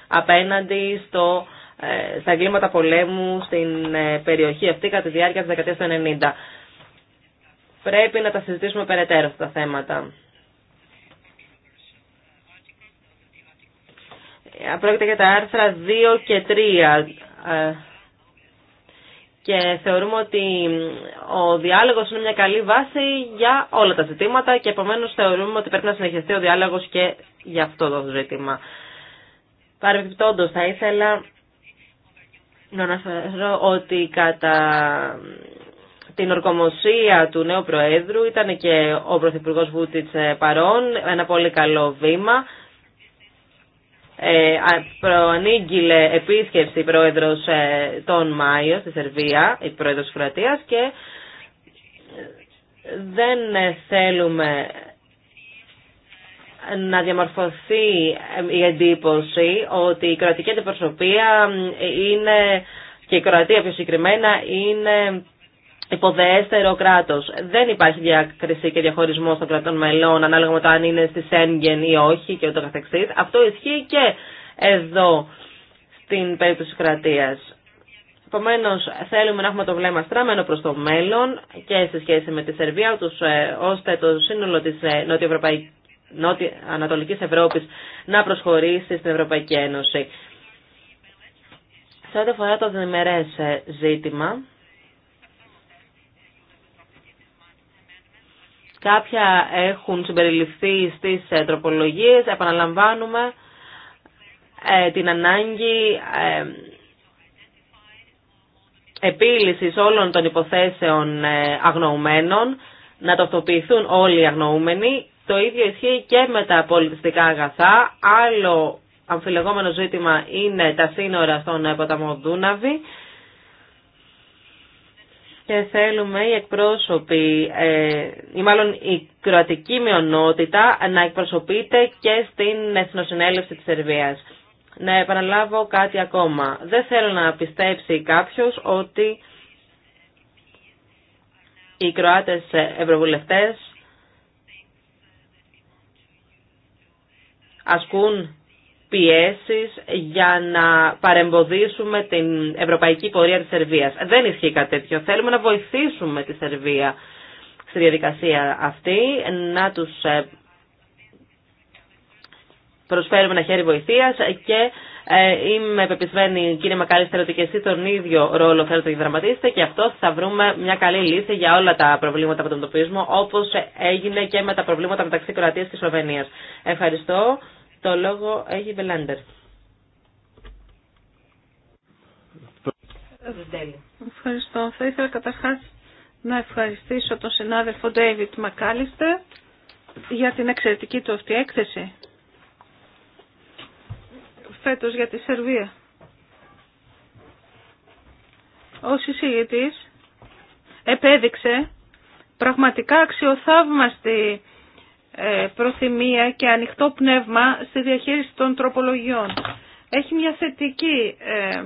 απέναντι στο ε, στα εγκλήματα πολέμου στην ε, περιοχή αυτή κατά τη διάρκεια της δεκαετίας του 90. Πρέπει να τα συζητήσουμε περαιτέρω αυτά τα θέματα. Ε, πρόκειται για τα άρθρα 2 και 3 και θεωρούμε ότι ο διάλογος είναι μια καλή βάση για όλα τα ζητήματα και επομένως θεωρούμε ότι πρέπει να συνεχιστεί ο διάλογος και για αυτό το ζήτημα. Παρεμπιπτόντως θα ήθελα να αναφέρω ότι κατά την ορκομοσία του νέου Προέδρου ήταν και ο Πρωθυπουργός Βούτιτς ε, παρόν, ένα πολύ καλό βήμα. Ε, προανήγγειλε επίσκεψη πρόεδρος ε, τον Μάιο στη Σερβία, η πρόεδρος Κροατίας και δεν θέλουμε να διαμορφωθεί η εντύπωση ότι η κρατική αντιπροσωπεία είναι και η Κροατία πιο συγκεκριμένα είναι υποδεέστερο κράτο. Δεν υπάρχει διακρισή και διαχωρισμό των κρατών μελών ανάλογα με το αν είναι στη Σέγγεν ή όχι και ούτω καθεξής. Αυτό ισχύει και εδώ στην περίπτωση κρατία. Επομένω, θέλουμε να έχουμε το βλέμμα στραμμένο προ το μέλλον και σε σχέση με τη Σερβία, ε, ώστε το σύνολο τη ε, νοτιοευρωπαϊκή νότι Ανατολικής Ευρώπης να προσχωρήσει στην Ευρωπαϊκή Ένωση. Σε ό,τι αφορά το διμερές ε, ζήτημα, κάποια έχουν συμπεριληφθεί στις ε, τροπολογίες, επαναλαμβάνουμε ε, την ανάγκη επίλυσης όλων των υποθέσεων αγνοουμένων, να τοποιηθούν όλοι οι αγνοούμενοι το ίδιο ισχύει και με τα πολιτιστικά αγαθά. Άλλο αμφιλεγόμενο ζήτημα είναι τα σύνορα στον ποταμό Δούναβη. Και θέλουμε οι εκπρόσωποι, ε, ή μάλλον η κροατική μειονότητα, να εκπροσωπείται και στην Εθνοσυνέλευση της Σερβίας. Να επαναλάβω κάτι ακόμα. Δεν θέλω να πιστέψει κάποιος ότι οι Κροάτες Ευρωβουλευτές ασκούν πιέσεις για να παρεμποδίσουμε την ευρωπαϊκή πορεία της Σερβίας. Δεν ισχύει κάτι τέτοιο. Θέλουμε να βοηθήσουμε τη Σερβία στη διαδικασία αυτή, να τους ε, προσφέρουμε ένα χέρι βοηθείας και ε, είμαι πεπισμένη, κύριε Μακάλιστερ, ότι και εσύ τον ίδιο ρόλο θέλετε να δραματίσετε και αυτό θα βρούμε μια καλή λύση για όλα τα προβλήματα που αντιμετωπίζουμε, όπω έγινε και με τα προβλήματα μεταξύ Κροατία και Σλοβενία. Ευχαριστώ. Το λόγο έχει Βελέντερ. Ευχαριστώ. Θα ήθελα καταρχά να ευχαριστήσω τον συνάδελφο Ντέιβιτ Μακάλιστερ για την εξαιρετική του αυτή έκθεση φέτος για τη Σερβία. Ο συζητής επέδειξε πραγματικά αξιοθαύμαστη ε, προθυμία και ανοιχτό πνεύμα στη διαχείριση των τροπολογιών. Έχει μια θετική ε,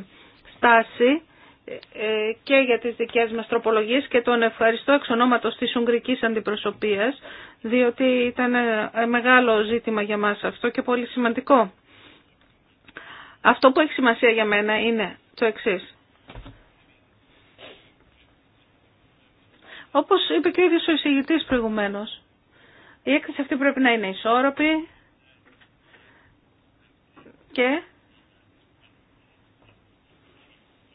στάση ε, και για τις δικές μας τροπολογίες και τον ευχαριστώ εξ ονόματος της Ουγγρικής Αντιπροσωπείας διότι ήταν μεγάλο ζήτημα για μας αυτό και πολύ σημαντικό. Αυτό που έχει σημασία για μένα είναι το εξή. Όπως είπε και ο ίδιο ο εισηγητή προηγουμένω, η έκθεση αυτή πρέπει να είναι ισόρροπη και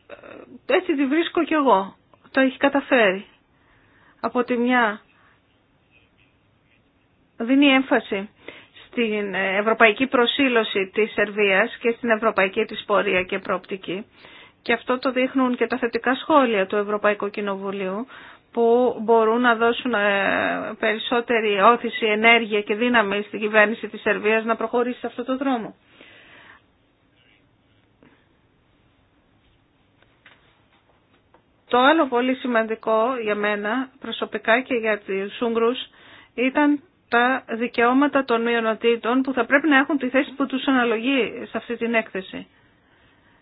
ε, έτσι τη βρίσκω κι εγώ. Το έχει καταφέρει. Από τη μια δίνει έμφαση στην ευρωπαϊκή προσήλωση της Σερβίας και στην ευρωπαϊκή της πορεία και προοπτική. Και αυτό το δείχνουν και τα θετικά σχόλια του Ευρωπαϊκού Κοινοβουλίου που μπορούν να δώσουν ε, περισσότερη όθηση, ενέργεια και δύναμη στην κυβέρνηση της Σερβίας να προχωρήσει σε αυτό το δρόμο. Το άλλο πολύ σημαντικό για μένα προσωπικά και για τους Ούγγρους ήταν τα δικαιώματα των μειονοτήτων που θα πρέπει να έχουν τη θέση που τους αναλογεί σε αυτή την έκθεση.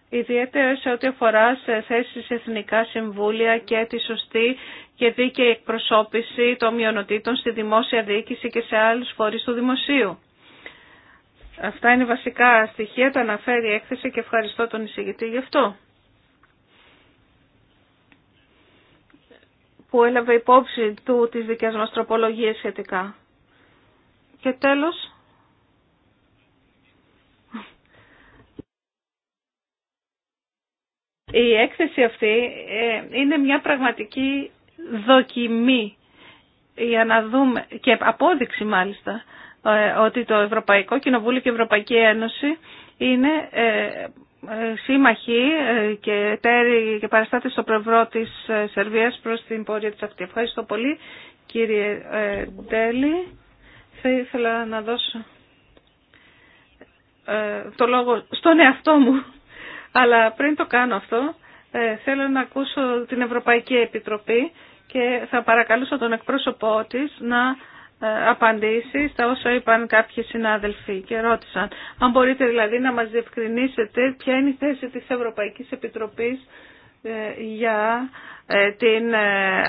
Ιδιαίτερα σε ό,τι αφορά σε θέσεις εθνικά συμβούλια και τη σωστή και δίκαιη εκπροσώπηση των μειονοτήτων στη δημόσια διοίκηση και σε άλλους φορείς του δημοσίου. Αυτά είναι βασικά στοιχεία, τα αναφέρει η έκθεση και ευχαριστώ τον εισηγητή γι' αυτό. Που έλαβε υπόψη του τις δικές μας τροπολογίες σχετικά. Και τέλος, η έκθεση αυτή ε, είναι μια πραγματική δοκιμή για να δούμε και απόδειξη μάλιστα ε, ότι το Ευρωπαϊκό Κοινοβούλιο και η Ευρωπαϊκή Ένωση είναι ε, σύμμαχοι και τέρι και παραστάτες στο πλευρό της Σερβίας προς την πόρια της αυτή. Ευχαριστώ πολύ κύριε Ντέλη. Θα ήθελα να δώσω ε, το λόγο στον εαυτό μου. Αλλά πριν το κάνω αυτό, ε, θέλω να ακούσω την Ευρωπαϊκή Επιτροπή και θα παρακαλούσα τον εκπρόσωπό της να ε, απαντήσει στα όσα είπαν κάποιοι συνάδελφοι και ρώτησαν. Αν μπορείτε δηλαδή να μας διευκρινίσετε ποια είναι η θέση της Ευρωπαϊκής Επιτροπής για ε, την ε,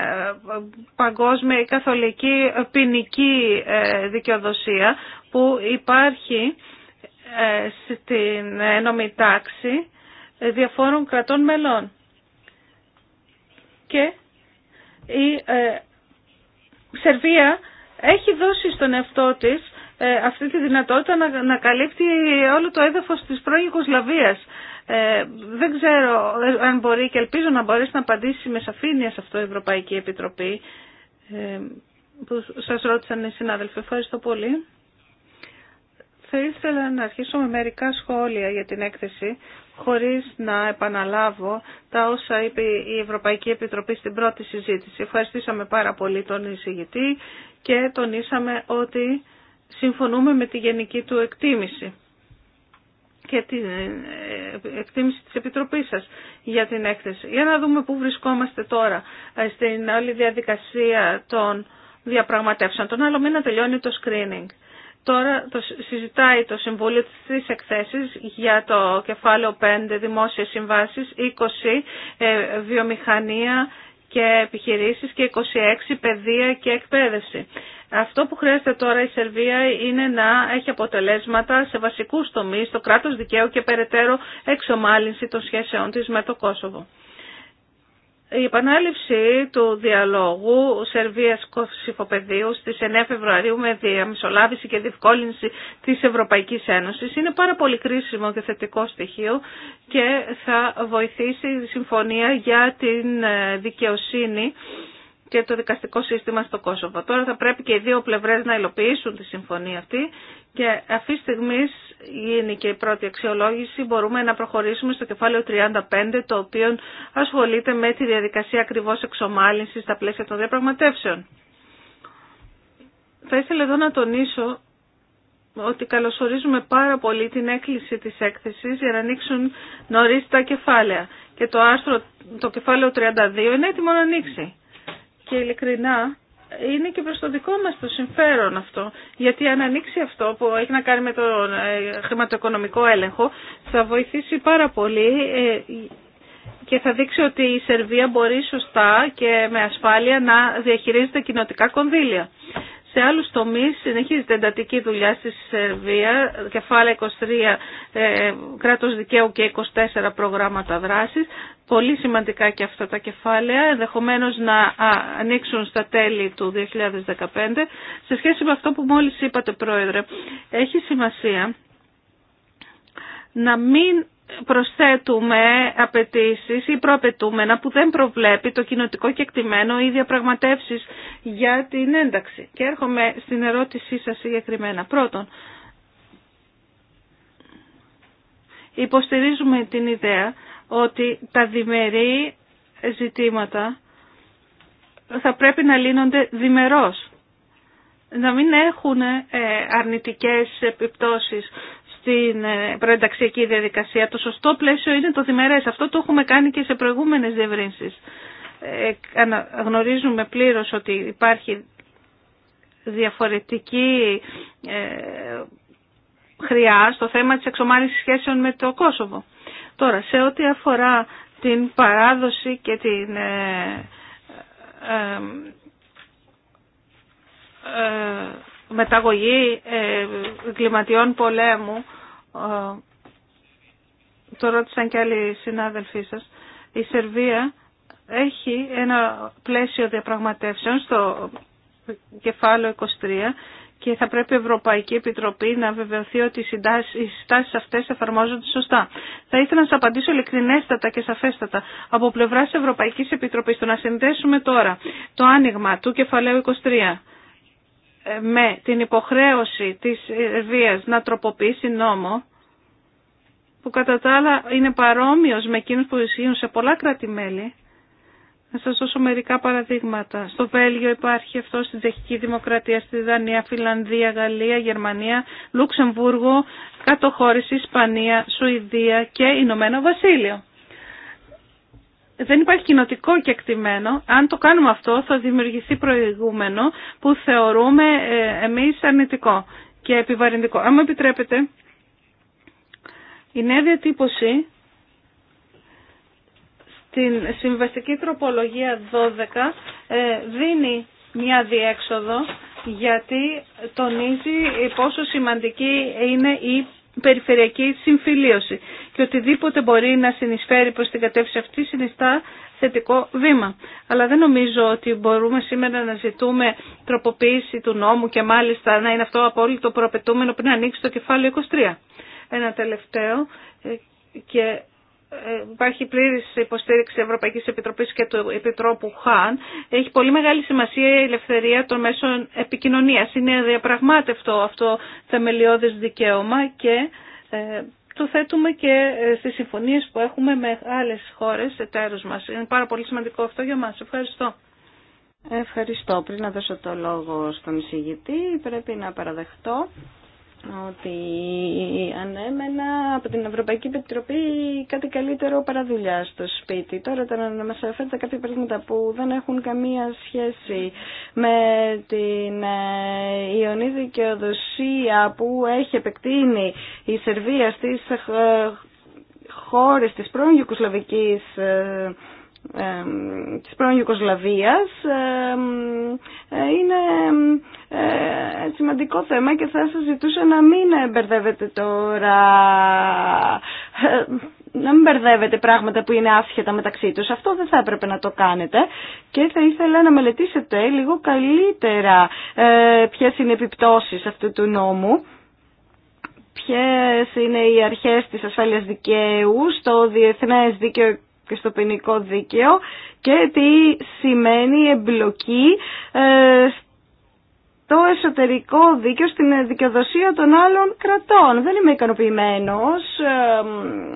παγκόσμια καθολική ποινική ε, δικαιοδοσία που υπάρχει στην ένωμη τάξη διαφόρων κρατών μελών. Και η Σερβία έχει δώσει στον εαυτό της αυτή τη δυνατότητα να καλύπτει όλο το έδαφος της πρώην Ιουγκοσλαβίας ε, δεν ξέρω αν μπορεί και ελπίζω να μπορέσει να απαντήσει με σαφήνεια σε αυτό η Ευρωπαϊκή Επιτροπή ε, που σας ρώτησαν οι συνάδελφοι. Ευχαριστώ πολύ. Θα ήθελα να αρχίσω με μερικά σχόλια για την έκθεση χωρίς να επαναλάβω τα όσα είπε η Ευρωπαϊκή Επιτροπή στην πρώτη συζήτηση. Ευχαριστήσαμε πάρα πολύ τον εισηγητή και τονίσαμε ότι συμφωνούμε με τη γενική του εκτίμηση και την ε, εκτίμηση της Επιτροπής σας για την έκθεση. Για να δούμε πού βρισκόμαστε τώρα ε, στην όλη διαδικασία των διαπραγματεύσεων. Τον άλλο μήνα τελειώνει το screening. Τώρα το συζητάει το Συμβούλιο της εκθέσεις για το κεφάλαιο 5 δημόσιες συμβάσεις, 20 ε, βιομηχανία και επιχειρήσεις και 26 παιδεία και εκπαίδευση. Αυτό που χρειάζεται τώρα η Σερβία είναι να έχει αποτελέσματα σε βασικούς τομείς, το κράτος δικαίου και περαιτέρω εξομάλυνση των σχέσεών της με το Κόσοβο. Η επανάληψη του διαλόγου Σερβίας-Κοσυφοπεδίου στις 9 Φεβρουαρίου με διαμεσολάβηση και διευκόλυνση της Ευρωπαϊκής Ένωσης είναι πάρα πολύ κρίσιμο και θετικό στοιχείο και θα βοηθήσει η συμφωνία για την δικαιοσύνη και το δικαστικό σύστημα στο Κόσοβο. Τώρα θα πρέπει και οι δύο πλευρές να υλοποιήσουν τη συμφωνία αυτή και αυτή τη στιγμή γίνει και η πρώτη αξιολόγηση. Μπορούμε να προχωρήσουμε στο κεφάλαιο 35, το οποίο ασχολείται με τη διαδικασία ακριβώς εξομάλυνσης στα πλαίσια των διαπραγματεύσεων. Θα ήθελα εδώ να τονίσω ότι καλωσορίζουμε πάρα πολύ την έκκληση της έκθεσης για να ανοίξουν νωρίς τα κεφάλαια. Και το άρθρο, το κεφάλαιο 32 είναι έτοιμο να ανοίξει και ειλικρινά είναι και προς το δικό μας το συμφέρον αυτό. Γιατί αν ανοίξει αυτό που έχει να κάνει με τον ε, χρηματοοικονομικό έλεγχο θα βοηθήσει πάρα πολύ ε, και θα δείξει ότι η Σερβία μπορεί σωστά και με ασφάλεια να διαχειρίζεται κοινοτικά κονδύλια. Σε άλλους τομείς συνεχίζεται εντατική δουλειά στη Σερβία, κεφάλαια 23 ε, κράτος δικαίου και 24 προγράμματα δράσης. Πολύ σημαντικά και αυτά τα κεφάλαια, ενδεχομένως να ανοίξουν στα τέλη του 2015. Σε σχέση με αυτό που μόλις είπατε, Πρόεδρε, έχει σημασία να μην προσθέτουμε απαιτήσει ή προαπαιτούμενα που δεν προβλέπει το κοινοτικό κεκτημένο ή διαπραγματεύσεις για την ένταξη. Και έρχομαι στην ερώτησή σας συγκεκριμένα. Πρώτον, υποστηρίζουμε την ιδέα ότι τα διμερεί ζητήματα θα πρέπει να λύνονται διμερώς να μην έχουν ε, αρνητικές επιπτώσεις στην ε, προενταξιακή διαδικασία. Το σωστό πλαίσιο είναι το διμερές. Αυτό το έχουμε κάνει και σε προηγούμενες διευρύνσεις. Ε, Γνωρίζουμε πλήρως ότι υπάρχει διαφορετική ε, χρειά στο θέμα της εξομάλυνσης σχέσεων με το Κόσοβο. Τώρα, σε ό,τι αφορά την παράδοση και την μεταγωγή ε, κλιματιών πολέμου, ε, το ρώτησαν και άλλοι συνάδελφοί σας, η Σερβία έχει ένα πλαίσιο διαπραγματεύσεων στο κεφάλαιο 23 και θα πρέπει η Ευρωπαϊκή Επιτροπή να βεβαιωθεί ότι οι συστάσεις αυτές εφαρμόζονται σωστά. Θα ήθελα να σας απαντήσω ειλικρινέστατα και σαφέστατα από πλευράς Ευρωπαϊκής Επιτροπής το να συνδέσουμε τώρα το άνοιγμα του κεφαλαίου 23 ε, με την υποχρέωση της ε, βίας να τροποποιήσει νόμο που κατά τα άλλα είναι παρόμοιος με εκείνους που ισχύουν σε πολλά κράτη-μέλη. Να σας δώσω μερικά παραδείγματα. Στο Βέλγιο υπάρχει αυτό, στην Τσεχική Δημοκρατία, στη Δανία, Φιλανδία, Γαλλία, Γερμανία, Λουξεμβούργο, Κατοχώρηση, Ισπανία, Σουηδία και Ηνωμένο Βασίλειο δεν υπάρχει κοινοτικό και εκτιμένο. Αν το κάνουμε αυτό θα δημιουργηθεί προηγούμενο που θεωρούμε ε, εμείς αρνητικό και επιβαρυντικό. Αν μου επιτρέπετε, η νέα διατύπωση στην συμβαστική τροπολογία 12 ε, δίνει μια διέξοδο γιατί τονίζει πόσο σημαντική είναι η περιφερειακή συμφιλίωση και οτιδήποτε μπορεί να συνεισφέρει προς την κατεύθυνση αυτή συνιστά θετικό βήμα. Αλλά δεν νομίζω ότι μπορούμε σήμερα να ζητούμε τροποποίηση του νόμου και μάλιστα να είναι αυτό απόλυτο προαπαιτούμενο πριν ανοίξει το κεφάλαιο 23. Ένα τελευταίο ε, και ε, υπάρχει πλήρης υποστήριξη Ευρωπαϊκής Επιτροπής και του Επιτρόπου Χάν. Έχει πολύ μεγάλη σημασία η ελευθερία των μέσων επικοινωνίας. Είναι διαπραγμάτευτο αυτό θεμελιώδες δικαίωμα και ε, το θέτουμε και ε, στις συμφωνίες που έχουμε με άλλες χώρες εταίρους μας. Είναι πάρα πολύ σημαντικό αυτό για μας. Ευχαριστώ. Ευχαριστώ. Πριν να δώσω το λόγο στον εισηγητή, πρέπει να παραδεχτώ ότι ανέμενα από την Ευρωπαϊκή Επιτροπή κάτι καλύτερο δουλειά στο σπίτι. Τώρα τώρα να μας αφέρετε κάποια πράγματα που δεν έχουν καμία σχέση με την ε, ιονή δικαιοδοσία που έχει επεκτείνει η Σερβία στις ε, χώρες της πρώην Ιουκοσλαβικής ε, της πρώην Ιουκοσλαβίας ε, είναι ε, σημαντικό θέμα και θα σας ζητούσα να μην μπερδεύετε τώρα ε, να μην μπερδεύετε πράγματα που είναι άσχετα μεταξύ τους. Αυτό δεν θα έπρεπε να το κάνετε και θα ήθελα να μελετήσετε λίγο καλύτερα ε, ποιες είναι οι επιπτώσεις αυτού του νόμου ποιες είναι οι αρχές της ασφάλειας δικαίου στο διεθνές δίκαιο και στο ποινικό δίκαιο και τι σημαίνει εμπλοκή ε, το εσωτερικό δίκαιο στην δικαιοδοσία των άλλων κρατών. Δεν είμαι ικανοποιημένο ε,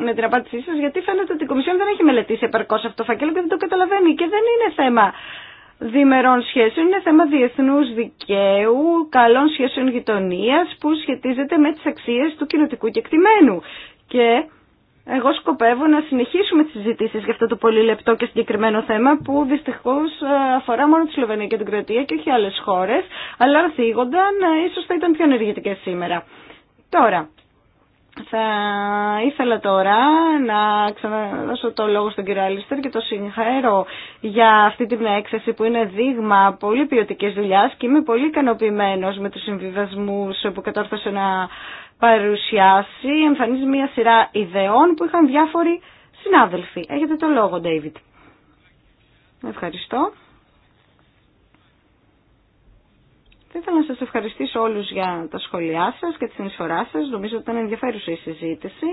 με την απάντησή σα, γιατί φαίνεται ότι η Κομισιόν δεν έχει μελετήσει επαρκώ αυτό το φάκελο και δεν το καταλαβαίνει. Και δεν είναι θέμα διμερών σχέσεων, είναι θέμα διεθνού δικαίου, καλών σχέσεων γειτονία που σχετίζεται με τι αξίε του κοινοτικού κεκτημένου. Και εγώ σκοπεύω να συνεχίσουμε τις συζητήσεις για αυτό το πολύ λεπτό και συγκεκριμένο θέμα που δυστυχώ ε, αφορά μόνο τη Σλοβενία και την Κροατία και όχι άλλε χώρε, αλλά αν θίγονταν ε, ίσω θα ήταν πιο ενεργητικέ σήμερα. Τώρα, θα ήθελα τώρα να ξαναδώσω το λόγο στον κύριο Άλιστερ και το συγχαίρω για αυτή την έκθεση που είναι δείγμα πολύ ποιοτική δουλειά και είμαι πολύ ικανοποιημένο με του συμβιβασμού που κατόρθωσε να παρουσιάσει, εμφανίζει μια σειρά ιδεών που είχαν διάφοροι συνάδελφοι. Έχετε το λόγο, David. Ευχαριστώ. Θα ήθελα να σας ευχαριστήσω όλους για τα σχόλιά σας και τη συνεισφορά σας. Νομίζω ότι ήταν ενδιαφέρουσα η συζήτηση.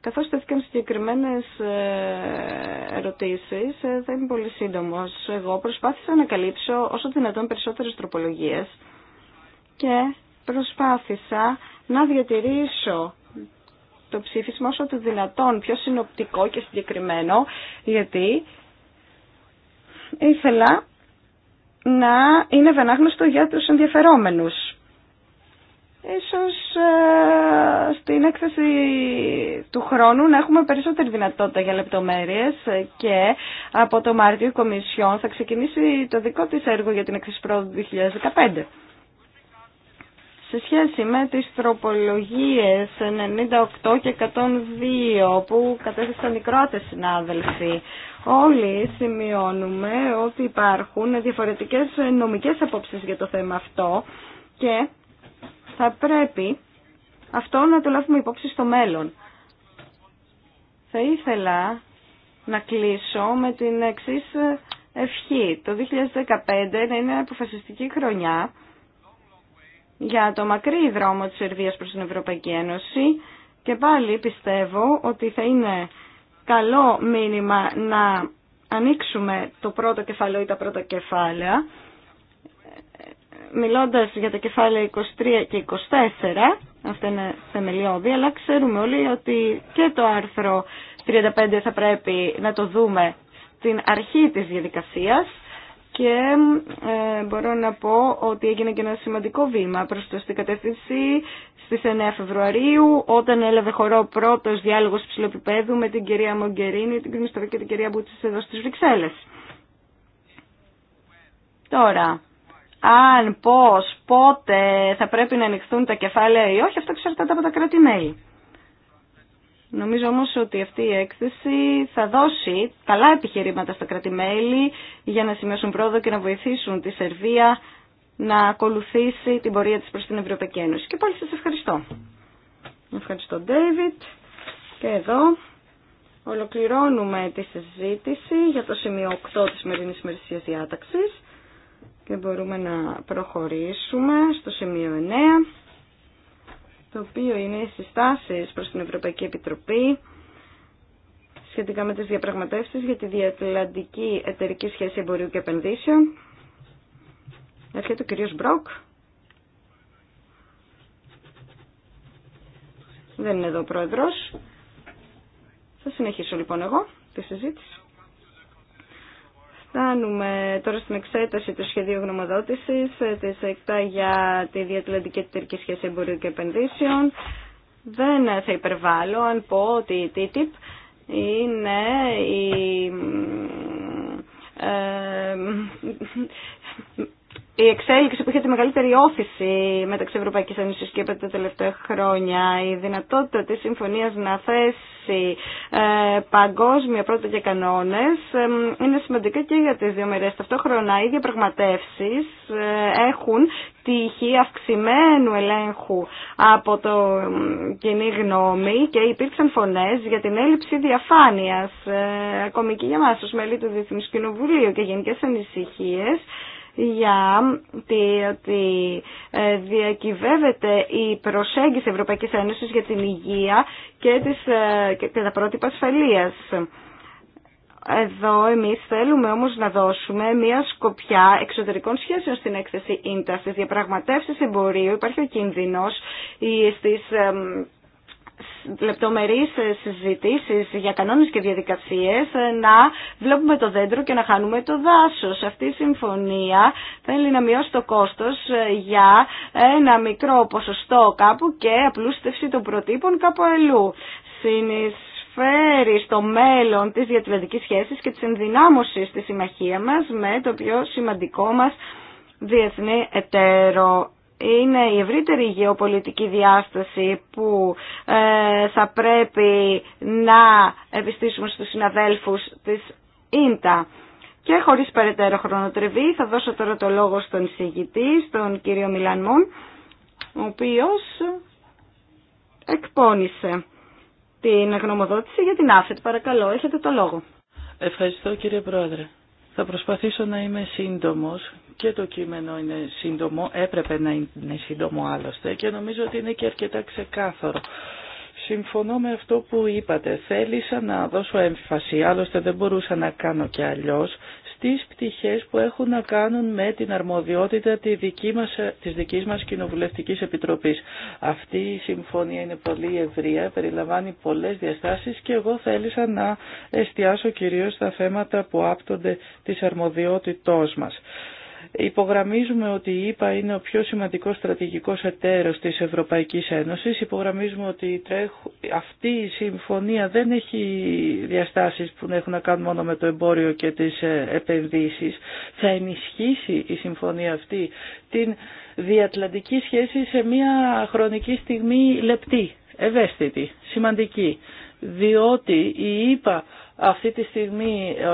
Καθώς τέθηκαν συγκεκριμένες ε, ερωτήσεις, δεν είμαι πολύ σύντομος. Εγώ προσπάθησα να καλύψω όσο δυνατόν περισσότερες τροπολογίες και προσπάθησα να διατηρήσω το ψήφισμα όσο το δυνατόν πιο συνοπτικό και συγκεκριμένο, γιατί ήθελα να είναι βενάγνωστο για τους ενδιαφερόμενους. Ίσως ε, στην έκθεση του χρόνου να έχουμε περισσότερη δυνατότητα για λεπτομέρειες και από το Μάρτιο η Κομισιόν θα ξεκινήσει το δικό της έργο για την έκθεση πρόοδου 2015 σε σχέση με τις τροπολογίες 98 και 102 που κατέθεσαν οι Κροάτες συνάδελφοι. Όλοι σημειώνουμε ότι υπάρχουν διαφορετικές νομικές απόψεις για το θέμα αυτό και θα πρέπει αυτό να το λάβουμε υπόψη στο μέλλον. Θα ήθελα να κλείσω με την εξής ευχή. Το 2015 να είναι αποφασιστική χρονιά για το μακρύ δρόμο της Σερβίας προς την Ευρωπαϊκή Ένωση και πάλι πιστεύω ότι θα είναι καλό μήνυμα να ανοίξουμε το πρώτο κεφάλαιο ή τα πρώτα κεφάλαια μιλώντας για τα κεφάλαια 23 και 24 αυτά είναι θεμελιώδη αλλά ξέρουμε όλοι ότι και το άρθρο 35 θα πρέπει να το δούμε στην αρχή της διαδικασίας και ε, μπορώ να πω ότι έγινε και ένα σημαντικό βήμα προς το στην κατεύθυνση στις 9 Φεβρουαρίου όταν έλαβε χορό ο πρώτος διάλογος ψηλοπιπέδου με την κυρία Μογκερίνη, την και την κυρία Μπούτσης εδώ στις Βρυξέλλες. Τώρα, αν, πώς, πότε θα πρέπει να ανοιχθούν τα κεφάλαια ή όχι, αυτό εξαρτάται από τα κράτη-μέλη. Νομίζω όμως ότι αυτή η έκθεση θα δώσει καλά επιχειρήματα στα κράτη-μέλη για να σημειώσουν πρόοδο και να βοηθήσουν τη Σερβία να ακολουθήσει την πορεία της προς την Ευρωπαϊκή Ένωση. Και πάλι σας ευχαριστώ. Ευχαριστώ, Ντέιβιτ. Και εδώ ολοκληρώνουμε τη συζήτηση για το σημείο 8 της σημερινής ημερησίας διάταξης και μπορούμε να προχωρήσουμε στο σημείο 9 το οποίο είναι οι συστάσεις προς την Ευρωπαϊκή Επιτροπή σχετικά με τις διαπραγματεύσεις για τη διατλαντική εταιρική σχέση εμπορίου και επενδύσεων. Έρχεται ο κύριος Μπρόκ. Δεν είναι εδώ ο πρόεδρος. Θα συνεχίσω λοιπόν εγώ τη συζήτηση. Κάνουμε τώρα στην εξέταση του σχεδίου γνωμοδότησης ε, της ΕΚΤΑ για τη διατλαντική τερική σχέση εμπορίου και επενδύσεων. Δεν ε, θα υπερβάλλω αν πω ότι η TTIP είναι η ε, η εξέλιξη που είχε τη μεγαλύτερη όθηση μεταξύ Ευρωπαϊκή Ένωση και ΕΠΕ τα τελευταία χρόνια, η δυνατότητα τη συμφωνία να θέσει ε, παγκόσμια πρώτα και κανόνε, ε, είναι σημαντική και για τι δύο μερέ. Ταυτόχρονα, οι διαπραγματεύσει ε, έχουν τύχη αυξημένου ελέγχου από το κοινή γνώμη και υπήρξαν φωνέ για την έλλειψη διαφάνεια, ε, ακόμη και για εμά ω μέλη του Διεθνού Κοινοβουλίου και γενικέ ανησυχίε για ότι ε, διακυβεύεται η προσέγγιση Ευρωπαϊκής Ένωσης για την υγεία και, τις, ε, και τα πρότυπα ασφαλείας. Εδώ εμείς θέλουμε όμως να δώσουμε μια σκοπιά εξωτερικών σχέσεων στην έκθεση ίντα, στις διαπραγματεύσεις εμπορίου. Υπάρχει ο κίνδυνος στις λεπτομερείς συζητήσεις για κανόνες και διαδικασίες ε, να βλέπουμε το δέντρο και να χάνουμε το δάσος. Αυτή η συμφωνία θέλει να μειώσει το κόστος ε, για ένα μικρό ποσοστό κάπου και απλούστευση των προτύπων κάπου αλλού. Συνεισφέρει στο μέλλον της διατηλετικής σχέσης και της ενδυνάμωσης της συμμαχία μας με το πιο σημαντικό μας διεθνή εταίρο είναι η ευρύτερη γεωπολιτική διάσταση που ε, θα πρέπει να επιστήσουμε στους συναδέλφους της ΙΝΤΑ. Και χωρίς περαιτέρω χρονοτριβή θα δώσω τώρα το λόγο στον εισηγητή, στον κύριο Μιλανμόν, ο οποίος εκπώνησε την γνωμοδότηση για την ΑΦΕΤ. Παρακαλώ, έχετε το λόγο. Ευχαριστώ κύριε Πρόεδρε. Θα προσπαθήσω να είμαι σύντομος και το κείμενο είναι σύντομο, έπρεπε να είναι σύντομο άλλωστε και νομίζω ότι είναι και αρκετά ξεκάθαρο. Συμφωνώ με αυτό που είπατε. Θέλησα να δώσω έμφαση, άλλωστε δεν μπορούσα να κάνω και αλλιώς, στις πτυχές που έχουν να κάνουν με την αρμοδιότητα τη δική μας, της δικής μας Κοινοβουλευτικής Επιτροπής. Αυτή η συμφωνία είναι πολύ ευρεία, περιλαμβάνει πολλές διαστάσεις και εγώ θέλησα να εστιάσω κυρίως στα θέματα που άπτονται της αρμοδιότητός μας. Υπογραμμίζουμε ότι η ΕΠΑ είναι ο πιο σημαντικός στρατηγικός εταίρος της Ευρωπαϊκής Ένωσης. Υπογραμμίζουμε ότι αυτή η συμφωνία δεν έχει διαστάσεις που έχουν να κάνουν μόνο με το εμπόριο και τις ε, επενδύσεις. Θα ενισχύσει η συμφωνία αυτή την διατλαντική σχέση σε μια χρονική στιγμή λεπτή, ευαίσθητη, σημαντική. Διότι η ΕΠΑ αυτή τη στιγμή ε,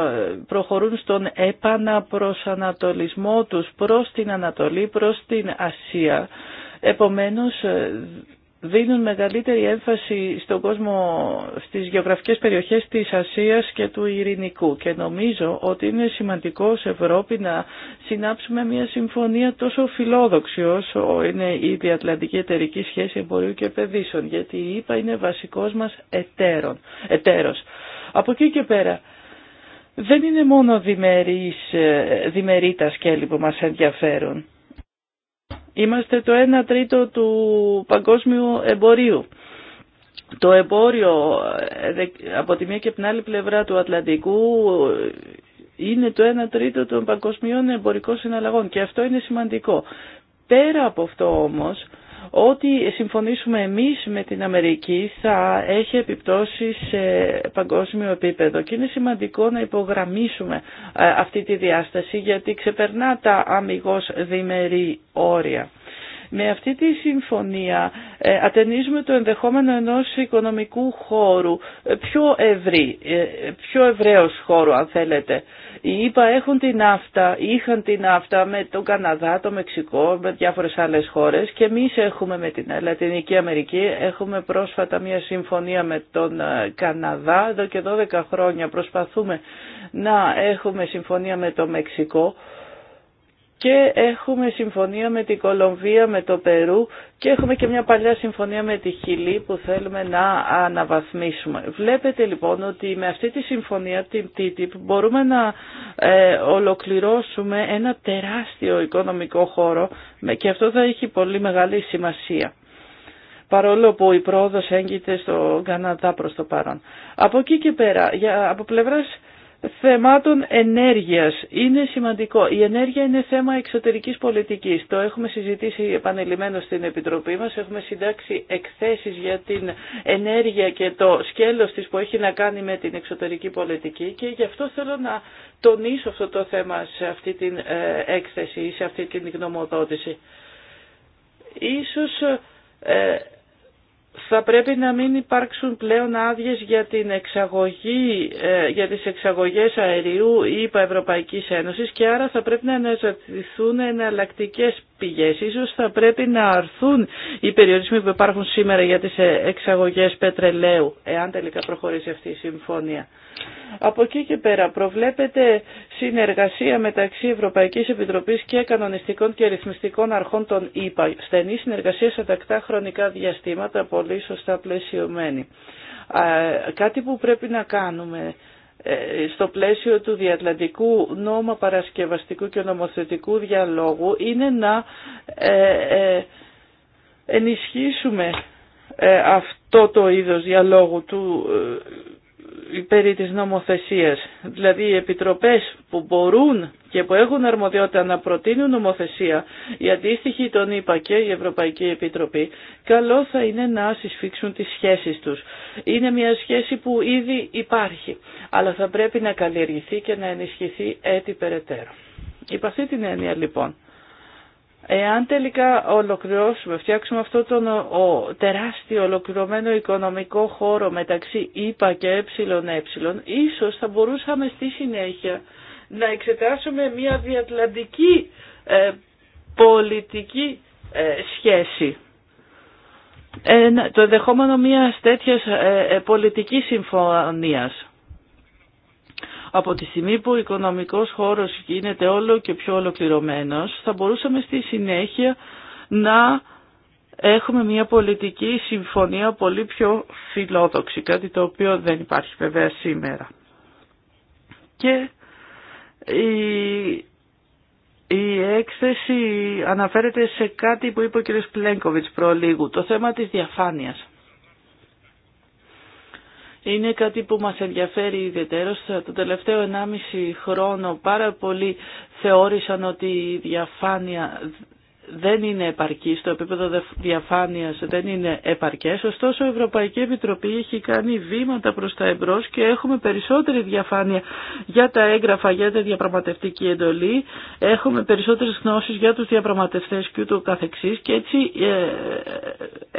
προχωρούν στον επαναπροσανατολισμό τους προς την Ανατολή, προς την Ασία. Επομένως ε, δίνουν μεγαλύτερη έμφαση στον κόσμο στις γεωγραφικές περιοχές της Ασίας και του Ειρηνικού και νομίζω ότι είναι σημαντικό σε Ευρώπη να συνάψουμε μια συμφωνία τόσο φιλόδοξη όσο είναι η διατλαντική εταιρική σχέση εμπορίου και παιδίσεων. γιατί η ΕΠΑ είναι βασικός μας εταίρος. Από εκεί και πέρα. Δεν είναι μόνο διμερείς, ε, διμερεί τα σκέλη που μας ενδιαφέρουν. Είμαστε το 1 τρίτο του παγκόσμιου εμπορίου. Το εμπόριο ε, από τη μία και την άλλη πλευρά του Ατλαντικού είναι το 1 τρίτο των παγκοσμίων εμπορικών συναλλαγών και αυτό είναι σημαντικό. Πέρα από αυτό όμως Ό,τι συμφωνήσουμε εμείς με την Αμερική θα έχει επιπτώσει σε παγκόσμιο επίπεδο και είναι σημαντικό να υπογραμμίσουμε ε, αυτή τη διάσταση γιατί ξεπερνά τα αμυγός διμερή όρια. Με αυτή τη συμφωνία ε, ατενίζουμε το ενδεχόμενο ενός οικονομικού χώρου ε, πιο ευρύ, πιο ευρέως χώρου αν θέλετε οι έχουν την ναύτα, είχαν την άφτα με τον Καναδά, το Μεξικό, με διάφορες άλλες χώρες και εμείς έχουμε με την Λατινική Αμερική, έχουμε πρόσφατα μια συμφωνία με τον ε, Καναδά, εδώ και 12 χρόνια προσπαθούμε να έχουμε συμφωνία με το Μεξικό και έχουμε συμφωνία με την Κολομβία, με το Περού και έχουμε και μια παλιά συμφωνία με τη Χιλή που θέλουμε να αναβαθμίσουμε. Βλέπετε λοιπόν ότι με αυτή τη συμφωνία, την TTIP, μπορούμε να ε, ολοκληρώσουμε ένα τεράστιο οικονομικό χώρο και αυτό θα έχει πολύ μεγάλη σημασία παρόλο που η πρόοδος έγκυται στο Καναδά προς το παρόν. Από εκεί και πέρα, από πλευράς θεμάτων ενέργειας. Είναι σημαντικό. Η ενέργεια είναι θέμα εξωτερικής πολιτικής. Το έχουμε συζητήσει επανελειμμένως στην Επιτροπή μας. Έχουμε συντάξει εκθέσεις για την ενέργεια και το σκέλος της που έχει να κάνει με την εξωτερική πολιτική και γι' αυτό θέλω να τονίσω αυτό το θέμα σε αυτή την ε, έκθεση ή σε αυτή την γνωμοδότηση. Ίσως ε, θα πρέπει να μην υπάρξουν πλέον άδειε για, την εξαγωγή, ε, για τις εξαγωγές αερίου ή Ευρωπαϊκής Ένωσης και άρα θα πρέπει να αναζητηθούν εναλλακτικέ πηγές. Ίσως θα πρέπει να αρθούν οι περιορισμοί που υπάρχουν σήμερα για τις ε, εξαγωγές πετρελαίου, εάν τελικά προχωρήσει αυτή η συμφωνία. Από εκεί και πέρα προβλέπεται συνεργασία μεταξύ Ευρωπαϊκής Επιτροπής και κανονιστικών και ρυθμιστικών αρχών των ΗΠΑ. Στενή συνεργασία σε τακτά χρονικά διαστήματα, πολύ σωστά πλαισιωμένη. Κάτι που πρέπει να κάνουμε ε, στο πλαίσιο του διατλαντικού νόμα παρασκευαστικού και νομοθετικού διαλόγου είναι να ε, ε, ενισχύσουμε αυτό το είδος διαλόγου του περί της νομοθεσίας. Δηλαδή οι επιτροπές που μπορούν και που έχουν αρμοδιότητα να προτείνουν νομοθεσία, η αντίστοιχη τον είπα και η Ευρωπαϊκή Επιτροπή, καλό θα είναι να συσφίξουν τις σχέσεις τους. Είναι μια σχέση που ήδη υπάρχει, αλλά θα πρέπει να καλλιεργηθεί και να ενισχυθεί έτσι περαιτέρω. Υπ' αυτή την έννοια λοιπόν, Εάν τελικά ολοκληρώσουμε, φτιάξουμε αυτό το τεράστιο ολοκληρωμένο οικονομικό χώρο μεταξύ ΙΠΑ και ΕΕ, ίσως θα μπορούσαμε στη συνέχεια να εξετάσουμε μια διατλαντική ε, πολιτική ε, σχέση. Ε, το ενδεχόμενο μια τέτοιας ε, πολιτική συμφωνίας από τη στιγμή που ο οικονομικός χώρος γίνεται όλο και πιο ολοκληρωμένος, θα μπορούσαμε στη συνέχεια να έχουμε μια πολιτική συμφωνία πολύ πιο φιλόδοξη, κάτι το οποίο δεν υπάρχει βέβαια σήμερα. Και η η έκθεση αναφέρεται σε κάτι που είπε ο κ. Πλένκοβιτς προλίγου, το θέμα της διαφάνειας είναι κάτι που μας ενδιαφέρει ιδιαίτερως. Το τελευταίο 1,5 χρόνο πάρα πολλοί θεώρησαν ότι η διαφάνεια δεν είναι επαρκή, στο επίπεδο διαφάνειας δεν είναι επαρκές, ωστόσο η Ευρωπαϊκή Επιτροπή έχει κάνει βήματα προς τα εμπρός και έχουμε περισσότερη διαφάνεια για τα έγγραφα, για τη διαπραγματευτική εντολή, έχουμε περισσότερες γνώσεις για τους διαπραγματευτές και ούτω καθεξής και έτσι ε,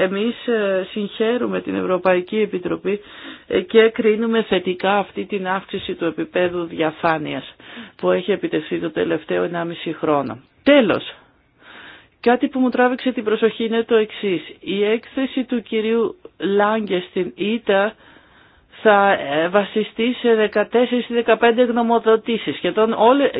εμείς ε, συγχαίρουμε την Ευρωπαϊκή Επιτροπή ε, και κρίνουμε θετικά αυτή την αύξηση του επίπεδου διαφάνειας που έχει επιτευχθεί το τελευταίο 1,5 χρόνο. Τέλος, Κάτι που μου τράβηξε την προσοχή είναι το εξή. Η έκθεση του κυρίου Λάγκε στην ΙΤΑ θα ε, βασιστεί σε 14-15 γνωμοδοτήσεις. Σχεδόν όλες,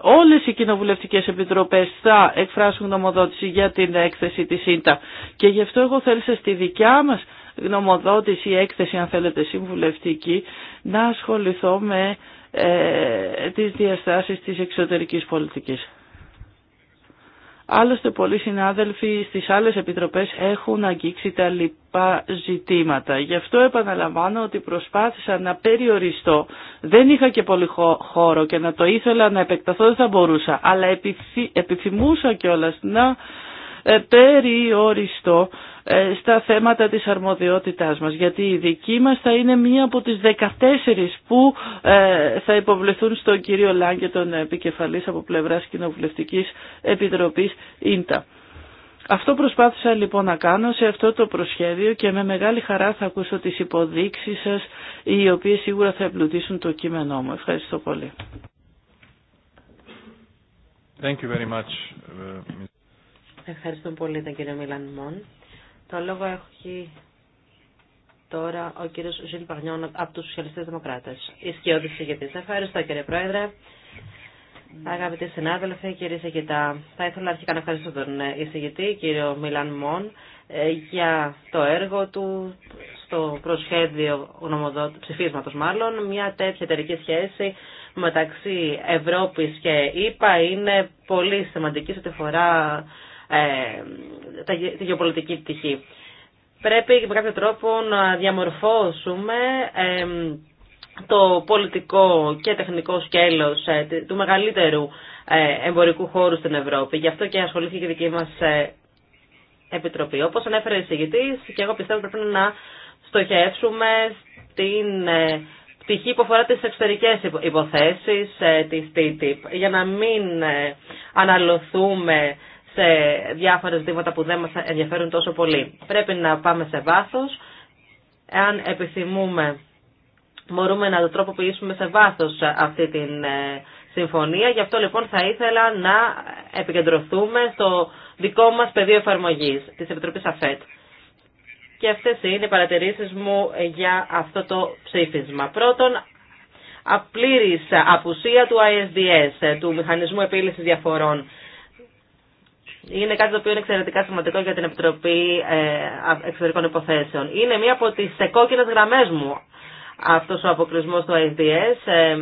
όλες οι κοινοβουλευτικέ επιτροπές θα εκφράσουν γνωμοδότηση για την έκθεση της Ίτα. Και γι' αυτό εγώ θέλησα στη δικιά μας γνωμοδότηση, έκθεση αν θέλετε συμβουλευτική, να ασχοληθώ με ε, τις διαστάσεις της εξωτερικής πολιτικής. Άλλωστε πολλοί συνάδελφοι στις άλλες επιτροπές έχουν αγγίξει τα λοιπά ζητήματα. Γι' αυτό επαναλαμβάνω ότι προσπάθησα να περιοριστώ. Δεν είχα και πολύ χώρο και να το ήθελα να επεκταθώ δεν θα μπορούσα. Αλλά επιθυμούσα κιόλας να ε, περιοριστώ ε, στα θέματα της αρμοδιότητάς μας γιατί η δική μας θα είναι μία από τις 14 που ε, θα υποβληθούν στον κύριο Λάγκε τον επικεφαλής από πλευράς Κοινοβουλευτικής Επιτροπής ΙΝΤΑ. Αυτό προσπάθησα λοιπόν να κάνω σε αυτό το προσχέδιο και με μεγάλη χαρά θα ακούσω τις υποδείξεις σας οι οποίες σίγουρα θα εμπλουτίσουν το κείμενό μου. Ευχαριστώ πολύ. Thank uh, Ευχαριστώ πολύ τον κύριο Μιλανμόν. Το λόγο έχει τώρα ο κύριος Ζήλ Παγνιών από τους Σοσιαλιστές Δημοκράτες. Ισχυώδης ηγετής. Ευχαριστώ κύριε Πρόεδρε. Αγαπητοί συνάδελφοι, κύριε Σεγητά, θα ήθελα αρχικά να ευχαριστήσω τον εισηγητή, κύριο Μιλάν Μον, ε, για το έργο του στο προσχέδιο ψηφίσματος μάλλον. Μια τέτοια εταιρική σχέση μεταξύ Ευρώπης και ΕΠΑ είναι πολύ σημαντική σε τη φορά ε, τη γεωπολιτική πτυχή. Πρέπει με κάποιο τρόπο να διαμορφώσουμε ε, το πολιτικό και τεχνικό σκέλος ε, του μεγαλύτερου εμπορικού χώρου στην Ευρώπη. Γι' αυτό και ασχολήθηκε η δική μας Επιτροπή. Όπως ανέφερε η συγητής, και εγώ πιστεύω πρέπει να στοχεύσουμε στην πτυχή που αφορά τις εξωτερικές υποθέσεις της TTIP, για να μην αναλωθούμε σε διάφορα ζητήματα που δεν μας ενδιαφέρουν τόσο πολύ. Πρέπει να πάμε σε βάθος. Εάν επιθυμούμε, μπορούμε να το τροποποιήσουμε σε βάθος αυτή την ε, συμφωνία. Γι' αυτό λοιπόν θα ήθελα να επικεντρωθούμε στο δικό μας πεδίο εφαρμογής της Επιτροπής ΑΦΕΤ. Και αυτές είναι οι παρατηρήσεις μου για αυτό το ψήφισμα. Πρώτον, απλήρης απουσία του ISDS, ε, του Μηχανισμού Επίλυσης Διαφορών είναι κάτι το οποίο είναι εξαιρετικά σημαντικό για την Επιτροπή ε, Εξωτερικών Υποθέσεων. Είναι μία από τις κόκκινες γραμμές μου αυτός ο αποκλεισμός του ISDS. Ε,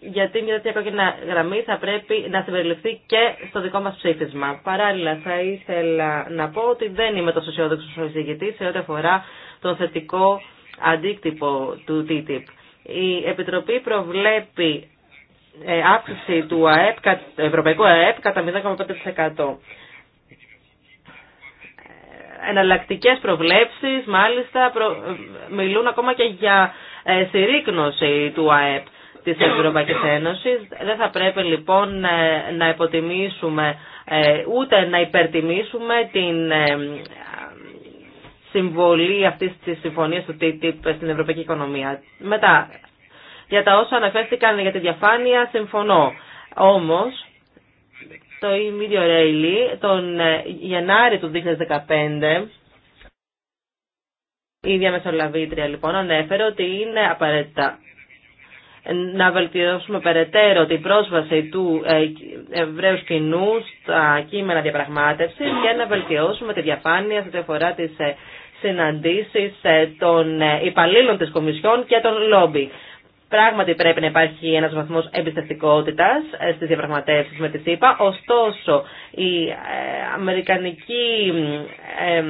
γιατί μια τέτοια κόκκινα γραμμή θα πρέπει να συμπεριληφθεί και στο δικό μας ψήφισμα. Παράλληλα θα ήθελα να πω ότι δεν είμαι το αισιόδοξο συζητητή εισηγητής σε ό,τι αφορά τον θετικό αντίκτυπο του TTIP. Η Επιτροπή προβλέπει ε, αύξηση του ΑΕΠ, ευρωπαϊκού ΑΕΠ κατά 0,5%. Ε, Εναλλακτικέ προβλέψεις, μάλιστα, ε, μιλούν ακόμα και για συρρήκνωση του ΑΕΠ τη Ευρωπαϊκή Ένωσης. Δεν θα πρέπει λοιπόν να υποτιμήσουμε ούτε να υπερτιμήσουμε την συμβολή αυτής της συμφωνίας του TTIP στην ευρωπαϊκή οικονομία. Μετά, για τα όσα αναφέρθηκαν για τη διαφάνεια, συμφωνώ. Όμως, το ίδιο Ρέιλι, τον ε, Γενάρη του 2015, η ίδια Μεσολαβήτρια λοιπόν ανέφερε ότι είναι απαραίτητα να βελτιώσουμε περαιτέρω την πρόσβαση του ε, Εβραίου κοινού στα κείμενα διαπραγμάτευση και να βελτιώσουμε τη διαφάνεια σε ό,τι αφορά τι ε, συναντήσει των υπαλλήλων τη Κομισιόν και των λόμπι. Πράγματι πρέπει να υπάρχει ένας βαθμός εμπιστευτικότητας ε, στις διαπραγματεύσεις με τη ΣΥΠΑ, ωστόσο η ε, αμερικανική ε,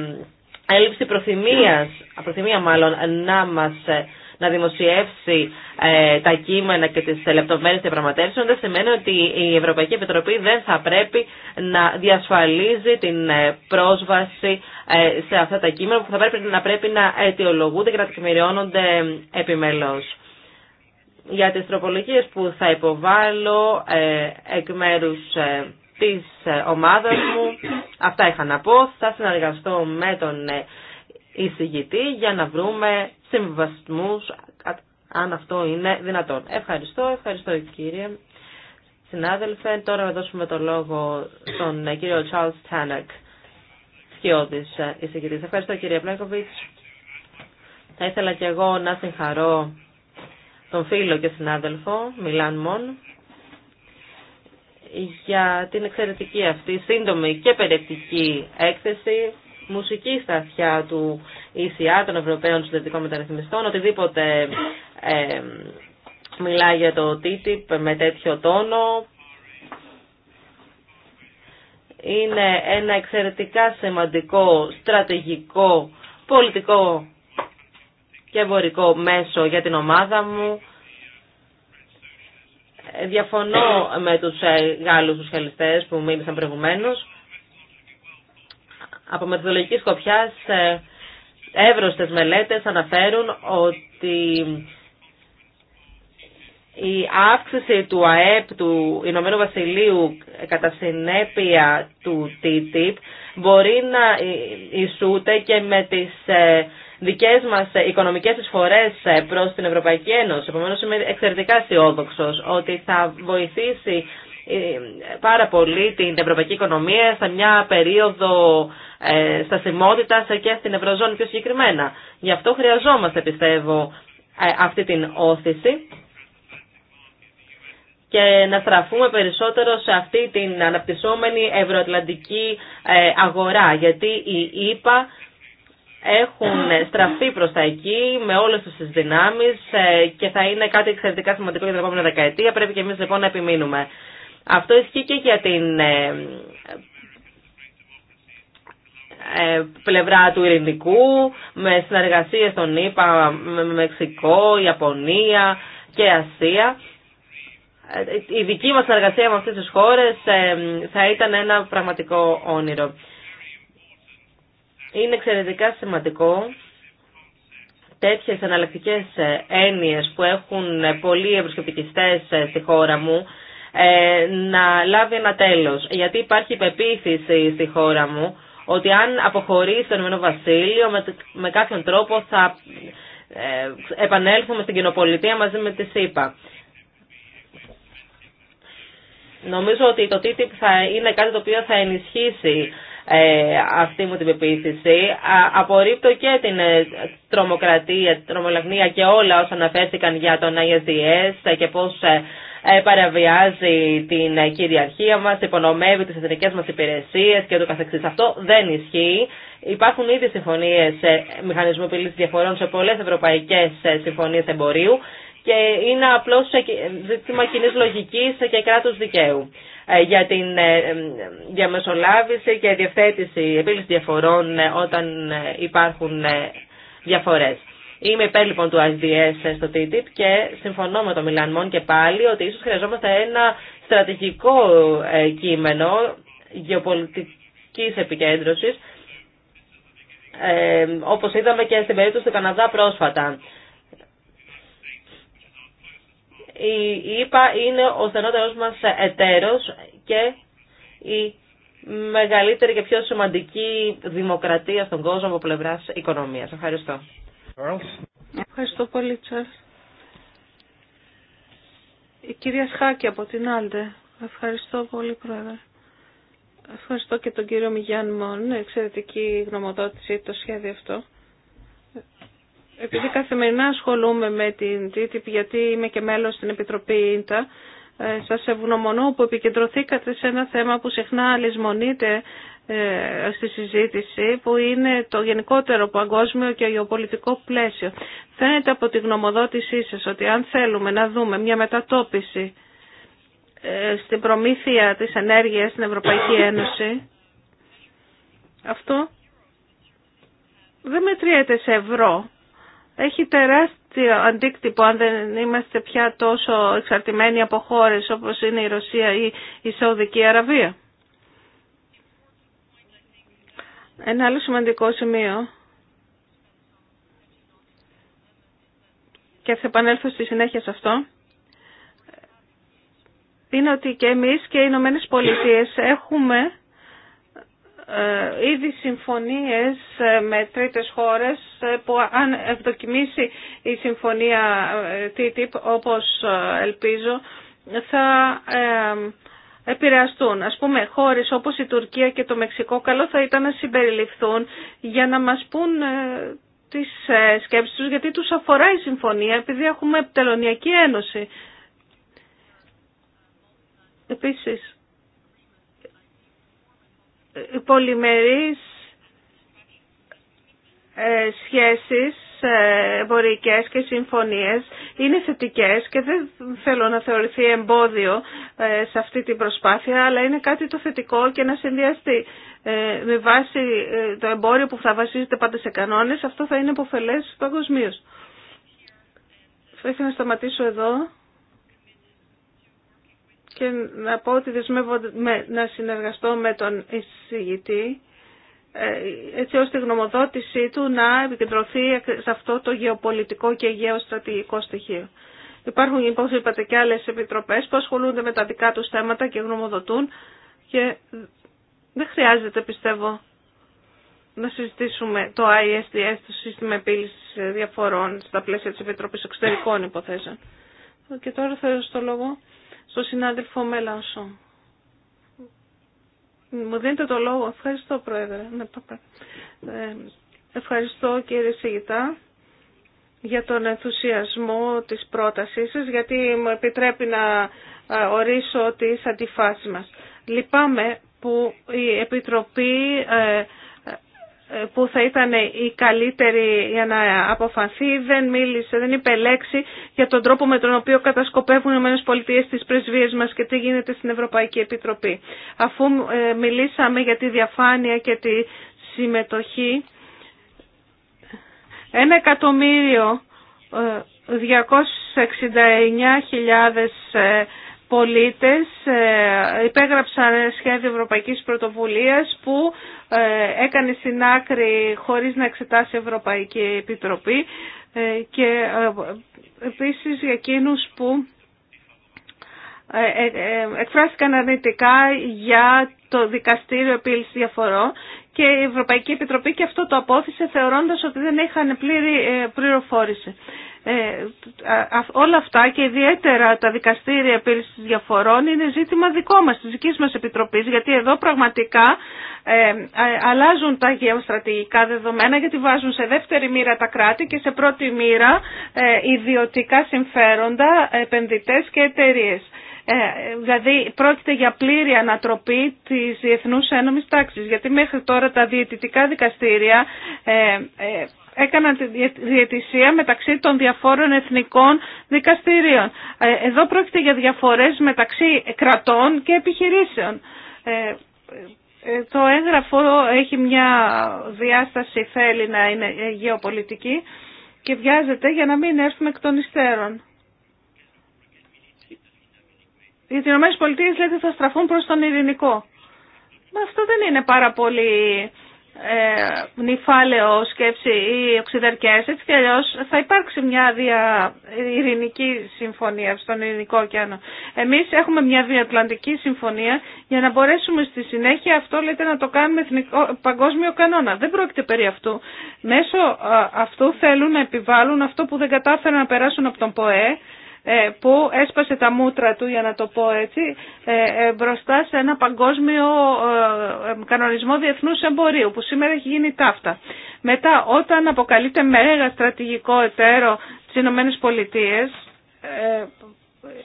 έλλειψη προθυμίας, προθυμία μάλλον, να μας να δημοσιεύσει τα κείμενα και τις λεπτομέρειες διαπραγματεύσεων δεν σημαίνει ότι η Ευρωπαϊκή Επιτροπή δεν θα πρέπει να διασφαλίζει την πρόσβαση σε αυτά τα κείμενα που θα πρέπει να, πρέπει να αιτιολογούνται και να τεκμηριώνονται επιμελώς για τις τροπολογίες που θα υποβάλω ε, εκ μέρους ε, της ε, ομάδας μου. Αυτά είχα να πω. Θα συνεργαστώ με τον εισηγητή για να βρούμε συμβασμούς αν αυτό είναι δυνατόν. Ευχαριστώ, ευχαριστώ κύριε. Συνάδελφε, τώρα θα δώσουμε το λόγο στον κύριο Charles Tannock, σκιώδης εισηγητής. Ευχαριστώ κύριε Πλέκοβιτς. Θα ήθελα και εγώ να συγχαρώ τον φίλο και συνάδελφο Μιλάν Μον για την εξαιρετική αυτή σύντομη και περιεκτική έκθεση μουσική σταθιά του ΙΣΙΑ, e των Ευρωπαίων Συνδετικών Μεταρρυθμιστών, οτιδήποτε ε, μιλάει για το TTIP με τέτοιο τόνο. Είναι ένα εξαιρετικά σημαντικό στρατηγικό πολιτικό και βορικό μέσο για την ομάδα μου. Ε, διαφωνώ με τους ε, Γάλλους τους που μίλησαν προηγουμένως. Από μεθοδολογική σκοπιά, εύρωστες μελέτες αναφέρουν ότι η αύξηση του ΑΕΠ του Ηνωμένου Βασιλείου κατά συνέπεια του TTIP μπορεί να ε, ισούται και με τις Δικέ μας οικονομικέ εισφορέ ε, προς την Ευρωπαϊκή Ένωση. Επομένω, είμαι εξαιρετικά αισιόδοξο ότι θα βοηθήσει ε, πάρα πολύ την ευρωπαϊκή οικονομία σε μια περίοδο ε, στασιμότητας και στην Ευρωζώνη πιο συγκεκριμένα. Γι' αυτό χρειαζόμαστε πιστεύω ε, αυτή την όθηση και να στραφούμε περισσότερο σε αυτή την αναπτυσσόμενη ευρωατλαντική αγορά γιατί η ΕΠΑ έχουν στραφεί προς τα εκεί με όλες τους τις δυνάμεις ε, και θα είναι κάτι εξαιρετικά σημαντικό για την επόμενη δεκαετία. Πρέπει και εμείς λοιπόν να επιμείνουμε. Αυτό ισχύει και για την ε, ε, πλευρά του ειρηνικού, με συνεργασίες των ΗΠΑ, με Μεξικό, Ιαπωνία και Ασία. Η δική μας συνεργασία με αυτές τις χώρες θα ήταν ένα πραγματικό όνειρο. Είναι εξαιρετικά σημαντικό τέτοιες εναλλακτικέ ε, έννοιες που έχουν ε, πολλοί ευρωσκεπικιστές ε, στη χώρα μου να λάβει ένα τέλος. Γιατί υπάρχει υπεποίθηση στη χώρα μου ότι αν αποχωρήσει το Ηνωμένο Βασίλειο με, κάποιον τρόπο θα επανέλθουμε στην κοινοπολιτεία μαζί με τη ΣΥΠΑ. Νομίζω ότι το TTIP θα είναι κάτι το οποίο θα ενισχύσει ε, αυτή μου την πεποίθηση. Απορρίπτω και την ε, τρομοκρατία, την τρομολαγνία και όλα όσα αναφέρθηκαν για τον ISDS και πώς ε, παραβιάζει την κυριαρχία μας, υπονομεύει τις εθνικές μας υπηρεσίες και το καθεξής. Αυτό δεν ισχύει. Υπάρχουν ήδη συμφωνίες μηχανισμού επιλύσης διαφορών σε πολλές ευρωπαϊκές συμφωνίες εμπορίου και είναι απλώς ζήτημα κοινή λογικής και κράτους δικαίου. Ε, για την ε, διαμεσολάβηση και διευθέτηση, επίλυση διαφορών ε, όταν υπάρχουν διαφορές. Είμαι υπέρ λοιπόν του ISDS στο TTIP και συμφωνώ με τον Μιλάν Μον και πάλι ότι ίσως χρειαζόμαστε ένα στρατηγικό κείμενο γεωπολιτικής επικέντρωσης, όπως είδαμε και στην περίπτωση του Καναδά πρόσφατα η ΙΠΑ είναι ο στενότερος μας εταίρος και η μεγαλύτερη και πιο σημαντική δημοκρατία στον κόσμο από πλευράς οικονομίας. Ευχαριστώ. Ευχαριστώ πολύ, Τσάρλ. Η κυρία Σχάκη από την Άλτε. Ευχαριστώ πολύ, Πρόεδρε. Ευχαριστώ και τον κύριο Μιγιάν Μον. Εξαιρετική γνωμοδότηση το σχέδιο αυτό επειδή καθημερινά ασχολούμαι με την TTIP, γιατί είμαι και μέλος στην Επιτροπή ΙΝΤΑ, ε, σας ευγνωμονώ που επικεντρωθήκατε σε ένα θέμα που συχνά λησμονείται ε, στη συζήτηση που είναι το γενικότερο παγκόσμιο και γεωπολιτικό πλαίσιο. Φαίνεται από τη γνωμοδότησή σας ότι αν θέλουμε να δούμε μια μετατόπιση ε, στην προμήθεια της ενέργειας στην Ευρωπαϊκή Ένωση, αυτό δεν μετριέται σε ευρώ έχει τεράστιο αντίκτυπο αν δεν είμαστε πια τόσο εξαρτημένοι από χώρες όπως είναι η Ρωσία ή η Σαουδική Αραβία. Ένα άλλο σημαντικό σημείο και θα επανέλθω στη συνέχεια σε αυτό είναι ότι και εμείς και οι Ηνωμένε Πολιτείε έχουμε ε, ήδη συμφωνίες ε, με τρίτες χώρες ε, που αν ευδοκιμήσει η συμφωνία TTIP όπως ελπίζω θα επηρεαστούν. Ας πούμε χώρες όπως η Τουρκία και το Μεξικό καλό θα ήταν να συμπεριληφθούν για να μας πούν τις σκέψεις τους γιατί τους αφορά η συμφωνία επειδή έχουμε τελωνιακή ένωση. Επίσης, ε, πολυμερείς ε, σχέσεις ε, εμπορικές και συμφωνίες είναι θετικές και δεν θέλω να θεωρηθεί εμπόδιο σε αυτή την προσπάθεια αλλά είναι κάτι το θετικό και να συνδυαστεί με βάση το εμπόριο που θα βασίζεται πάντα σε κανόνες αυτό θα είναι υποφελές παγκοσμίω. Θα ήθελα να σταματήσω εδώ και να πω ότι δεσμεύομαι να συνεργαστώ με τον εισηγητή ε, έτσι ώστε η γνωμοδότησή του να επικεντρωθεί σε αυτό το γεωπολιτικό και γεωστρατηγικό στοιχείο. Υπάρχουν, όπω είπατε, και άλλε επιτροπέ που ασχολούνται με τα δικά του θέματα και γνωμοδοτούν και δεν χρειάζεται, πιστεύω, να συζητήσουμε το ISDS, το σύστημα επίλυση διαφορών, στα πλαίσια τη Επιτροπή Εξωτερικών Υποθέσεων. Και τώρα θέλω στο λόγο στον συνάδελφο Μέλανσο. Μου δίνετε το λόγο. Ευχαριστώ, Πρόεδρε. Ναι, ε, ευχαριστώ, κύριε Σιγητά, για τον ενθουσιασμό της πρότασής σας, γιατί μου επιτρέπει να ε, ορίσω τις αντιφάσεις μας. Λυπάμαι που η Επιτροπή ε, ε, που θα ήταν η καλύτερη για να αποφανθεί δεν μίλησε, δεν είπε λέξη για τον τρόπο με τον οποίο κατασκοπεύουν οι ΗΠΑ τις πρεσβείες μας και τι γίνεται στην Ευρωπαϊκή Επιτροπή. Αφού ε, μιλήσαμε για τη διαφάνεια και τη συμμετοχή, ένα εκατομμύριο 269.000 ε, πολίτες ε, υπέγραψαν σχέδιο Ευρωπαϊκής Πρωτοβουλίας που ε, έκανε στην άκρη χωρίς να εξετάσει Ευρωπαϊκή Επιτροπή ε, και επίσης για εκείνους που εκφράστηκαν αρνητικά για το Δικαστήριο επίλυση Διαφορών και η Ευρωπαϊκή Επιτροπή και αυτό το απόφησε θεωρώντας ότι δεν είχαν πλήρη ε, πληροφόρηση. Ε, όλα αυτά και ιδιαίτερα τα δικαστήρια επίλυσης διαφορών είναι ζήτημα δικό μας, της δικής μας Επιτροπής, γιατί εδώ πραγματικά ε, αλλάζουν τα γεωστρατηγικά δεδομένα γιατί βάζουν σε δεύτερη μοίρα τα κράτη και σε πρώτη μοίρα ιδιωτικά συμφέροντα, επενδυτές και εταιρείες. Ε, δηλαδή πρόκειται για πλήρη ανατροπή της Διεθνούς Ένωμης Τάξης, γιατί μέχρι τώρα τα διαιτητικά δικαστήρια ε, ε, έκαναν τη διαιτησία μεταξύ των διαφόρων εθνικών δικαστηρίων. Εδώ πρόκειται για διαφορές μεταξύ κρατών και επιχειρήσεων. Το έγγραφο έχει μια διάσταση, θέλει να είναι γεωπολιτική και βιάζεται για να μην έρθουμε εκ των υστέρων οι Ηνωμένε Πολιτείε λέτε θα στραφούν προ τον ειρηνικό. Μα αυτό δεν είναι πάρα πολύ ε, νυφάλαιο σκέψη ή οξυδερκέ. Έτσι κι αλλιώ θα υπάρξει μια δια ειρηνική συμφωνία στον ειρηνικό ωκεανό. Εμεί έχουμε μια διατλαντική συμφωνία για να μπορέσουμε στη συνέχεια αυτό λέτε να το κάνουμε εθνικό, παγκόσμιο κανόνα. Δεν πρόκειται περί αυτού. Μέσω ε, αυτού θέλουν να επιβάλλουν αυτό που δεν κατάφεραν να περάσουν από τον ΠΟΕ ε, που έσπασε τα μούτρα του, για να το πω έτσι, ε, ε, μπροστά σε ένα παγκόσμιο κανονισμό διεθνούς εμπορίου, που σήμερα έχει γίνει ταύτα. Μετά, όταν αποκαλείται μέγα στρατηγικό εταίρο στις ΗΠΑ, Πολιτείες,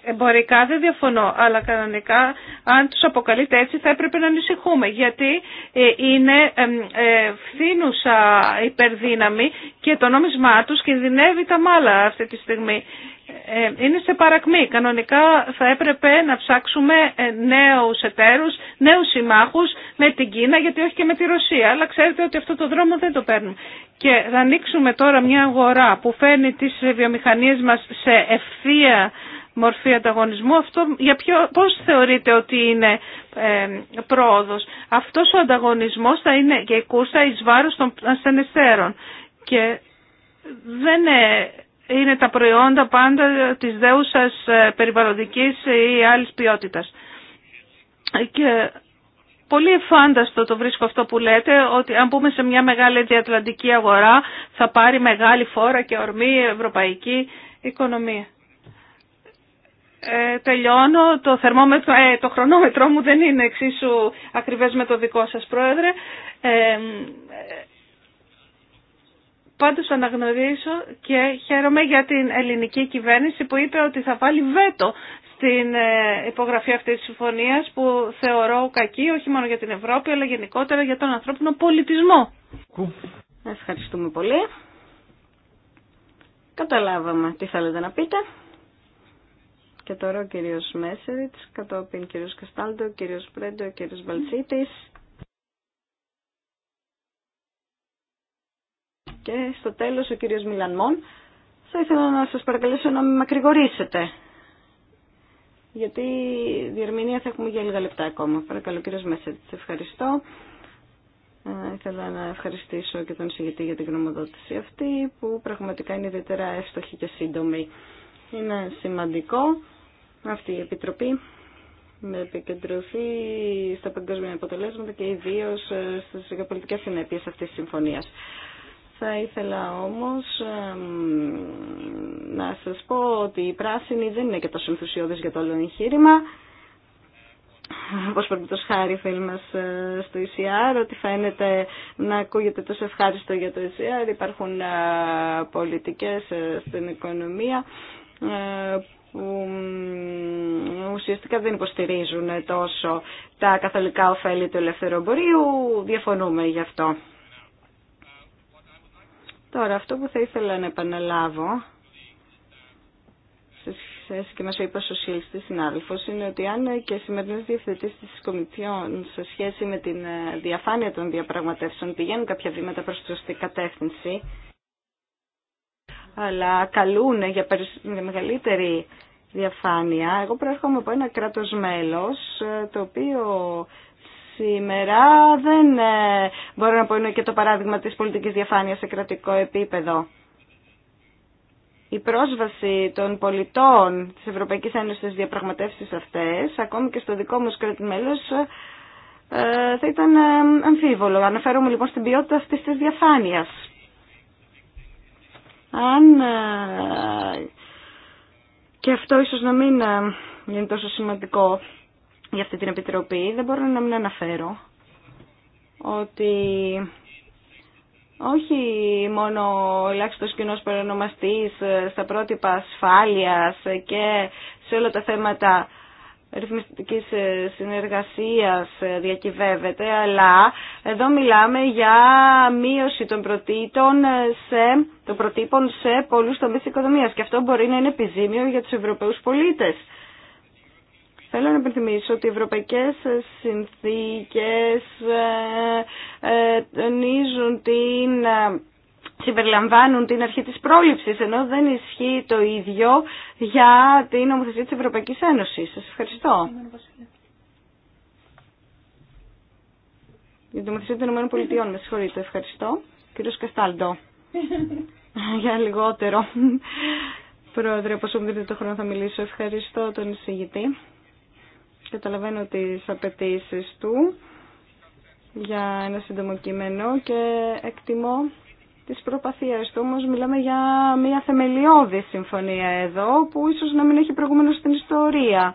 εμπορικά δεν διαφωνώ, αλλά κανονικά αν τους αποκαλείται έτσι θα έπρεπε να ανησυχούμε γιατί ε, είναι ε, φθήνουσα υπερδύναμη και το νόμισμά τους κινδυνεύει τα μάλα αυτή τη στιγμή. Ε, είναι σε παρακμή. Κανονικά θα έπρεπε να ψάξουμε νέους εταίρους, νέους συμμάχους με την Κίνα γιατί όχι και με τη Ρωσία. Αλλά ξέρετε ότι αυτό το δρόμο δεν το παίρνουν. Και θα ανοίξουμε τώρα μια αγορά που φέρνει τις βιομηχανίες μας σε ευθεία μορφή ανταγωνισμού, αυτό για ποιο, πώς θεωρείτε ότι είναι ε, πρόοδος. Αυτός ο ανταγωνισμός θα είναι και κούρσα εις βάρος των ασθενεστέρων και δεν ε, είναι τα προϊόντα πάντα της δέουσας ε, περιβαλλοντικής ή άλλης ποιότητας. Και πολύ εφάνταστο το βρίσκω αυτό που λέτε, ότι αν πούμε σε μια μεγάλη διατλαντική αγορά θα πάρει μεγάλη φόρα και ορμή ευρωπαϊκή οικονομία ε, τελειώνω. Το, θερμόμετρο, ε, το χρονόμετρό μου δεν είναι εξίσου ακριβές με το δικό σας, Πρόεδρε. Ε, πάντως αναγνωρίζω και χαίρομαι για την ελληνική κυβέρνηση που είπε ότι θα βάλει βέτο στην ε, υπογραφή αυτής της συμφωνίας που θεωρώ κακή όχι μόνο για την Ευρώπη αλλά γενικότερα για τον ανθρώπινο πολιτισμό. Ευχαριστούμε πολύ. Καταλάβαμε τι θέλετε να πείτε και τώρα ο κύριος Μέσεριτς, κατόπιν κύριος Καστάλτο, κύριος Πρέντο, κύριος Βαλτσίτης. Και στο τέλος ο κύριος Μιλανμόν. Θα ήθελα να σας παρακαλέσω να με μακρηγορήσετε. Γιατί διερμηνία θα έχουμε για λίγα λεπτά ακόμα. Παρακαλώ κύριος Μέσεριτς, ευχαριστώ. Ε, ήθελα να ευχαριστήσω και τον συγγετή για την γνωμοδότηση αυτή που πραγματικά είναι ιδιαίτερα εύστοχη και σύντομη. Είναι σημαντικό αυτή η Επιτροπή με επικεντρωθεί στα παγκόσμια αποτελέσματα και ιδίω ε, στις γεωπολιτικέ συνέπειες αυτής της συμφωνίας. Θα ήθελα όμως να σας πω ότι οι πράσινοι δεν είναι και τόσο ενθουσιώδει για το όλο εγχείρημα. όπω πρέπει το σχάρι φίλοι μας ε, στο ECR, ότι φαίνεται να ακούγεται τόσο ευχάριστο για το ECR. Υπάρχουν ε, πολιτικέ στην οικονομία που ουσιαστικά δεν υποστηρίζουν τόσο τα καθολικά ωφέλη του ελεύθερου Διαφωνούμε γι' αυτό. Τώρα, αυτό που θα ήθελα να επαναλάβω σε σχέση και μας είπε ο της συνάδελφος είναι ότι αν και σημερινές διευθυντή της Κομιτιών σε σχέση με την ε, διαφάνεια των διαπραγματεύσεων πηγαίνουν κάποια βήματα προς τη σωστή κατεύθυνση αλλά καλούν για, μεγαλύτερη διαφάνεια. Εγώ προέρχομαι από ένα κράτος μέλος, ε, το οποίο σήμερα δεν ε, μπορώ να πω είναι και το παράδειγμα της πολιτικής διαφάνειας σε κρατικό επίπεδο. Η πρόσβαση των πολιτών της Ευρωπαϊκής Ένωσης στις διαπραγματεύσεις αυτές, ακόμη και στο δικό μου κράτος μέλος, ε, θα ήταν αμφίβολο. Αναφέρομαι λοιπόν στην ποιότητα αυτής της διαφάνειας αν ε, και αυτό ίσως να μην ε, είναι τόσο σημαντικό για αυτή την Επιτροπή, δεν μπορώ να μην αναφέρω ότι όχι μόνο ο ελάχιστος κοινός παρονομαστής ε, στα πρότυπα ασφάλειας και σε όλα τα θέματα ρυθμιστικής ε, συνεργασίας ε, διακυβεύεται, αλλά εδώ μιλάμε για μείωση των προτύπων ε, σε, των προτύπων σε πολλούς τομείς οικονομίας και αυτό μπορεί να είναι επιζήμιο για τους Ευρωπαίους πολίτες. Θέλω να υπενθυμίσω ότι οι ευρωπαϊκές συνθήκες τονίζουν την συμπεριλαμβάνουν την αρχή της πρόληψης, ενώ δεν ισχύει το ίδιο για την νομοθεσία της Ευρωπαϊκής Ένωσης. Σας ευχαριστώ. Για την νομοθεσία των Ηνωμένων Πολιτειών, με συγχωρείτε. Ευχαριστώ. Κύριος Καστάλντο. για λιγότερο. Πρόεδρε, όπως μου δείτε το χρόνο θα μιλήσω. Ευχαριστώ τον εισηγητή. Καταλαβαίνω τις απαιτήσει του για ένα σύντομο κείμενο και εκτιμώ της προπαθίας του. Όμως μιλάμε για μια θεμελιώδη συμφωνία εδώ που ίσως να μην έχει προηγούμενο στην ιστορία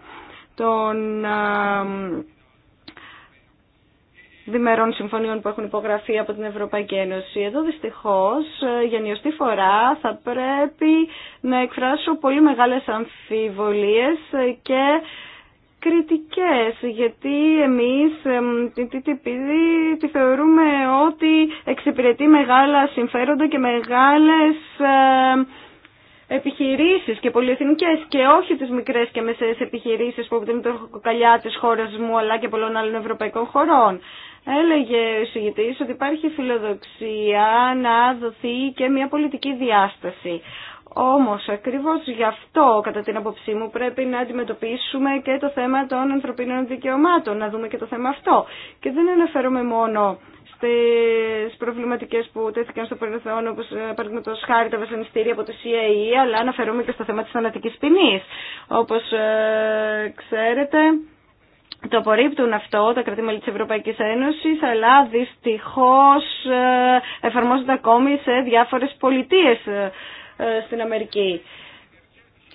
των διμερών συμφωνιών που έχουν υπογραφεί από την Ευρωπαϊκή Ένωση. Εδώ δυστυχώς ε, για νιωστή φορά θα πρέπει να εκφράσω πολύ μεγάλες αμφιβολίες και κριτικές γιατί εμείς την TTP τη θεωρούμε ότι εξυπηρετεί μεγάλα συμφέροντα και μεγάλες επιχειρήσεις και πολυεθνικές και όχι τις μικρές και μεσαίες επιχειρήσεις που αποτελούν το κοκαλιά της χώρας μου αλλά και πολλών άλλων ευρωπαϊκών χωρών. Έλεγε ο συγητής ότι υπάρχει φιλοδοξία να δοθεί και μια πολιτική διάσταση. Όμως ακριβώς γι' αυτό κατά την απόψή μου πρέπει να αντιμετωπίσουμε και το θέμα των ανθρωπίνων δικαιωμάτων, να δούμε και το θέμα αυτό. Και δεν αναφέρομαι μόνο στις προβληματικές που τέθηκαν στο παρελθόν, όπως ε, παραδείγματος χάρη τα βασανιστήρια από το CIA, e, αλλά αναφέρομαι και στο θέμα της θανατικής ποινής. Όπως ε, ξέρετε, το απορρίπτουν αυτό τα κρατήματα της Ευρωπαϊκής Ένωσης, αλλά δυστυχώς ε, εφαρμόζονται ακόμη σε διάφορες πολιτείες ε, στην Αμερική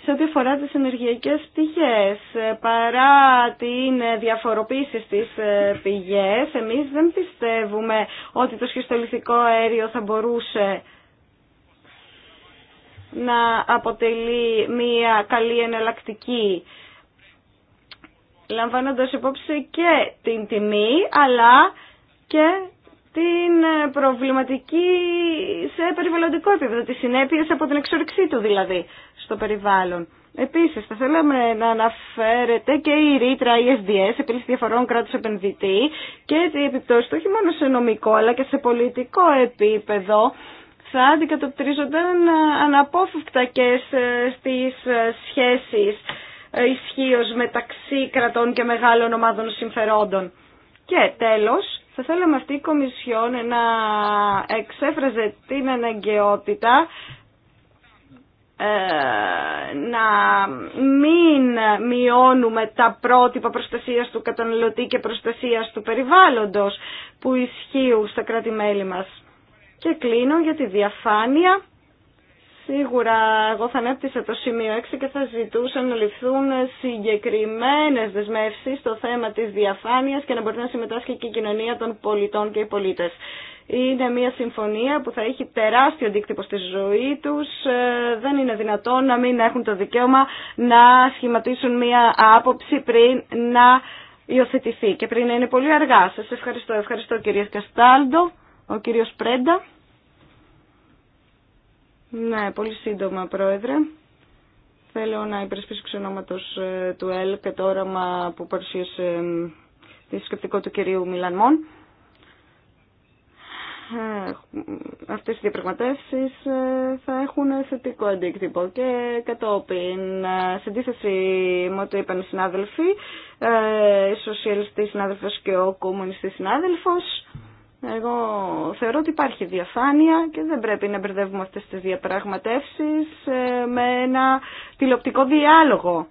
σε ό,τι αφορά τις ενεργειακές πηγές. Ε, παρά την διαφοροποίηση στις ε, πηγές, εμείς δεν πιστεύουμε ότι το σχιστολιθικό αέριο θα μπορούσε να αποτελεί μια καλή εναλλακτική λαμβάνοντας υπόψη και την τιμή αλλά και την ε, προβληματική σε περιβαλλοντικό επίπεδο, τις συνέπειες από την εξορυξή του δηλαδή στο περιβάλλον. Επίσης, θα θέλαμε να αναφέρεται και η ρήτρα ESDS, επίλυση διαφορών κράτους επενδυτή και η επιπτώση του όχι μόνο σε νομικό αλλά και σε πολιτικό επίπεδο θα αντικατοπτρίζονταν ε, αναπόφευκτα και στις ε, σχέσεις ισχύω μεταξύ κρατών και μεγάλων ομάδων συμφερόντων. Και τέλος, θα θέλαμε αυτή η Κομισιόν να εξέφραζε την αναγκαιότητα ε, να μην μειώνουμε τα πρότυπα προστασίας του καταναλωτή και προστασίας του περιβάλλοντος που ισχύουν στα κράτη-μέλη μας. Και κλείνω για τη διαφάνεια Σίγουρα εγώ θα ανέπτυσα το σημείο 6 και θα ζητούσα να ληφθούν συγκεκριμένες δεσμεύσεις στο θέμα της διαφάνειας και να μπορεί να συμμετάσχει και η κοινωνία των πολιτών και οι πολίτες. Είναι μια συμφωνία που θα έχει τεράστιο αντίκτυπο στη ζωή τους. Ε, δεν είναι δυνατόν να μην έχουν το δικαίωμα να σχηματίσουν μια άποψη πριν να υιοθετηθεί και πριν να είναι πολύ αργά. Σας ευχαριστώ. Ευχαριστώ κυρία Καστάλντο, ο κύριος Πρέντα. Ναι, πολύ σύντομα, Πρόεδρε. Θέλω να υπερασπίσω ξενόματο ε, του ΕΛ και το όραμα που παρουσίασε ε, τη σκεπτικό του κυρίου Μιλανμόν. Ε, αυτές οι διαπραγματεύσεις θα έχουν θετικό αντίκτυπο και κατόπιν, σε αντίθεση με ό,τι είπαν οι συνάδελφοι, οι Σοσιαλιστή συνάδελφος και ο Κομμουνιστή συνάδελφος, εγώ θεωρώ ότι υπάρχει διαφάνεια και δεν πρέπει να μπερδεύουμε αυτές τις διαπραγματεύσεις ε, με ένα τηλεοπτικό διάλογο.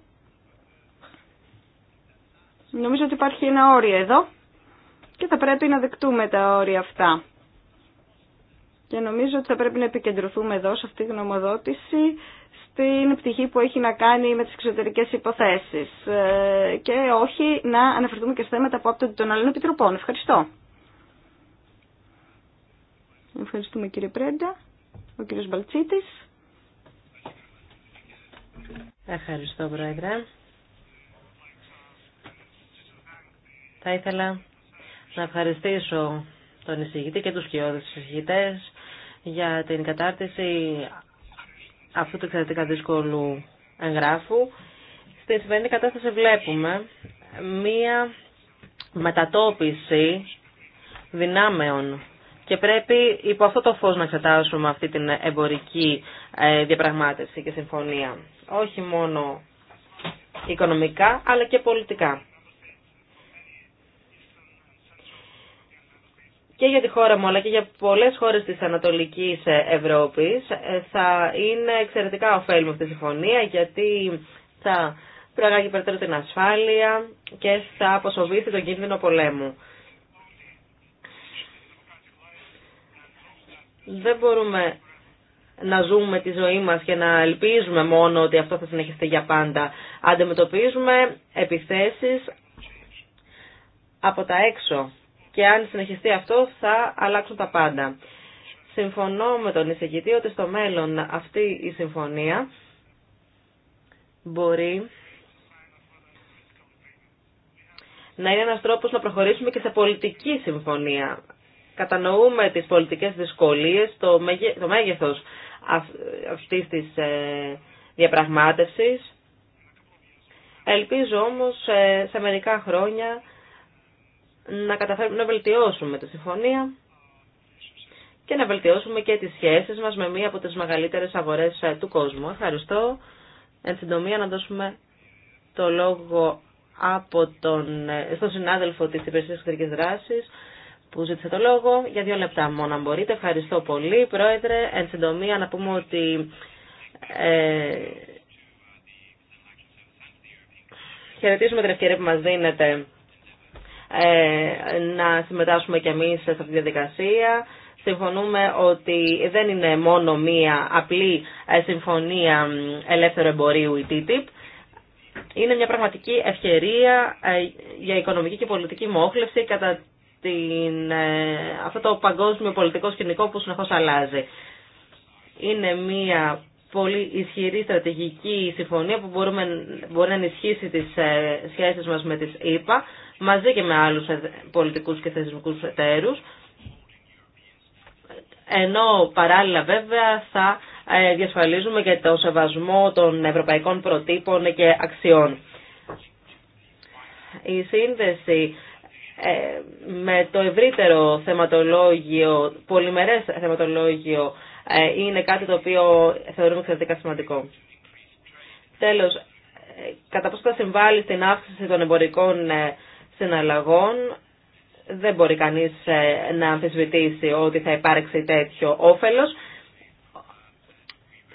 Νομίζω ότι υπάρχει ένα όριο εδώ και θα πρέπει να δεκτούμε τα όρια αυτά. Και νομίζω ότι θα πρέπει να επικεντρωθούμε εδώ σε αυτή τη γνωμοδότηση στην πτυχή που έχει να κάνει με τις εξωτερικές υποθέσεις ε, και όχι να αναφερθούμε και σε θέματα που άπτονται των άλλων επιτροπών. Ευχαριστώ. Ευχαριστούμε κύριε Πρέντα. Ο κύριος Μπαλτσίτης. Ευχαριστώ Πρόεδρε. Θα ήθελα να ευχαριστήσω τον εισηγητή και τους κοιόδους εισηγητές για την κατάρτιση αυτού του εξαιρετικά δύσκολου εγγράφου. Στη σημερινή κατάσταση βλέπουμε μία μετατόπιση δυνάμεων και πρέπει υπό αυτό το φως να εξετάσουμε αυτή την εμπορική ε, διαπραγμάτευση και συμφωνία. Όχι μόνο οικονομικά, αλλά και πολιτικά. Και για τη χώρα μου, αλλά και για πολλές χώρες της Ανατολικής Ευρώπης ε, θα είναι εξαιρετικά ωφέλιμη αυτή η συμφωνία, γιατί θα προαγάγει περαιτέρω την ασφάλεια και θα αποσοβήσει τον κίνδυνο πολέμου. Δεν μπορούμε να ζούμε τη ζωή μας και να ελπίζουμε μόνο ότι αυτό θα συνεχιστεί για πάντα. Αντιμετωπίζουμε επιθέσεις από τα έξω και αν συνεχιστεί αυτό θα αλλάξουν τα πάντα. Συμφωνώ με τον εισηγητή ότι στο μέλλον αυτή η συμφωνία μπορεί να είναι ένας τρόπος να προχωρήσουμε και σε πολιτική συμφωνία κατανοούμε τις πολιτικές δυσκολίες, το, μέγε, το μέγεθος αυτής της ε, διαπραγμάτευσης. Ελπίζω όμως ε, σε μερικά χρόνια να καταφέρουμε να βελτιώσουμε τη συμφωνία και να βελτιώσουμε και τις σχέσεις μας με μία από τις μεγαλύτερες αγορές ε, του κόσμου. Ευχαριστώ. Εν συντομία να δώσουμε το λόγο από τον, στον συνάδελφο της Υπηρεσίας Εξωτερικής Δράσης, που ζήτησε το λόγο. Για δύο λεπτά μόνο, αν μπορείτε. Ευχαριστώ πολύ, Πρόεδρε. Εν συντομία, να πούμε ότι ε, χαιρετίζουμε την ευκαιρία που μας δίνεται ε, να συμμετάσχουμε κι εμείς σε αυτή τη διαδικασία. Συμφωνούμε ότι δεν είναι μόνο μία απλή ε, συμφωνία ελεύθερου εμπορίου η TTIP. Είναι μια πραγματική ευκαιρία ε, για οικονομική και πολιτική μόχλευση κατά ε, αυτό το παγκόσμιο πολιτικό σκηνικό που συνεχώς αλλάζει. Είναι μια πολύ ισχυρή στρατηγική συμφωνία που μπορούμε, μπορεί να ενισχύσει τις ε, σχέσεις μας με τις ΗΠΑ μαζί και με άλλους πολιτικούς και θεσμικούς εταίρους ενώ παράλληλα βέβαια θα ε, διασφαλίζουμε και το σεβασμό των ευρωπαϊκών προτύπων και αξιών. Η σύνδεση ε, με το ευρύτερο θεματολόγιο, πολυμερές θεματολόγιο, ε, είναι κάτι το οποίο θεωρούμε εξαιρετικά σημαντικό. Τέλος, ε, κατά πόσο θα συμβάλλει στην αύξηση των εμπορικών συναλλαγών, δεν μπορεί κανείς να αμφισβητήσει ότι θα υπάρξει τέτοιο όφελος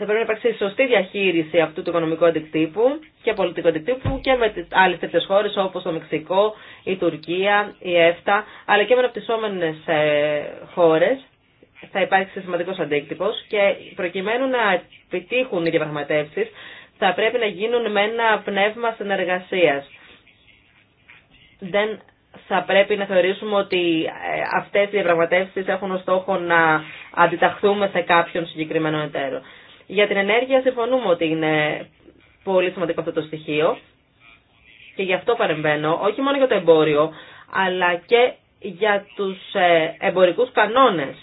θα πρέπει να υπάρξει σωστή διαχείριση αυτού του οικονομικού αντικτύπου και πολιτικού αντικτύπου και με τι άλλε τέτοιε χώρε όπω το Μεξικό, η Τουρκία, η ΕΦΤΑ, αλλά και με αναπτυσσόμενε ε, χώρε θα υπάρξει σημαντικό αντίκτυπο και προκειμένου να επιτύχουν οι διαπραγματεύσει θα πρέπει να γίνουν με ένα πνεύμα συνεργασία. Δεν θα πρέπει να θεωρήσουμε ότι ε, αυτές οι διαπραγματεύσεις έχουν ως στόχο να αντιταχθούμε σε κάποιον συγκεκριμένο εταίρο. Για την ενέργεια συμφωνούμε ότι είναι πολύ σημαντικό αυτό το στοιχείο και γι' αυτό παρεμβαίνω, όχι μόνο για το εμπόριο, αλλά και για τους ε, εμπορικούς κανόνες.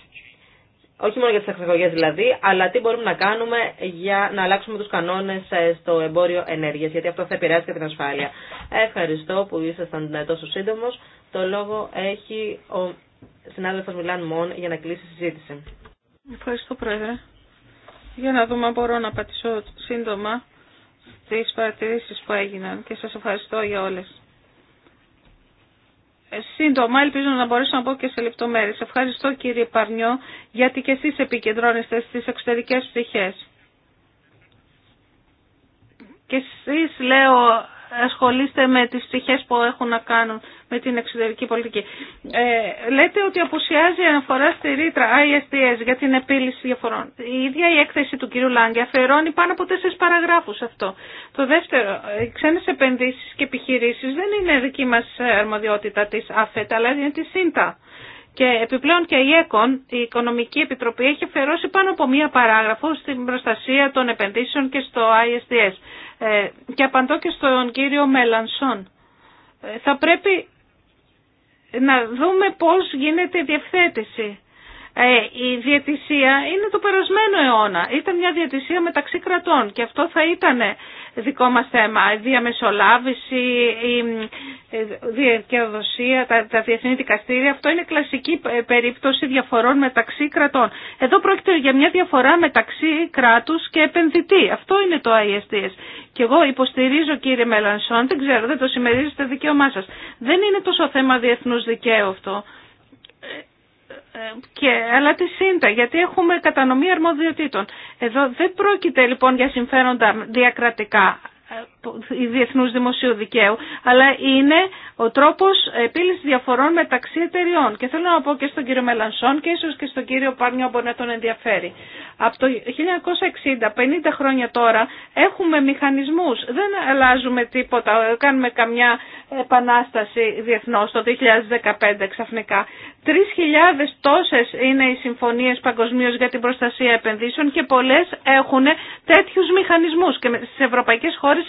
Όχι μόνο για τις εξαγωγές δηλαδή, αλλά τι μπορούμε να κάνουμε για να αλλάξουμε τους κανόνες ε, στο εμπόριο ενέργειας, γιατί αυτό θα επηρεάσει και την ασφάλεια. Ευχαριστώ που ήσασταν ε, τόσο σύντομο. Το λόγο έχει ο συνάδελφος Μιλάν Μόν για να κλείσει η συζήτηση. Ευχαριστώ Πρόεδρε για να δούμε αν μπορώ να πατήσω σύντομα στις παρατηρήσεις που έγιναν και σας ευχαριστώ για όλες. Ε, σύντομα, ελπίζω να μπορέσω να πω και σε λεπτομέρειε. Ευχαριστώ κύριε Παρνιό, γιατί και εσείς επικεντρώνεστε στις εξωτερικές πτυχές. Και εσείς λέω ασχολείστε με τις πτυχές που έχουν να κάνουν με την εξωτερική πολιτική. Ε, λέτε ότι απουσιάζει αναφορά στη ρήτρα ISDS για την επίλυση διαφορών. Η ίδια η έκθεση του κ. Λάγκη αφαιρώνει πάνω από τέσσερι παραγράφους αυτό. Το δεύτερο, οι ξένες επενδύσεις και επιχειρήσεις δεν είναι δική μας αρμοδιότητα της ΑΦΕΤ, αλλά είναι της ΣΥΝΤΑ. Και επιπλέον και η ΕΚΟΝ, η Οικονομική Επιτροπή, έχει αφαιρώσει πάνω από μία παράγραφο στην προστασία των επενδύσεων και στο ISDS. Ε, και απαντώ και στον κύριο Μελανσόν. Ε, θα πρέπει να δούμε πώς γίνεται η διευθέτηση. Ε, η διατησία είναι το περασμένο αιώνα. Ήταν μια διατησία μεταξύ κρατών και αυτό θα ήτανε δικό μας θέμα. Η διαμεσολάβηση, η ε, δικαιοδοσία, τα, τα διεθνή δικαστήρια. Αυτό είναι κλασική ε, περίπτωση διαφορών μεταξύ κρατών. Εδώ πρόκειται για μια διαφορά μεταξύ κράτους και επενδυτή. Αυτό είναι το ISDS. Και εγώ υποστηρίζω κύριε Μελανσόν, δεν ξέρω, δεν το συμμερίζετε δικαίωμά σας. Δεν είναι τόσο θέμα διεθνού δικαίου αυτό ε, ε, και, αλλά τη ΣΥΝΤΑ, γιατί έχουμε κατανομή αρμοδιοτήτων. Εδώ δεν πρόκειται λοιπόν για συμφέροντα διακρατικά. Ε, διεθνούς δημοσίου δικαίου, αλλά είναι ο τρόπος επίλυσης διαφορών μεταξύ εταιριών. Και θέλω να πω και στον κύριο Μελανσόν και ίσως και στον κύριο Πάρνιο μπορεί να τον ενδιαφέρει. Από το 1960, 50 χρόνια τώρα, έχουμε μηχανισμούς. Δεν αλλάζουμε τίποτα, κάνουμε καμιά επανάσταση διεθνώς το 2015 ξαφνικά. 3.000 τόσες είναι οι συμφωνίες παγκοσμίω για την προστασία επενδύσεων και πολλές έχουν τέτοιους μηχανισμούς και στις ευρωπαϊκές χώρες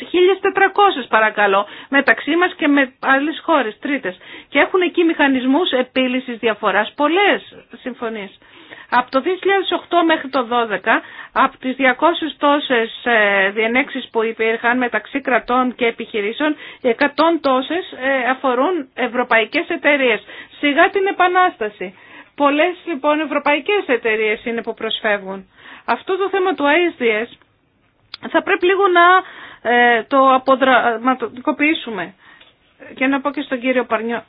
παρακαλώ μεταξύ μας και με άλλες χώρες τρίτες. Και έχουν εκεί μηχανισμούς επίλυσης διαφοράς, πολλές συμφωνίες. Από το 2008 μέχρι το 2012, από τις 200 τόσες ε, διενέξεις που υπήρχαν μεταξύ κρατών και επιχειρήσεων, 100 τόσες ε, αφορούν ευρωπαϊκές εταιρείες. Σιγά την επανάσταση. Πολλές λοιπόν ευρωπαϊκές εταιρείες είναι που προσφεύγουν. Αυτό το θέμα του ISDS θα πρέπει λίγο να ε, το αποδραματοποιήσουμε. Και να πω και στον κύριο Παρνιό.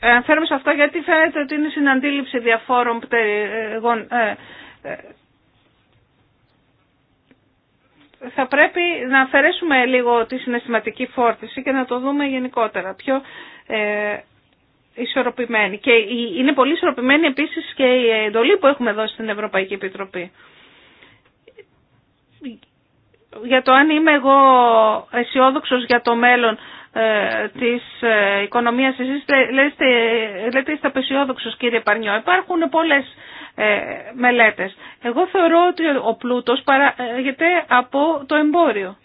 Ε, Αναφέρομαι σε αυτό, γιατί φαίνεται ότι είναι συναντήληψη διαφόρων πτέρυγων. Ε, θα πρέπει να αφαιρέσουμε λίγο τη συναισθηματική φόρτιση και να το δούμε γενικότερα, πιο ε, ισορροπημένη. Και είναι πολύ ισορροπημένη επίσης και η εντολή που έχουμε δώσει στην Ευρωπαϊκή Επιτροπή για το αν είμαι εγώ αισιόδοξο για το μέλλον ε, της ε, οικονομίας. Εσείς λέτε, λέτε είστε απεσιόδοξο, κύριε Παρνιό. Υπάρχουν πολλές ε, μελέτες. Εγώ θεωρώ ότι ο πλούτος παράγεται από το εμπόριο.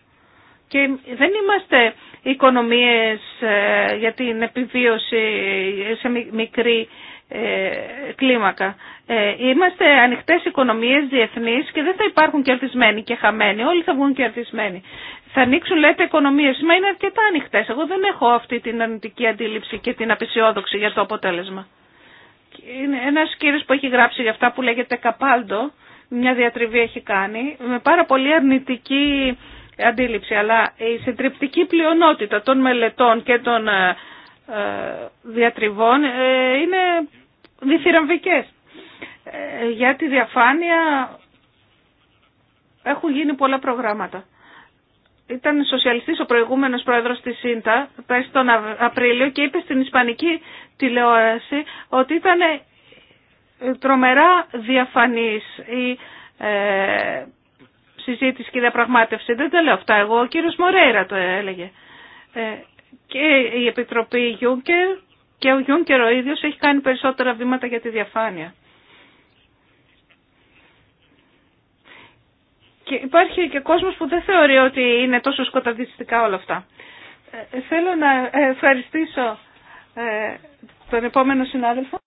Και δεν είμαστε οικονομίες ε, για την επιβίωση σε μικρή ε, κλίμακα. Ε, είμαστε ανοιχτέ οικονομίε διεθνεί και δεν θα υπάρχουν κερδισμένοι και χαμένοι. Όλοι θα βγουν κερδισμένοι. Θα ανοίξουν λέτε οικονομίες. Μα είναι αρκετά ανοιχτέ. Εγώ δεν έχω αυτή την αρνητική αντίληψη και την απεσιόδοξη για το αποτέλεσμα. Είναι ένα κύριο που έχει γράψει για αυτά που λέγεται Καπάλτο, μια διατριβή έχει κάνει, με πάρα πολύ αρνητική αντίληψη, αλλά η συντριπτική πλειονότητα των μελετών και των ε, ε, διατριβών ε, είναι διθυραμβικές. Ε, για τη διαφάνεια έχουν γίνει πολλά προγράμματα. Ήταν σοσιαλιστής ο προηγούμενος πρόεδρος της ΣΥΝΤΑ πέρσι τον Απρίλιο και είπε στην Ισπανική τηλεόραση ότι ήταν τρομερά διαφανής η συζήτηση και διαπραγμάτευση. Δεν τα λέω αυτά εγώ, ο κύριος Μορέιρα το έλεγε και η Επιτροπή Γιούγκερ και ο Γιούγκερ ο ίδιος έχει κάνει περισσότερα βήματα για τη διαφάνεια. Και υπάρχει και κόσμος που δεν θεωρεί ότι είναι τόσο σκοταδιστικά όλα αυτά. Ε, θέλω να ευχαριστήσω ε, τον επόμενο συνάδελφο.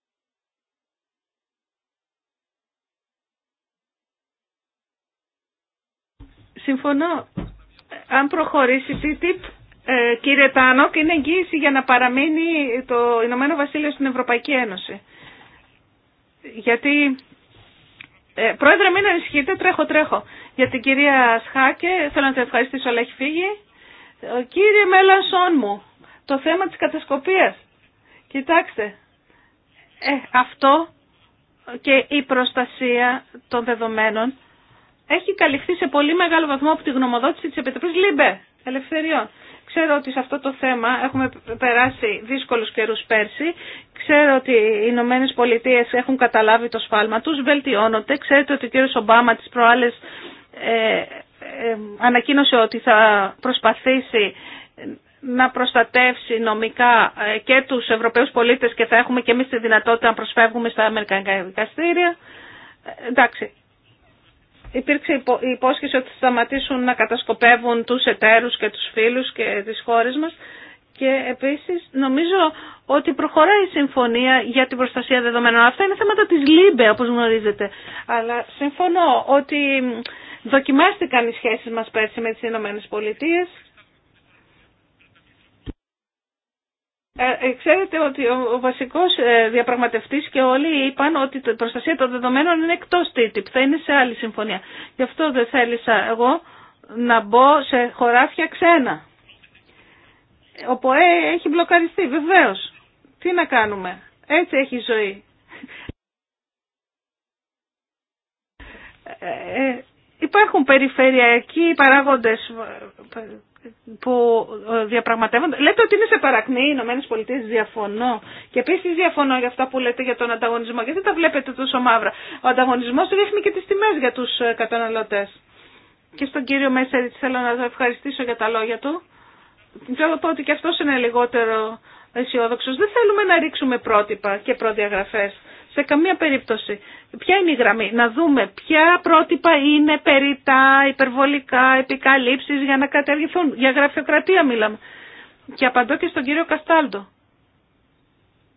Συμφωνώ. Αν προχωρήσει τι TTIP ε, κύριε Τάνοκ, είναι εγγύηση για να παραμείνει το Ηνωμένο Βασίλειο στην Ευρωπαϊκή Ένωση. Γιατί, ε, πρόεδρε μην ανησυχείτε, τρέχω τρέχω. Για την κυρία Σχάκε, θέλω να την ευχαριστήσω, αλλά έχει φύγει. Ε, κύριε Μέλανσόν μου, το θέμα της κατασκοπίας. Κοιτάξτε, ε, αυτό και η προστασία των δεδομένων έχει καλυφθεί σε πολύ μεγάλο βαθμό από τη γνωμοδότηση της Επιτροπής ΛΥΜΠΕ, Ελευθεριών. Ξέρω ότι σε αυτό το θέμα έχουμε περάσει δύσκολους καιρούς πέρσι. Ξέρω ότι οι Ηνωμένε Πολιτείε έχουν καταλάβει το σφάλμα τους, βελτιώνονται. Ξέρετε ότι ο κύριος Ομπάμα τις προάλλες ε, ε ανακοίνωσε ότι θα προσπαθήσει να προστατεύσει νομικά ε, και τους Ευρωπαίους πολίτες και θα έχουμε και εμείς τη δυνατότητα να προσφεύγουμε στα Αμερικανικά δικαστήρια. Ε, εντάξει, υπήρξε η υπόσχεση ότι θα σταματήσουν να κατασκοπεύουν τους εταίρους και τους φίλους και τις χώρες μας και επίσης νομίζω ότι προχωράει η συμφωνία για την προστασία δεδομένων. Αυτά είναι θέματα της ΛΥΜΠΕ όπως γνωρίζετε. Αλλά συμφωνώ ότι δοκιμάστηκαν οι σχέσεις μας πέρσι με τις Ηνωμένες Πολιτείες Ε, ε, ξέρετε ότι ο, ο βασικός ε, διαπραγματευτής και όλοι είπαν ότι η προστασία των δεδομένων είναι εκτός TTIP, θα είναι σε άλλη συμφωνία. Γι' αυτό δεν θέλησα εγώ να μπω σε χωράφια ξένα. Ο έχει μπλοκαριστεί, βεβαίως. Τι να κάνουμε, έτσι έχει ζωή. Ε, ε, υπάρχουν περιφερειακοί παράγοντες που ε, διαπραγματεύονται. Λέτε ότι είναι σε παρακμή οι Ηνωμένε Πολιτείε. Διαφωνώ. Και επίση διαφωνώ για αυτά που λέτε για τον ανταγωνισμό. Γιατί τα βλέπετε τόσο μαύρα. Ο ανταγωνισμό δείχνει και τι τιμέ για του ε, καταναλωτέ. Και στον κύριο Μέσεριτ θέλω να το ευχαριστήσω για τα λόγια του. Θέλω να πω ότι και αυτό είναι λιγότερο αισιόδοξο. Δεν θέλουμε να ρίξουμε πρότυπα και προδιαγραφέ σε καμία περίπτωση. Ποια είναι η γραμμή, να δούμε ποια πρότυπα είναι περιτά, υπερβολικά, επικαλύψεις για να κατεργηθούν. Για γραφειοκρατία μιλάμε. Και απαντώ και στον κύριο Καστάλτο.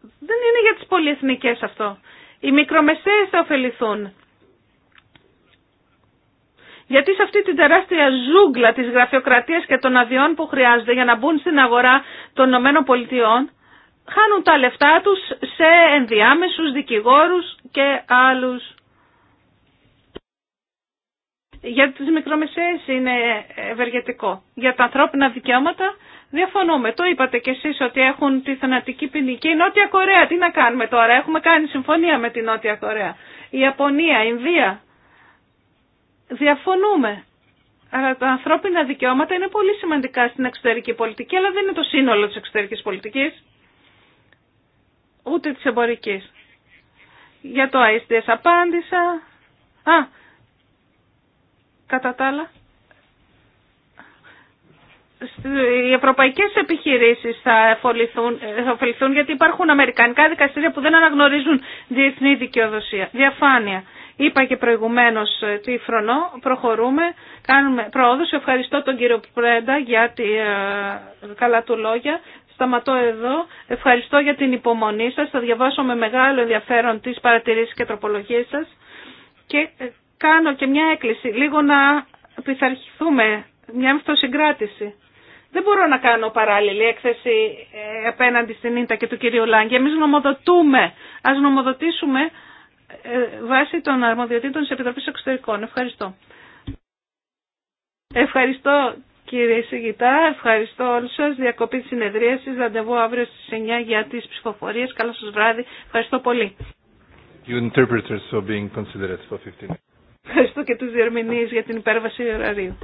Δεν είναι για τις πολυεθνικές αυτό. Οι μικρομεσαίες θα ωφεληθούν. Γιατί σε αυτή την τεράστια ζούγκλα της γραφειοκρατίας και των αδειών που χρειάζεται για να μπουν στην αγορά των ΗΠΑ, χάνουν τα λεφτά τους σε ενδιάμεσους δικηγόρους και άλλους. Για τις μικρομεσαίες είναι ευεργετικό. Για τα ανθρώπινα δικαιώματα διαφωνούμε. Το είπατε κι εσείς ότι έχουν τη θανατική ποινή. Και η Νότια Κορέα τι να κάνουμε τώρα. Έχουμε κάνει συμφωνία με τη Νότια Κορέα. Η Ιαπωνία, η Ινδία. Διαφωνούμε. Αλλά τα ανθρώπινα δικαιώματα είναι πολύ σημαντικά στην εξωτερική πολιτική, αλλά δεν είναι το σύνολο της εξωτερικής πολιτικής ούτε της εμπορικής. Για το ISDS απάντησα. Α, κατά τα άλλα. Οι ευρωπαϊκές επιχειρήσεις θα ωφεληθούν, γιατί υπάρχουν αμερικανικά δικαστήρια που δεν αναγνωρίζουν διεθνή δικαιοδοσία. Διαφάνεια. Είπα και προηγουμένως ε, τι φρονώ. Προχωρούμε. Κάνουμε πρόοδους. Ευχαριστώ τον κύριο Πρέντα για τη ε, καλά του λόγια. Σταματώ εδώ. Ευχαριστώ για την υπομονή σας. Θα διαβάσω με μεγάλο ενδιαφέρον τις παρατηρήσεις και τροπολογίες σας. Και ε, κάνω και μια έκκληση. Λίγο να πειθαρχηθούμε. Μια αυτοσυγκράτηση. Δεν μπορώ να κάνω παράλληλη έκθεση ε, απέναντι στην ίντα και του κυρίου Λάγκη. Εμείς νομοδοτούμε. Ας νομοδοτήσουμε ε, βάσει των αρμοδιοτήτων της Επιτροπής Εξωτερικών. Ευχαριστώ. Ευχαριστώ Κύριε Σιγητά, ευχαριστώ όλους σας. Διακοπή της συνεδρίασης. Ραντεβού αύριο στις 9 για τις ψηφοφορίες. Καλό σας βράδυ. Ευχαριστώ πολύ. Ευχαριστώ και τους διερμηνείς για την υπέρβαση ωραρίου.